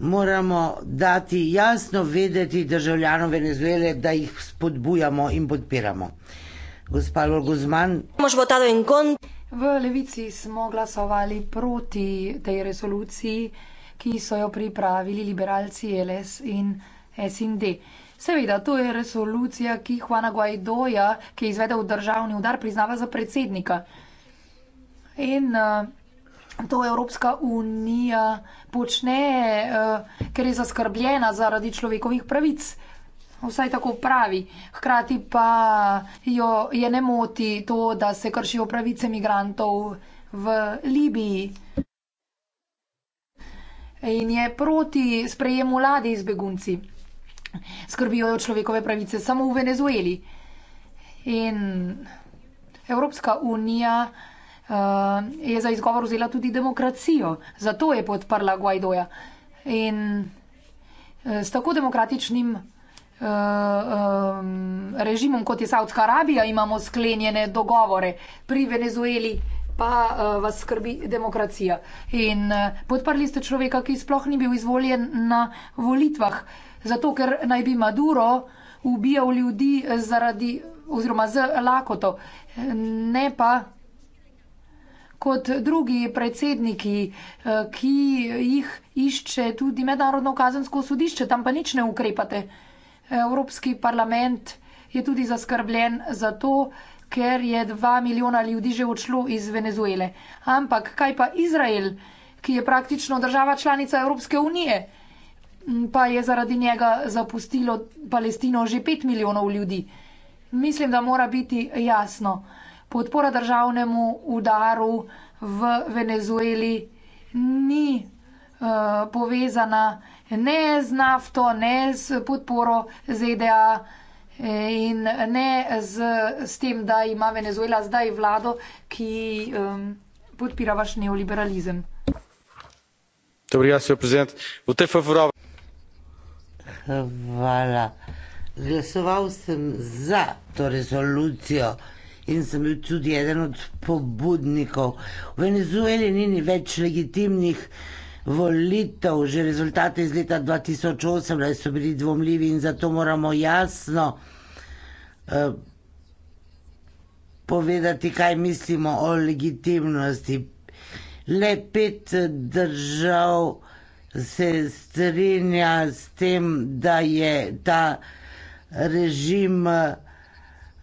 moramo dati jasno vedeti državljanom Venezuele, da jih spodbujamo in podpiramo. Gospa Loguzman. V Levici smo glasovali proti tej resoluciji, ki so jo pripravili liberalci LS in SND. Seveda, to je resolucija, ki Juana Guaidoja, ki je izvedel državni udar, priznava za predsednika. In uh, to Evropska unija počne, eh, ker je zaskrbljena zaradi človekovih pravic. Vsaj tako pravi. Hkrati pa jo je ne moti to, da se kršijo pravice migrantov v Libiji. In je proti sprejemu vlade iz begunci. Skrbijo jo človekove pravice samo v Venezueli. In Evropska unija Eh, je za izgovor vzela tudi demokracijo. Zato je podprla Guaidoja. In eh, s tako demokratičnim eh, režimom, kot je Saudska Arabija, imamo sklenjene dogovore. Pri Venezueli pa vas skrbi demokracija. In podprli ste človeka, ki sploh ni bil izvoljen na volitvah. Zato, ker naj bi Maduro ubijal ljudi zaradi oziroma z lakoto, ne pa kot drugi predsedniki, eh, ki jih išče tudi mednarodno kazensko sodišče, tam pa nič ne ukrepate. Evropski parlament je tudi zaskrbljen za to, ker je dva milijona ljudi že odšlo iz Venezuele. Ampak kaj pa Izrael, ki je praktično država članica Evropske unije, pa je zaradi njega zapustilo Palestino že pet milijonov ljudi. Mislim, da mora biti jasno podpora državnemu udaru v Venezueli ni uh, povezana ne z nafto, ne z podporo ZDA eh, in ne z, s tem, da ima Venezuela zdaj vlado, ki um, podpira vaš neoliberalizem. Hvala. Glasoval sem za to rezolucijo in sem bil tudi eden od pobudnikov. V Venezueli ni več legitimnih volitev, že rezultate iz leta 2018 so bili dvomljivi in zato moramo jasno eh, povedati, kaj mislimo o legitimnosti. Le pet držav se strinja s tem, da je ta režim uh,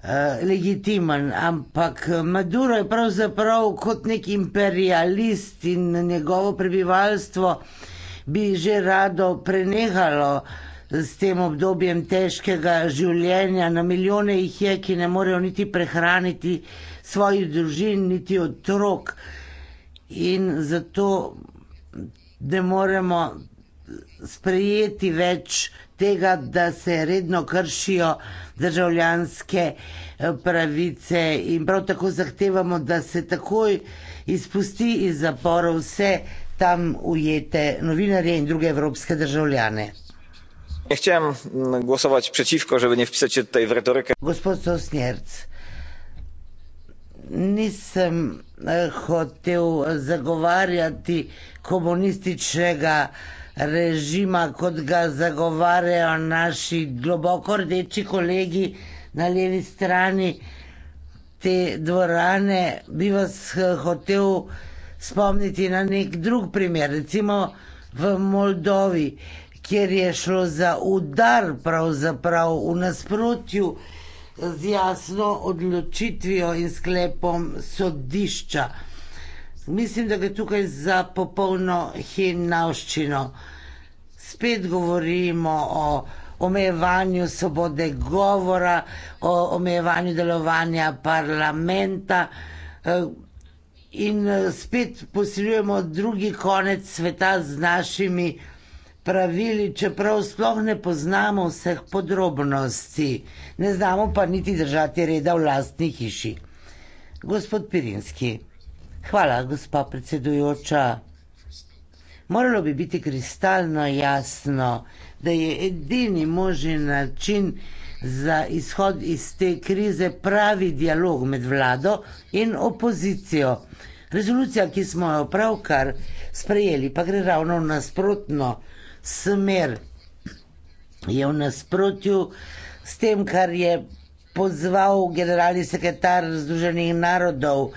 Eh, legitimen, ampak eh, Maduro je pravzaprav kot nek imperialist in njegovo prebivalstvo bi že rado prenehalo s tem obdobjem težkega življenja. Na milijone jih je, ki ne morejo niti prehraniti svojih družin, niti otrok. In zato ne moremo sprejeti več tega, da se redno kršijo državljanske eh, pravice in prav tako zahtevamo, da se takoj izpusti iz zapora vse tam ujete novinarje in druge evropske državljane. Ne ja želim mm, glasovati prečivko, da bi ne vpisati tej v retorike. Gospod Sosnjerc, nisem eh, hotel zagovarjati komunističnega režima, kot ga zagovarjajo naši globoko rdeči kolegi na levi strani te dvorane, bi vas eh, hotel spomniti na nek drug primer, recimo v Moldovi, kjer je šlo za udar pravzaprav v nasprotju z jasno odločitvijo in sklepom sodišča mislim, da gre tukaj za popolno hinavščino. Spet govorimo o omejevanju svobode govora, o omejevanju delovanja parlamenta eh, in eh, spet posiljujemo drugi konec sveta z našimi pravili, čeprav sploh ne poznamo vseh podrobnosti, ne znamo pa niti držati reda v lastni hiši. Gospod Pirinski. Hvala, gospa predsedujoča. Moralo bi biti kristalno jasno, da je edini možen način za izhod iz te krize pravi dialog med vlado in opozicijo. Rezolucija, ki smo jo pravkar sprejeli, pa gre ravno nasprotno smer, je v nasprotju s tem, kar je pozval generalni sekretar Združenih narodov,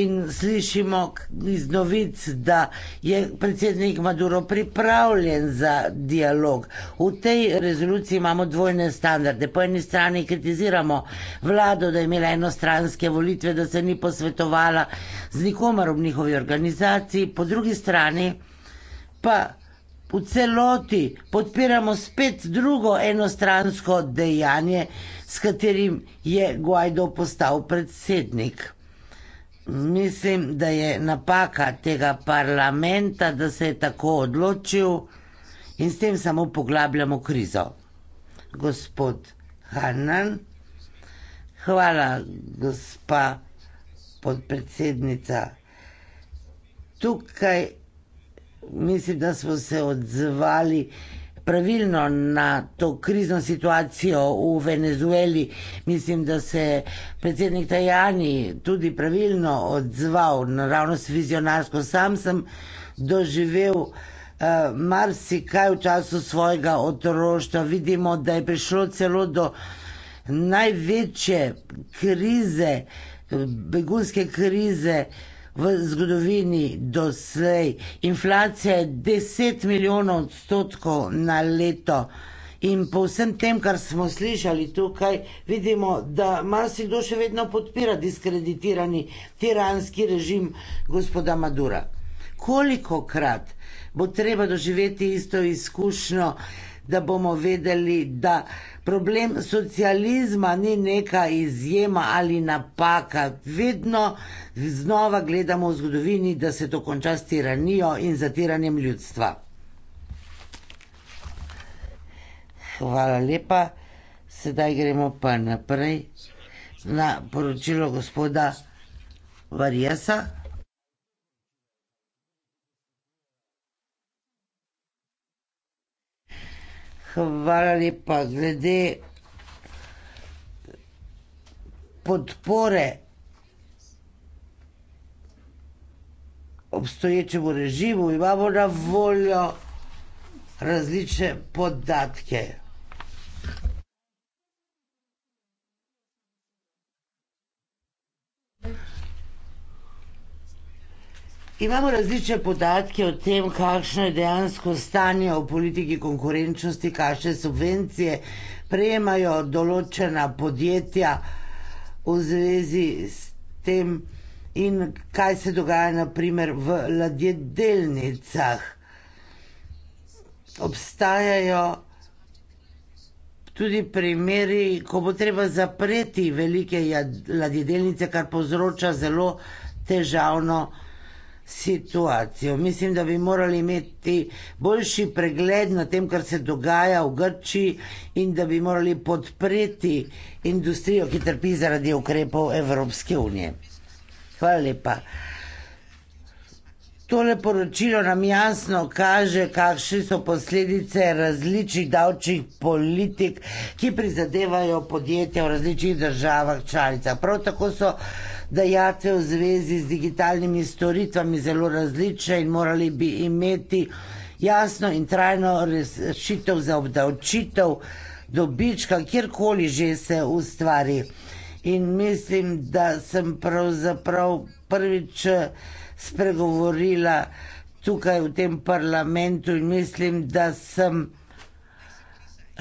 in slišimo iz novic, da je predsednik Maduro pripravljen za dialog. V tej rezoluciji imamo dvojne standarde. Po eni strani kritiziramo vlado, da je imela enostranske volitve, da se ni posvetovala z nikomar ob njihovi organizaciji, po drugi strani pa v celoti podpiramo spet drugo enostransko dejanje, s katerim je Guaido postal predsednik. Mislim, da je napaka tega parlamenta, da se je tako odločil in s tem samo poglabljamo krizo. Gospod Hanan, hvala, gospa podpredsednica. Tukaj mislim, da smo se odzvali pravilno na to krizno situacijo v Venezueli. Mislim, da se je predsednik Tajani tudi pravilno odzval, naravno s vizionarsko. Sam sem doživel uh, marsikaj v času svojega otroštva. Vidimo, da je prišlo celo do največje krize, begunske krize v zgodovini doslej. Inflacija je 10 milijonov odstotkov na leto. In po vsem tem, kar smo slišali tukaj, vidimo, da marsikdo še vedno podpira diskreditirani tiranski režim gospoda Madura. Koliko krat bo treba doživeti isto izkušnjo, da bomo vedeli, da problem socializma ni neka izjema ali napaka. Vedno znova gledamo v zgodovini, da se to konča s tiranijo in zatiranjem ljudstva. Hvala lepa. Sedaj gremo pa naprej na poročilo gospoda Varjesa. Hvala lepa. Glede podpore obstoječemu režimu imamo na voljo različne podatke. Imamo različne podatke o tem, kakšno je dejansko stanje v politiki konkurenčnosti, kakšne subvencije prejemajo določena podjetja v zvezi s tem in kaj se dogaja naprimer v ladjedelnicah. Obstajajo tudi primeri, ko bo treba zapreti velike ladjedelnice, kar povzroča zelo težavno stanje situacijo. Mislim, da bi morali imeti boljši pregled na tem, kar se dogaja v Grči in da bi morali podpreti industrijo, ki trpi zaradi ukrepov Evropske unije. Hvala lepa. Tole poročilo nam jasno kaže, kakšne so posledice različnih davčnih politik, ki prizadevajo podjetja v različnih državah članicah. Prav tako so dajate v zvezi z digitalnimi storitvami zelo različne in morali bi imeti jasno in trajno rešitev za obdavčitev dobička, kjerkoli že se ustvari. In mislim, da sem pravzaprav prvič spregovorila tukaj v tem parlamentu in mislim, da sem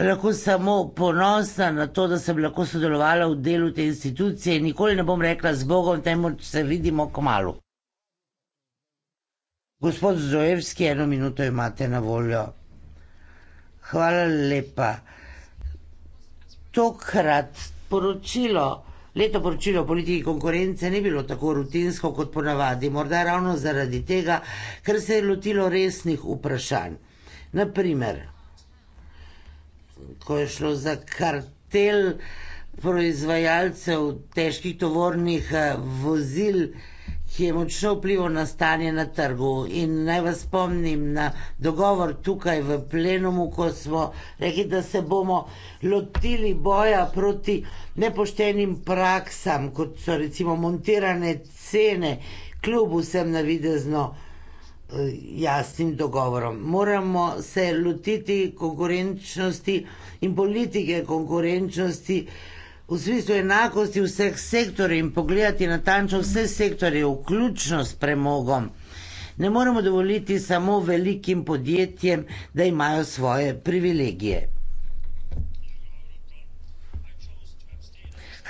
lahko samo ponosna na to, da sem lahko sodelovala v delu te institucije. Nikoli ne bom rekla z Bogom, temu se vidimo k malu. Gospod Zdrojevski, eno minuto imate na voljo. Hvala lepa. Tokrat poročilo, leto poročilo o politiki konkurence ni bilo tako rutinsko kot ponavadi, morda ravno zaradi tega, ker se je lotilo resnih vprašanj. Naprimer, ko je šlo za kartel proizvajalcev težkih tovornih eh, vozil, ki je močno vplival na stanje na trgu. In naj vas spomnim na dogovor tukaj v plenumu, ko smo rekli, da se bomo lotili boja proti nepoštenim praksam, kot so recimo montirane cene, kljub vsem navidezno jasnim dogovorom. Moramo se lotiti konkurenčnosti in politike konkurenčnosti v smislu enakosti vseh sektorjev in pogledati natančno vse sektorje, vključno s premogom. Ne moremo dovoliti samo velikim podjetjem, da imajo svoje privilegije.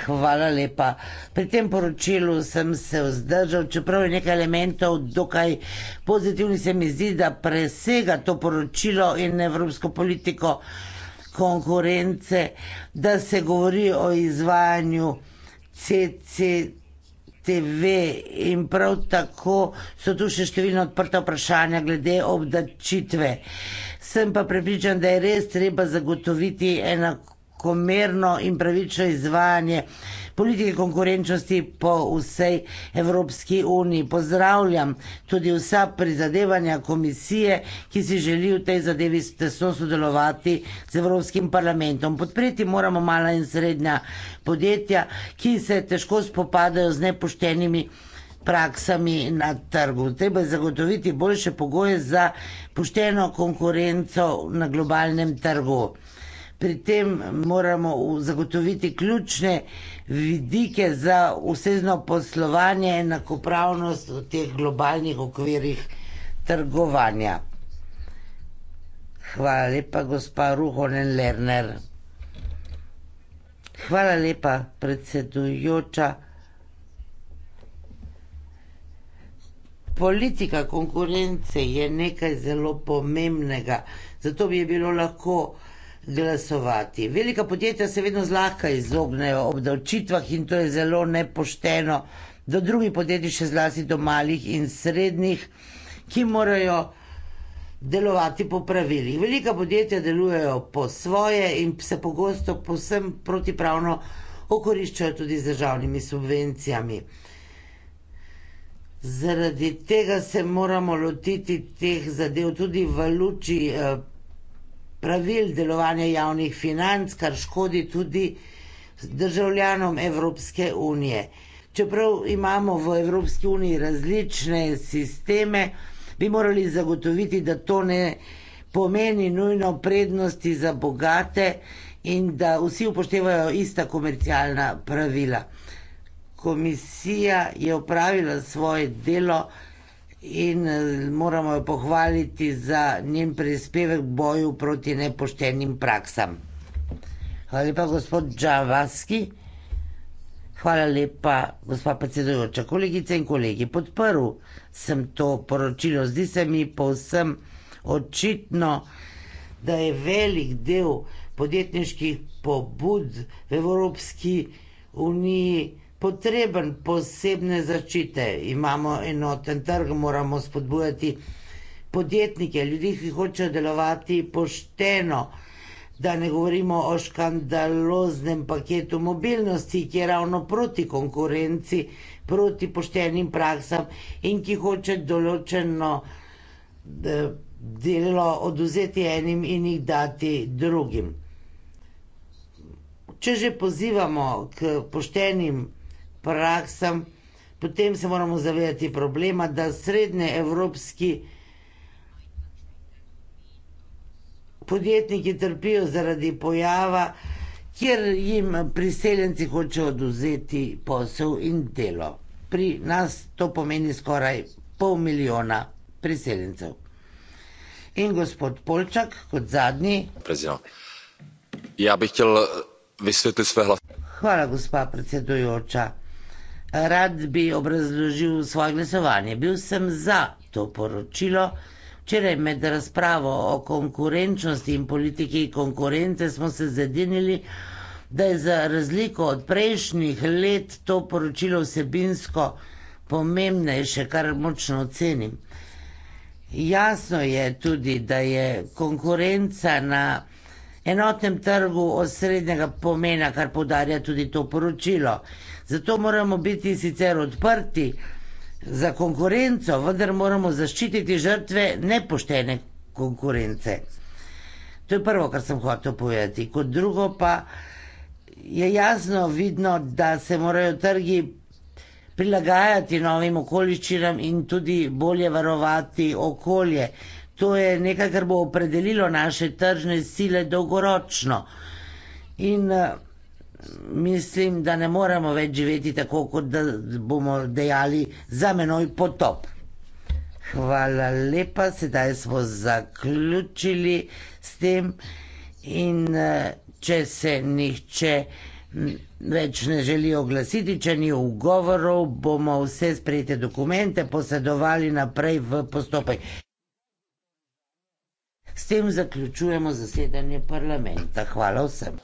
hvala lepa. Pri tem poročilu sem se vzdržal, čeprav je nekaj elementov dokaj pozitivni, se mi zdi, da presega to poročilo in evropsko politiko konkurence, da se govori o izvajanju CCTV in prav tako so tu še številna odprta vprašanja glede obdačitve. Sem pa prepričan, da je res treba zagotoviti enako enakomerno in pravično izvajanje politike konkurenčnosti po vsej Evropski uniji. Pozdravljam tudi vsa prizadevanja komisije, ki si želi v tej zadevi tesno sodelovati z Evropskim parlamentom. Podpreti moramo mala in srednja podjetja, ki se težko spopadajo z nepoštenimi praksami na trgu. Treba je zagotoviti boljše pogoje za pošteno konkurenco na globalnem trgu pri tem moramo zagotoviti ključne vidike za vsezno poslovanje in enakopravnost v teh globalnih okvirih trgovanja. Hvala lepa, gospa Ruhonen Lerner. Hvala lepa, predsedujoča. Politika konkurence je nekaj zelo pomembnega, zato bi bilo lahko glasovati. Velika podjetja se vedno zlahka izognejo obdavčitvah in to je zelo nepošteno do drugih podjetij, še zlasti do malih in srednjih, ki morajo delovati po pravilih. Velika podjetja delujejo po svoje in se pogosto posem protipravno okoriščajo tudi z državnimi subvencijami. Zaradi tega se moramo lotiti teh zadev tudi v luči eh, pravil delovanja javnih financ, kar škodi tudi državljanom Evropske unije. Čeprav imamo v Evropski uniji različne sisteme, bi morali zagotoviti, da to ne pomeni nujno prednosti za bogate in da vsi upoštevajo ista komercialna pravila. Komisija je opravila svoje delo in eh, moramo jo pohvaliti za njen prispevek boju proti nepoštenim praksam. Hvala lepa, gospod Džavaski. Hvala lepa, gospa predsedujoča. Kolegice in kolegi, podprl sem to poročilo. Zdi se mi povsem očitno, da je velik del podjetniških pobud v Evropski uniji potreben posebne začite. Imamo enoten trg, moramo spodbujati podjetnike, ljudi, ki hočejo delovati pošteno. Da ne govorimo o škandaloznem paketu mobilnosti, ki je ravno proti konkurenci, proti poštenim praksam in ki hoče določeno eh, delo oduzeti enim in jih dati drugim. Če že pozivamo k poštenim praksam, praksam, potem se moramo zavedati problema, da srednjeevropski podjetniki trpijo zaradi pojava, kjer jim priseljenci hočejo oduzeti posel in delo. Pri nas to pomeni skoraj pol milijona priseljencev. In gospod Polčak, kot zadnji. Ja bi eh, hvala, gospa predsedujoča rad bi obrazložil svoje glasovanje. Bil sem za to poročilo. Včeraj med razpravo o konkurenčnosti in politiki konkurence smo se zedinili, da je za razliko od prejšnjih let to poročilo vsebinsko pomembnejše, kar močno ocenim. Jasno je tudi, da je konkurenca na enotnem trgu osrednjega pomena, kar podarja tudi to poročilo. Zato moramo biti sicer odprti za konkurenco, vendar moramo zaščititi žrtve nepoštene konkurence. To je prvo, kar sem hotel povedati. Kot drugo pa je jasno vidno, da se morajo trgi prilagajati novim okoliščinam in tudi bolje varovati okolje. To je nekaj, kar bo opredelilo naše tržne sile dolgoročno. In uh, mislim, da ne moremo več živeti tako, kot da bomo dejali za menoj potop. Hvala lepa, sedaj smo zaključili s tem in eh, če se nihče več ne želi oglasiti, če ni ugovorov, bomo vse sprejete dokumente posedovali naprej v postopek. S tem zaključujemo zasedanje parlamenta. Hvala vsem.